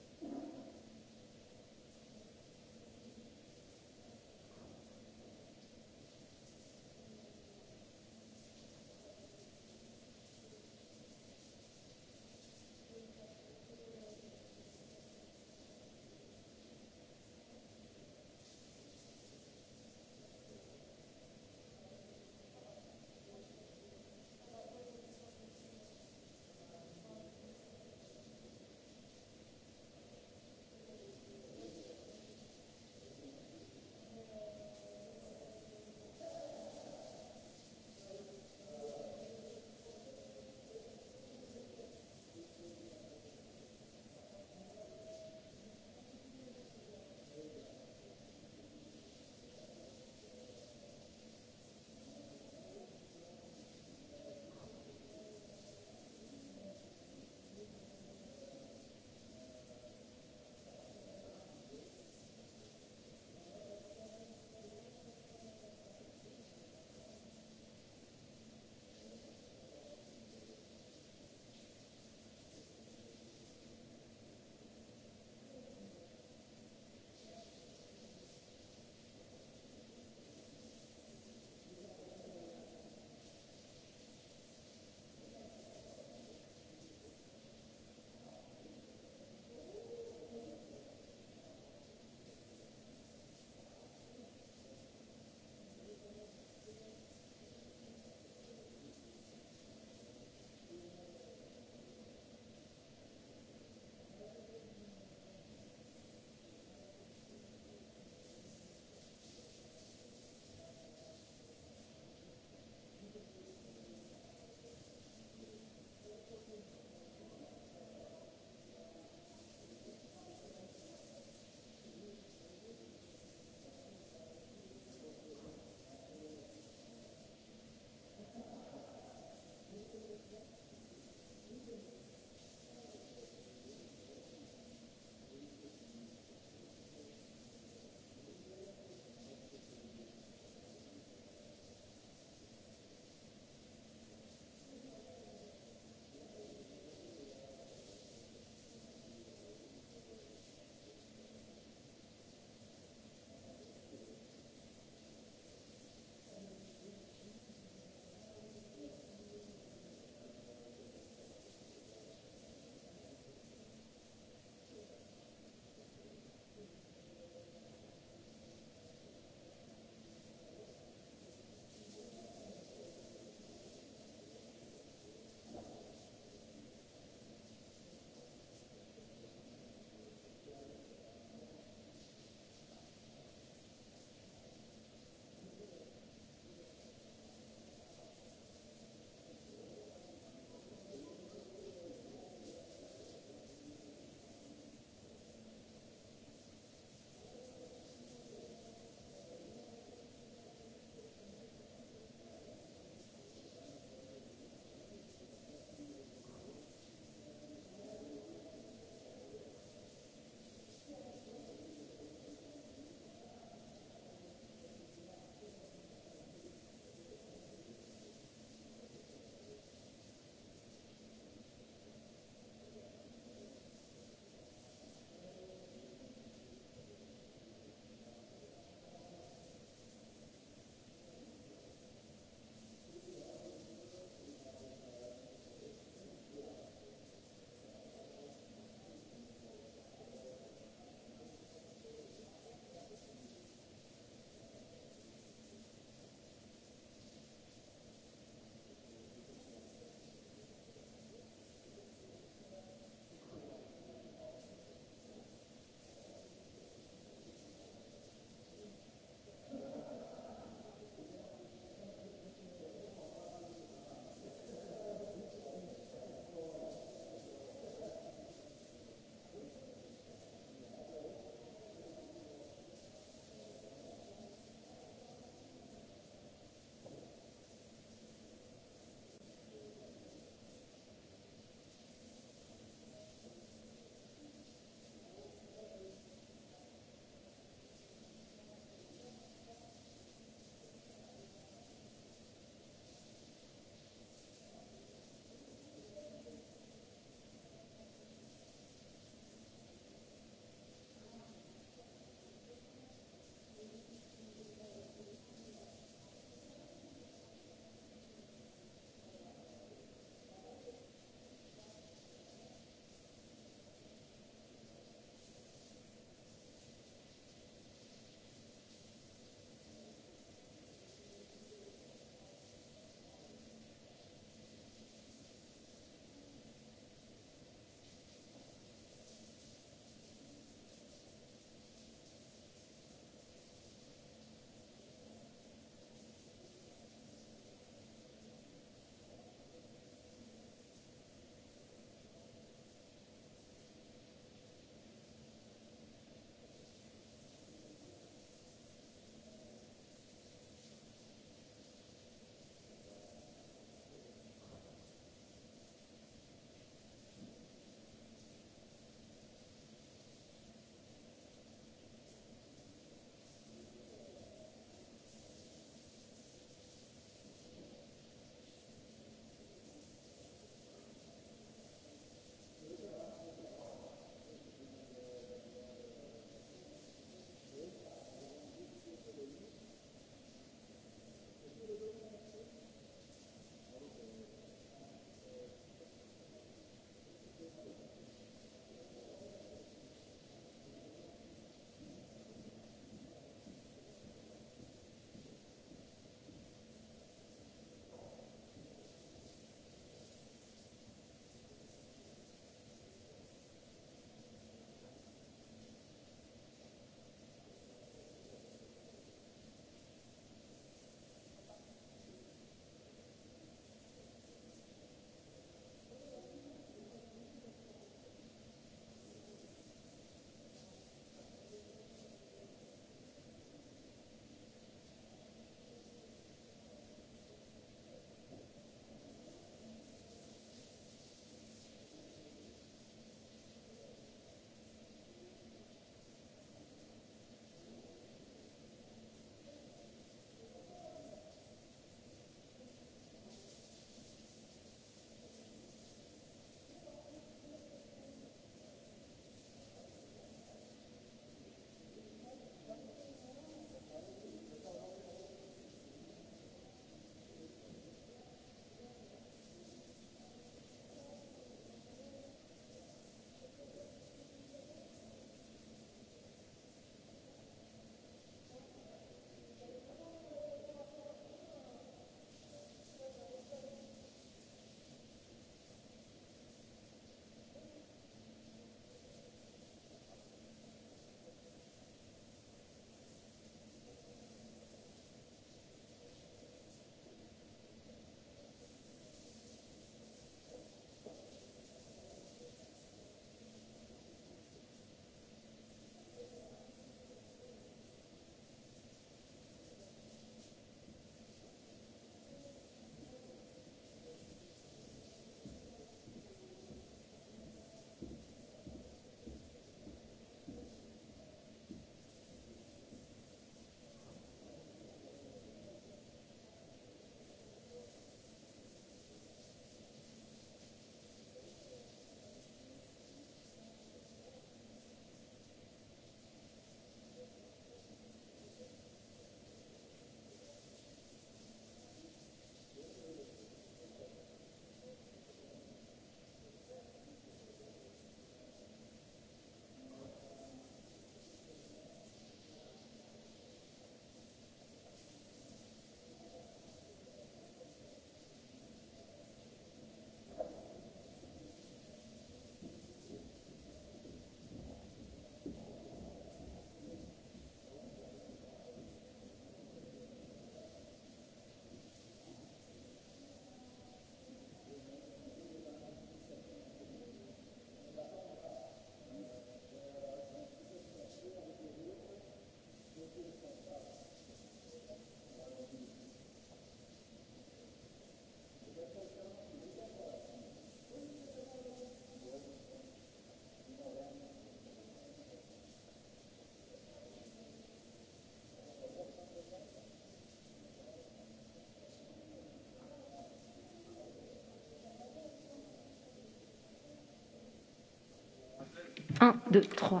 1, 2, 3.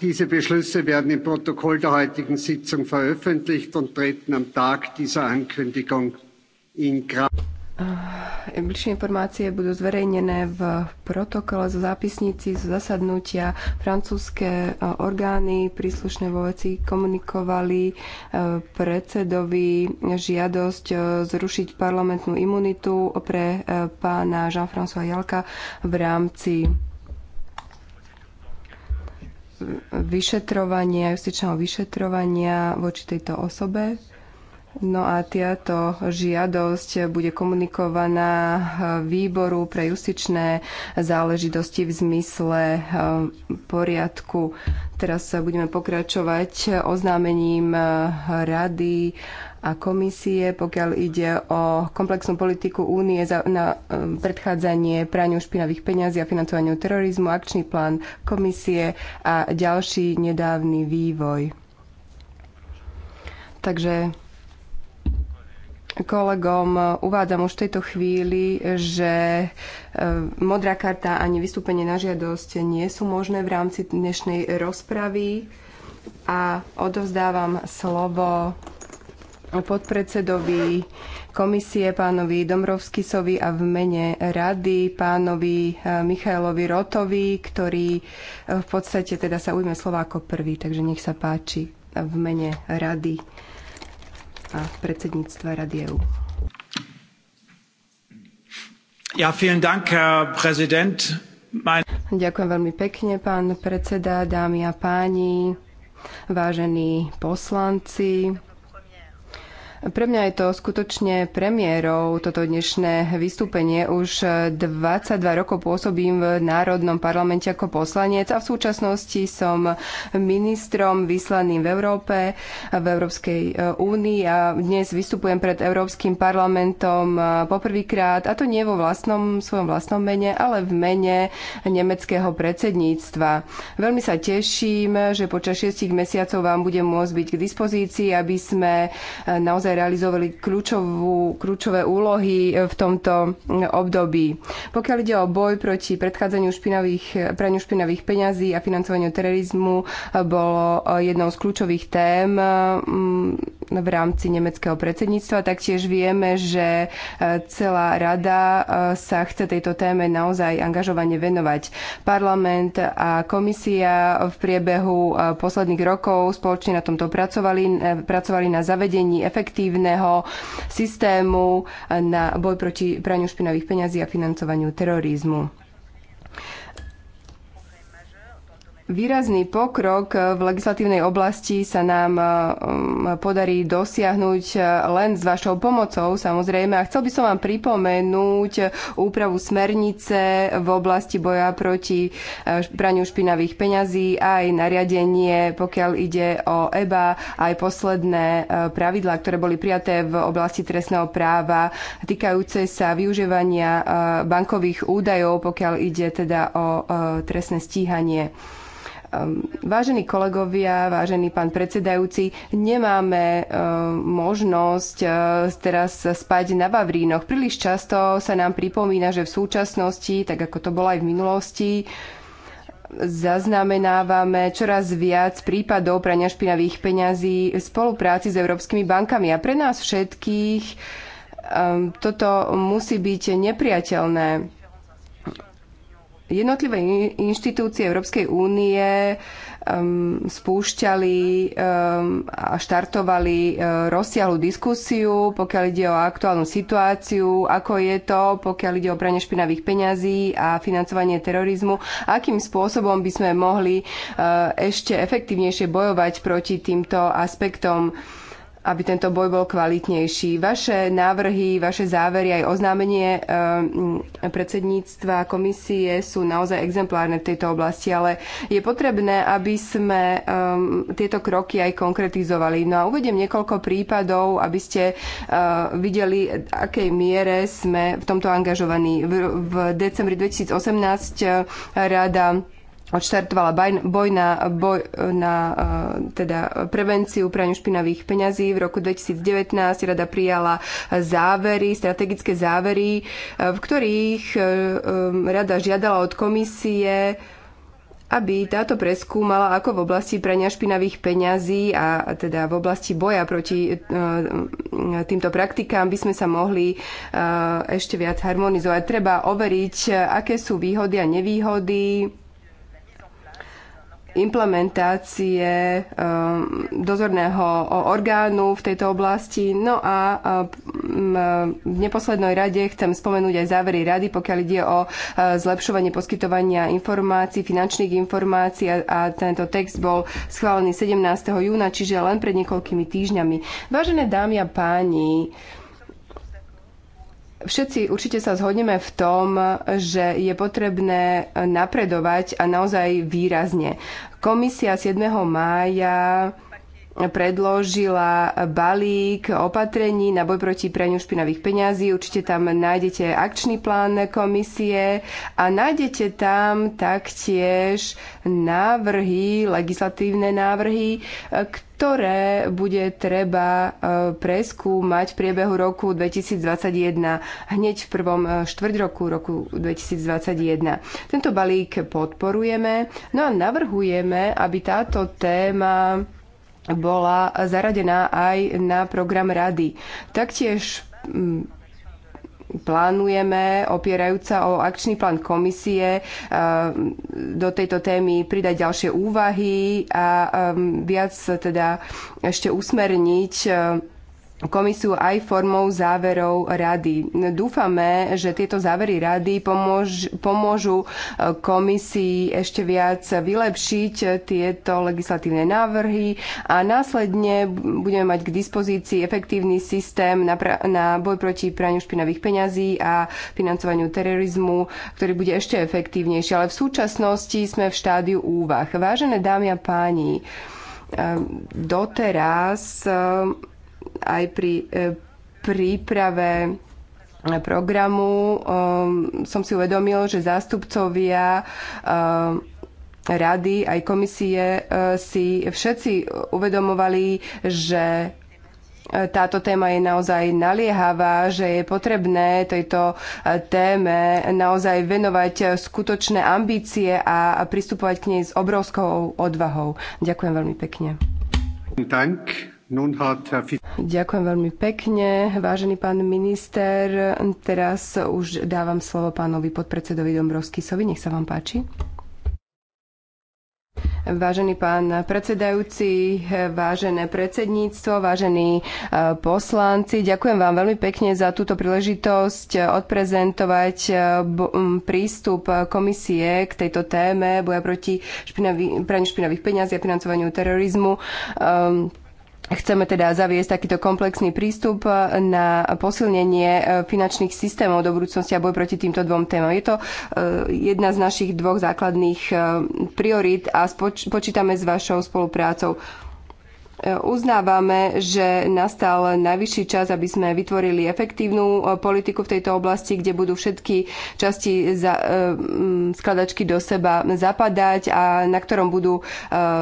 diese beschlüsse werden im protokoll der heutigen sitzung veröffentlicht und treten am tag dieser ankündigung in kraft. Ah, Bližšie informácie budú zverejnené v protokole zo zápisnici zo zasadnutia. Francúzske eh, orgány príslušné vo veci komunikovali eh, predsedovi žiadosť eh, zrušiť parlamentnú imunitu pre pána Jean-François Jalka v rámci vyšetrovania, justičného vyšetrovania voči tejto osobe. No a táto žiadosť bude komunikovaná výboru pre justičné záležitosti v zmysle eh, poriadku. Teraz sa budeme pokračovať oznámením eh, rady a komisie, pokiaľ ide o komplexnú politiku únie na um, predchádzanie praniu špinavých peňazí a financovaniu terorizmu, akčný plán komisie a ďalší nedávny vývoj. Takže kolegom uvádzam už v tejto chvíli, že um, modrá karta ani vystúpenie na žiadosť nie sú možné v rámci dnešnej rozpravy a odovzdávam slovo podpredsedovi komisie pánovi Domrovskisovi a v mene rady pánovi eh, Michailovi Rotovi, ktorý eh, v podstate teda sa ujme slova ako prvý, takže nech sa páči eh, v mene rady a predsedníctva Rady EU. Ja, vielen Dank, Herr Präsident. Mein... Ďakujem veľmi pekne, pán predseda, dámy a páni, vážení poslanci. Pre mňa je to skutočne premiérou toto dnešné vystúpenie. Už 22 rokov pôsobím v Národnom parlamente ako poslanec a v súčasnosti som ministrom vyslaným v Európe, v Európskej e, únii a dnes vystupujem pred Európskym parlamentom e, poprvýkrát a to nie vo vlastnom, svojom vlastnom mene, ale v mene nemeckého predsedníctva. Veľmi sa teším, že počas šiestich mesiacov vám budem môcť byť k dispozícii, aby sme e, naozaj naozaj realizovali kľúčovú, kľúčové úlohy e, v tomto období. Pokiaľ ide o boj proti predchádzaniu špinavých, praniu špinavých peňazí a financovaniu terorizmu, e, bolo e, jednou z kľúčových tém v rámci nemeckého predsedníctva. Taktiež vieme, že celá rada sa chce tejto téme naozaj angažovane venovať. Parlament a komisia v priebehu posledných rokov spoločne na tomto pracovali, pracovali na zavedení efektívnych efektívneho systému na boj proti praniu špinavých peňazí a financovaniu terorizmu. Výrazný pokrok v legislatívnej oblasti sa nám e, podarí dosiahnuť e, len s vašou pomocou, samozrejme. A chcel by som vám pripomenúť úpravu smernice v oblasti boja proti e, praniu špinavých peňazí, aj nariadenie, pokiaľ ide o EBA, aj posledné pravidlá, ktoré boli prijaté v oblasti trestného práva, týkajúce sa využívania bankových údajov, pokiaľ ide teda o trestné stíhanie. Ehm, vážení kolegovia, vážený pán predsedajúci, nemáme ehm, možnosť ehm, teraz spať na Vavrínoch. Príliš často sa nám pripomína, že v súčasnosti, tak ako to bolo aj v minulosti, zaznamenávame čoraz viac prípadov prania špinavých peňazí v spolupráci s európskymi bankami. A pre nás všetkých toto musí byť nepriateľné jednotlivé inštitúcie Európskej únie um, spúšťali um, a štartovali um, rozsiahlu diskusiu, pokiaľ ide o aktuálnu situáciu, ako je to, pokiaľ ide o pranie špinavých peňazí a financovanie terorizmu, akým spôsobom by sme mohli uh, ešte efektívnejšie bojovať proti týmto aspektom aby tento boj bol kvalitnejší. Vaše návrhy, vaše závery aj oznámenie eh, predsedníctva komisie sú naozaj exemplárne v tejto oblasti, ale je potrebné, aby sme eh, tieto kroky aj konkretizovali. No a uvediem niekoľko prípadov, aby ste eh, videli, akej miere sme v tomto angažovaní. V, decembri 2018 rada odštartovala boj na, boj na e, teda prevenciu praniu špinavých peňazí. V roku 2019 rada prijala závery, strategické závery, e, v ktorých e, rada žiadala od komisie aby táto preskúmala, ako v oblasti prania špinavých peňazí a teda v oblasti boja proti týmto praktikám by sme sa mohli ešte viac harmonizovať. Treba overiť, aké sú výhody a nevýhody implementácie um, dozorného orgánu v tejto oblasti. No a um, v neposlednej rade chcem spomenúť aj závery rady, pokiaľ ide o uh, zlepšovanie poskytovania informácií, finančných informácií a tento text bol schválený 17. júna, čiže len pred niekoľkými týždňami. Vážené dámy a páni, Všetci určite sa zhodneme v tom, že je potrebné napredovať a naozaj výrazne. Komisia 7. mája predložila balík opatrení na boj proti praniu špinavých peňazí. Určite tam nájdete akčný plán komisie a nájdete tam taktiež návrhy, legislatívne návrhy, ktoré bude treba e, preskúmať v priebehu roku 2021, hneď v prvom e, štvrť roku roku 2021. Tento balík podporujeme, no a navrhujeme, aby táto téma bola zaradená aj na program rady. Taktiež mm, plánujeme, opierajúca o akčný plán komisie, do tejto témy pridať ďalšie úvahy a viac teda ešte usmerniť komisiu aj formou záverov rady. Dúfame, že tieto závery rady pomôž, pomôžu e, komisii ešte viac vylepšiť tieto legislatívne návrhy a následne budeme mať k dispozícii efektívny systém na, na boj proti praniu špinavých peňazí a financovaniu terorizmu, ktorý bude ešte efektívnejší. Ale v súčasnosti sme v štádiu úvah. Vážené dámy a páni, e, doteraz e, aj pri e, príprave e, programu ehm, som si uvedomil, že zástupcovia ehm, rady aj komisie e, si všetci uvedomovali, že táto téma je naozaj naliehavá, že je potrebné tejto téme naozaj venovať skutočné ambície a pristupovať k nej s obrovskou odvahou. Ďakujem veľmi pekne. Dank. Ďakujem veľmi pekne, vážený pán minister. Teraz už dávam slovo pánovi podpredsedovi Dombrovskisovi. Nech sa vám páči. Vážený pán predsedajúci, vážené predsedníctvo, vážení e, poslanci, ďakujem vám veľmi pekne za túto príležitosť odprezentovať e, prístup komisie k tejto téme boja proti špinavý, praniu špinavých peňazí a financovaniu terorizmu. Um, Chceme teda zaviesť takýto komplexný prístup e, na posilnenie e, finančných systémov do budúcnosti a boj proti týmto dvom témam. Je to e, jedna z našich dvoch základných priorít a počítame s vašou spoluprácou. E, uznávame, že nastal najvyšší čas, aby sme vytvorili efektívnu e, politiku v tejto oblasti, kde budú všetky časti za, e, skladačky do seba zapadať a na ktorom budú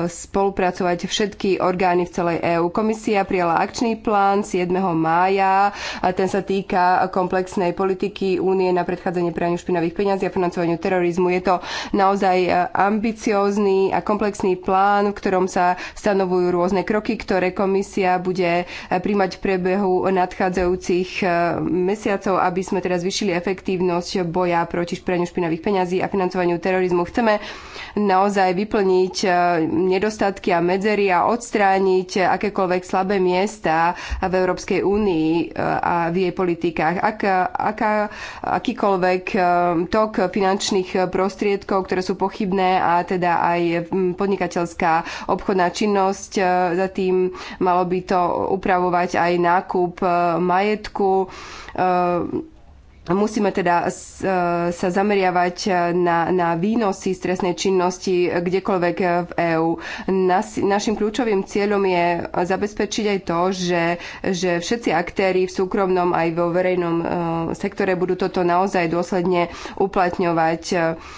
spolupracovať všetky orgány v celej EÚ. Komisia prijala akčný plán 7. mája a ten sa týka komplexnej politiky únie na predchádzanie praniu špinavých peňazí a financovaniu terorizmu. Je to naozaj ambiciózny a komplexný plán, v ktorom sa stanovujú rôzne kroky kroky, ktoré komisia bude e, príjmať v priebehu nadchádzajúcich e, mesiacov, aby sme teraz zvýšili efektívnosť boja proti špraniu špinavých peňazí a financovaniu terorizmu. Chceme naozaj vyplniť e, nedostatky a medzery a odstrániť akékoľvek slabé miesta v Európskej únii a v jej politikách. Ak, aká, akýkoľvek tok finančných prostriedkov, ktoré sú pochybné a teda aj podnikateľská obchodná činnosť, za tým malo by to upravovať aj nákup eh, majetku eh, Musíme teda e, sa zameriavať e, na, na výnosy stresnej činnosti kdekoľvek v EÚ. Nas, našim kľúčovým cieľom je zabezpečiť aj to, že, že všetci aktéry v súkromnom aj vo verejnom e, sektore budú toto naozaj dôsledne uplatňovať.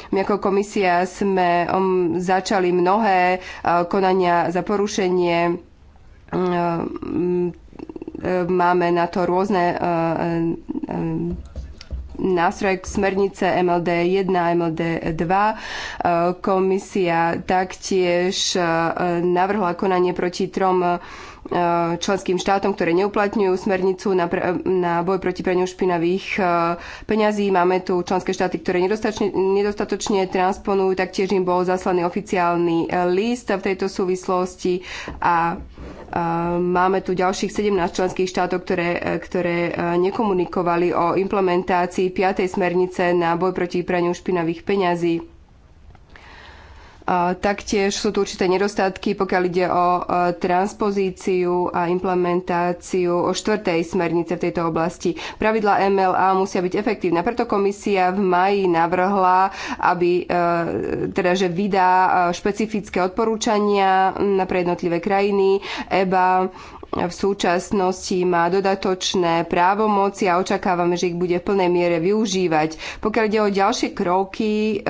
My ako komisia sme um, začali mnohé konania za porušenie máme na to rôzne nástrojek smernice MLD 1 a MLD 2. E, komisia taktiež e, navrhla konanie proti trom E, členským štátom, ktoré neuplatňujú smernicu na, pre, na boj proti praniu špinavých e, peňazí. Máme tu členské štáty, ktoré nedostatočne, nedostatočne transponujú, taktiež im bol zaslaný oficiálny e, list v tejto súvislosti a Máme tu ďalších 17 členských štátov, ktoré, ktoré nekomunikovali o implementácii 5. smernice na boj proti praniu špinavých peňazí taktiež sú tu určité nedostatky, pokiaľ ide o e, transpozíciu a implementáciu o štvrtej smernice v tejto oblasti. Pravidla MLA musia byť efektívne, preto komisia v maji navrhla, aby e, teda, že vydá e, špecifické odporúčania na pre jednotlivé krajiny. EBA v súčasnosti má dodatočné právomoci a očakávame, že ich bude v plnej miere využívať. Pokiaľ ide o ďalšie kroky, eh,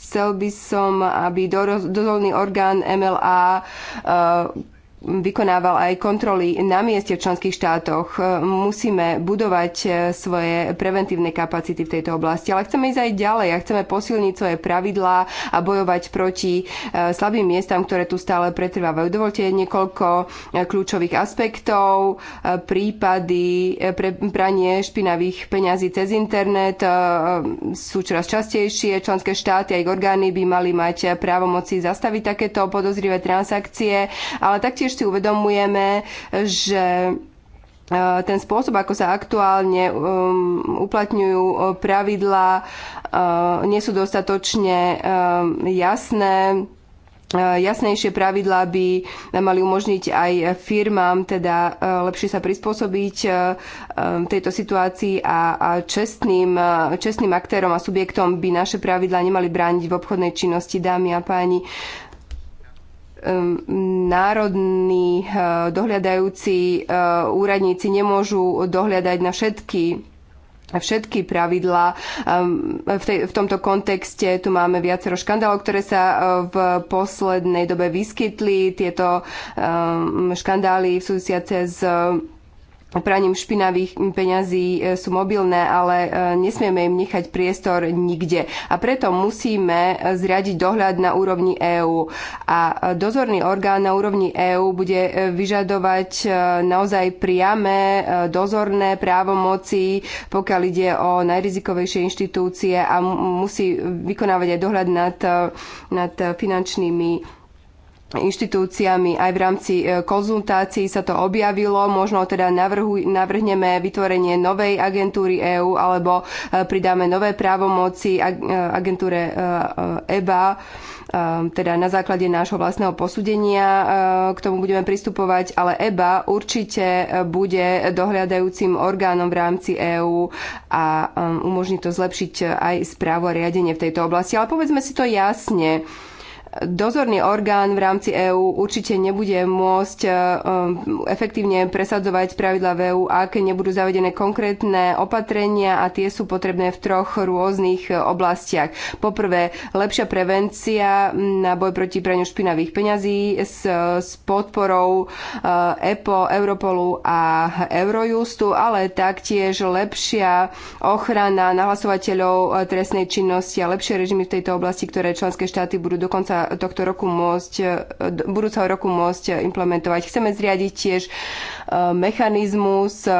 chcel by som, aby dozorný orgán MLA eh, vykonával aj kontroly na mieste v členských štátoch. E, musíme budovať e, svoje preventívne kapacity v tejto oblasti, ale chceme ísť aj ďalej a chceme posilniť svoje pravidlá a bojovať proti e, slabým miestam, ktoré tu stále pretrvávajú. Dovolte niekoľko kľúčových aspektov, prípady pre pranie špinavých peňazí cez internet sú čoraz častejšie. Členské štáty a ich orgány by mali mať právomoci zastaviť takéto podozrivé transakcie, ale taktiež tiež si uvedomujeme, že e, ten spôsob, ako sa aktuálne um, uplatňujú e, pravidlá, e, nie sú dostatočne jasné jasnejšie pravidlá by mali umožniť aj firmám teda lepšie sa prispôsobiť tejto situácii a, a čestným, čestným aktérom a subjektom by naše pravidlá nemali brániť v obchodnej činnosti. Dámy a páni, národní eh, dohľadajúci eh, úradníci nemôžu dohľadať na všetky všetky pravidlá. V, tej, v tomto kontexte tu máme viacero škandálov, ktoré sa eh, v poslednej dobe vyskytli. Tieto škandály v súvisiace s praním špinavých peňazí e, sú mobilné, ale e, nesmieme im nechať priestor nikde. A preto musíme e, zriadiť dohľad na úrovni EÚ. A dozorný orgán na úrovni EÚ bude vyžadovať naozaj priame dozorné právomoci, pokiaľ ide o najrizikovejšie inštitúcie a musí vykonávať aj dohľad nad, nad finančnými inštitúciami aj v rámci e, konzultácií sa to objavilo. Možno teda navrhneme vytvorenie novej agentúry EÚ alebo e, pridáme nové právomoci e, agentúre EBA, teda na základe nášho vlastného posúdenia k tomu budeme pristupovať, ale EBA určite bude dohľadajúcim orgánom v rámci EÚ a umožní to zlepšiť aj správu a riadenie v tejto oblasti. Ale povedzme si to jasne dozorný orgán v rámci EÚ určite nebude môcť e, um, efektívne presadzovať pravidla v EÚ, ak nebudú zavedené konkrétne opatrenia a tie sú potrebné v troch rôznych e, oblastiach. Poprvé, lepšia prevencia mm, na boj proti praniu špinavých peňazí s, e, s podporou EPO, Europolu a Eurojustu, ale taktiež lepšia ochrana nahlasovateľov trestnej činnosti a lepšie režimy v tejto oblasti, ktoré členské štáty budú dokonca tohto roku môcť, e, budúceho roku môcť implementovať. Chceme zriadiť tiež e, mechanizmus e,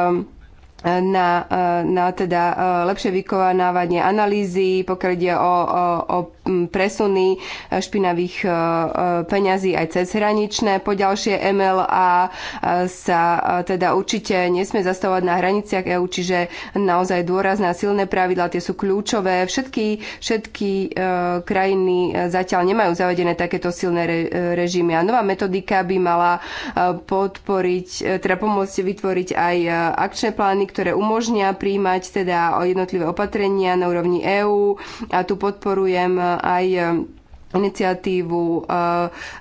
na, na teda lepšie vykonávanie analýzy, pokiaľ ide o, o, o presuny e, špinavých e, e, peňazí aj cez hraničné. Po ďalšie MLA sa teda určite nesmie zastavovať na hraniciach EÚ, čiže naozaj dôrazné silné pravidlá, tie sú kľúčové. Všetky, všetky krajiny zatiaľ nemajú zavedené takéto silné režimy a nová metodika by mala podporiť, teda pomôcť vytvoriť aj akčné plány, ktoré umožnia príjmať teda jednotlivé opatrenia na úrovni EÚ a tu podporujem aj iniciatívu e,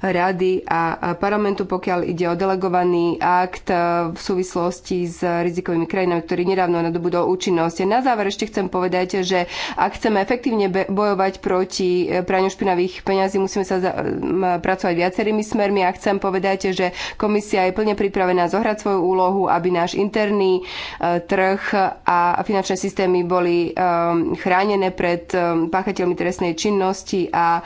rady a parlamentu, pokiaľ ide o delegovaný akt e, v súvislosti s rizikovými krajinami, ktorý nedávno nadobudol účinnosť. Na záver ešte chcem povedať, že ak chceme efektívne bojovať proti e, praniu špinavých peňazí, musíme sa pracovať viacerými smermi a chcem povedať, že komisia je plne pripravená zohrať svoju úlohu, aby náš interný trh a finančné systémy boli chránené pred páchateľmi trestnej činnosti a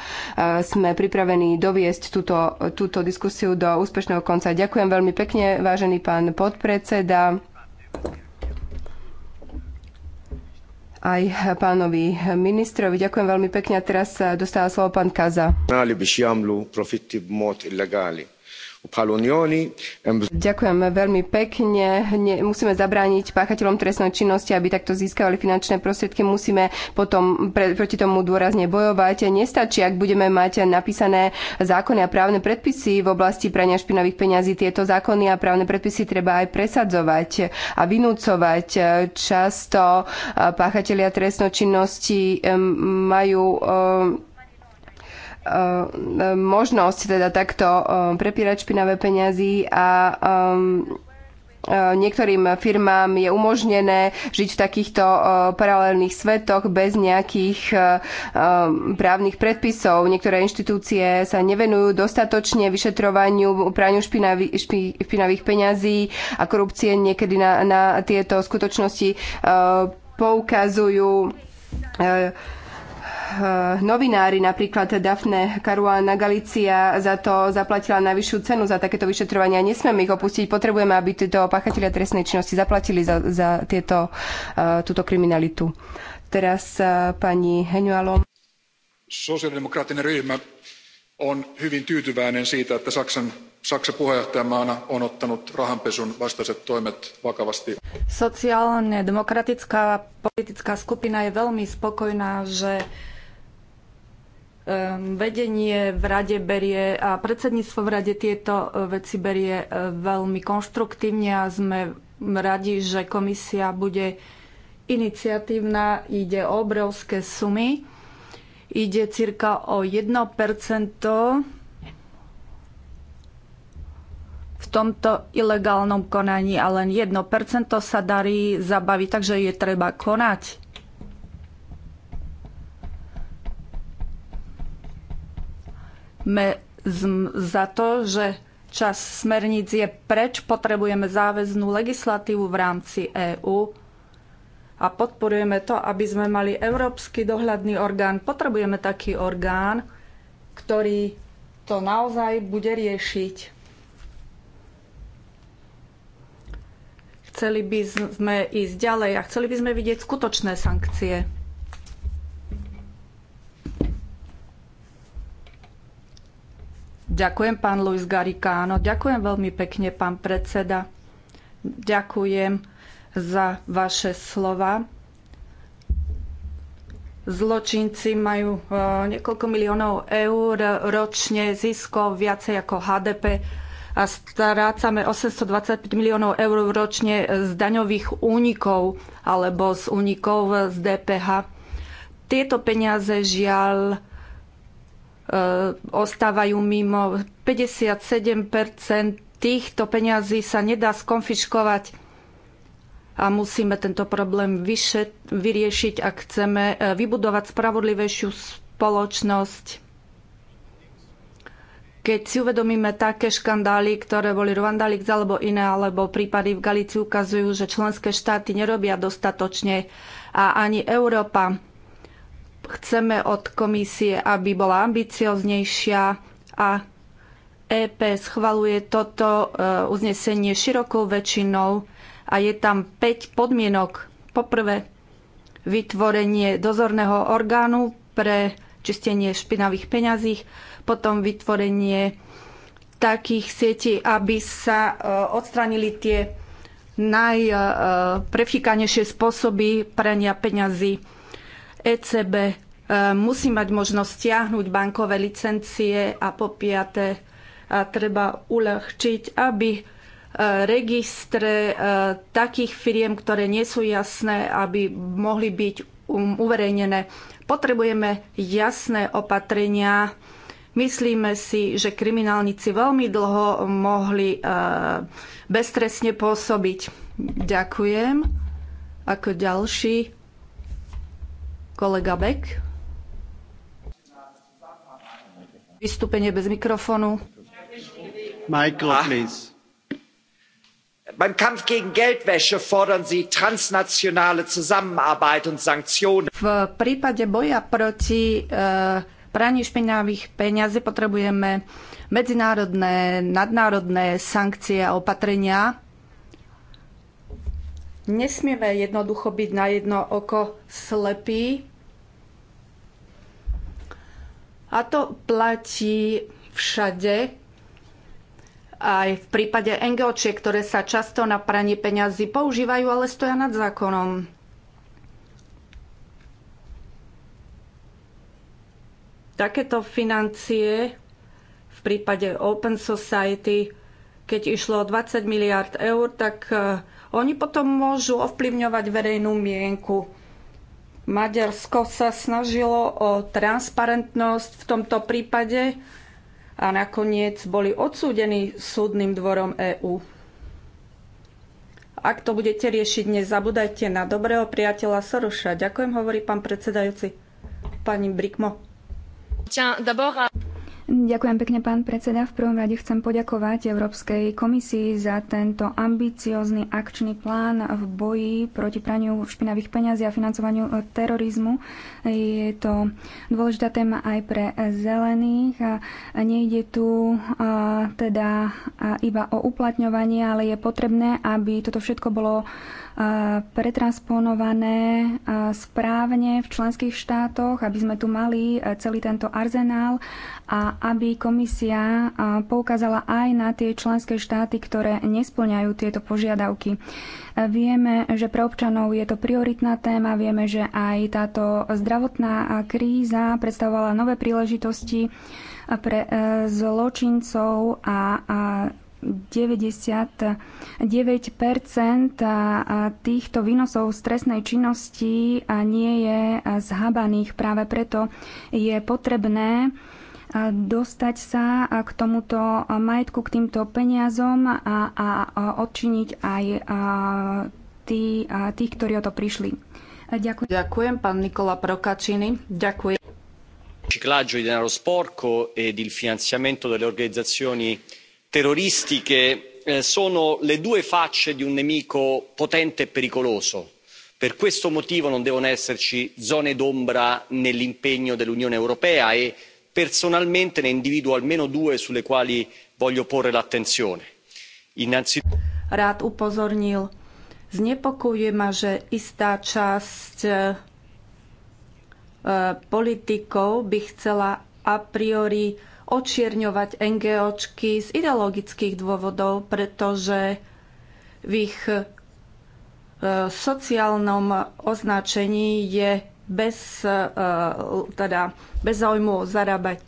sme pripravení doviesť túto, túto diskusiu do úspešného konca. Ďakujem veľmi pekne, vážený pán podpredseda. aj pánovi ministrovi. Ďakujem veľmi pekne a teraz dostáva slovo pán Kaza. Ďakujem veľmi pekne. musíme zabrániť páchateľom trestnej činnosti, aby takto získavali finančné prostriedky. Musíme potom pre, proti tomu dôrazne bojovať. Nestačí, ak budeme mať napísané zákony a právne predpisy v oblasti prania špinavých peňazí. Tieto zákony a právne predpisy treba aj presadzovať a vynúcovať. Často eh, páchatelia trestnej činnosti majú eh, Eh, možnosť teda takto eh, prepírať špinavé peniazy a eh, niektorým firmám je umožnené žiť v takýchto paralelných svetoch bez nejakých právnych predpisov. Niektoré inštitúcie sa nevenujú dostatočne vyšetrovaniu praniu špinavých peňazí a korupcie niekedy na, na tieto skutočnosti poukazujú Eh, novinári, napríklad Dafne Caruana Galicia za to zaplatila najvyššiu cenu za takéto vyšetrovania. Nesmieme ich opustiť, potrebujeme, aby títo páchatelia trestnej činnosti zaplatili za, za tieto, eh, túto kriminalitu. Teraz eh, pani Heňualo. Sosiaalidemokraattinen ryhmä on hyvin tyytyväinen siitä, että Saksan Saksa puheenjohtajamaana on ottanut rahanpesun vastaiset toimet vakavasti. Sociálne demokratická politická skupina je veľmi spokojná, že Ehm, vedenie v rade berie a predsedníctvo v rade tieto e, veci berie e, veľmi konštruktívne a sme radi, že komisia bude iniciatívna, ide o obrovské sumy, ide cirka o 1% v tomto ilegálnom konaní a len 1% sa darí zabaviť, takže je treba konať za to, že čas smerníc je preč, potrebujeme záväznú legislatívu v rámci EÚ a podporujeme to, aby sme mali európsky dohľadný orgán. Potrebujeme taký orgán, ktorý to naozaj bude riešiť. Chceli by sme ísť ďalej a chceli by sme vidieť skutočné sankcie. Ďakujem, pán Luis Garikáno. Ďakujem veľmi pekne, pán predseda. Ďakujem za vaše slova. Zločinci majú e, niekoľko miliónov eur ročne ziskov, viacej ako HDP a strácame 825 miliónov eur ročne z daňových únikov alebo z únikov z DPH. Tieto peniaze žiaľ E, ostávajú mimo. 57 týchto peňazí sa nedá skonfiškovať a musíme tento problém vyšet, vyriešiť, ak chceme e, vybudovať spravodlivejšiu spoločnosť. Keď si uvedomíme také škandály, ktoré boli Rwandalix alebo iné, alebo prípady v Galícii ukazujú, že členské štáty nerobia dostatočne a ani Európa Chceme od komisie, aby bola ambicioznejšia a EP schvaluje toto e, uznesenie širokou väčšinou a je tam 5 podmienok. Poprvé, vytvorenie dozorného orgánu pre čistenie špinavých peňazí, potom vytvorenie takých sietí, aby sa e, odstranili tie najprefíkanejšie spôsoby prania peňazí ECB e, musí mať možnosť stiahnuť bankové licencie a po piaté e, treba uľahčiť, aby e, registre takých firiem, ktoré nie sú jasné, aby mohli byť um, uverejnené. Potrebujeme jasné opatrenia. Myslíme si, že kriminálnici veľmi dlho mohli beztresne pôsobiť. Ďakujem. Ako ďalší Kolega Beck. Vystúpenie bez mikrofónu. Michael, ah. please. Beim Kampf gegen Geldwäsche fordern Sie transnationale Zusammenarbeit und Sanktionen. V prípade boja proti uh, e, praní špinavých peňazí potrebujeme medzinárodné, nadnárodné sankcie a opatrenia Nesmieme jednoducho byť na jedno oko slepí. A to platí všade, aj v prípade NGOčiek, ktoré sa často na pranie peňazí používajú, ale stoja nad zákonom. Takéto financie v prípade Open Society, keď išlo o 20 miliard eur, tak eh, oni potom môžu ovplyvňovať verejnú mienku. Maďarsko sa snažilo o transparentnosť v tomto prípade a nakoniec boli odsúdení súdnym dvorom EÚ. Ak to budete riešiť, zabudajte na dobrého priateľa Soroša. Ďakujem, hovorí pán predsedajúci. Pani Brikmo. Ďakujem pekne, pán predseda. V prvom rade chcem poďakovať Európskej komisii za tento ambiciózny akčný plán v boji proti praniu špinavých peňazí a financovaniu e, terorizmu. Je to dôležitá téma aj pre zelených. A nejde tu teda iba o uplatňovanie, ale je potrebné, aby toto všetko bolo pretransponované správne v členských štátoch, aby sme tu mali e, celý tento arzenál a aby komisia poukázala aj na tie členské štáty, ktoré nesplňajú tieto požiadavky. E, vieme, že pre občanov je to prioritná téma, vieme, že aj táto zdravotná kríza predstavovala nové príležitosti pre e, zločincov a 99 týchto výnosov z trestnej činnosti nie je zhabaných. Práve preto je potrebné dostať sa k tomuto majetku, k týmto peniazom a, a odčiniť aj tí, tí, ktorí o to prišli. Ďakujem. Ďakujem, pán Nikola Prokačiny. Ďakujem. Riciclaggio di denaro sporco ed il finanziamento delle organizzazioni terroristiche eh, sono le due facce di un nemico potente e pericoloso per questo motivo non devono esserci zone d'ombra nell'impegno dell'unione europea e personalmente ne individuo almeno due sulle quali voglio porre l'attenzione. rád upozornil znepokojuje ma že istá časť eh, eh, politikov by chcela a priori očierňovať NGOčky z ideologických dôvodov, pretože v ich e, sociálnom označení je bez, e, teda bez zaujmu zarábať.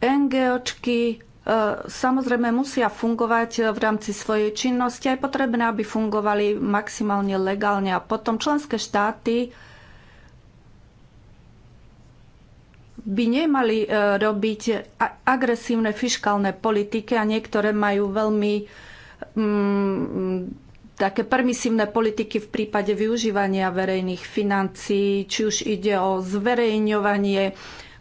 NGOčky e, samozrejme musia fungovať v rámci svojej činnosti. Je potrebné, aby fungovali maximálne legálne a potom členské štáty by nemali e, robiť agresívne fiškálne politiky a niektoré majú veľmi mm, také permisívne politiky v prípade využívania verejných financií, či už ide o zverejňovanie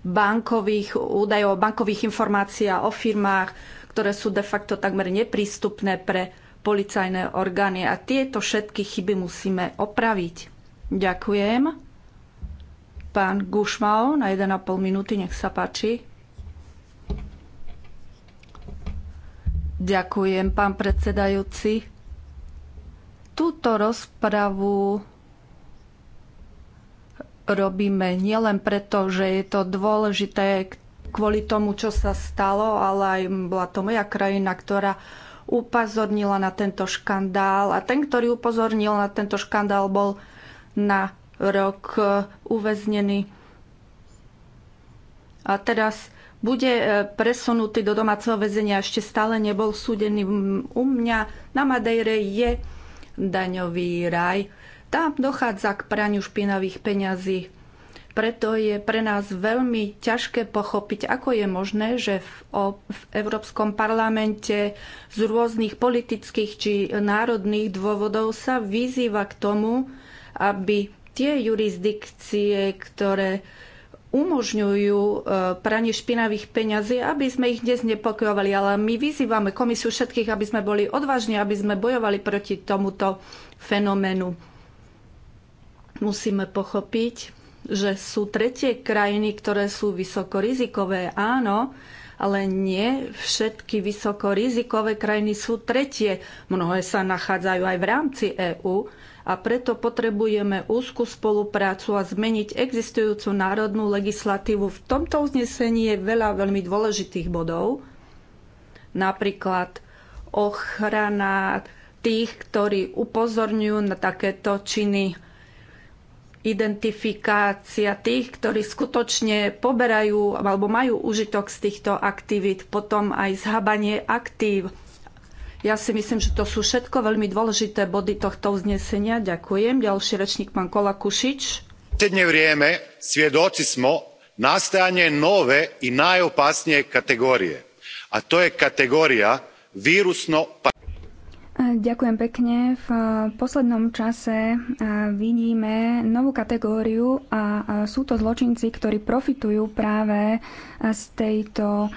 bankových údajov, bankových informácií o firmách, ktoré sú de facto takmer neprístupné pre policajné orgány. A tieto všetky chyby musíme opraviť. Ďakujem. Pán Gušmao na 1,5 minúty, nech sa páči. Ďakujem, pán predsedajúci. Túto rozpravu robíme nielen preto, že je to dôležité kvôli tomu, čo sa stalo, ale aj bola to moja krajina, ktorá upozornila na tento škandál. A ten, ktorý upozornil na tento škandál, bol na rok e, uväznený. A teraz bude e, presunutý do domáceho väzenia, ešte stále nebol súdený. U mňa na Madejre je daňový raj. Tam dochádza k praniu špinavých peňazí. Preto je pre nás veľmi ťažké pochopiť, ako je možné, že v, o, v Európskom parlamente z rôznych politických či národných dôvodov sa vyzýva k tomu, aby tie jurisdikcie, ktoré umožňujú e, pranie špinavých peňazí, aby sme ich dnes nepokojovali. Ale my vyzývame komisiu všetkých, aby sme boli odvážni, aby sme bojovali proti tomuto fenoménu. Musíme pochopiť, že sú tretie krajiny, ktoré sú vysokorizikové. Áno, ale nie všetky vysokorizikové krajiny sú tretie. Mnohé sa nachádzajú aj v rámci EÚ a preto potrebujeme úzku spoluprácu a zmeniť existujúcu národnú legislatívu. V tomto uznesení je veľa veľmi dôležitých bodov, napríklad ochrana tých, ktorí upozorňujú na takéto činy, identifikácia tých, ktorí skutočne poberajú alebo majú užitok z týchto aktivít, potom aj zhabanie aktív, ja si myslím, že to sú všetko veľmi dôležité body tohto uznesenia. Ďakujem. Ďalší rečník, pán Kola Kušič. V posljednje vrijeme svjedoci smo nastajanje nove i najopasnije kategorije, a to je kategorija virusno e, Ďakujem pekne. V poslednom čase e, vidíme novú kategóriu a sú to zločinci, ktorí profitujú práve e, z tejto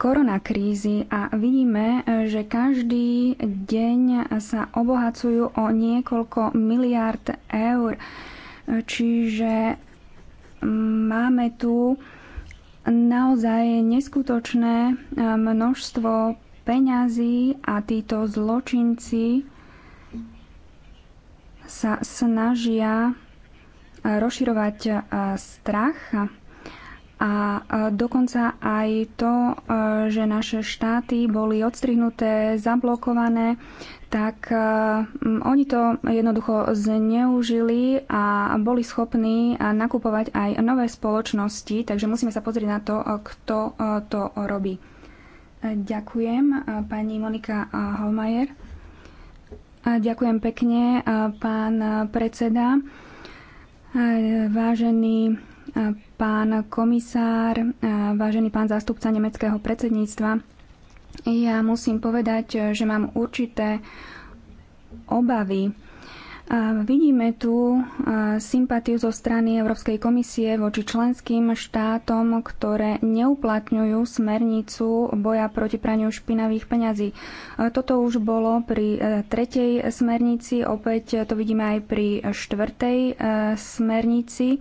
koronakrízy a vidíme, že každý deň sa obohacujú o niekoľko miliárd eur. Čiže mm, máme tu naozaj neskutočné eh, množstvo peňazí a títo zločinci sa snažia eh, rozširovať eh, strach a e, dokonca aj to, e, že naše štáty boli odstrihnuté, zablokované, tak e, oni to jednoducho zneužili a boli schopní nakupovať aj nové spoločnosti, takže musíme sa pozrieť na to, kto to robí. Ďakujem, pani Monika Holmajer. Ďakujem pekne, pán predseda. Vážení pán komisár, vážený pán zástupca nemeckého predsedníctva. Ja musím povedať, že mám určité obavy. Vidíme tu sympatiu zo strany Európskej komisie voči členským štátom, ktoré neuplatňujú smernicu boja proti praniu špinavých peňazí. Toto už bolo pri e, tretej smernici, opäť to vidíme aj pri štvrtej e, smernici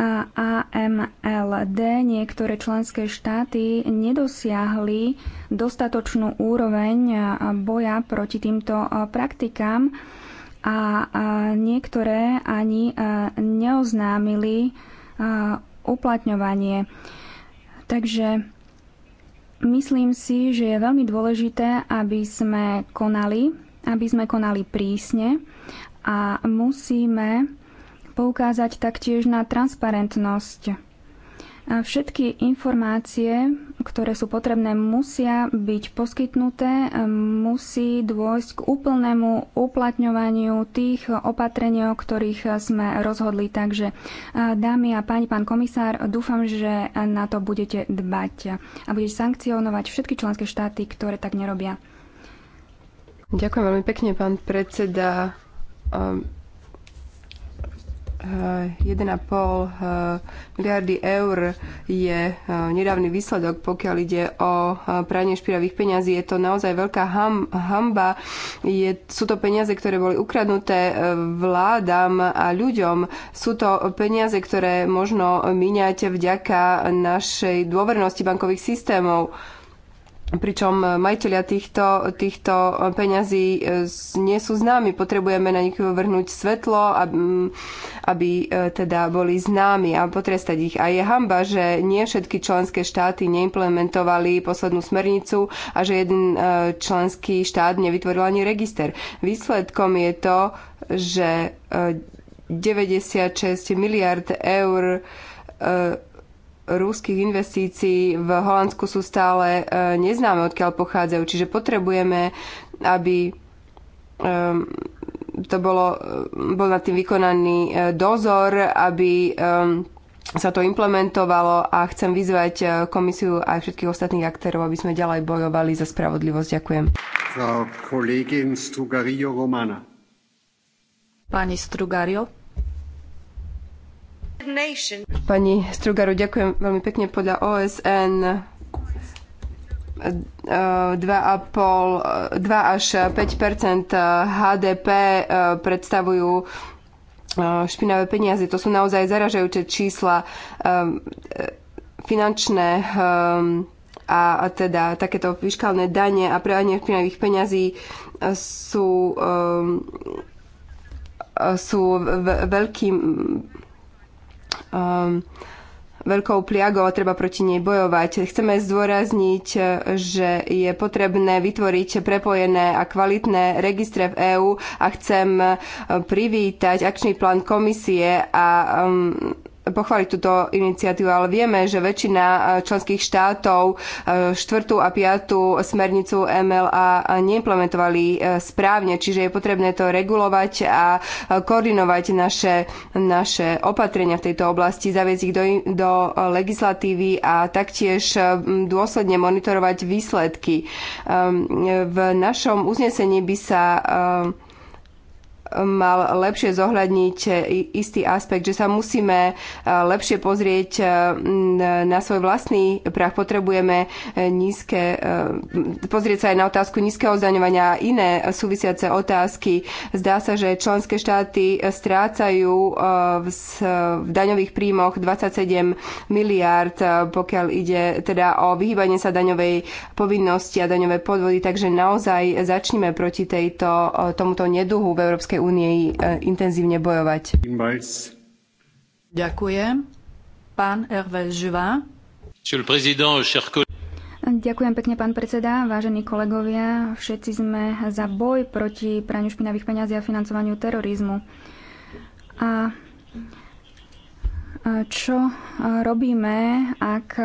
AMLD niektoré členské štáty nedosiahli dostatočnú úroveň boja proti týmto praktikám a niektoré ani neoznámili uplatňovanie. Takže myslím si, že je veľmi dôležité, aby sme konali, aby sme konali prísne a musíme poukázať taktiež na transparentnosť. Všetky informácie, ktoré sú potrebné, musia byť poskytnuté, musí dôjsť k úplnému uplatňovaniu tých opatrení, o ktorých sme rozhodli. Takže, dámy a páni, pán komisár, dúfam, že na to budete dbať a budete sankcionovať všetky členské štáty, ktoré tak nerobia. Ďakujem veľmi pekne, pán predseda. Ehm, 1,5 eh, eh, miliardy eur je eh, nedávny výsledok, pokiaľ ide o pranie špiravých peňazí. Je to naozaj veľká ham, hamba. Je, sú to peniaze, ktoré boli ukradnuté vládam a ľuďom. Sú to peniaze, ktoré možno míňať vďaka našej dôvernosti bankových systémov pričom eh, majiteľia týchto, týchto eh, peňazí eh, nie sú známi. Potrebujeme na nich vrhnúť svetlo, aby, aby teda boli známi a potrestať ich. A je hamba, že nie všetky členské štáty neimplementovali poslednú smernicu a že jeden členský štát nevytvoril ani register. Výsledkom je to, že 96 miliard eur ruských investícií v Holandsku sú stále e, neznáme, odkiaľ pochádzajú. Čiže potrebujeme, aby e, to bolo, e, bol nad tým vykonaný dozor, aby sa to implementovalo a chcem vyzvať komisiu aj všetkých ostatných aktérov, aby sme ďalej bojovali za spravodlivosť. Ďakujem. Pani Strugario. Pani Strugaru, ďakujem veľmi pekne podľa OSN. 2 eh, eh, eh, až 5 HDP predstavujú špinavé peniaze. To sú naozaj zaražajúce čísla finančné a teda takéto fiskálne dane a prejanie špinavých peňazí sú, sú veľkým um, veľkou pliagou a treba proti nej bojovať. Chceme zdôrazniť, že je potrebné vytvoriť prepojené a kvalitné registre v EÚ a chcem uh, privítať akčný plán komisie a um, pochváliť túto iniciatívu, ale vieme, že väčšina e, členských štátov e, štvrtú a piatú smernicu MLA neimplementovali e, správne, čiže je potrebné to regulovať a koordinovať naše, naše opatrenia v tejto oblasti, zaviesť ich do, do legislatívy a taktiež dôsledne monitorovať výsledky. V našom uznesení by sa mal lepšie zohľadniť istý aspekt, že sa musíme e, lepšie pozrieť e, na svoj vlastný prach. Potrebujeme e, nízke, pozrieť sa aj na otázku nízkeho zdaňovania a iné súvisiace otázky. Zdá sa, že členské štáty strácajú v daňových príjmoch 27 miliárd, pokiaľ ide teda o vyhýbanie sa daňovej povinnosti a daňové podvody. Takže naozaj začnime proti tejto, tomuto neduhu v Európskej Európskej únie intenzívne bojovať. Ďakujem. Pán Hervé Živá. Ďakujem pekne, pán predseda, vážení kolegovia. Všetci sme za boj proti praniu špinavých peňazí a financovaniu terorizmu. A čo robíme, ak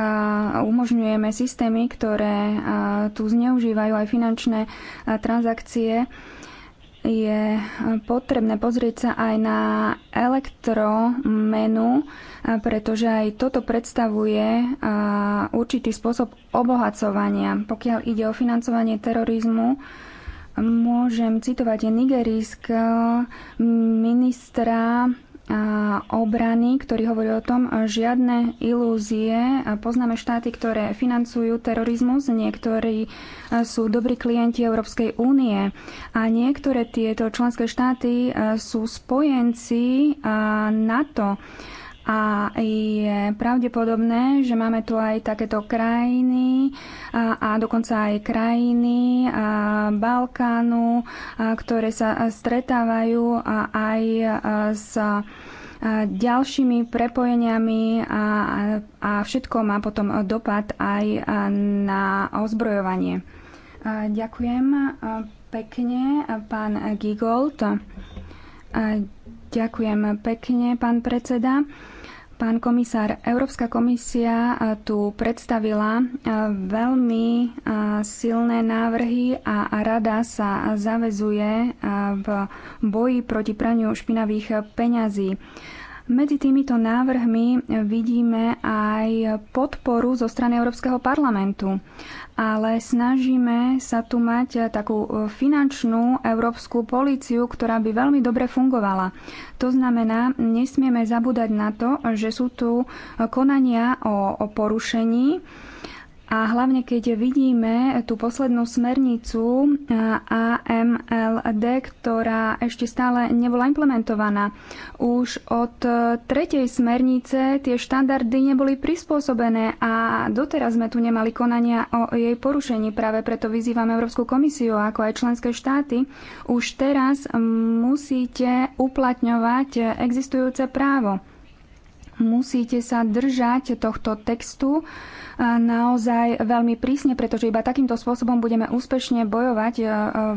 umožňujeme systémy, ktoré tu zneužívajú aj finančné transakcie, je potrebné pozrieť sa aj na elektromenu, pretože aj toto predstavuje určitý spôsob obohacovania. Pokiaľ ide o financovanie terorizmu, môžem citovať nigerijského ministra obrany, ktorý hovorí o tom, žiadne ilúzie. Poznáme štáty, ktoré financujú terorizmus, niektorí sú dobrí klienti Európskej únie a niektoré tieto členské štáty sú spojenci NATO. A je pravdepodobné, že máme tu aj takéto krajiny a, a dokonca aj krajiny a Balkánu, a, ktoré sa stretávajú a, aj s ďalšími prepojeniami a, a všetko má potom dopad aj na ozbrojovanie. Ďakujem pekne, pán Gigold. Ďakujem pekne, pán predseda. Pán komisár, Európska komisia tu predstavila veľmi silné návrhy a rada sa zavezuje v boji proti praniu špinavých peňazí. Medzi týmito návrhmi vidíme aj podporu zo strany Európskeho parlamentu ale snažíme sa tu mať eh, takú eh, finančnú európsku políciu, ktorá by veľmi dobre fungovala. To znamená, nesmieme zabúdať na to, že sú tu eh, konania o, o porušení, a hlavne keď vidíme tú poslednú smernicu eh, AMLD, ktorá ešte stále nebola implementovaná. Už od eh, tretej smernice tie štandardy neboli prispôsobené a doteraz sme tu nemali konania o jej porušení. Práve preto vyzývame Európsku komisiu, ako aj členské štáty. Už teraz musíte uplatňovať existujúce právo. Musíte sa držať tohto textu, naozaj veľmi prísne, pretože iba takýmto spôsobom budeme úspešne bojovať e,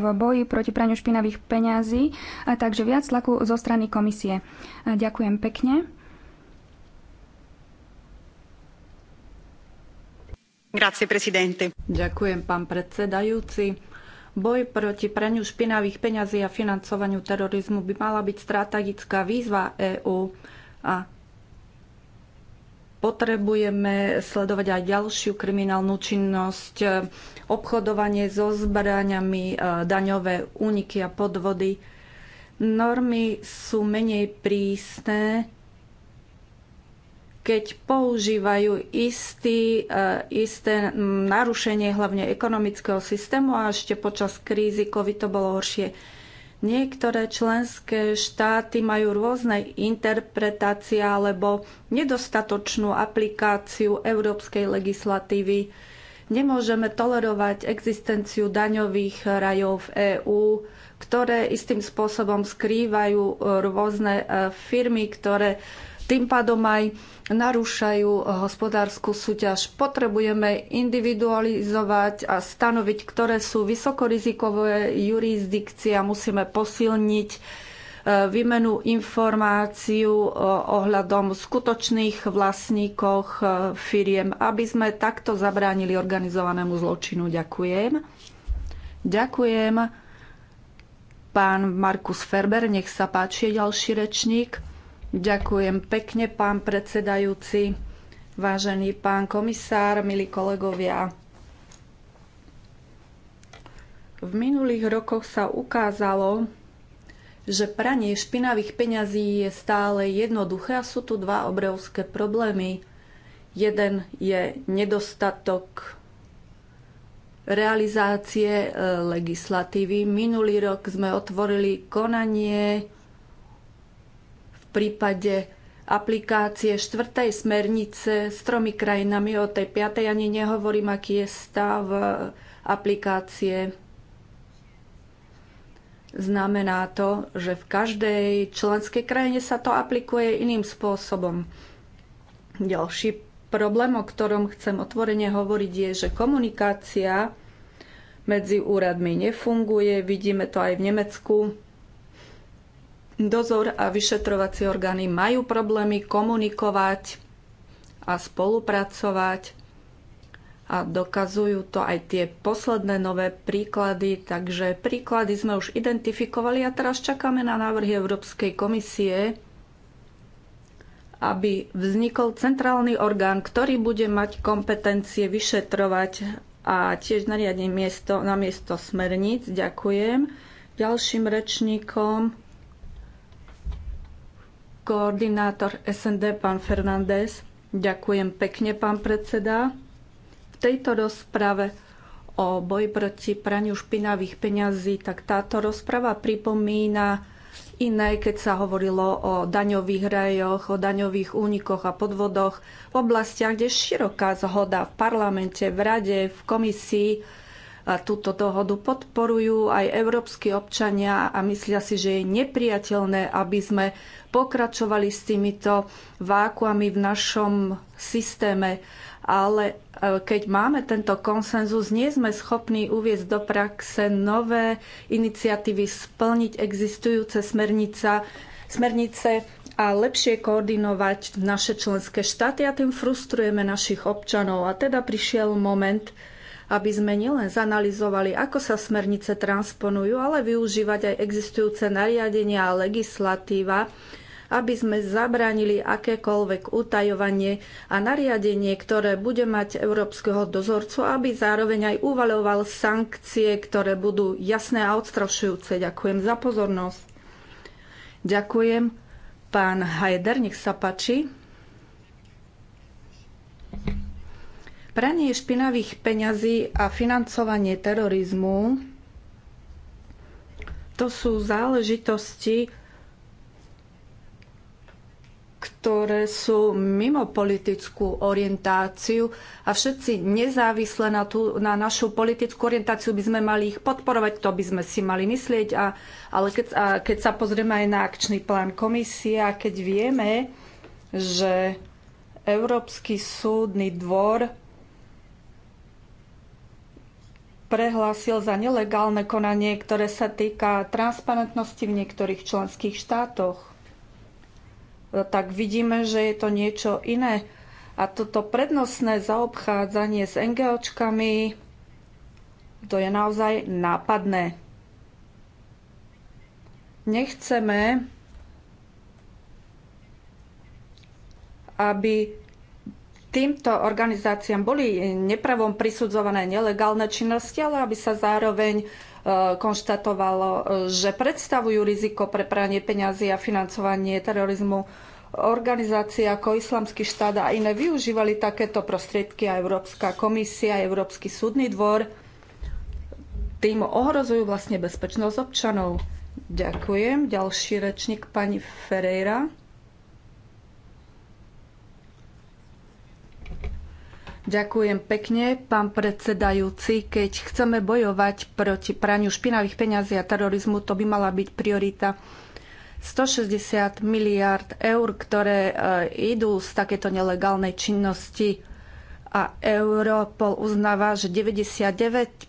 v boji proti praniu špinavých peňazí. Takže viac tlaku zo strany komisie. Ďakujem pekne. Grazie, presidente. Ďakujem, pán predsedajúci. Boj proti praniu špinavých peňazí a financovaniu terorizmu by mala byť strategická výzva EÚ a potrebujeme sledovať aj ďalšiu kriminálnu činnosť, e, obchodovanie so zbraniami, e, daňové úniky a podvody. Normy sú menej prísne, keď používajú istý, e, isté narušenie hlavne ekonomického systému a ešte počas krízy COVID to bolo horšie. Niektoré členské štáty majú rôzne interpretácie alebo nedostatočnú aplikáciu európskej legislatívy. Nemôžeme tolerovať existenciu daňových rajov v EÚ, ktoré istým spôsobom skrývajú rôzne e, firmy, ktoré tým pádom aj narúšajú hospodárskú súťaž. Potrebujeme individualizovať a stanoviť, ktoré sú vysokorizikové jurisdikcie a musíme posilniť e, výmenu informáciu e, ohľadom skutočných vlastníkoch e, firiem, aby sme takto zabránili organizovanému zločinu. Ďakujem. Ďakujem. Pán Markus Ferber, nech sa páči ďalší rečník. Ďakujem pekne, pán predsedajúci, vážený pán komisár, milí kolegovia. V minulých rokoch sa ukázalo, že pranie špinavých peňazí je stále jednoduché a sú tu dva obrovské problémy. Jeden je nedostatok realizácie e, legislatívy. Minulý rok sme otvorili konanie prípade aplikácie štvrtej smernice s tromi krajinami. O tej piatej ani nehovorím, aký je stav aplikácie. Znamená to, že v každej členskej krajine sa to aplikuje iným spôsobom. Ďalší problém, o ktorom chcem otvorene hovoriť, je, že komunikácia medzi úradmi nefunguje. Vidíme to aj v Nemecku Dozor a vyšetrovacie orgány majú problémy komunikovať a spolupracovať a dokazujú to aj tie posledné nové príklady. Takže príklady sme už identifikovali a teraz čakáme na návrhy Európskej komisie, aby vznikol centrálny orgán, ktorý bude mať kompetencie vyšetrovať a tiež nariadne miesto, na miesto smerníc. Ďakujem. Ďalším rečníkom koordinátor SND, pán Fernández. Ďakujem pekne, pán predseda. V tejto rozprave o boji proti praniu špinavých peňazí, tak táto rozprava pripomína iné, keď sa hovorilo o daňových rajoch, o daňových únikoch a podvodoch v oblastiach, kde široká zhoda v parlamente, v rade, v komisii túto dohodu podporujú aj európsky občania a myslia si, že je nepriateľné, aby sme pokračovali s týmito vákuami v našom systéme. Ale e, keď máme tento konsenzus, nie sme schopní uviezť do praxe nové iniciatívy, splniť existujúce smernica, smernice a lepšie koordinovať naše členské štáty a tým frustrujeme našich občanov. A teda prišiel moment, aby sme nielen zanalizovali, ako sa smernice transponujú, ale využívať aj existujúce nariadenia a legislatíva, aby sme zabránili akékoľvek utajovanie a nariadenie, ktoré bude mať európskeho dozorcu, aby zároveň aj uvaloval sankcie, ktoré budú jasné a odstrašujúce. Ďakujem za pozornosť. Ďakujem. Pán Hajder, nech sa páči. Pranie špinavých peňazí a financovanie terorizmu to sú záležitosti, ktoré sú mimo politickú orientáciu a všetci nezávisle na, tú, na našu politickú orientáciu by sme mali ich podporovať, to by sme si mali myslieť. A, ale keď, a keď sa pozrieme aj na akčný plán Komisie a keď vieme, že Európsky súdny dvor prehlásil za nelegálne konanie, ktoré sa týka transparentnosti v niektorých členských štátoch. E, tak vidíme, že je to niečo iné. A toto prednostné zaobchádzanie s NGOčkami, to je naozaj nápadné. Nechceme, aby týmto organizáciám boli nepravom prisudzované nelegálne činnosti, ale aby sa zároveň e, konštatovalo, e, že predstavujú riziko pre pranie peňazí a financovanie terorizmu. Organizácie ako Islamský štát a iné využívali takéto prostriedky a Európska komisia, a Európsky súdny dvor. Tým ohrozujú vlastne bezpečnosť občanov. Ďakujem. Ďalší rečník pani Ferreira. Ďakujem pekne, pán predsedajúci. Keď chceme bojovať proti praniu špinavých peňazí a terorizmu, to by mala byť priorita. 160 miliard eur, ktoré e, idú z takéto nelegálnej činnosti a Europol uznáva, že 99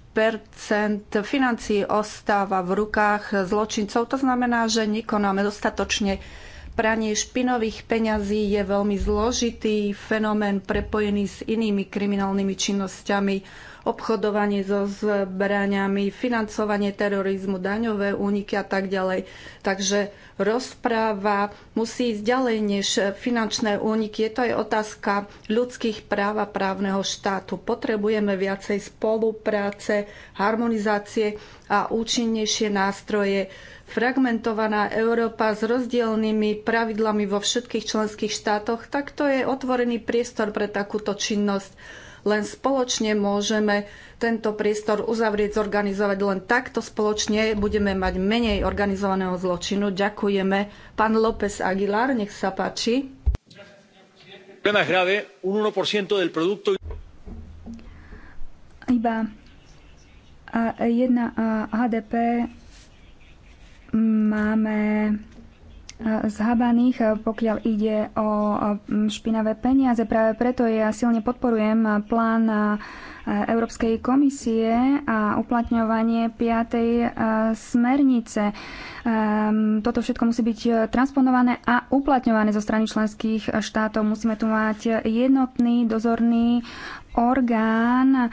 financií ostáva v rukách zločincov. To znamená, že nekonáme dostatočne pranie špinových peňazí je veľmi zložitý fenomén prepojený s inými kriminálnymi činnosťami, obchodovanie so zbraniami, financovanie terorizmu, daňové úniky a tak ďalej. Takže rozpráva musí ísť ďalej než finančné úniky. Je to aj otázka ľudských práv a právneho štátu. Potrebujeme viacej spolupráce, harmonizácie a účinnejšie nástroje fragmentovaná Európa s rozdielnymi pravidlami vo všetkých členských štátoch, tak to je otvorený priestor pre takúto činnosť. Len spoločne môžeme tento priestor uzavrieť, zorganizovať. Len takto spoločne budeme mať menej organizovaného zločinu. Ďakujeme. Pán López Aguilar, nech sa páči. Iba jedna HDP máme e, zhabaných, e, pokiaľ ide o e, špinavé peniaze. Práve preto ja silne podporujem plán Európskej komisie a uplatňovanie 5. smernice. Toto všetko musí byť transponované a uplatňované zo strany členských štátov. Musíme tu mať jednotný dozorný orgán a,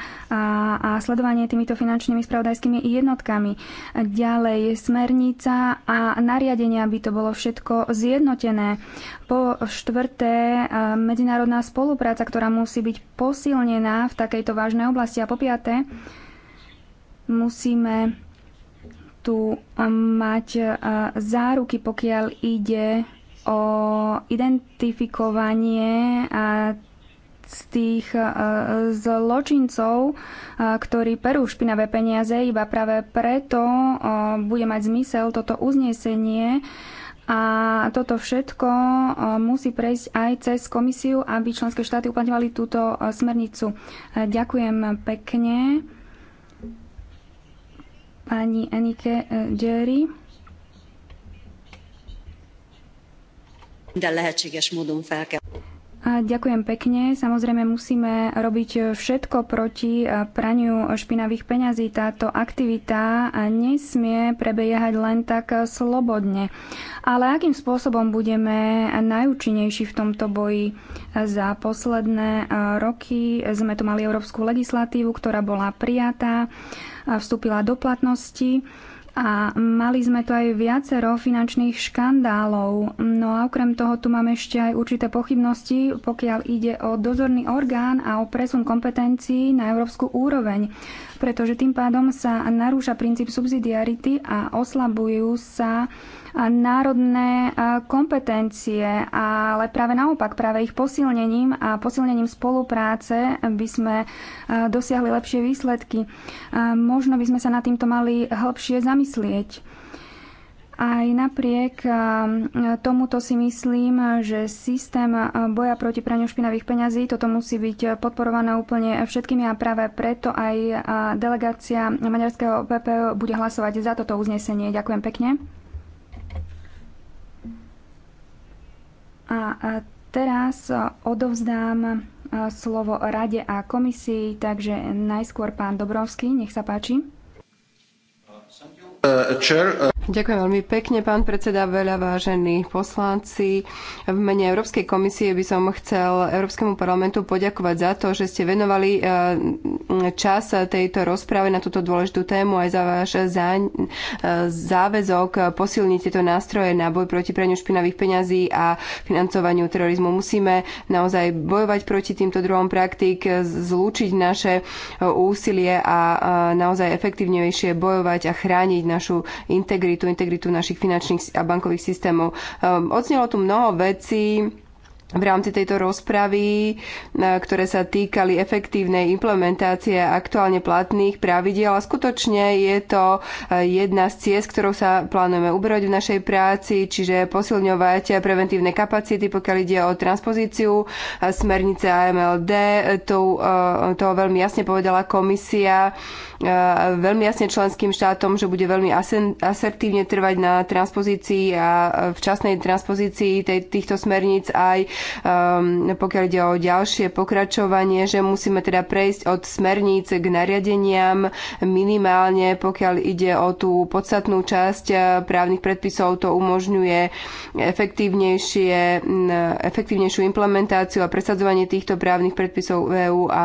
a sledovanie týmito finančnými spravodajskými jednotkami. Ďalej smernica a nariadenia aby to bolo všetko zjednotené. Po štvrté, medzinárodná spolupráca, ktorá musí byť posilnená v takejto vážnej oblasti. A po piaté, musíme tu mať záruky, pokiaľ ide o identifikovanie z tých e, zločincov, e, ktorí perú špinavé peniaze, iba práve preto e, bude mať zmysel toto uznesenie a toto všetko musí prejsť aj cez komisiu, aby členské štáty uplatňovali túto smernicu. Ďakujem pekne pani Enike Jerry. Minden lehetséges módon fel kell ďakujem pekne. Samozrejme musíme robiť všetko proti eh, praniu špinavých peňazí. Táto aktivita eh, nesmie prebiehať len tak eh, slobodne. Ale akým spôsobom budeme najúčinnejší v tomto boji? Za posledné roky sme tu mali európsku legislatívu, ktorá bola prijatá, vstúpila do platnosti. A mali sme tu aj viacero finančných škandálov. No a okrem toho tu máme ešte aj určité pochybnosti, pokiaľ ide o dozorný orgán a o presun kompetencií na európsku úroveň. Pretože tým pádom sa narúša princíp subsidiarity a oslabujú sa národné kompetencie, ale práve naopak, práve ich posilnením a posilnením spolupráce by sme dosiahli lepšie výsledky. Možno by sme sa nad týmto mali hĺbšie zamyslieť. Aj napriek tomuto si myslím, že systém boja proti praniu špinavých peňazí, toto musí byť podporované úplne všetkými a práve preto aj delegácia maďarského PPO bude hlasovať za toto uznesenie. Ďakujem pekne. A e, teraz e, odovzdám e, slovo Rade a komisii, takže najskôr pán Dobrovský, nech sa páči. Uh, uh, Ďakujem veľmi pekne, pán predseda, veľa vážení poslanci. V mene Európskej komisie by som chcel Európskemu parlamentu poďakovať za to, že ste venovali uh, čas tejto rozprave na túto dôležitú tému aj za váš záväzok posilniť tieto nástroje na boj proti praniu špinavých peňazí a financovaniu terorizmu. Musíme naozaj bojovať proti týmto druhom praktík, zlúčiť naše úsilie a naozaj efektívnejšie bojovať a chrániť naše našu integritu, integritu našich finančných a bankových systémov. Ehm, odznelo tu mnoho vecí, v rámci tejto rozpravy, e, ktoré sa týkali efektívnej implementácie aktuálne platných pravidiel a skutočne je to e, jedna z ciest, ktorou sa plánujeme ubrať v našej práci, čiže posilňovať preventívne kapacity, pokiaľ ide o transpozíciu e, smernice AMLD. To, to veľmi jasne povedala komisia veľmi jasne členským štátom, že bude veľmi asertívne trvať na transpozícii a včasnej transpozícii tej, týchto smerníc aj um, pokiaľ ide o ďalšie pokračovanie, že musíme teda prejsť od smerníc k nariadeniam minimálne, pokiaľ ide o tú podstatnú časť e, právnych predpisov, to umožňuje efektívnejšie, efektívnejšiu implementáciu a presadzovanie týchto právnych predpisov EÚ a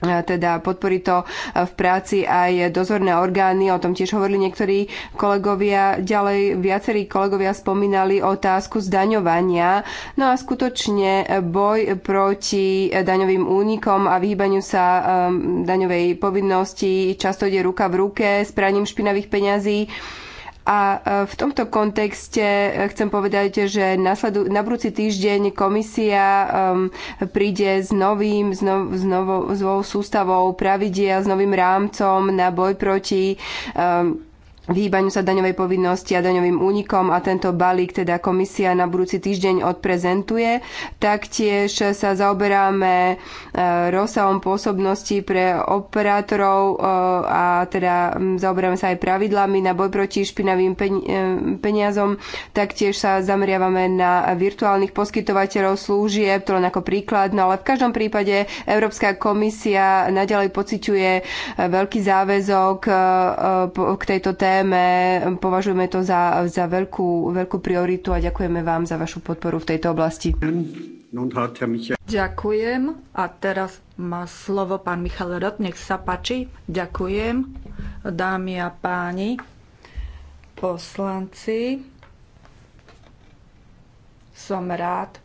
E, teda podporí to e, v práci aj dozorné orgány, o tom tiež hovorili niektorí kolegovia. Ďalej viacerí kolegovia spomínali otázku zdaňovania. No a skutočne e, boj proti daňovým únikom a vyhýbaniu sa daňovej povinnosti často ide ruka v ruke s praním špinavých peňazí. A e, v tomto kontexte e, chcem povedať, že nasledu, na budúci týždeň komisia príde s novým, s, nov, s, novou, s novou sústavou pravidiel, s novým rámcom na boj proti um, vyhýbaniu sa daňovej povinnosti a daňovým únikom a tento balík teda komisia na budúci týždeň odprezentuje. Taktiež sa zaoberáme e, rozsahom pôsobnosti pre operátorov e, a teda zaoberáme sa aj pravidlami na boj proti špinavým e, peniazom. Taktiež sa zameriavame na virtuálnych poskytovateľov služieb, to len ako príklad, no ale v každom prípade Európska komisia naďalej pociťuje veľký záväzok k tejto téme podporujeme, považujeme to za, za veľkú, veľkú prioritu a ďakujeme vám za vašu podporu v tejto oblasti. Ďakujem. A teraz má slovo pán Michal Rod. Nech sa páči. Ďakujem. Dámy a páni, poslanci, som rád,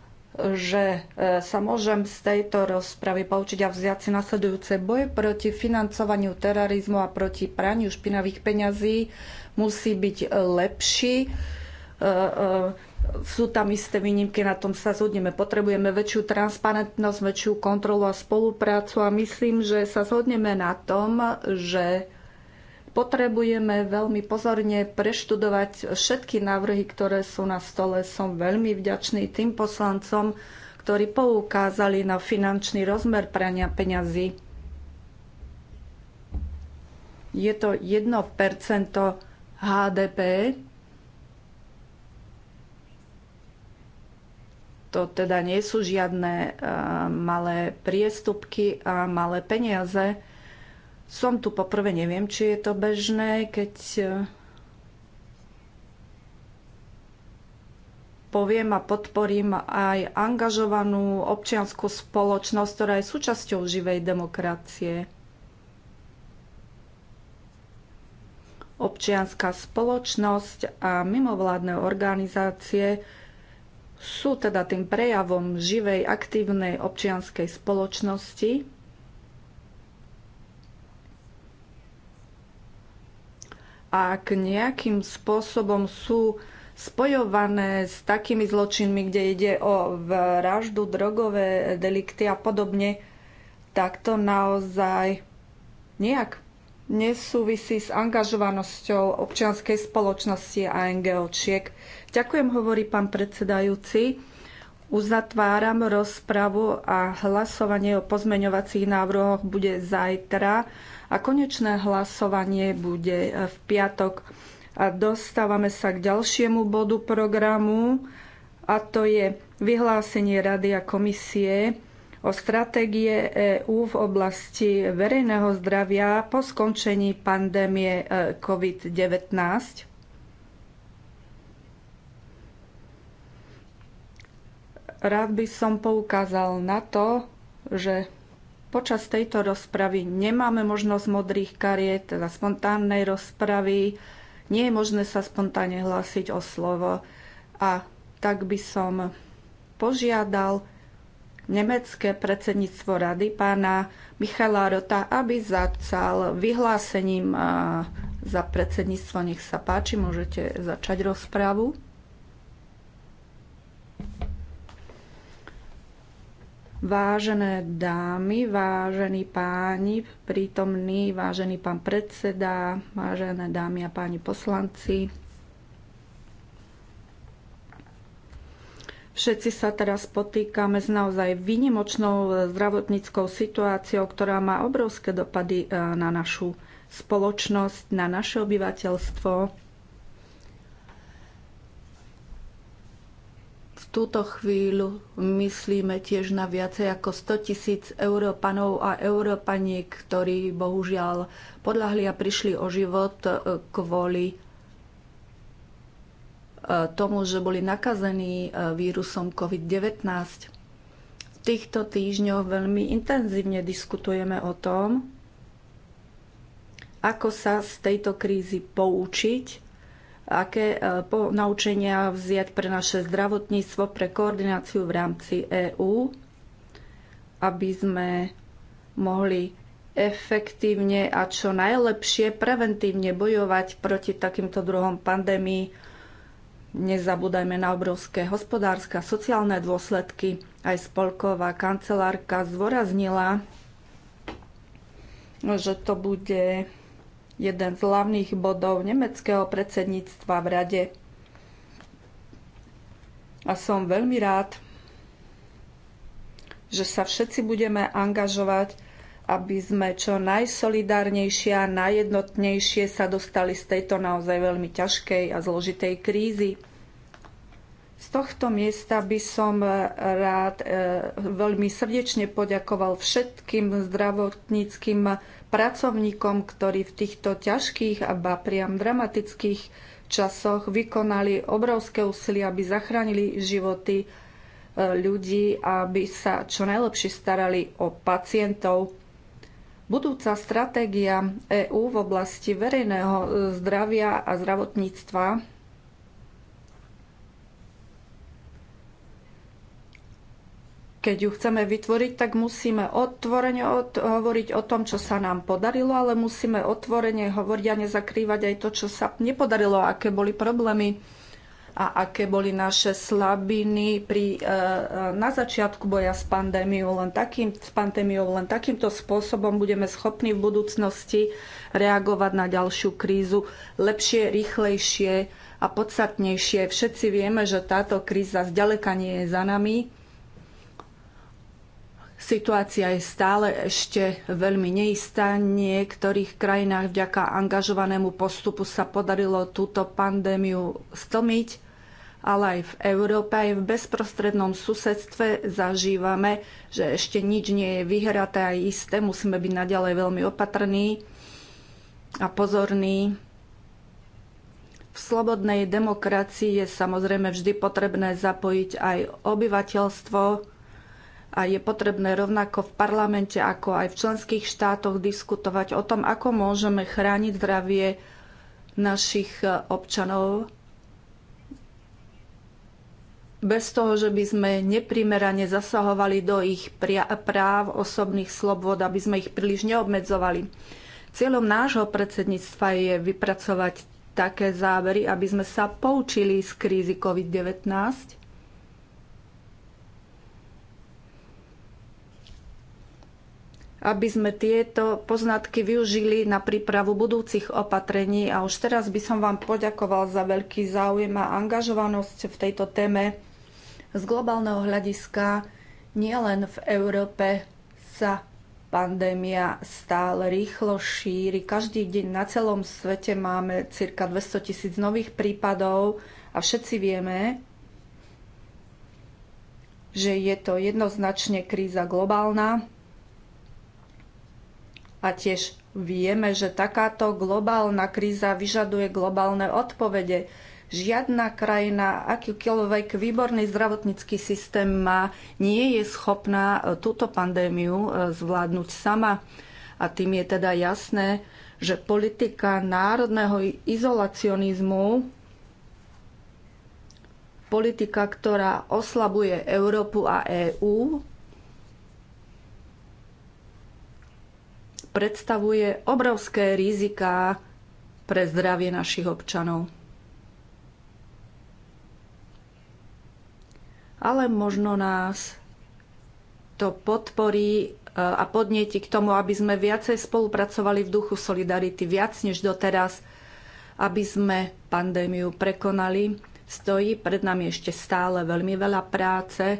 že e, sa môžem z tejto rozpravy poučiť a vziať si nasledujúce boj proti financovaniu terorizmu a proti praniu špinavých peňazí musí byť e, lepší. E, sú tam isté výnimky, na tom sa zhodneme. Potrebujeme väčšiu transparentnosť, väčšiu kontrolu a spoluprácu a myslím, že sa zhodneme na tom, že Potrebujeme veľmi pozorne preštudovať všetky návrhy, ktoré sú na stole. Som veľmi vďačný tým poslancom, ktorí poukázali na finančný rozmer prania peňazí. Je to 1 HDP, to teda nie sú žiadne eh, malé priestupky a malé peniaze. Som tu poprvé, neviem, či je to bežné, keď eh, poviem a podporím aj angažovanú občianskú spoločnosť, ktorá je súčasťou živej demokracie. Občianská spoločnosť a mimovládne organizácie sú teda tým prejavom živej, aktívnej občianskej spoločnosti, ak nejakým spôsobom sú spojované s takými zločinmi, kde ide o vraždu, drogové delikty a podobne, tak to naozaj nejak nesúvisí s angažovanosťou občianskej spoločnosti a NGOčiek. Ďakujem, hovorí pán predsedajúci. Uzatváram rozpravu a hlasovanie o pozmeňovacích návrhoch bude zajtra a konečné hlasovanie bude e, v piatok. A dostávame sa k ďalšiemu bodu programu a to je vyhlásenie Rady a komisie o stratégie EÚ v oblasti verejného zdravia po skončení pandémie e, COVID-19. Rád by som poukázal na to, že Počas tejto rozpravy nemáme možnosť modrých kariet, teda spontánnej rozpravy. Nie je možné sa spontánne hlásiť o slovo. A tak by som požiadal nemecké predsedníctvo rady pána Michala Rota, aby začal vyhlásením za predsedníctvo. Nech sa páči, môžete začať rozprávu. Vážené dámy, vážení páni, prítomní, vážený pán predseda, vážené dámy a páni poslanci. Všetci sa teraz potýkame s naozaj vynimočnou zdravotníckou situáciou, ktorá má obrovské dopady eh, na našu spoločnosť, na naše obyvateľstvo túto chvíľu myslíme tiež na viacej ako 100 tisíc Európanov a Európaniek, ktorí bohužiaľ podľahli a prišli o život e, kvôli e, tomu, že boli nakazení e, vírusom COVID-19. V týchto týždňoch veľmi intenzívne diskutujeme o tom, ako sa z tejto krízy poučiť aké e, ponaučenia vziať pre naše zdravotníctvo, pre koordináciu v rámci EÚ, aby sme mohli efektívne a čo najlepšie preventívne bojovať proti takýmto druhom pandémii. Nezabúdajme na obrovské hospodárske a sociálne dôsledky. Aj spolková kancelárka zdôraznila, že to bude jeden z hlavných bodov nemeckého predsedníctva v Rade. A som veľmi rád, že sa všetci budeme angažovať, aby sme čo najsolidárnejšie a najjednotnejšie sa dostali z tejto naozaj veľmi ťažkej a zložitej krízy. Z tohto miesta by som rád e, veľmi srdečne poďakoval všetkým zdravotníckým pracovníkom, ktorí v týchto ťažkých a priam dramatických časoch vykonali obrovské úsilie, aby zachránili životy e, ľudí, aby sa čo najlepšie starali o pacientov. Budúca stratégia EÚ v oblasti verejného e, zdravia a zdravotníctva keď ju chceme vytvoriť, tak musíme otvorene hovoriť o tom, čo sa nám podarilo, ale musíme otvorene hovoriť a nezakrývať aj to, čo sa nepodarilo, aké boli problémy a aké boli naše slabiny pri, e, e, na začiatku boja s pandémiou. Len takým, s pandémiou len takýmto spôsobom budeme schopní v budúcnosti reagovať na ďalšiu krízu lepšie, rýchlejšie a podstatnejšie. Všetci vieme, že táto kríza zďaleka nie je za nami Situácia je stále ešte veľmi neistá. V niektorých krajinách vďaka angažovanému postupu sa podarilo túto pandémiu stlmiť, ale aj v Európe, aj v bezprostrednom susedstve zažívame, že ešte nič nie je vyhraté a isté. Musíme byť naďalej veľmi opatrní a pozorní. V slobodnej demokracii je samozrejme vždy potrebné zapojiť aj obyvateľstvo, a je potrebné rovnako v parlamente ako aj v členských štátoch diskutovať o tom, ako môžeme chrániť zdravie našich e, občanov bez toho, že by sme neprimerane zasahovali do ich práv, osobných slobod, aby sme ich príliš neobmedzovali. Cieľom nášho predsedníctva je vypracovať také závery, aby sme sa poučili z krízy COVID-19 aby sme tieto poznatky využili na prípravu budúcich opatrení. A už teraz by som vám poďakoval za veľký záujem a angažovanosť v tejto téme. Z globálneho hľadiska nielen v Európe sa pandémia stále rýchlo šíri. Každý deň na celom svete máme cirka 200 tisíc nových prípadov a všetci vieme, že je to jednoznačne kríza globálna, a tiež vieme, že takáto globálna kríza vyžaduje globálne odpovede. Žiadna krajina, akýkoľvek výborný zdravotnícky systém má, nie je schopná e, túto pandémiu e, zvládnuť sama. A tým je teda jasné, že politika národného izolacionizmu, politika, ktorá oslabuje Európu a EÚ, predstavuje obrovské riziká pre zdravie našich občanov. Ale možno nás to podporí e, a podnieti k tomu, aby sme viacej spolupracovali v duchu solidarity, viac než doteraz, aby sme pandémiu prekonali. Stojí pred nami ešte stále veľmi veľa práce,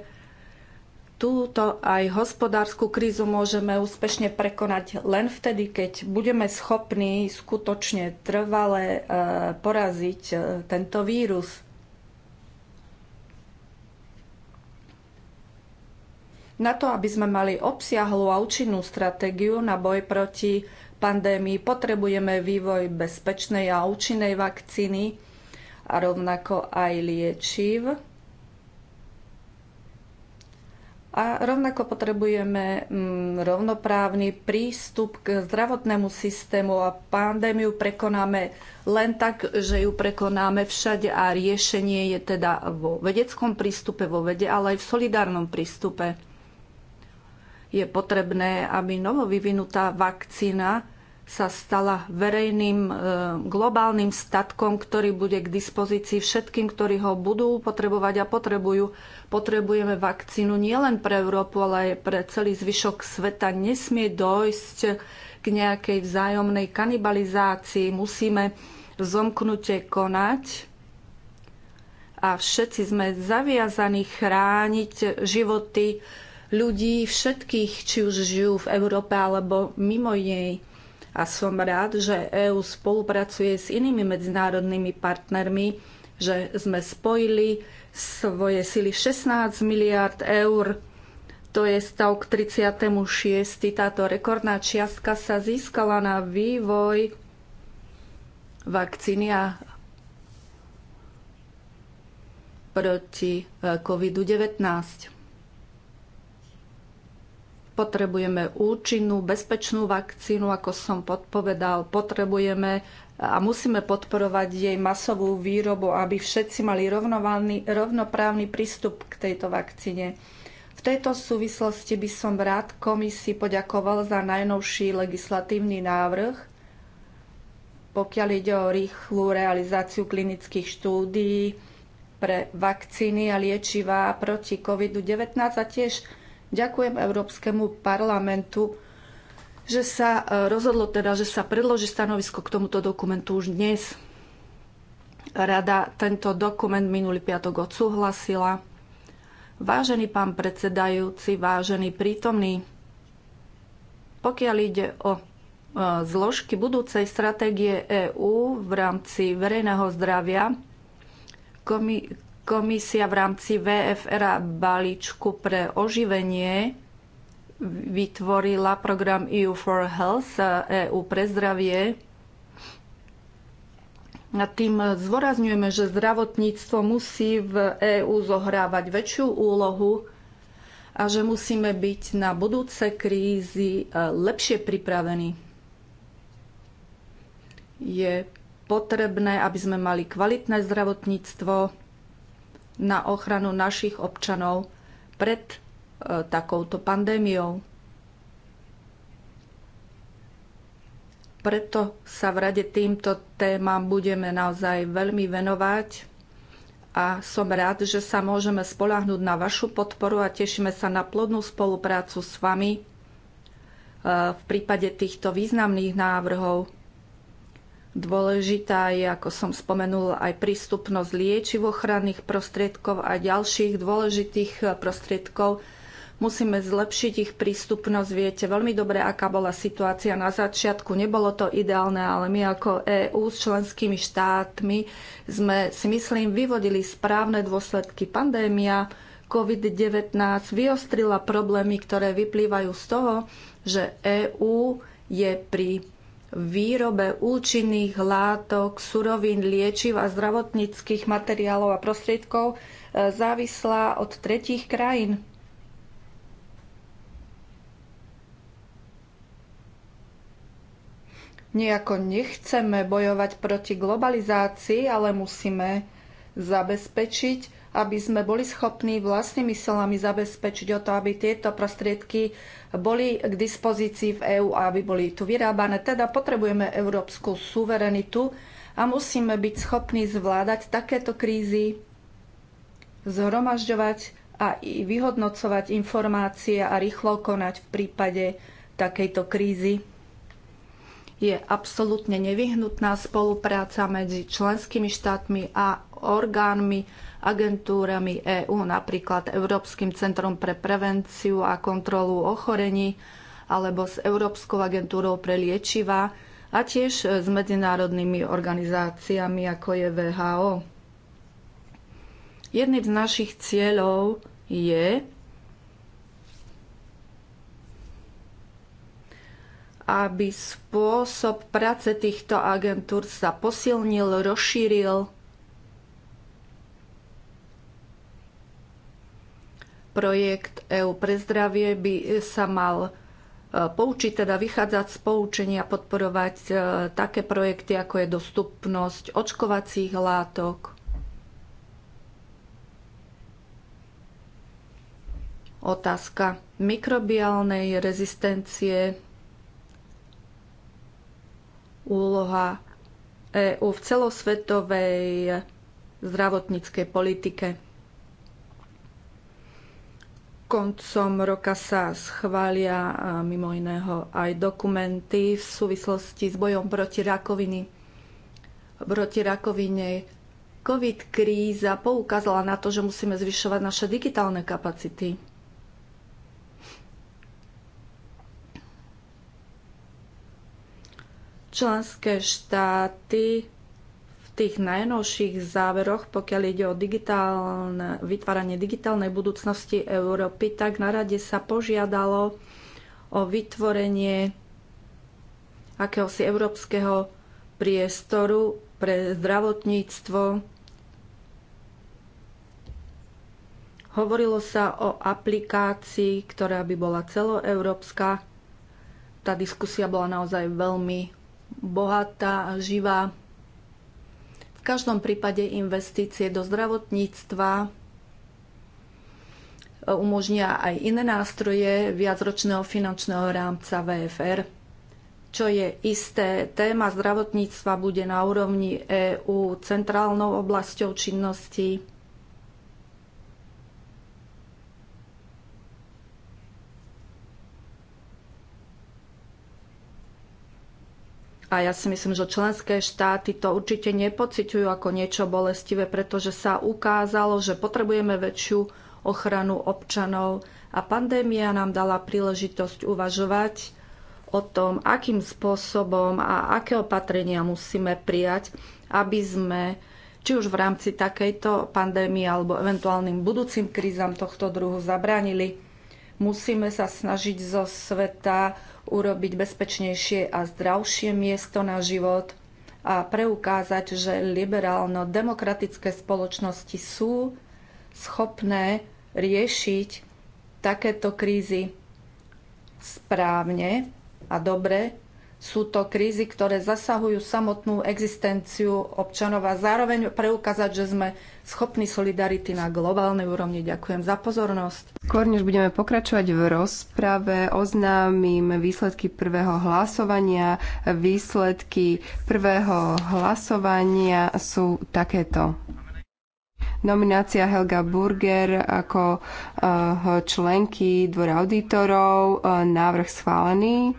túto aj hospodárskú krízu môžeme úspešne prekonať len vtedy, keď budeme schopní skutočne trvale e, poraziť e, tento vírus. Na to, aby sme mali obsiahlu a účinnú stratégiu na boj proti pandémii, potrebujeme vývoj bezpečnej a účinnej vakcíny a rovnako aj liečiv a rovnako potrebujeme mm, rovnoprávny prístup k zdravotnému systému a pandémiu prekonáme len tak, že ju prekonáme všade a riešenie je teda vo vedeckom prístupe, vo vede, ale aj v solidárnom prístupe. Je potrebné, aby novovyvinutá vakcína sa stala verejným e, globálnym statkom, ktorý bude k dispozícii všetkým, ktorí ho budú potrebovať a potrebujú. Potrebujeme vakcínu nielen pre Európu, ale aj pre celý zvyšok sveta. Nesmie dojsť k nejakej vzájomnej kanibalizácii. Musíme zomknutie konať a všetci sme zaviazaní chrániť životy ľudí všetkých, či už žijú v Európe alebo mimo nej a som rád, že EÚ spolupracuje s inými medzinárodnými partnermi, že sme spojili svoje sily 16 miliard eur. To je stav k 36. Táto rekordná čiastka sa získala na vývoj vakcíny a proti e, COVID-19. Potrebujeme účinnú, bezpečnú vakcínu, ako som podpovedal. Potrebujeme a musíme podporovať jej masovú výrobu, aby všetci mali rovnoprávny prístup k tejto vakcíne. V tejto súvislosti by som rád komisii poďakoval za najnovší legislatívny návrh, pokiaľ ide o rýchlu realizáciu klinických štúdií pre vakcíny a liečivá proti COVID-19 a tiež Ďakujem Európskemu parlamentu, že sa e, rozhodlo teda, že sa predloží stanovisko k tomuto dokumentu už dnes. Rada tento dokument minulý piatok odsúhlasila. Vážený pán predsedajúci, vážený prítomný, pokiaľ ide o e, zložky budúcej stratégie EÚ v rámci verejného zdravia, Komisia v rámci VFR a balíčku pre oživenie vytvorila program EU for Health, EU e pre zdravie. A tým zvorazňujeme, že zdravotníctvo musí v EÚ zohrávať väčšiu úlohu a že musíme byť na budúce krízy e, lepšie pripravení. Je potrebné, aby sme mali kvalitné zdravotníctvo, na ochranu našich občanov pred e, takouto pandémiou. Preto sa v rade týmto témam budeme naozaj veľmi venovať a som rád, že sa môžeme spolahnúť na vašu podporu a tešíme sa na plodnú spoluprácu s vami e, v prípade týchto významných návrhov. Dôležitá je, ako som spomenul, aj prístupnosť liečiv ochranných prostriedkov a ďalších dôležitých eh, prostriedkov. Musíme zlepšiť ich prístupnosť. Viete veľmi dobre, aká bola situácia na začiatku. Nebolo to ideálne, ale my ako EÚ s členskými štátmi sme si myslím vyvodili správne dôsledky. Pandémia COVID-19 vyostrila problémy, ktoré vyplývajú z toho, že EÚ je pri výrobe účinných látok, surovín, liečiv a zdravotníckých materiálov a prostriedkov e, závislá od tretích krajín. Nejako nechceme bojovať proti globalizácii, ale musíme zabezpečiť, aby sme boli schopní vlastnými silami zabezpečiť o to, aby tieto prostriedky boli k dispozícii v EÚ a aby boli tu vyrábané. Teda potrebujeme európsku suverenitu a musíme byť schopní zvládať takéto krízy, zhromažďovať a vyhodnocovať informácie a rýchlo konať v prípade takejto krízy. Je absolútne nevyhnutná spolupráca medzi členskými štátmi a orgánmi agentúrami EÚ, napríklad Európskym centrom pre prevenciu a kontrolu ochorení alebo s Európskou agentúrou pre liečiva a tiež s medzinárodnými organizáciami ako je VHO. Jedným z našich cieľov je aby spôsob práce týchto agentúr sa posilnil, rozšíril Projekt EU pre zdravie by e, sa mal e, poučiť, teda vychádzať z poučenia, podporovať e, také projekty, ako je dostupnosť očkovacích látok, otázka mikrobiálnej rezistencie, úloha EÚ v celosvetovej zdravotníckej politike koncom roka sa schvália mimo iného aj dokumenty v súvislosti s bojom proti rakoviny. Proti rakovine COVID kríza poukázala na to, že musíme zvyšovať naše digitálne kapacity. Členské štáty tých najnovších záveroch, pokiaľ ide o digitálne, vytváranie digitálnej budúcnosti Európy, tak na rade sa požiadalo o vytvorenie akéhosi európskeho priestoru pre zdravotníctvo. Hovorilo sa o aplikácii, ktorá by bola celoeurópska. Tá diskusia bola naozaj veľmi bohatá a živá každom prípade investície do zdravotníctva e, umožnia aj iné nástroje viacročného finančného rámca VFR. Čo je isté, téma zdravotníctva bude na úrovni EÚ centrálnou oblasťou činnosti A ja si myslím, že členské štáty to určite nepociťujú ako niečo bolestivé, pretože sa ukázalo, že potrebujeme väčšiu ochranu občanov a pandémia nám dala príležitosť uvažovať o tom, akým spôsobom a aké opatrenia musíme prijať, aby sme či už v rámci takejto pandémie alebo eventuálnym budúcim krízam tohto druhu zabránili. Musíme sa snažiť zo sveta urobiť bezpečnejšie a zdravšie miesto na život a preukázať, že liberálno-demokratické spoločnosti sú schopné riešiť takéto krízy správne a dobre. Sú to krízy, ktoré zasahujú samotnú existenciu občanov a zároveň preukázať, že sme schopní solidarity na globálnej úrovni. Ďakujem za pozornosť. Skôr než budeme pokračovať v rozprave, oznámim výsledky prvého hlasovania. Výsledky prvého hlasovania sú takéto nominácia Helga Burger ako eh, členky dvora auditorov, eh, návrh schválený,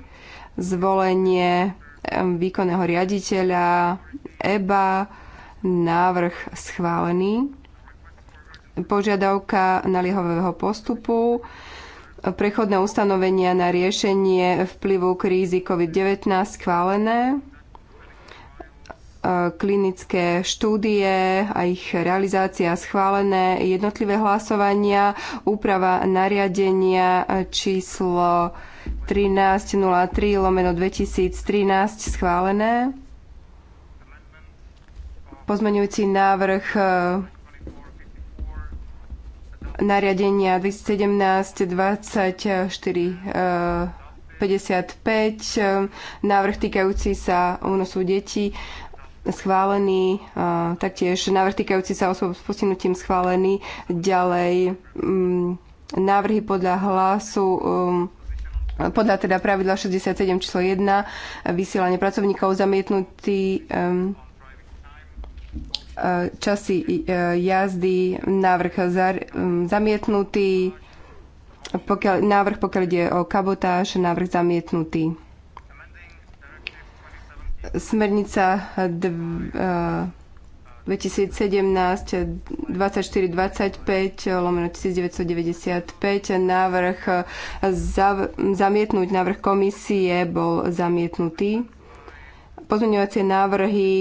zvolenie eh, výkonného riaditeľa EBA, návrh schválený. Požiadavka naliehového postupu prechodné ustanovenia na riešenie vplyvu krízy COVID-19 schválené, e, klinické štúdie a ich realizácia schválené, jednotlivé hlasovania, úprava nariadenia číslo 1303 lomeno 2013 schválené Pozmeňujúci návrh e, nariadenia 2017 24 55, návrh týkajúci sa únosu detí schválený, e, taktiež návrh týkajúci sa osob s postihnutím schválený, ďalej mm, návrhy podľa hlasu e, podľa teda pravidla 67 číslo 1 vysielanie pracovníkov zamietnutý um, Eh, časy eh, jazdy, návrh mm, zamietnutý, pokiaľ, návrh pokiaľ ide o kabotáž, návrh zamietnutý. Smernica 2017 2425 eh, lomeno 1995 návrh zamietnúť návrh komisie bol zamietnutý. Pozmeňovacie návrhy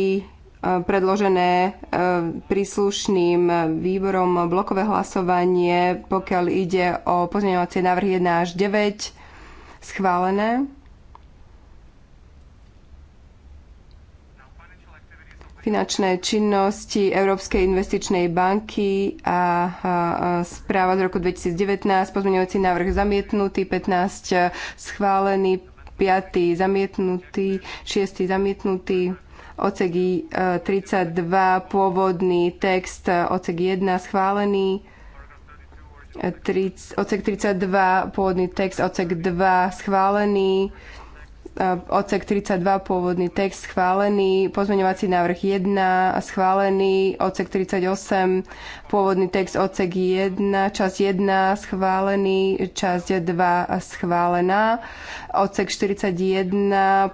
E, predložené e, príslušným výborom blokové hlasovanie, pokiaľ ide o pozmeňovacie návrhy 1 až 9, schválené. finančné činnosti Európskej investičnej banky a správa z roku 2019, pozmeňovací návrh zamietnutý, 15 schválený, 5 zamietnutý, 6 zamietnutý ocegi 32 e, pôvodný text, e, ocek 1 schválený, e, ocek 32 pôvodný text, ocek 2 schválený, ocek 32 pôvodný text schválený, pozmeňovací návrh 1 schválený, ocek 38 pôvodný text ocek 1, časť 1 schválený, časť 2 schválená, ocek 41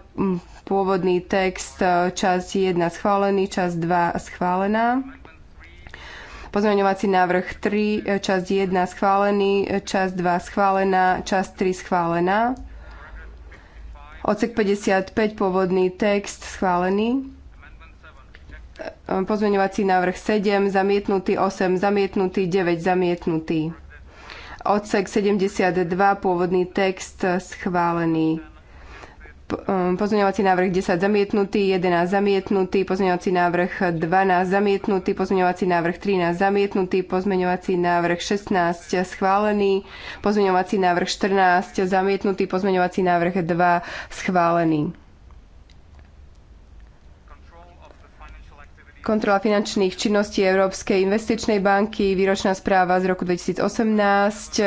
pôvodný text, e, časť 1 schválený, časť 2 schválená. Pozmeňovací návrh 3, e, časť 1 schválený, e, časť 2 schválená, časť 3 schválená. Odsek 55, pôvodný text schválený. Pozmeňovací návrh 7, zamietnutý 8, zamietnutý 9, zamietnutý. Odsek 72, pôvodný text schválený pozmeňovací návrh 10 zamietnutý, 11 zamietnutý, pozmeňovací návrh 12 zamietnutý, pozmeňovací návrh 13 zamietnutý, pozmeňovací návrh 16 schválený, pozmeňovací návrh 14 zamietnutý, pozmeňovací návrh 2 schválený. kontrola finančných činností Európskej investičnej banky, výročná správa z roku 2018,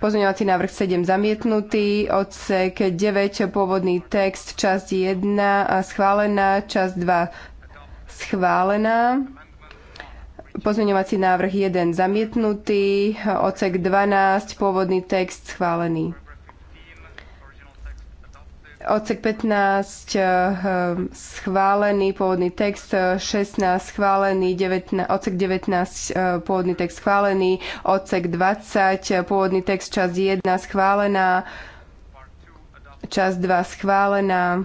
pozmeňovací návrh 7 zamietnutý, odsek 9 pôvodný text, časť 1 a schválená, časť 2 schválená, pozmeňovací návrh 1 zamietnutý, odsek 12 pôvodný text schválený. Odsek 15 eh, eh, schválený, pôvodný text 16 eh, schválený, 19, odsek 19 pôvodný text schválený, odsek 20 pôvodný text časť 1 schválená, časť 2 schválená,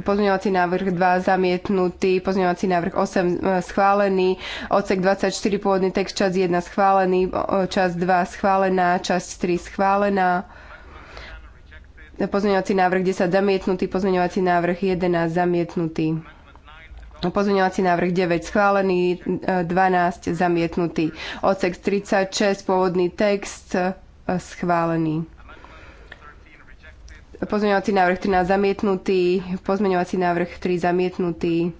pozmeňovací návrh 2 zamietnutý, pozmeňovací návrh 8 schválený, odsek 24 pôvodný text čas 1 schválený, čas 2 schválená, časť 3 schválená. Pozmeňovací návrh 10 zamietnutý, pozmeňovací návrh 11 zamietnutý. Pozmeňovací návrh 9 schválený, 12 zamietnutý. Odsek 36, pôvodný text e, schválený. Pozmeňovací návrh 13 zamietnutý, pozmeňovací návrh 3 zamietnutý,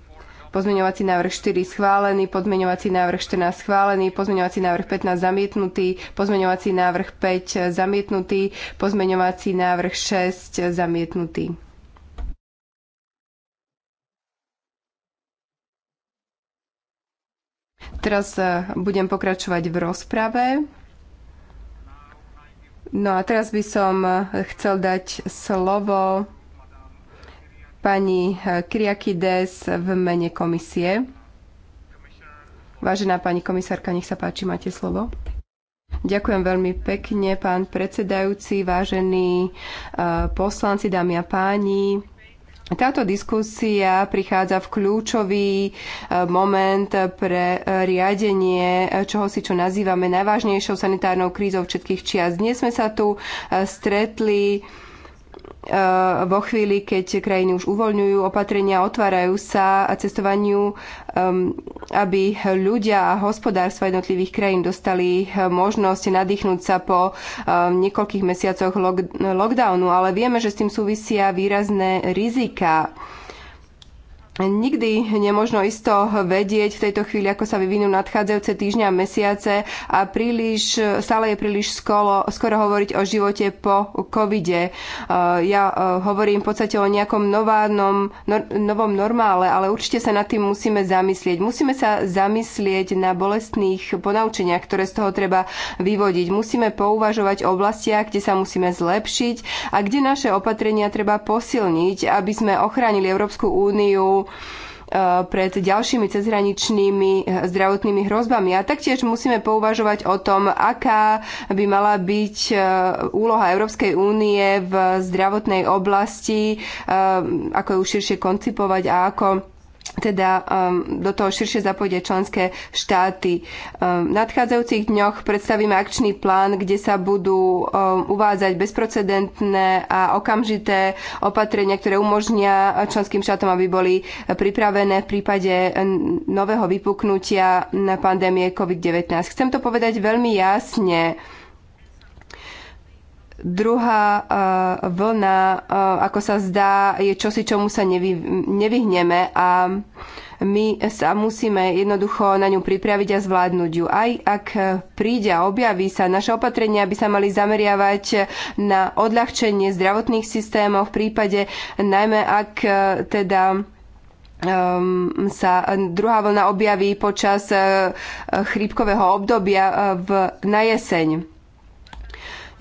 pozmeňovací návrh 4 schválený, pozmeňovací návrh 14 schválený, pozmeňovací návrh 15 zamietnutý, pozmeňovací návrh 5 zamietnutý, pozmeňovací návrh 6 zamietnutý. Teraz e, budem pokračovať v rozprave. No a teraz by som e, chcel dať slovo pani eh, Kriakides v mene komisie. Vážená pani komisárka, nech sa páči, máte slovo. Ďakujem veľmi pekne, pán predsedajúci, vážení eh, poslanci, dámy a páni. Táto diskusia prichádza v kľúčový eh, moment pre riadenie čoho si čo nazývame najvážnejšou sanitárnou krízou všetkých čias. Dnes sme sa tu stretli E, vo chvíli, keď krajiny už uvoľňujú opatrenia, otvárajú sa a cestovaniu, e, aby ľudia a hospodárstva jednotlivých krajín dostali e, možnosť nadýchnúť sa po niekoľkých mesiacoch lockdownu. Ale vieme, že s tým súvisia výrazné rizika Nikdy nemožno isto vedieť v tejto chvíli, ako sa vyvinú nadchádzajúce týždňa a mesiace a príliš, stále je príliš skolo, skoro hovoriť o živote po covide. E, ja e, hovorím v podstate o nejakom novánom, no, novom normále, ale určite sa nad tým musíme zamyslieť. Musíme sa zamyslieť na bolestných ponaučeniach, ktoré z toho treba vyvodiť. Musíme pouvažovať o oblastiach, kde sa musíme zlepšiť a kde naše opatrenia treba posilniť, aby sme ochránili Európsku úniu E, pred ďalšími cezhraničnými e, zdravotnými hrozbami. A taktiež musíme pouvažovať o tom, aká by mala byť e, úloha Európskej únie v zdravotnej oblasti, ako ju širšie koncipovať a ako teda um, do toho širšie zapojde členské štáty. Um, v nadchádzajúcich dňoch predstavíme akčný plán, kde sa budú um, uvádzať bezprecedentné a okamžité opatrenia, ktoré umožnia členským štátom, aby boli pripravené v prípade nového vypuknutia pandémie COVID-19. Chcem to povedať veľmi jasne. Druhá e, vlna, e, ako sa zdá, je čosi, čomu sa nevy, nevyhneme a my sa musíme jednoducho na ňu pripraviť a zvládnuť ju. Aj ak príde a objaví sa, naše opatrenia by sa mali zameriavať na odľahčenie zdravotných systémov v prípade, najmä ak e, teda sa druhá vlna objaví počas chrípkového obdobia v, na jeseň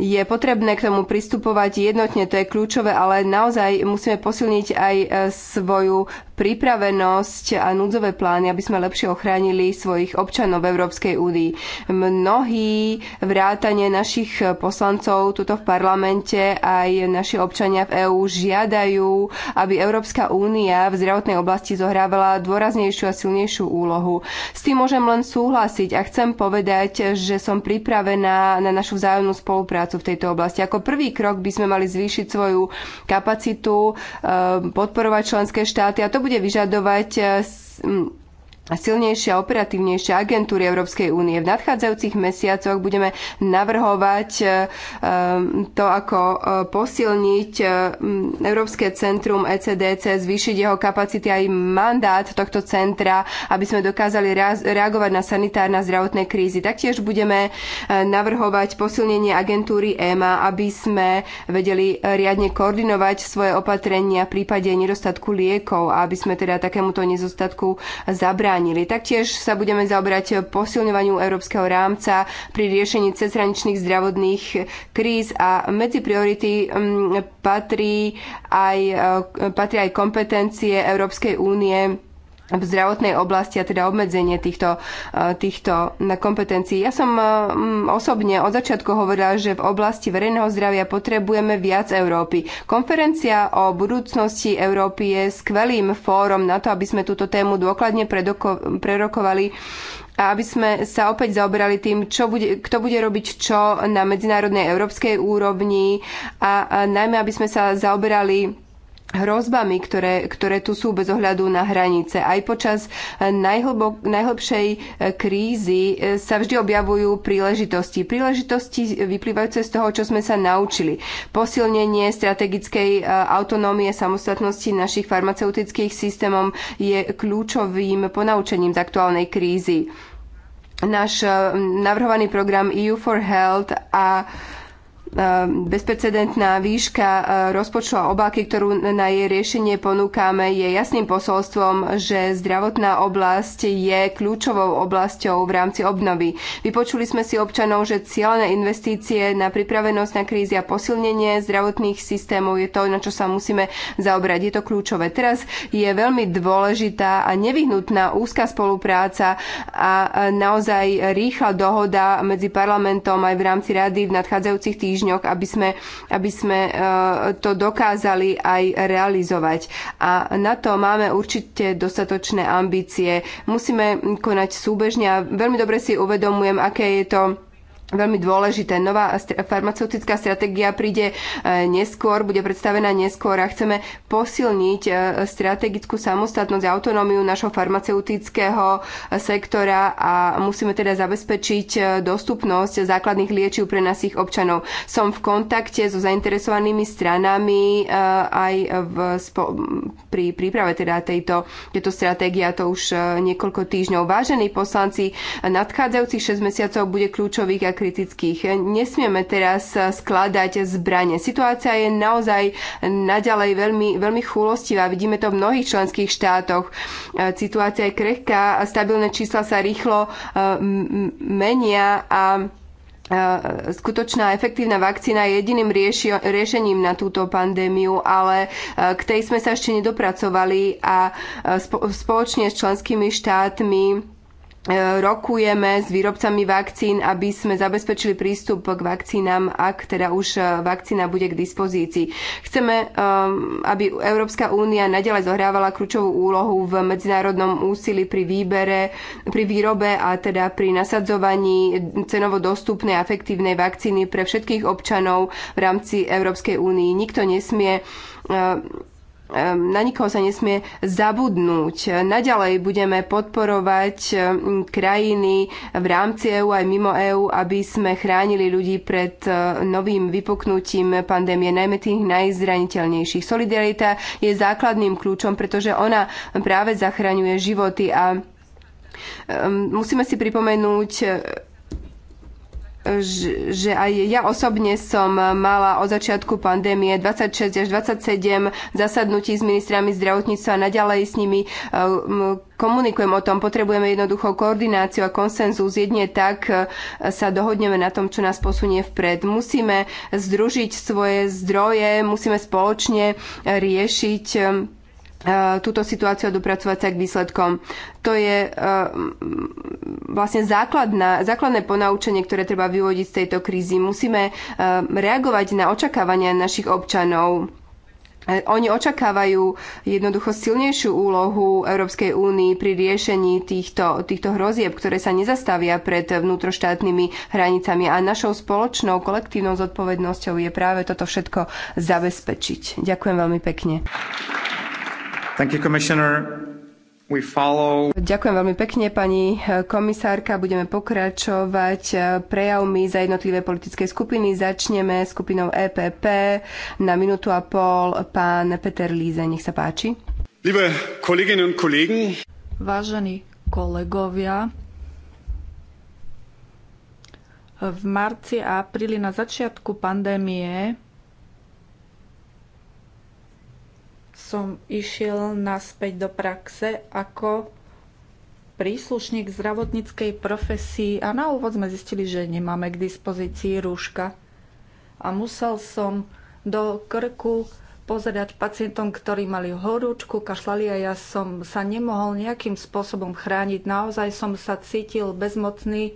je potrebné k tomu pristupovať jednotne, to je kľúčové, ale naozaj musíme posilniť aj e, svoju pripravenosť a núdzové plány, aby sme lepšie ochránili svojich občanov v Európskej únii. Mnohí vrátane našich poslancov tuto v parlamente aj naši občania v EÚ žiadajú, aby Európska únia v zdravotnej oblasti zohrávala dôraznejšiu a silnejšiu úlohu. S tým môžem len súhlasiť a chcem povedať, že som pripravená na našu vzájomnú spoluprácu v tejto oblasti. Ako prvý krok by sme mali zvýšiť svoju kapacitu, eh, podporovať členské štáty a to bude vyžadovať eh, a silnejšie a operatívnejšie agentúry Európskej únie. V nadchádzajúcich mesiacoch budeme navrhovať e, e, to, ako e, posilniť Európske centrum ECDC, zvýšiť jeho kapacity aj mandát tohto centra, aby sme dokázali reagovať na sanitárne a zdravotné krízy. Taktiež budeme navrhovať posilnenie agentúry EMA, aby sme vedeli riadne koordinovať svoje opatrenia v prípade nedostatku liekov, aby sme teda takémuto nedostatku zabrali bránili. Taktiež sa budeme zaoberať posilňovaniu európskeho rámca pri riešení cezhraničných zdravotných kríz a medzi priority mm, patrí aj, e, patrí aj kompetencie Európskej únie v zdravotnej oblasti a teda obmedzenie týchto, e, týchto kompetencií. Ja som e, osobne od začiatku hovorila, že v oblasti verejného zdravia potrebujeme viac Európy. Konferencia o budúcnosti Európy je skvelým fórom na to, aby sme túto tému dôkladne prerokovali a aby sme sa opäť zaoberali tým, čo bude, kto bude robiť čo na medzinárodnej európskej úrovni a najmä aby sme sa zaoberali hrozbami, ktoré, ktoré tu sú bez ohľadu na hranice. Aj počas eh, najhlbšej eh, krízy eh, sa vždy objavujú príležitosti. Príležitosti vyplývajúce z toho, čo sme sa naučili. Posilnenie strategickej autonómie samostatnosti našich farmaceutických systémov je kľúčovým ponaučením z aktuálnej krízy. Náš navrhovaný program EU for Health a Ehm, bezprecedentná výška e, rozpočtu a obálky, ktorú na jej riešenie ponúkame, je jasným posolstvom, že zdravotná oblasť je kľúčovou oblasťou v rámci obnovy. Vypočuli sme si občanov, že cieľené investície na pripravenosť na krízy a posilnenie zdravotných systémov je to, na čo sa musíme zaobrať. Je to kľúčové. Teraz je veľmi dôležitá a nevyhnutná úzka spolupráca a e, naozaj rýchla dohoda medzi parlamentom aj v rámci rady v nadchádzajúcich týždňoch týždňoch, aby sme, aby sme e, to dokázali aj realizovať. A na to máme určite dostatočné ambície. Musíme konať súbežne a veľmi dobre si uvedomujem, aké je to veľmi dôležité. Nová farmaceutická stratégia príde e, neskôr, bude predstavená neskôr a chceme posilniť e, strategickú samostatnosť a autonómiu našho farmaceutického e, sektora a musíme teda zabezpečiť dostupnosť základných liečiv pre našich občanov. Som v kontakte so zainteresovanými stranami aj v, pri príprave teda tejto, tejto stratégie a to už niekoľko týždňov. Vážení poslanci, nadchádzajúcich 6 mesiacov bude kľúčových a kritických. Nesmieme teraz skladať zbranie. Situácia je naozaj naďalej veľmi, veľmi chulostivá. Vidíme to v mnohých členských štátoch. Situácia je krehká a stabilné čísla sa rýchlo eh, menia a eh, skutočná efektívna vakcína je jediným riešením na túto pandémiu, ale eh, k tej sme sa ešte nedopracovali a spoločne s členskými štátmi E, rokujeme s výrobcami vakcín, aby sme zabezpečili prístup k vakcínám, ak teda už e, vakcína bude k dispozícii. Chceme, e, aby Európska únia nadalej zohrávala kľúčovú úlohu v medzinárodnom úsilí pri výbere, pri výrobe a teda pri nasadzovaní cenovo dostupnej a efektívnej vakcíny pre všetkých občanov v rámci Európskej únii. Nikto nesmie na nikoho sa nesmie zabudnúť. Naďalej budeme podporovať krajiny v rámci EÚ aj mimo EÚ, aby sme chránili ľudí pred e, novým vypuknutím pandémie, najmä tých najzraniteľnejších. Solidarita je základným kľúčom, pretože ona práve zachraňuje životy a musíme si pripomenúť, že aj ja osobne som mala od začiatku pandémie 26 až 27 zasadnutí s ministrami zdravotníctva a naďalej s nimi e, komunikujem o tom. Potrebujeme jednoducho koordináciu a konsenzus. Jedne tak e, sa dohodneme na tom, čo nás posunie vpred. Musíme združiť svoje zdroje, musíme spoločne riešiť e, Eh, túto situáciu a dopracovať sa k výsledkom. To je eh, vlastne základná, základné ponaučenie, ktoré treba vyvodiť z tejto krízy. Musíme eh, reagovať na očakávania našich občanov. Oni očakávajú jednoducho silnejšiu úlohu Európskej únii pri riešení týchto, týchto hrozieb, ktoré sa nezastavia pred vnútroštátnymi hranicami a našou spoločnou kolektívnou zodpovednosťou je práve toto všetko zabezpečiť. Ďakujem veľmi pekne. You, follow... Ďakujem veľmi pekne, pani eh, komisárka. Budeme pokračovať eh, prejavmi za jednotlivé politické skupiny. Začneme skupinou EPP. Na minútu a pol pán Peter Líze, nech sa páči. Liebe kolegyne und Kollegen. Vážení kolegovia, v marci a apríli na začiatku pandémie som išiel naspäť do praxe ako príslušník zdravotníckej profesii a na úvod sme zistili, že nemáme k dispozícii rúška. A musel som do krku pozerať pacientom, ktorí mali horúčku, kašlali a ja som sa nemohol nejakým spôsobom chrániť. Naozaj som sa cítil bezmocný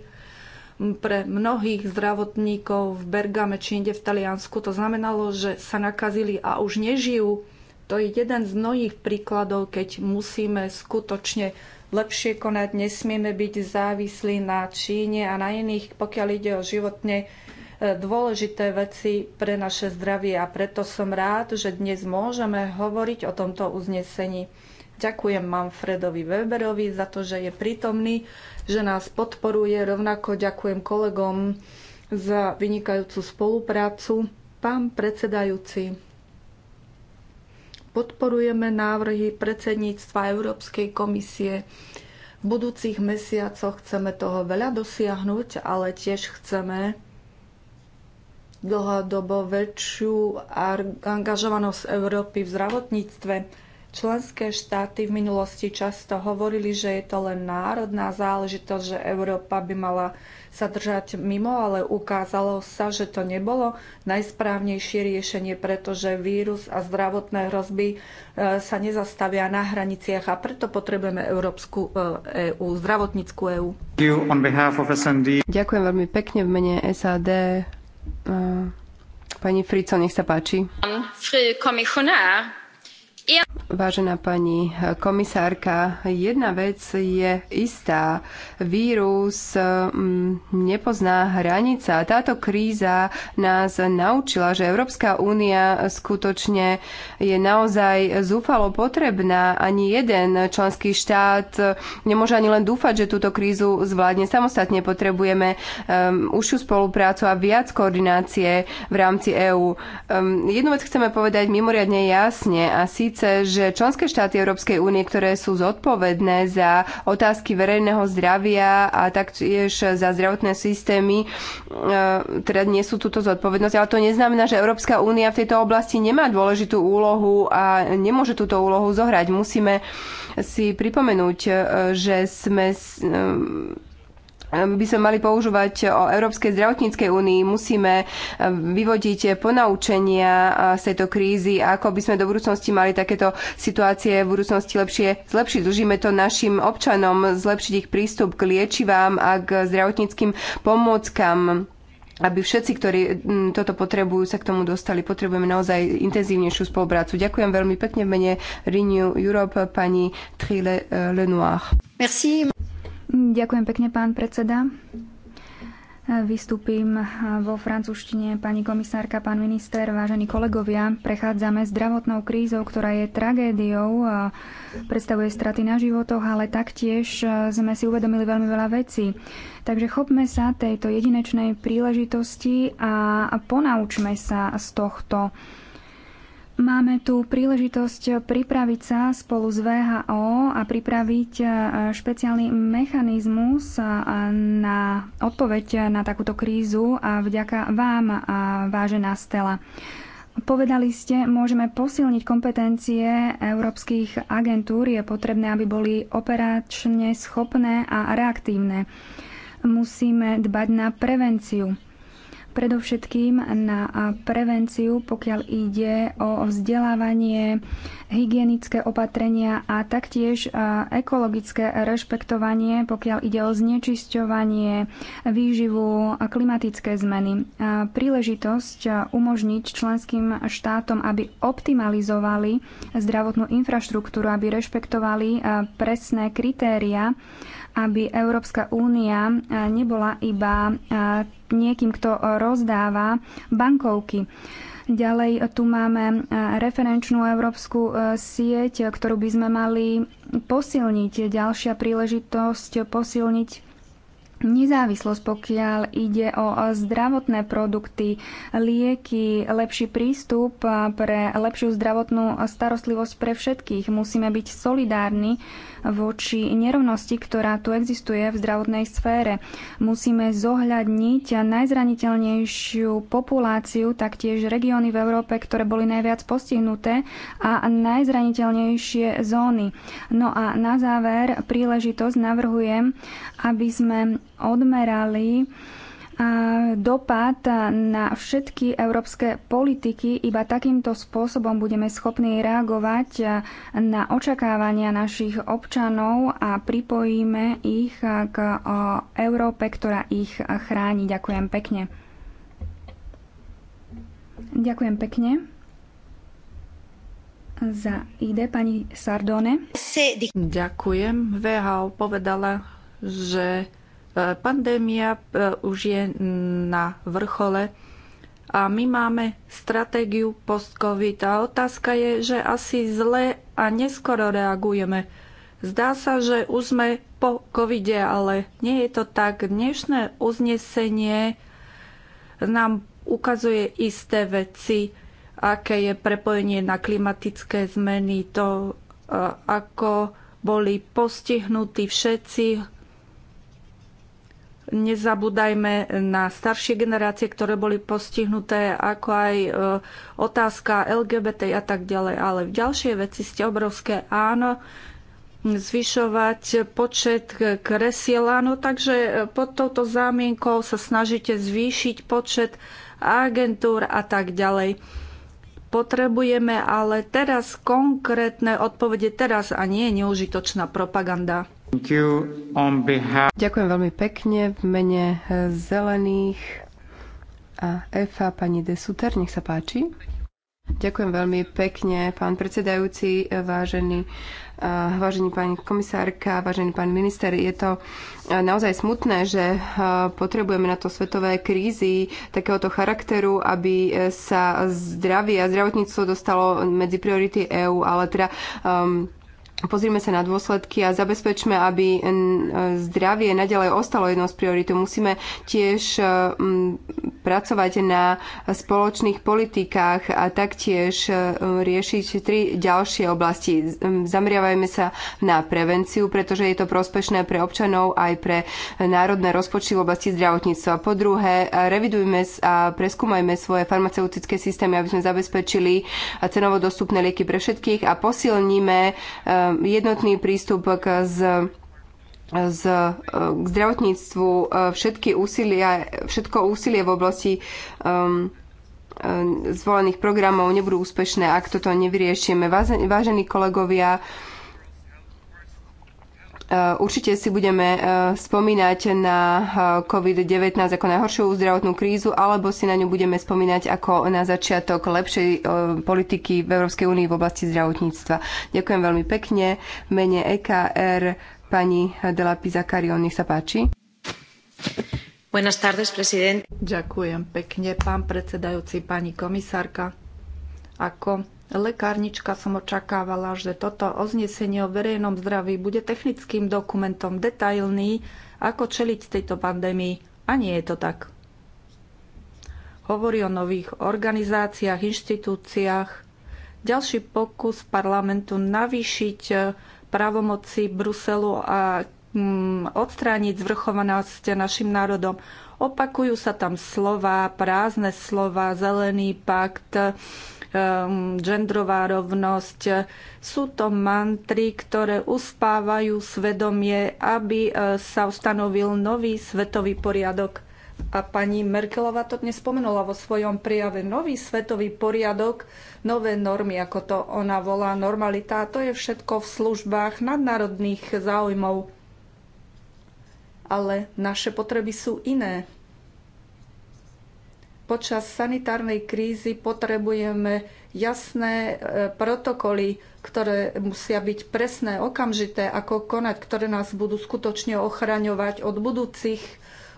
pre mnohých zdravotníkov v Bergame či inde v Taliansku. To znamenalo, že sa nakazili a už nežijú to je jeden z mnohých príkladov, keď musíme skutočne lepšie konať, nesmieme byť závislí na Číne a na iných, pokiaľ ide o životne e, dôležité veci pre naše zdravie a preto som rád, že dnes môžeme hovoriť o tomto uznesení. Ďakujem Manfredovi Weberovi za to, že je prítomný, že nás podporuje. Rovnako ďakujem kolegom za vynikajúcu spoluprácu. Pán predsedajúci, podporujeme návrhy predsedníctva Európskej komisie. V budúcich mesiacoch chceme toho veľa dosiahnuť, ale tiež chceme dlhodobo väčšiu angažovanosť Európy v zdravotníctve. Členské štáty v minulosti často hovorili, že je to len národná záležitosť, že Európa by mala sa držať mimo, ale ukázalo sa, že to nebolo najsprávnejšie riešenie, pretože vírus a zdravotné hrozby e, sa nezastavia na hraniciach a preto potrebujeme Európsku EU, zdravotníckú EU. Ďakujem veľmi pekne v mene SAD. E, pani Frico, nech sa páči. komisionár, Vážená pani komisárka, jedna vec je istá. Vírus mm, nepozná hranica. Táto kríza nás naučila, že Európska únia skutočne je naozaj zúfalo potrebná. Ani jeden členský štát nemôže ani len dúfať, že túto krízu zvládne samostatne. Potrebujeme mm, užšiu spoluprácu a viac koordinácie v rámci EÚ. Mm, jednu vec chceme povedať mimoriadne jasne a síce síce, že členské štáty Európskej únie, ktoré sú zodpovedné za otázky verejného zdravia a taktiež za zdravotné systémy, e, teda nie sú túto zodpovednosť, ale to neznamená, že Európska únia v tejto oblasti nemá dôležitú úlohu a nemôže túto úlohu zohrať. Musíme si pripomenúť, e, že sme e, Ehm, by sme mali používať eh, o Európskej zdravotníckej únii. Musíme eh, vyvodiť eh, ponaučenia z tejto krízy, ako by sme do budúcnosti mali takéto situácie v budúcnosti lepšie zlepšiť. Dlžíme to našim občanom, zlepšiť ich prístup k liečivám a k zdravotníckým pomôckam aby všetci, ktorí mm, toto potrebujú, sa k tomu dostali. Potrebujeme naozaj intenzívnejšiu spoluprácu. Ďakujem veľmi pekne v mene Renew Europe pani Trille Lenoir. Merci. Ďakujem pekne, pán predseda. Vystúpim vo francúzštine. Pani komisárka, pán minister, vážení kolegovia, prechádzame zdravotnou krízou, ktorá je tragédiou, a predstavuje straty na životoch, ale taktiež sme si uvedomili veľmi veľa vecí. Takže chopme sa tejto jedinečnej príležitosti a ponaučme sa z tohto Máme tu príležitosť pripraviť sa spolu s VHO a pripraviť e, špeciálny mechanizmus e, na odpoveď na takúto krízu a vďaka vám, a e, vážená Stela. Povedali ste, môžeme posilniť kompetencie európskych agentúr. Je potrebné, aby boli operačne schopné a reaktívne. Musíme dbať na prevenciu predovšetkým na prevenciu, pokiaľ ide o vzdelávanie, hygienické opatrenia a taktiež ekologické rešpektovanie, pokiaľ ide o znečisťovanie, výživu a klimatické zmeny. Príležitosť umožniť členským štátom, aby optimalizovali zdravotnú infraštruktúru, aby rešpektovali presné kritéria aby Európska únia nebola iba niekým, kto rozdáva bankovky. Ďalej tu máme referenčnú európsku e, sieť, ktorú by sme mali posilniť. Ďalšia príležitosť posilniť nezávislosť, pokiaľ ide o zdravotné produkty, lieky, lepší prístup pre lepšiu zdravotnú starostlivosť pre všetkých. Musíme byť solidárni voči nerovnosti, ktorá tu existuje v zdravotnej sfére. Musíme zohľadniť najzraniteľnejšiu populáciu, taktiež regióny v Európe, ktoré boli najviac postihnuté a najzraniteľnejšie zóny. No a na záver príležitosť navrhujem, aby sme odmerali dopad na všetky európske politiky. Iba takýmto spôsobom budeme schopní reagovať na očakávania našich občanov a pripojíme ich k Európe, ktorá ich chráni. Ďakujem pekne. Ďakujem pekne. Za ide pani Sardone. Ďakujem. VHO povedala, že E, pandémia e, už je na vrchole a my máme stratégiu post-COVID a otázka je, že asi zle a neskoro reagujeme. Zdá sa, že už sme po covide, ale nie je to tak. Dnešné uznesenie nám ukazuje isté veci, aké je prepojenie na klimatické zmeny, to e, ako boli postihnutí všetci Nezabúdajme na staršie generácie, ktoré boli postihnuté, ako aj e, otázka LGBT a tak ďalej. Ale v ďalšej veci ste obrovské áno, zvyšovať počet kresiel, áno, takže e, pod touto zámienkou sa snažíte zvýšiť počet agentúr a tak ďalej. Potrebujeme ale teraz konkrétne odpovede teraz a nie neužitočná propaganda. Ďakujem veľmi pekne v mene eh, zelených a EFA pani Desuter, nech sa páči. Ďakujem veľmi pekne, pán predsedajúci, vážený, eh, vážený eh, pani komisárka, vážený pán minister. Je to naozaj smutné, že potrebujeme na to svetové krízy takéhoto charakteru, aby sa zdravie a zdravotníctvo dostalo medzi priority EÚ, ale teda um, Pozrime sa na dôsledky a zabezpečme, aby zdravie nadalej ostalo jednou z priorít. Musíme tiež e, pracovať na spoločných politikách a taktiež e, riešiť tri ďalšie oblasti. Zameriavajme sa na prevenciu, pretože je to prospešné pre občanov aj pre národné rozpočty v oblasti zdravotníctva. Po druhé, revidujme a preskúmajme svoje farmaceutické systémy, aby sme zabezpečili cenovo dostupné lieky pre všetkých a posilníme e, jednotný prístup k z z, k zdravotníctvu e, všetky úsilia, všetko úsilie v oblasti um, e, zvolených programov nebudú úspešné, ak toto nevyriešime. Vážení kolegovia, Eh, určite si budeme eh, spomínať na eh, COVID-19 ako najhoršiu zdravotnú krízu, alebo si na ňu budeme spomínať ako na začiatok lepšej politiky v Európskej únii v oblasti zdravotníctva. Ďakujem veľmi pekne. V mene EKR pani Dela Pizakario, nech sa páči. Buenas tardes, Ďakujem pekne, pán predsedajúci, pani komisárka. Ako lekárnička som očakávala, že toto oznesenie o verejnom zdraví bude technickým dokumentom detailný, ako čeliť tejto pandémii. A nie je to tak. Hovorí o nových organizáciách, inštitúciách. Ďalší pokus parlamentu navýšiť eh, právomoci Bruselu a mm, odstrániť zvrchovanosť našim národom. Opakujú sa tam slova, prázdne slova, zelený pakt, Ehm, gendrová rovnosť. Sú to mantry, ktoré uspávajú svedomie, aby e, sa ustanovil nový svetový poriadok. A pani Merkelová to dnes spomenula vo svojom prijave. Nový svetový poriadok, nové normy, ako to ona volá normalita. A to je všetko v službách nadnárodných záujmov. Ale naše potreby sú iné Počas sanitárnej krízy potrebujeme jasné e, protokoly, ktoré musia byť presné, okamžité, ako konať, ktoré nás budú skutočne ochraňovať od budúcich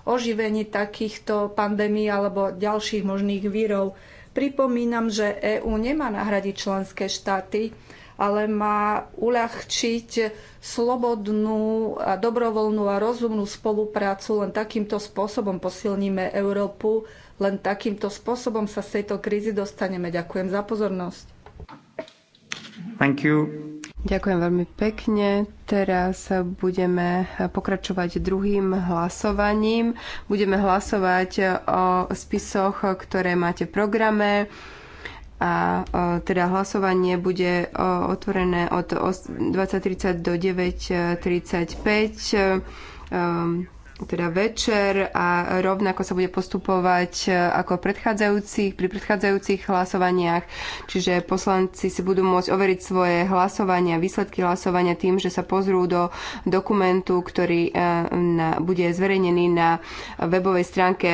oživení takýchto pandémií alebo ďalších možných vírov. Pripomínam, že EÚ nemá nahradiť členské štáty, ale má uľahčiť slobodnú a dobrovoľnú a rozumnú spoluprácu. Len takýmto spôsobom posilníme Európu len takýmto spôsobom sa z tejto krízy dostaneme. Ďakujem za pozornosť. Thank you. Ďakujem veľmi pekne. Teraz budeme pokračovať druhým hlasovaním. Budeme hlasovať o spisoch, ktoré máte v programe a teda hlasovanie bude otvorené od 20.30 do 9.35 teda večer a rovnako sa bude postupovať e, ako predchádzajúcich, pri predchádzajúcich hlasovaniach, čiže poslanci si budú môcť overiť svoje hlasovania, výsledky hlasovania tým, že sa pozrú do dokumentu, ktorý e, na, bude zverejnený na webovej stránke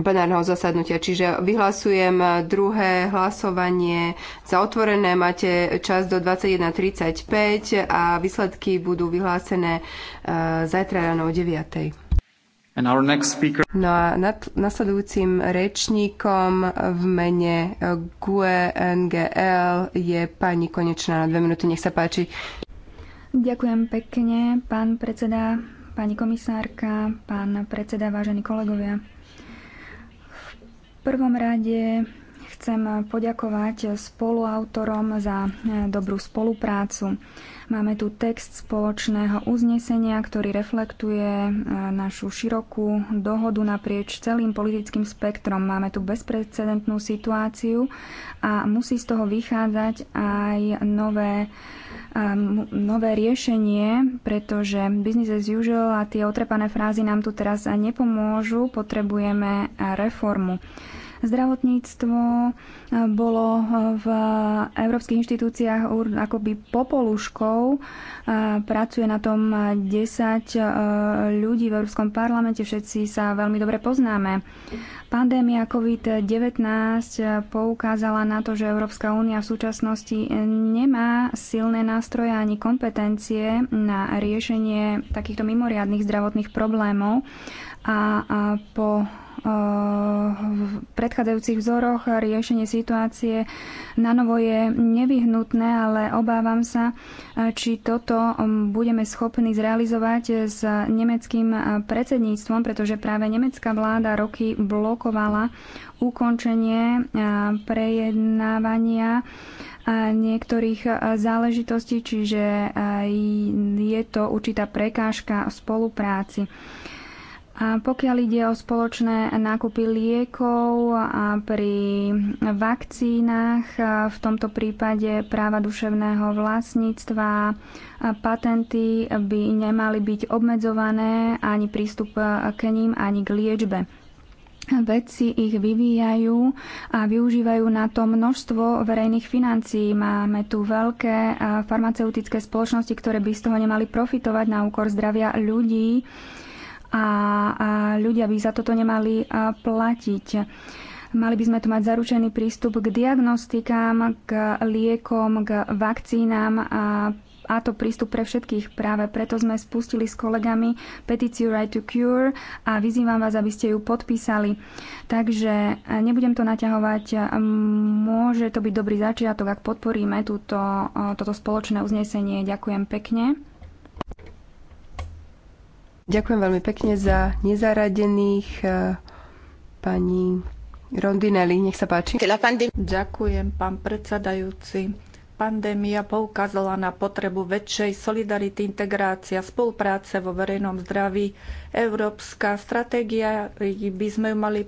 plenárneho zasadnutia. Čiže vyhlasujem druhé hlasovanie za otvorené. Máte čas do 21.35 a výsledky budú vyhlásené e, zajtra ráno o 9. Speaker... No a nad, nasledujúcim rečníkom v mene e, GUE NGL je pani Konečná na dve minúty. Nech sa páči. Ďakujem pekne, pán predseda, pani komisárka, pán predseda, vážení kolegovia prvom rade chcem poďakovať spoluautorom za e, dobrú spoluprácu. Máme tu text spoločného uznesenia, ktorý reflektuje e, našu širokú dohodu naprieč celým politickým spektrom. Máme tu bezprecedentnú situáciu a musí z toho vychádzať aj nové nové riešenie, pretože business as usual a tie otrepané frázy nám tu teraz nepomôžu, potrebujeme reformu. Zdravotníctvo eh, bolo eh, v európskych inštitúciách akoby popoluškou. Eh, pracuje na tom 10 ľudí v Európskom parlamente, všetci sa veľmi dobre poznáme. Pandémia COVID-19 poukázala na to, že Európska únia v súčasnosti nemá silné nástroje ani kompetencie na riešenie takýchto mimoriadných zdravotných problémov a, a po eh, v predchádzajúcich vzoroch riešenie situácie na novo je nevyhnutné, ale obávam sa, eh, či toto mm, budeme schopní zrealizovať s nemeckým eh, predsedníctvom, pretože práve nemecká vláda roky blokovala ukončenie prejednávania niektorých záležitostí, čiže je to určitá prekážka v spolupráci. A pokiaľ ide o spoločné nákupy liekov a pri vakcínach, v tomto prípade práva duševného vlastníctva, patenty by nemali byť obmedzované ani prístup k ním, ani k liečbe. Vedci ich vyvíjajú a využívajú na to množstvo verejných financií. Máme tu veľké farmaceutické spoločnosti, ktoré by z toho nemali profitovať na úkor zdravia ľudí a, a ľudia by za toto nemali platiť. Mali by sme tu mať zaručený prístup k diagnostikám, k liekom, k vakcínám a a to prístup pre všetkých. Práve preto sme spustili s kolegami petíciu Right to Cure a vyzývam vás, aby ste ju podpísali. Takže e, nebudem to naťahovať. E, môže to byť dobrý začiatok, ak podporíme túto, e, toto spoločné uznesenie. Ďakujem pekne. Ďakujem veľmi pekne za nezaradených eh, pani Rondinelli, nech sa páči. Ďakujem, pán predsedajúci. Pandémia poukázala na potrebu väčšej solidarity, integrácia, spolupráce vo verejnom zdraví. Európska stratégia by sme ju mali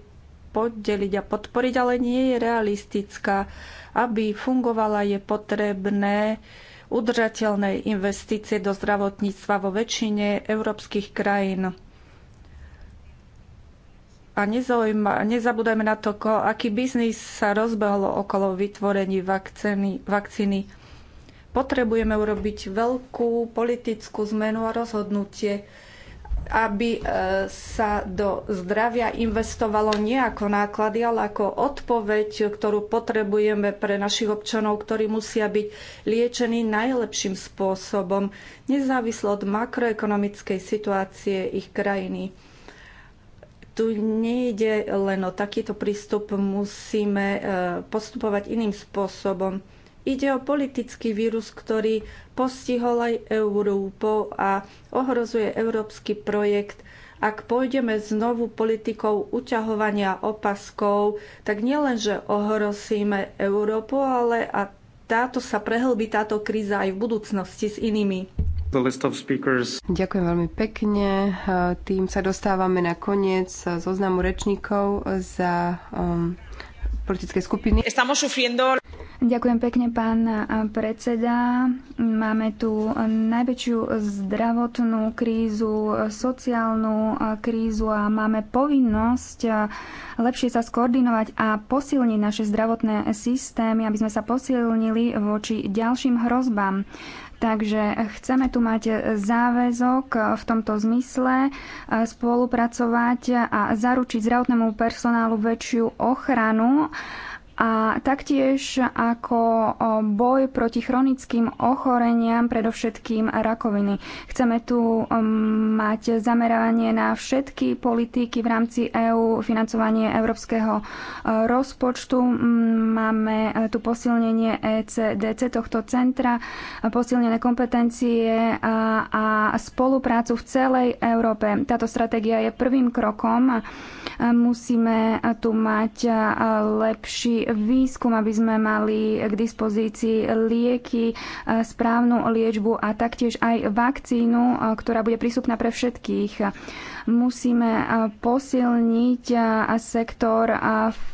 poddeliť a podporiť, ale nie je realistická. Aby fungovala, je potrebné udržateľnej investície do zdravotníctva vo väčšine európskych krajín. A nezabúdajme na to, aký biznis sa rozbehol okolo vytvorení vakcíny. vakcíny. Potrebujeme urobiť veľkú politickú zmenu a rozhodnutie aby e, sa do zdravia investovalo nie ako náklady, ale ako odpoveď, ktorú potrebujeme pre našich občanov, ktorí musia byť liečení najlepším spôsobom, nezávisle od makroekonomickej situácie ich krajiny. Tu nejde len o takýto prístup, musíme e, postupovať iným spôsobom. Ide o politický vírus, ktorý postihol aj Európu a ohrozuje európsky projekt. Ak pôjdeme znovu politikou uťahovania opaskov, tak nielenže ohrozíme Európu, ale a táto sa prehlbí táto kríza aj v budúcnosti s inými. Ďakujem veľmi pekne. Tým sa dostávame na koniec zoznamu rečníkov za um, politické skupiny. Ďakujem pekne, pán predseda. Máme tu najväčšiu zdravotnú krízu, sociálnu krízu a máme povinnosť lepšie sa skoordinovať a posilniť naše zdravotné systémy, aby sme sa posilnili voči ďalším hrozbám. Takže chceme tu mať záväzok v tomto zmysle e, spolupracovať a zaručiť zdravotnému personálu väčšiu ochranu a taktiež ako boj proti chronickým ochoreniam, predovšetkým rakoviny. Chceme tu mať zameranie na všetky politiky v rámci EÚ, financovanie európskeho rozpočtu. Máme e, tu posilnenie ECDC tohto centra, posilnené kompetencie a, a spoluprácu v celej Európe. Táto stratégia je prvým krokom. Musíme tu mať lepší výskum, aby sme mali k dispozícii lieky, e, správnu liečbu a taktiež aj vakcínu, e, ktorá bude prístupná pre všetkých. Musíme posilniť sektor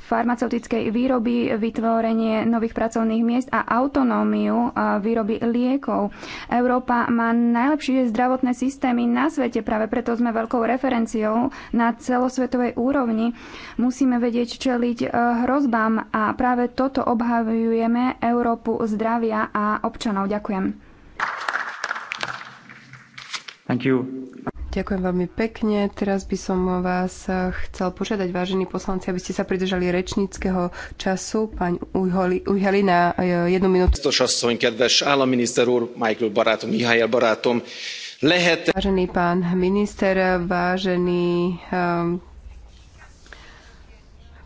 farmaceutickej výroby, vytvorenie nových pracovných miest a autonómiu výroby liekov. Európa má najlepšie zdravotné systémy na svete, práve preto sme veľkou referenciou na celosvetovej úrovni. Musíme vedieť čeliť e, hrozbám a práve toto obhavujeme Európu zdravia a občanov. Ďakujem. Thank you. Ďakujem veľmi pekne. Teraz by som vás eh, chcel požiadať, vážení poslanci, aby ste sa pridržali rečníckého času. Pán Ujhali, na eh, jednu minútu. Asszony, kedves államminiszter úr, Michael barátom, Mihály barátom, lehet... Vážený pán minister, vážený um,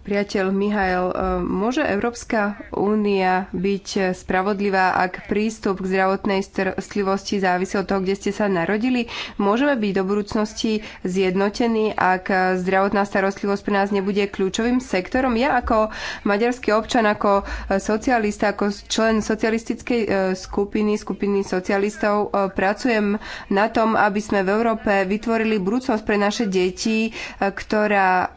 Priateľ Mihail, e, môže Európska únia byť spravodlivá, ak prístup k zdravotnej starostlivosti závisí od toho, kde ste sa narodili? Môžeme byť do budúcnosti zjednotení, ak zdravotná starostlivosť pre nás nebude kľúčovým sektorom? Ja ako maďarský občan, ako socialista, ako člen socialistickej e, skupiny, skupiny socialistov, e, pracujem na tom, aby sme v Európe vytvorili budúcnosť pre naše deti, ktorá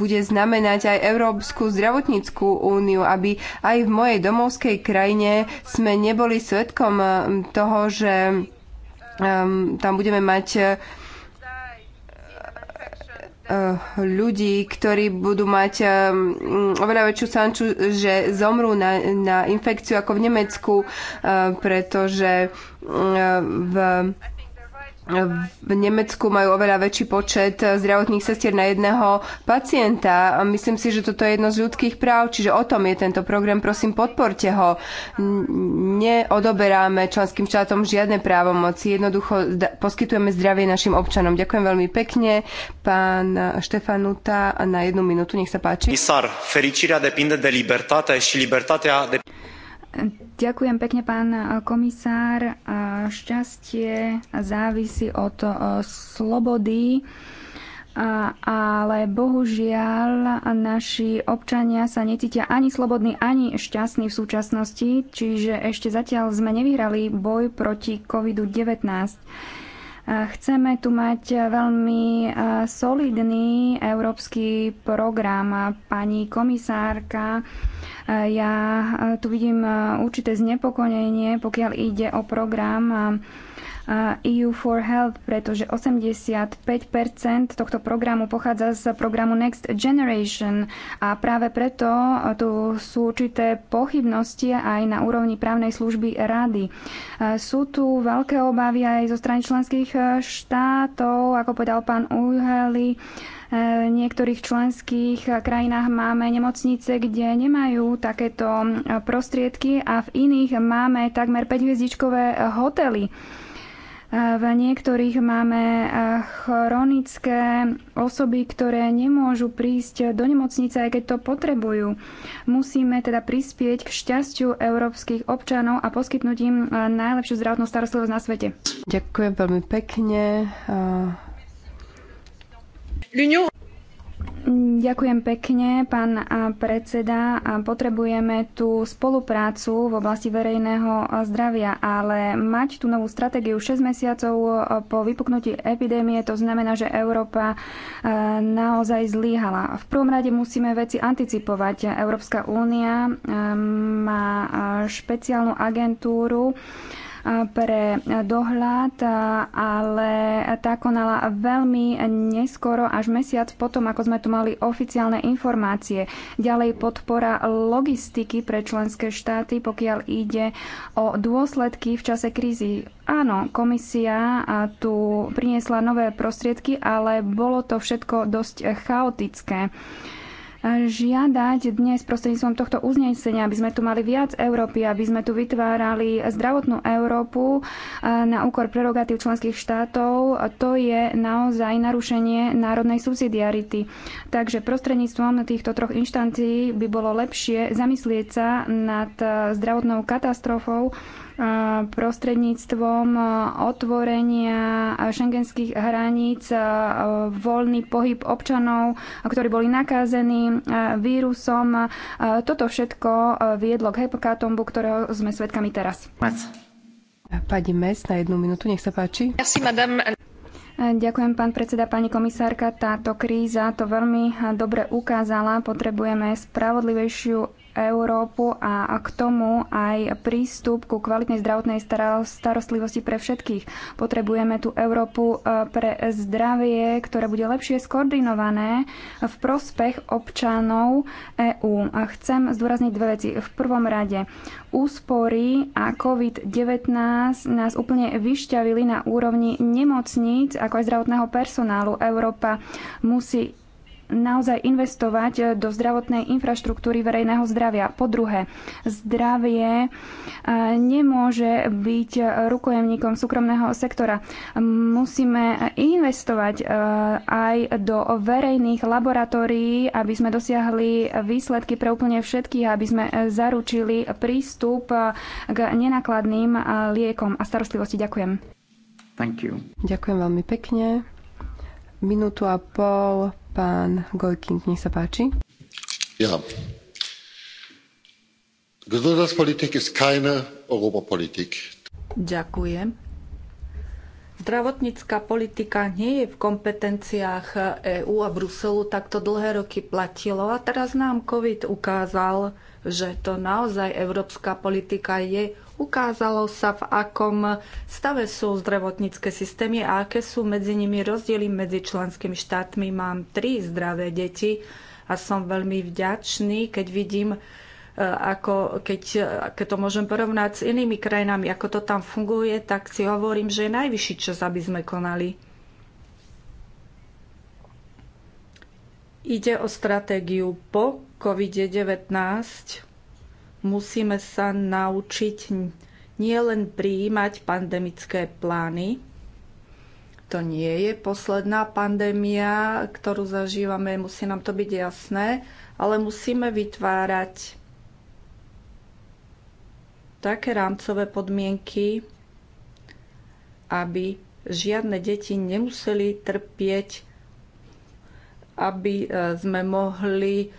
bude znamenať mať aj Európsku zdravotníckú úniu, aby aj v mojej domovskej krajine sme neboli svetkom um, toho, že um, tam budeme mať uh, ľudí, ktorí budú mať um, oveľa väčšiu sanču, že zomrú na, na infekciu ako v Nemecku, uh, pretože uh, v v Nemecku majú oveľa väčší počet zdravotných sestier na jedného pacienta. Myslím si, že toto je jedno z ľudských práv, čiže o tom je tento program. Prosím, podporte ho. Neodoberáme členským štátom žiadne právomoci, jednoducho poskytujeme zdravie našim občanom. Ďakujem veľmi pekne. Pán Štefanuta, na jednu minútu, nech sa páči. Isar, fericirea depinde de libertate și libertatea de... Ďakujem pekne, pán e, komisár. Šťastie závisí od e, slobody, ale bohužiaľ naši občania sa necítia ani slobodní, ani šťastní v súčasnosti, čiže ešte zatiaľ sme nevyhrali boj proti COVID-19. Chceme tu mať e, veľmi e, solidný európsky program. Pani komisárka, e, ja tu vidím určité znepokojenie, pokiaľ ide o program EU for Health, pretože 85 tohto programu pochádza z programu Next Generation a práve preto tu sú určité pochybnosti aj na úrovni právnej služby rady. Sú tu veľké obavy aj zo strany členských štátov, ako povedal pán Uheli, v niektorých členských krajinách máme nemocnice, kde nemajú takéto prostriedky a v iných máme takmer 5-hviezdičkové hotely. V niektorých máme eh, chronické osoby, ktoré nemôžu prísť do nemocnice, aj keď to potrebujú. Musíme teda prispieť k šťastiu európskych občanov a poskytnúť im eh, najlepšiu zdravotnú starostlivosť na svete. Ďakujem veľmi pekne. Eh, Ďakujem pekne, pán predseda. Potrebujeme tú spoluprácu v oblasti verejného zdravia, ale mať tú novú stratégiu 6 mesiacov po vypuknutí epidémie, to znamená, že Európa naozaj zlíhala. V prvom rade musíme veci anticipovať. Európska únia má špeciálnu agentúru, pre dohľad, ale tá konala veľmi neskoro, až mesiac potom, ako sme tu mali oficiálne informácie. Ďalej podpora logistiky pre členské štáty, pokiaľ ide o dôsledky v čase krízy. Áno, komisia tu priniesla nové prostriedky, ale bolo to všetko dosť chaotické žiadať dnes prostredníctvom tohto uznesenia, aby sme tu mali viac Európy, aby sme tu vytvárali zdravotnú Európu e, na úkor prerogatív členských štátov, to je naozaj narušenie národnej subsidiarity. Takže prostredníctvom týchto troch inštancií by bolo lepšie zamyslieť sa nad zdravotnou katastrofou, prostredníctvom otvorenia šengenských hraníc voľný pohyb občanov, ktorí boli nakázení vírusom. Toto všetko viedlo k hepokatombu, ktorého sme svedkami teraz. Pani Mes, na jednu minútu, nech sa páči. si, madam... Ďakujem, pán predseda, pani komisárka. Táto kríza to veľmi dobre ukázala. Potrebujeme spravodlivejšiu Európu a k tomu aj prístup ku kvalitnej zdravotnej starostlivosti pre všetkých. Potrebujeme tú Európu e, pre zdravie, ktoré bude lepšie skoordinované v prospech občanov EÚ. Chcem zdôrazniť dve veci. V prvom rade úspory a COVID-19 nás úplne vyšťavili na úrovni nemocníc ako aj zdravotného personálu. Európa musí naozaj investovať eh, do zdravotnej infraštruktúry verejného zdravia. Po druhé, zdravie eh, nemôže byť eh, rukojemníkom súkromného sektora. Musíme investovať aj do verejných laboratórií, aby sme dosiahli výsledky pre úplne všetkých, aby sme zaručili prístup k nenákladným liekom a starostlivosti. Ďakujem. Thank you. Ďakujem veľmi pekne. Minútu a pol Pán Gojking, nech sa páči. Ja. Gesundheitspolitik ist keine Europapolitik. Ďakujem. Zdravotnícka politika nie je v kompetenciách EÚ eh, e a Bruselu, tak to dlhé roky platilo a teraz nám COVID ukázal, že to naozaj európska politika je. Ukázalo sa, v akom stave sú zdravotnícke systémy a aké sú medzi nimi rozdiely medzi členskými štátmi. Mám tri zdravé deti a som veľmi vďačný, keď vidím, ako keď, keď to môžem porovnať s inými krajinami, ako to tam funguje, tak si hovorím, že je najvyšší čas, aby sme konali. Ide o stratégiu po COVID-19. Musíme sa naučiť nielen prijímať pandemické plány, to nie je posledná pandémia, ktorú zažívame, musí nám to byť jasné, ale musíme vytvárať také rámcové podmienky, aby žiadne deti nemuseli trpieť, aby e, sme mohli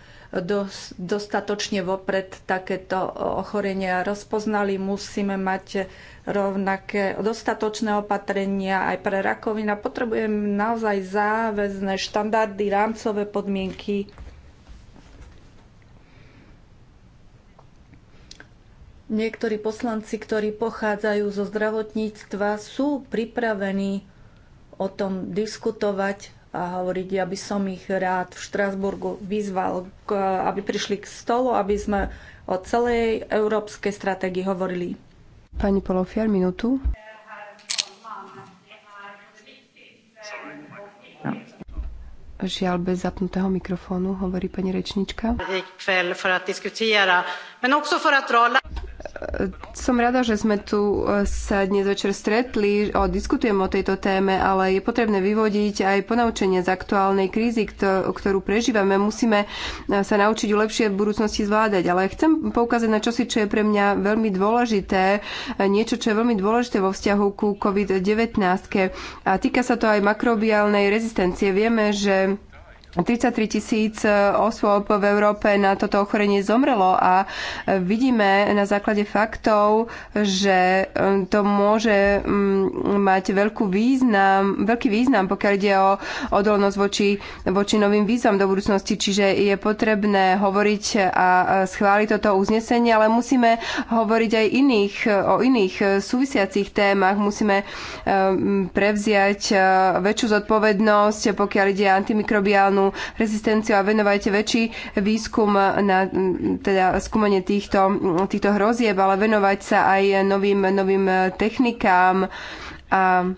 dostatočne vopred takéto ochorenia rozpoznali. Musíme mať rovnaké dostatočné opatrenia aj pre rakovina. Potrebujeme naozaj záväzné štandardy, rámcové podmienky Niektorí poslanci, ktorí pochádzajú zo zdravotníctva, sú pripravení o tom diskutovať a hovoriť, ja by som ich rád v Štrasburgu vyzval, aby prišli k stolu, aby sme o celej európskej stratégii hovorili. Pani Polofiar, minútu. Žiaľ, bez zapnutého mikrofónu, hovorí pani rečnička som rada, že sme tu e, sa dnes večer stretli, a diskutujeme o tejto téme, ale je potrebné vyvodiť aj ponaučenie z aktuálnej krízy, ktorú prežívame. Musíme e, sa naučiť ju lepšie v budúcnosti zvládať. Ale chcem poukázať na čosi, čo je pre mňa veľmi dôležité, e, niečo, čo je veľmi dôležité vo vzťahu ku COVID-19. A týka sa to aj makrobiálnej rezistencie. Vieme, že 33 tisíc e, osôb v Európe na toto ochorenie zomrelo a e, vidíme na základe faktov, že e, to môže mm, mať veľkú význam, veľký význam, pokiaľ ide o odolnosť voči, voči novým výzvam do budúcnosti. Čiže je potrebné hovoriť a schváliť toto uznesenie, ale musíme hovoriť aj iných, o iných súvisiacich témach. Musíme prevziať väčšiu zodpovednosť, pokiaľ ide antimikrobiálnu imunitnú rezistenciu a venovajte väčší výskum na teda skúmanie týchto, týchto hrozieb, ale venovať sa aj novým, novým technikám a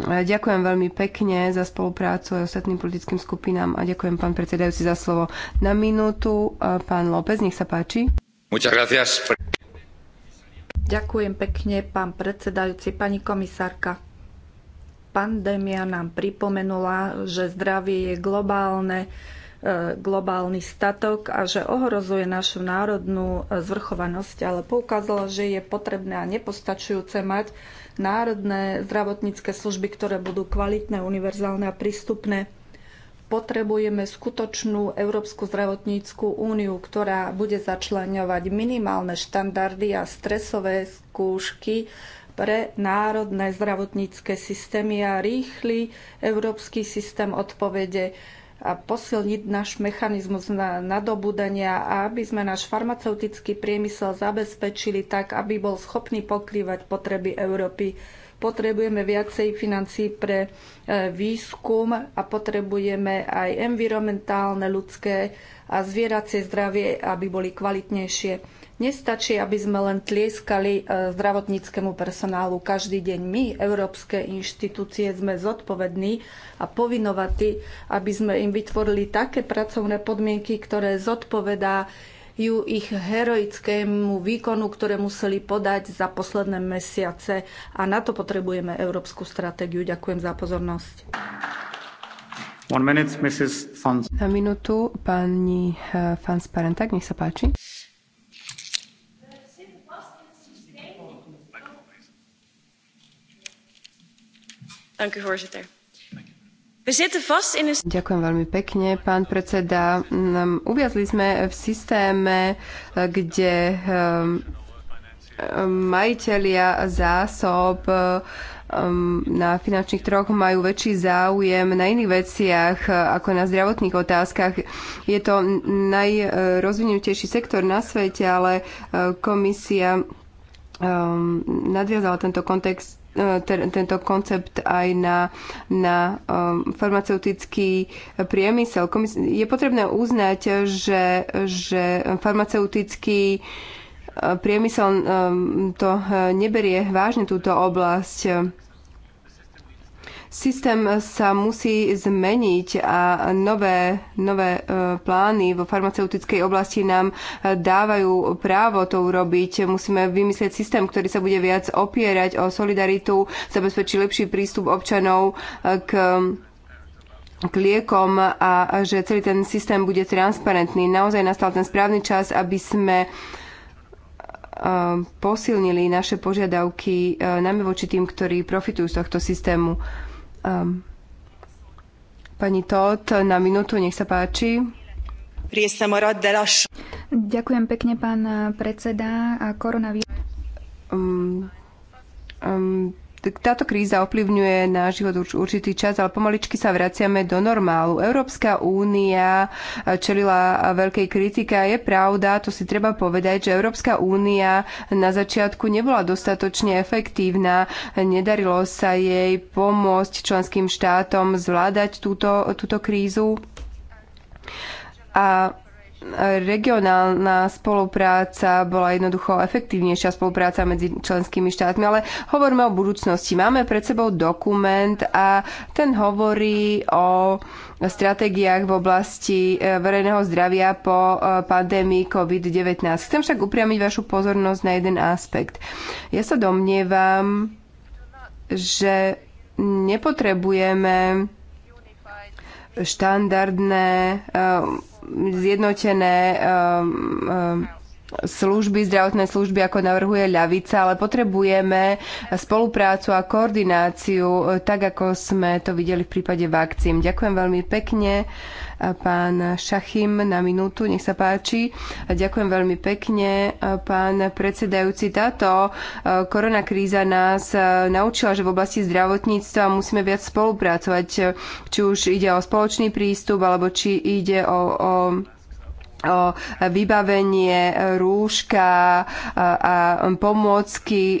Ďakujem veľmi pekne za spoluprácu aj ostatným politickým skupinám a ďakujem pán predsedajúci za slovo. Na minútu pán López, nech sa páči. Ďakujem pekne, pán predsedajúci, pani komisárka pandémia nám pripomenula, že zdravie je globálne, e, globálny statok a že ohrozuje našu národnú e, zvrchovanosť, ale poukázala, že je potrebné a nepostačujúce mať národné zdravotnícke služby, ktoré budú kvalitné, univerzálne a prístupné. Potrebujeme skutočnú Európsku zdravotníckú úniu, ktorá bude začlenovať minimálne štandardy a stresové skúšky pre národné zdravotnícke systémy a rýchly európsky systém odpovede a posilniť náš mechanizmus na nadobudania a aby sme náš farmaceutický priemysel zabezpečili tak, aby bol schopný pokrývať potreby Európy. Potrebujeme viacej financí pre e, výskum a potrebujeme aj environmentálne, ľudské a zvieracie zdravie, aby boli kvalitnejšie. Nestačí, aby sme len tlieskali e, zdravotníckému personálu každý deň. My, európske inštitúcie, sme zodpovední a povinovatí, aby sme im vytvorili také pracovné podmienky, ktoré zodpovedá ju ich heroickému výkonu, ktoré museli podať za posledné mesiace. A na to potrebujeme európsku stratégiu. Ďakujem za pozornosť. One minute, Mrs. Fons. Na minútu pani e, Fans Parentak, nech sa páči. Ďakujem veľmi pekne, pán predseda. Mm, uviazli sme v systéme, eh, kde eh, majiteľia zásob eh, na finančných troch majú väčší záujem na iných veciach ako na zdravotných otázkach. Je to najrozvinutejší sektor na svete, ale komisia nadviazala tento kontext ten, tento koncept aj na, na um, farmaceutický priemysel. Komis- je potrebné uznať, že, že farmaceutický uh, priemysel um, to uh, neberie vážne túto oblasť Systém sa musí zmeniť a nové, nové e, plány vo farmaceutickej oblasti nám e, dávajú právo to urobiť. Musíme vymyslieť systém, ktorý sa bude viac opierať o solidaritu, zabezpečí lepší prístup občanov e, k k liekom a že celý ten systém bude transparentný. Naozaj nastal ten správny čas, aby sme posilnili naše požiadavky najmä voči tým, ktorí profitujú z tohto systému. Um, pani Todd, na minútu, nech sa páči. Ďakujem pekne, pán predseda. Koronavírus. Um, um, táto kríza ovplyvňuje na život už určitý čas, ale pomaličky sa vraciame do normálu. Európska únia eh, čelila eh, veľkej kritike a je pravda, to si treba povedať, že Európska únia na začiatku nebola dostatočne efektívna, nedarilo sa jej pomôcť členským štátom zvládať túto, túto krízu. A regionálna spolupráca bola jednoducho efektívnejšia spolupráca medzi členskými štátmi, ale hovoríme o budúcnosti. Máme pred sebou dokument a ten hovorí o stratégiách v oblasti eh, verejného zdravia po eh, pandémii COVID-19. Chcem však upriamiť vašu pozornosť na jeden aspekt. Ja sa domnievam, že nepotrebujeme štandardné eh, zjednotené um, um, služby, zdravotné služby, ako navrhuje ľavica, ale potrebujeme spoluprácu a koordináciu, e, tak ako sme to videli v prípade vakcín. Ďakujem veľmi pekne, e, pán Šachim, na minútu, nech sa páči. ďakujem veľmi pekne, e, pán predsedajúci. Táto koronakríza nás naučila, že v oblasti zdravotníctva musíme viac spolupracovať, či už ide o spoločný prístup, alebo či ide o, o o vybavenie rúška a pomôcky. E,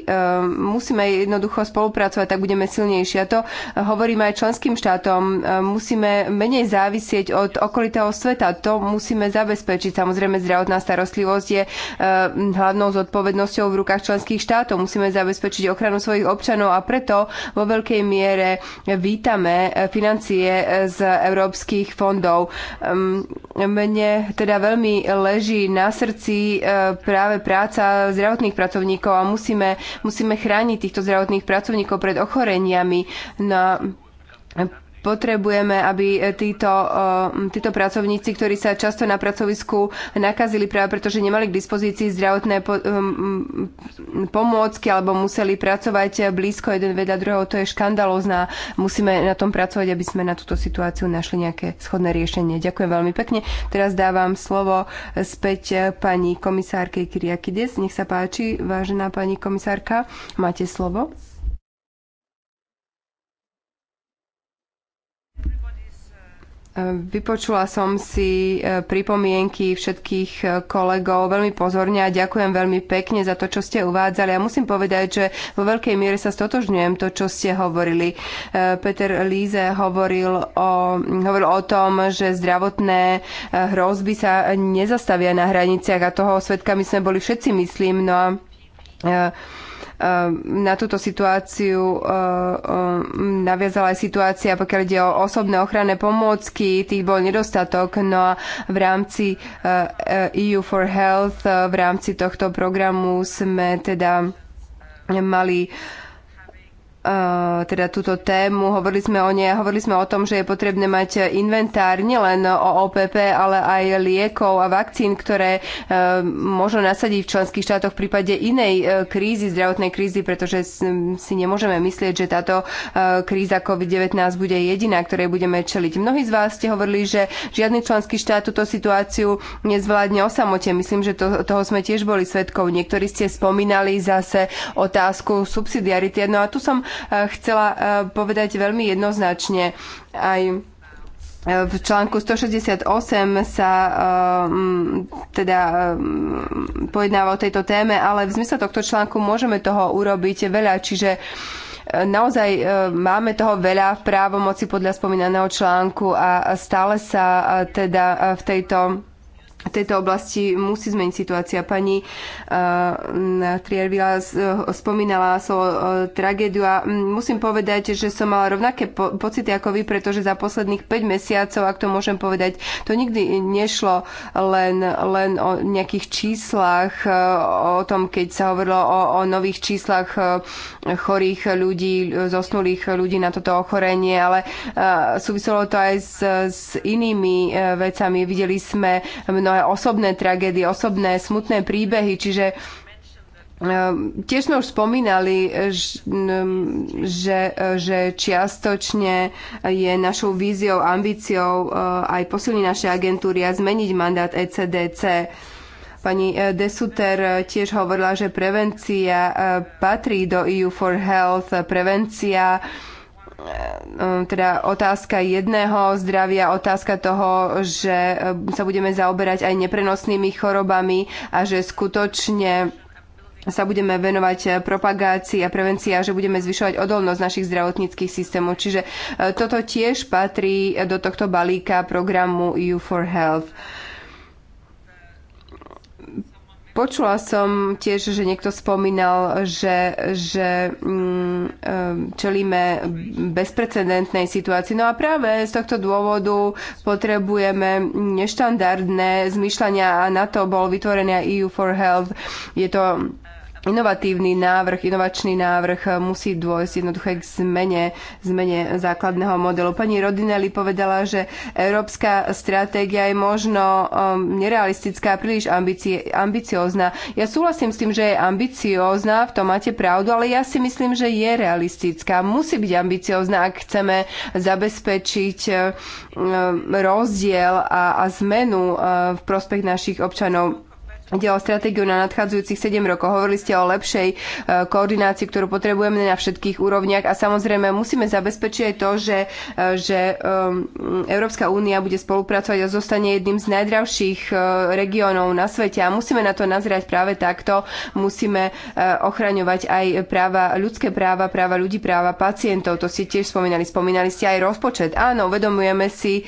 musíme jednoducho spolupracovať, tak budeme silnejší. A to hovorím aj členským štátom. E, musíme menej závisieť od okolitého sveta. To musíme zabezpečiť. Samozrejme, zdravotná starostlivosť je e, hlavnou zodpovednosťou v rukách členských štátov. Musíme zabezpečiť ochranu svojich občanov a preto vo veľkej miere vítame financie z európskych fondov. Mne teda veľmi veľmi leží na srdci e, práve práca zdravotných pracovníkov a musíme, musíme chrániť týchto zdravotných pracovníkov pred ochoreniami. No, Potrebujeme, aby e, títo, e, títo pracovníci, ktorí sa často na pracovisku nakazili práve preto, že nemali k dispozícii zdravotné e, pomôcky alebo museli pracovať blízko jeden vedľa druhého, to je škandalozná. Musíme na tom pracovať, aby sme na túto situáciu našli nejaké schodné riešenie. Ďakujem veľmi pekne. Teraz dávam slovo späť pani komisárke Kyriakides. Nech sa páči, vážená pani komisárka, máte slovo. Vypočula som si e, pripomienky všetkých e, kolegov veľmi pozorne a ďakujem veľmi pekne za to, čo ste uvádzali. A musím povedať, že vo veľkej miere sa stotožňujem to, čo ste hovorili. E, Peter Líze hovoril o, hovoril o tom, že zdravotné hrozby sa nezastavia na hraniciach a toho svetkami sme boli všetci, myslím. No a Ehm, na túto situáciu eh, ehm, naviazala aj situácia, pokiaľ ide o osobné ochranné pomôcky, tých bol nedostatok, no a v rámci EU eh, e for Health, eh, v rámci tohto programu sme teda mali Eh, teda túto tému, hovorili sme o nej a hovorili sme o tom, že je potrebné mať inventár nielen o OPP, ale aj liekov a vakcín, ktoré eh, možno nasadiť v členských štátoch v prípade inej eh, krízy, zdravotnej krízy, pretože si nemôžeme myslieť, že táto kríza COVID-19 bude jediná, ktorej budeme čeliť. Mnohí z vás ste hovorili, že žiadny členský štát túto situáciu nezvládne o samote. Myslím, že to, toho sme tiež boli svedkov. Niektorí ste spomínali zase otázku subsidiarity. No a tu som chcela eh, povedať veľmi jednoznačne. Aj eh, v článku 168 sa eh, teda pojednáva o tejto téme, ale v zmysle tohto článku môžeme toho urobiť veľa, čiže naozaj máme toho veľa v právomoci podľa spomínaného článku a stále sa teda v tejto v tejto oblasti musí zmeniť situácia. Pani uh, Triervila eh, spomínala so, uh, tragédiu a mm, musím povedať, že som mala rovnaké po- pocity ako vy, pretože za posledných 5 mesiacov, ak to môžem povedať, to nikdy nešlo len, len o nejakých číslach, uh, o tom, keď sa hovorilo o, o nových číslach uh, chorých ľudí, zosnulých ľudí na toto ochorenie, ale uh, súviselo to aj s, s inými uh, vecami. Videli sme mnoho mnohé osobné tragédie, osobné smutné príbehy, čiže e, Tiež sme už spomínali, že, e, že čiastočne je našou víziou, ambíciou e, aj posilniť naše agentúry a zmeniť mandát ECDC. Pani Desuter tiež hovorila, že prevencia patrí do EU for Health. Prevencia E, e, teda otázka jedného zdravia, otázka toho, že e, sa budeme zaoberať aj neprenosnými chorobami a že skutočne sa budeme venovať propagácii a prevencii a že budeme zvyšovať odolnosť našich zdravotníckých systémov. Čiže toto tiež patrí do tohto balíka programu EU for Health. Počula som tiež, že niekto spomínal, že, že mm, e, čelíme bezprecedentnej situácii. No a práve z tohto dôvodu potrebujeme neštandardné zmyšľania a na to bol vytvorený EU for Health. Je to inovatívny návrh, inovačný návrh e, musí dôjsť jednoduché k zmene, zmene základného modelu. Pani Rodinelli povedala, že európska stratégia je možno um, nerealistická a príliš ambici- ambiciózna. Ja súhlasím s tým, že je ambiciózna, v tom máte pravdu, ale ja si myslím, že je realistická. Musí byť ambiciózna, ak chceme zabezpečiť um, um rozdiel a, a zmenu uh, v prospech našich občanov Ide o stratégiu na nadchádzajúcich 7 rokov. Hovorili ste o lepšej e, koordinácii, ktorú potrebujeme na všetkých úrovniach a samozrejme musíme zabezpečiť aj to, že, e, že e, Európska únia bude spolupracovať a zostane jedným z najdravších regiónov na svete a musíme na to nazerať práve takto. Musíme ochraňovať aj práva, ľudské práva, práva ľudí, práva pacientov. To ste tiež spomínali. Spomínali ste aj rozpočet. Áno, uvedomujeme si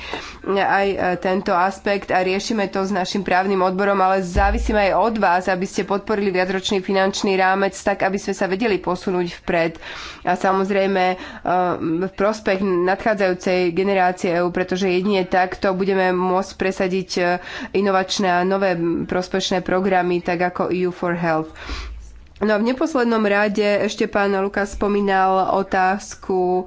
aj tento aspekt a riešime to s našim právnym odborom, ale závisí prosím aj od vás, aby ste podporili viacročný finančný rámec tak, aby sme sa vedeli posunúť vpred a samozrejme eh, v prospech nadchádzajúcej generácie EÚ, pretože jedine takto budeme môcť presadiť eh, inovačné a nové prospešné programy, tak ako EU for Health. No a v neposlednom rade ešte pán Lukas spomínal otázku um,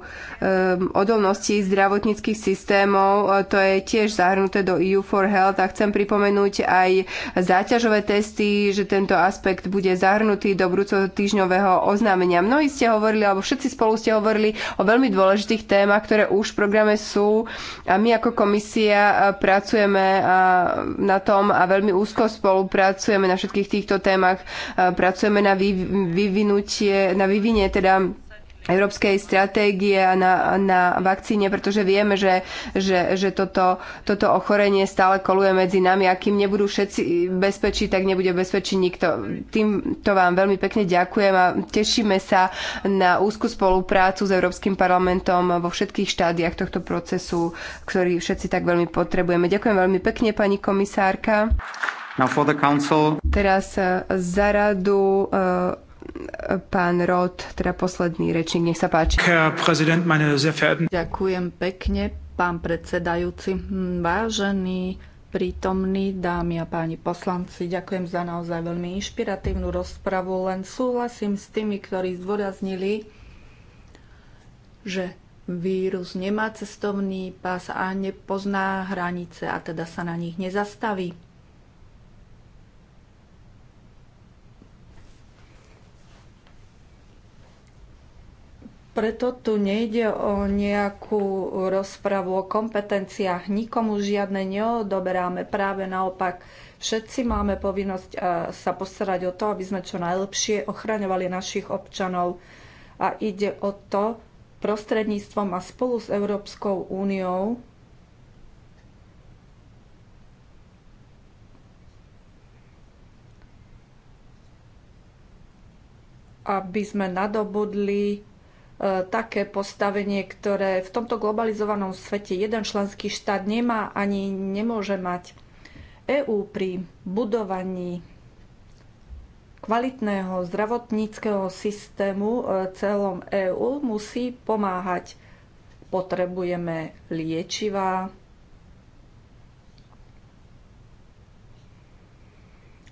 odolnosti zdravotníckých systémov. To je tiež zahrnuté do EU for Health a chcem pripomenúť aj záťažové testy, že tento aspekt bude zahrnutý do budúceho týždňového oznámenia. Mnohí ste hovorili, alebo všetci spolu ste hovorili o veľmi dôležitých témach, ktoré už v programe sú a my ako komisia pracujeme na tom a veľmi úzko spolupracujeme na všetkých týchto témach. Pracujeme na vyvinutie, na vyvinie teda európskej stratégie a na, na vakcíne, pretože vieme, že, že, že toto, toto ochorenie stále koluje medzi nami a kým nebudú všetci bezpečí, tak nebude bezpečí nikto. Týmto vám veľmi pekne ďakujem a tešíme sa na úzku spoluprácu s Európskym parlamentom vo všetkých štádiách tohto procesu, ktorý všetci tak veľmi potrebujeme. Ďakujem veľmi pekne, pani komisárka. Teraz eh, za radu eh, pán Rod, teda posledný rečník, nech sa páči. Ďakujem pekne, pán predsedajúci. Hm, vážený prítomní dámy a páni poslanci, ďakujem za naozaj veľmi inšpiratívnu rozpravu, len súhlasím s tými, ktorí zdôraznili, že vírus nemá cestovný pás a nepozná hranice a teda sa na nich nezastaví. Preto tu nejde o nejakú rozpravu o kompetenciách. Nikomu žiadne neodoberáme. Práve naopak, všetci máme povinnosť eh, sa postarať o to, aby sme čo najlepšie ochraňovali našich občanov. A ide o to prostredníctvom a spolu s Európskou úniou aby sme nadobudli E, také postavenie, ktoré v tomto globalizovanom svete jeden členský štát nemá ani nemôže mať. EÚ pri budovaní kvalitného zdravotníckého systému e, celom EÚ musí pomáhať. Potrebujeme liečivá,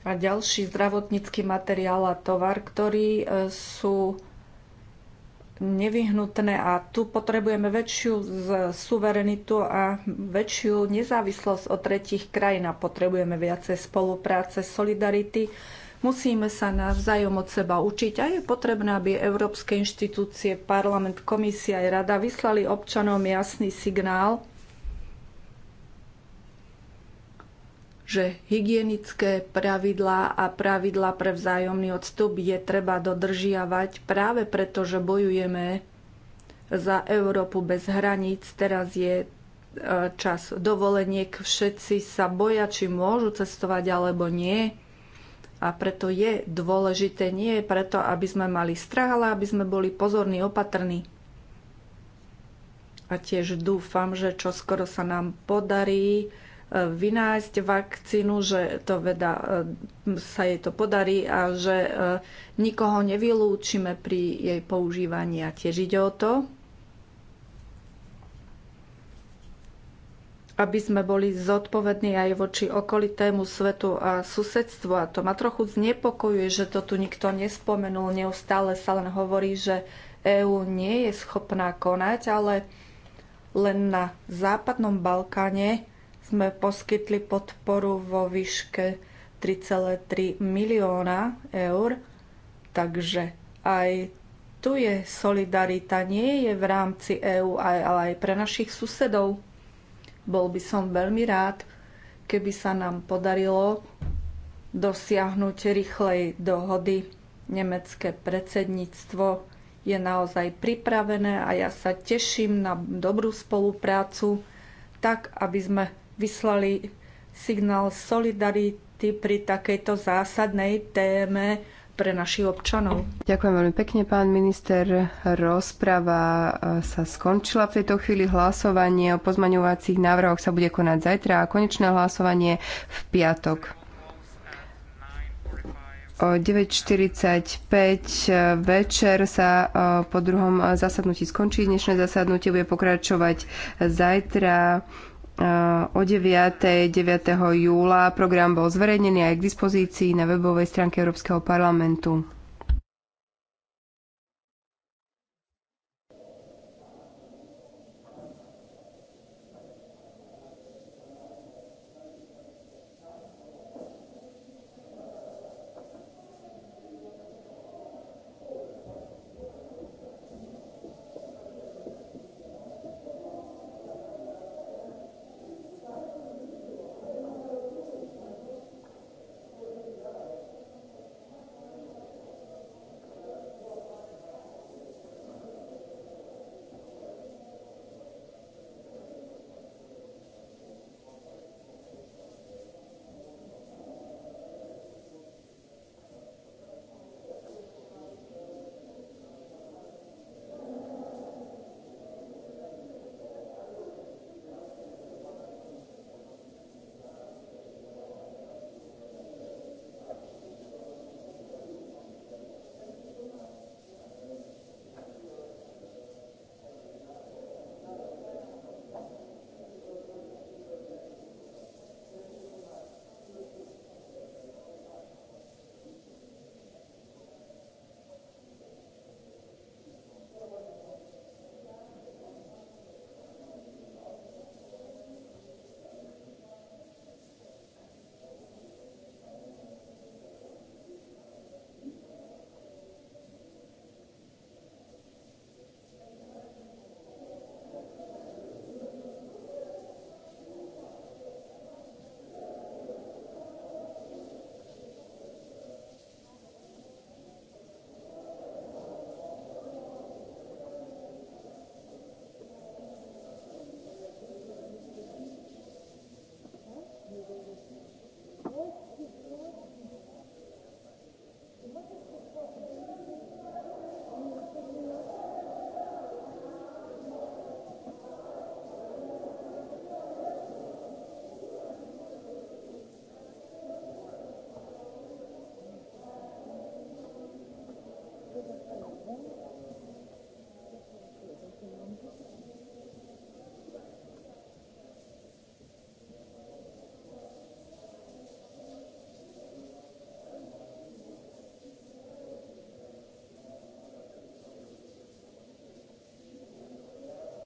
a ďalší zdravotnícky materiál a tovar, ktorí e, sú nevyhnutné a tu potrebujeme väčšiu suverenitu a väčšiu nezávislosť od tretich krajín a potrebujeme viacej spolupráce, solidarity. Musíme sa navzájom od seba učiť a je potrebné, aby európske inštitúcie, parlament, komisia aj rada vyslali občanom jasný signál, že hygienické pravidlá a pravidlá pre vzájomný odstup je treba dodržiavať práve preto, že bojujeme za Európu bez hraníc. Teraz je e, čas dovoleniek, všetci sa boja, či môžu cestovať alebo nie. A preto je dôležité, nie je preto, aby sme mali strach, ale aby sme boli pozorní, opatrní. A tiež dúfam, že čo skoro sa nám podarí E, vynájsť vakcínu, že to veda, e, sa jej to podarí a že e, nikoho nevylúčime pri jej používaní a tiež ide o to, aby sme boli zodpovední aj voči okolitému svetu a susedstvu. A to ma trochu znepokojuje, že to tu nikto nespomenul. Neustále sa len hovorí, že EÚ nie je schopná konať, ale len na západnom Balkáne sme poskytli podporu vo výške 3,3 milióna eur, takže aj tu je solidarita, nie je v rámci EÚ, ale aj pre našich susedov. Bol by som veľmi rád, keby sa nám podarilo dosiahnuť rýchlej dohody. Nemecké predsedníctvo je naozaj pripravené a ja sa teším na dobrú spoluprácu, tak aby sme vyslali signál solidarity pri takejto zásadnej téme pre našich občanov. Ďakujem veľmi pekne, pán minister. Rozprava eh, sa skončila v tejto chvíli. Hlasovanie o pozmaňovacích návrhoch sa bude konať zajtra a konečné hlasovanie v piatok. O 9.45 eh, večer sa eh, po druhom zasadnutí skončí. Dnešné zasadnutie bude pokračovať zajtra o 9. 9. júla. Program bol zverejnený aj k dispozícii na webovej stránke Európskeho parlamentu.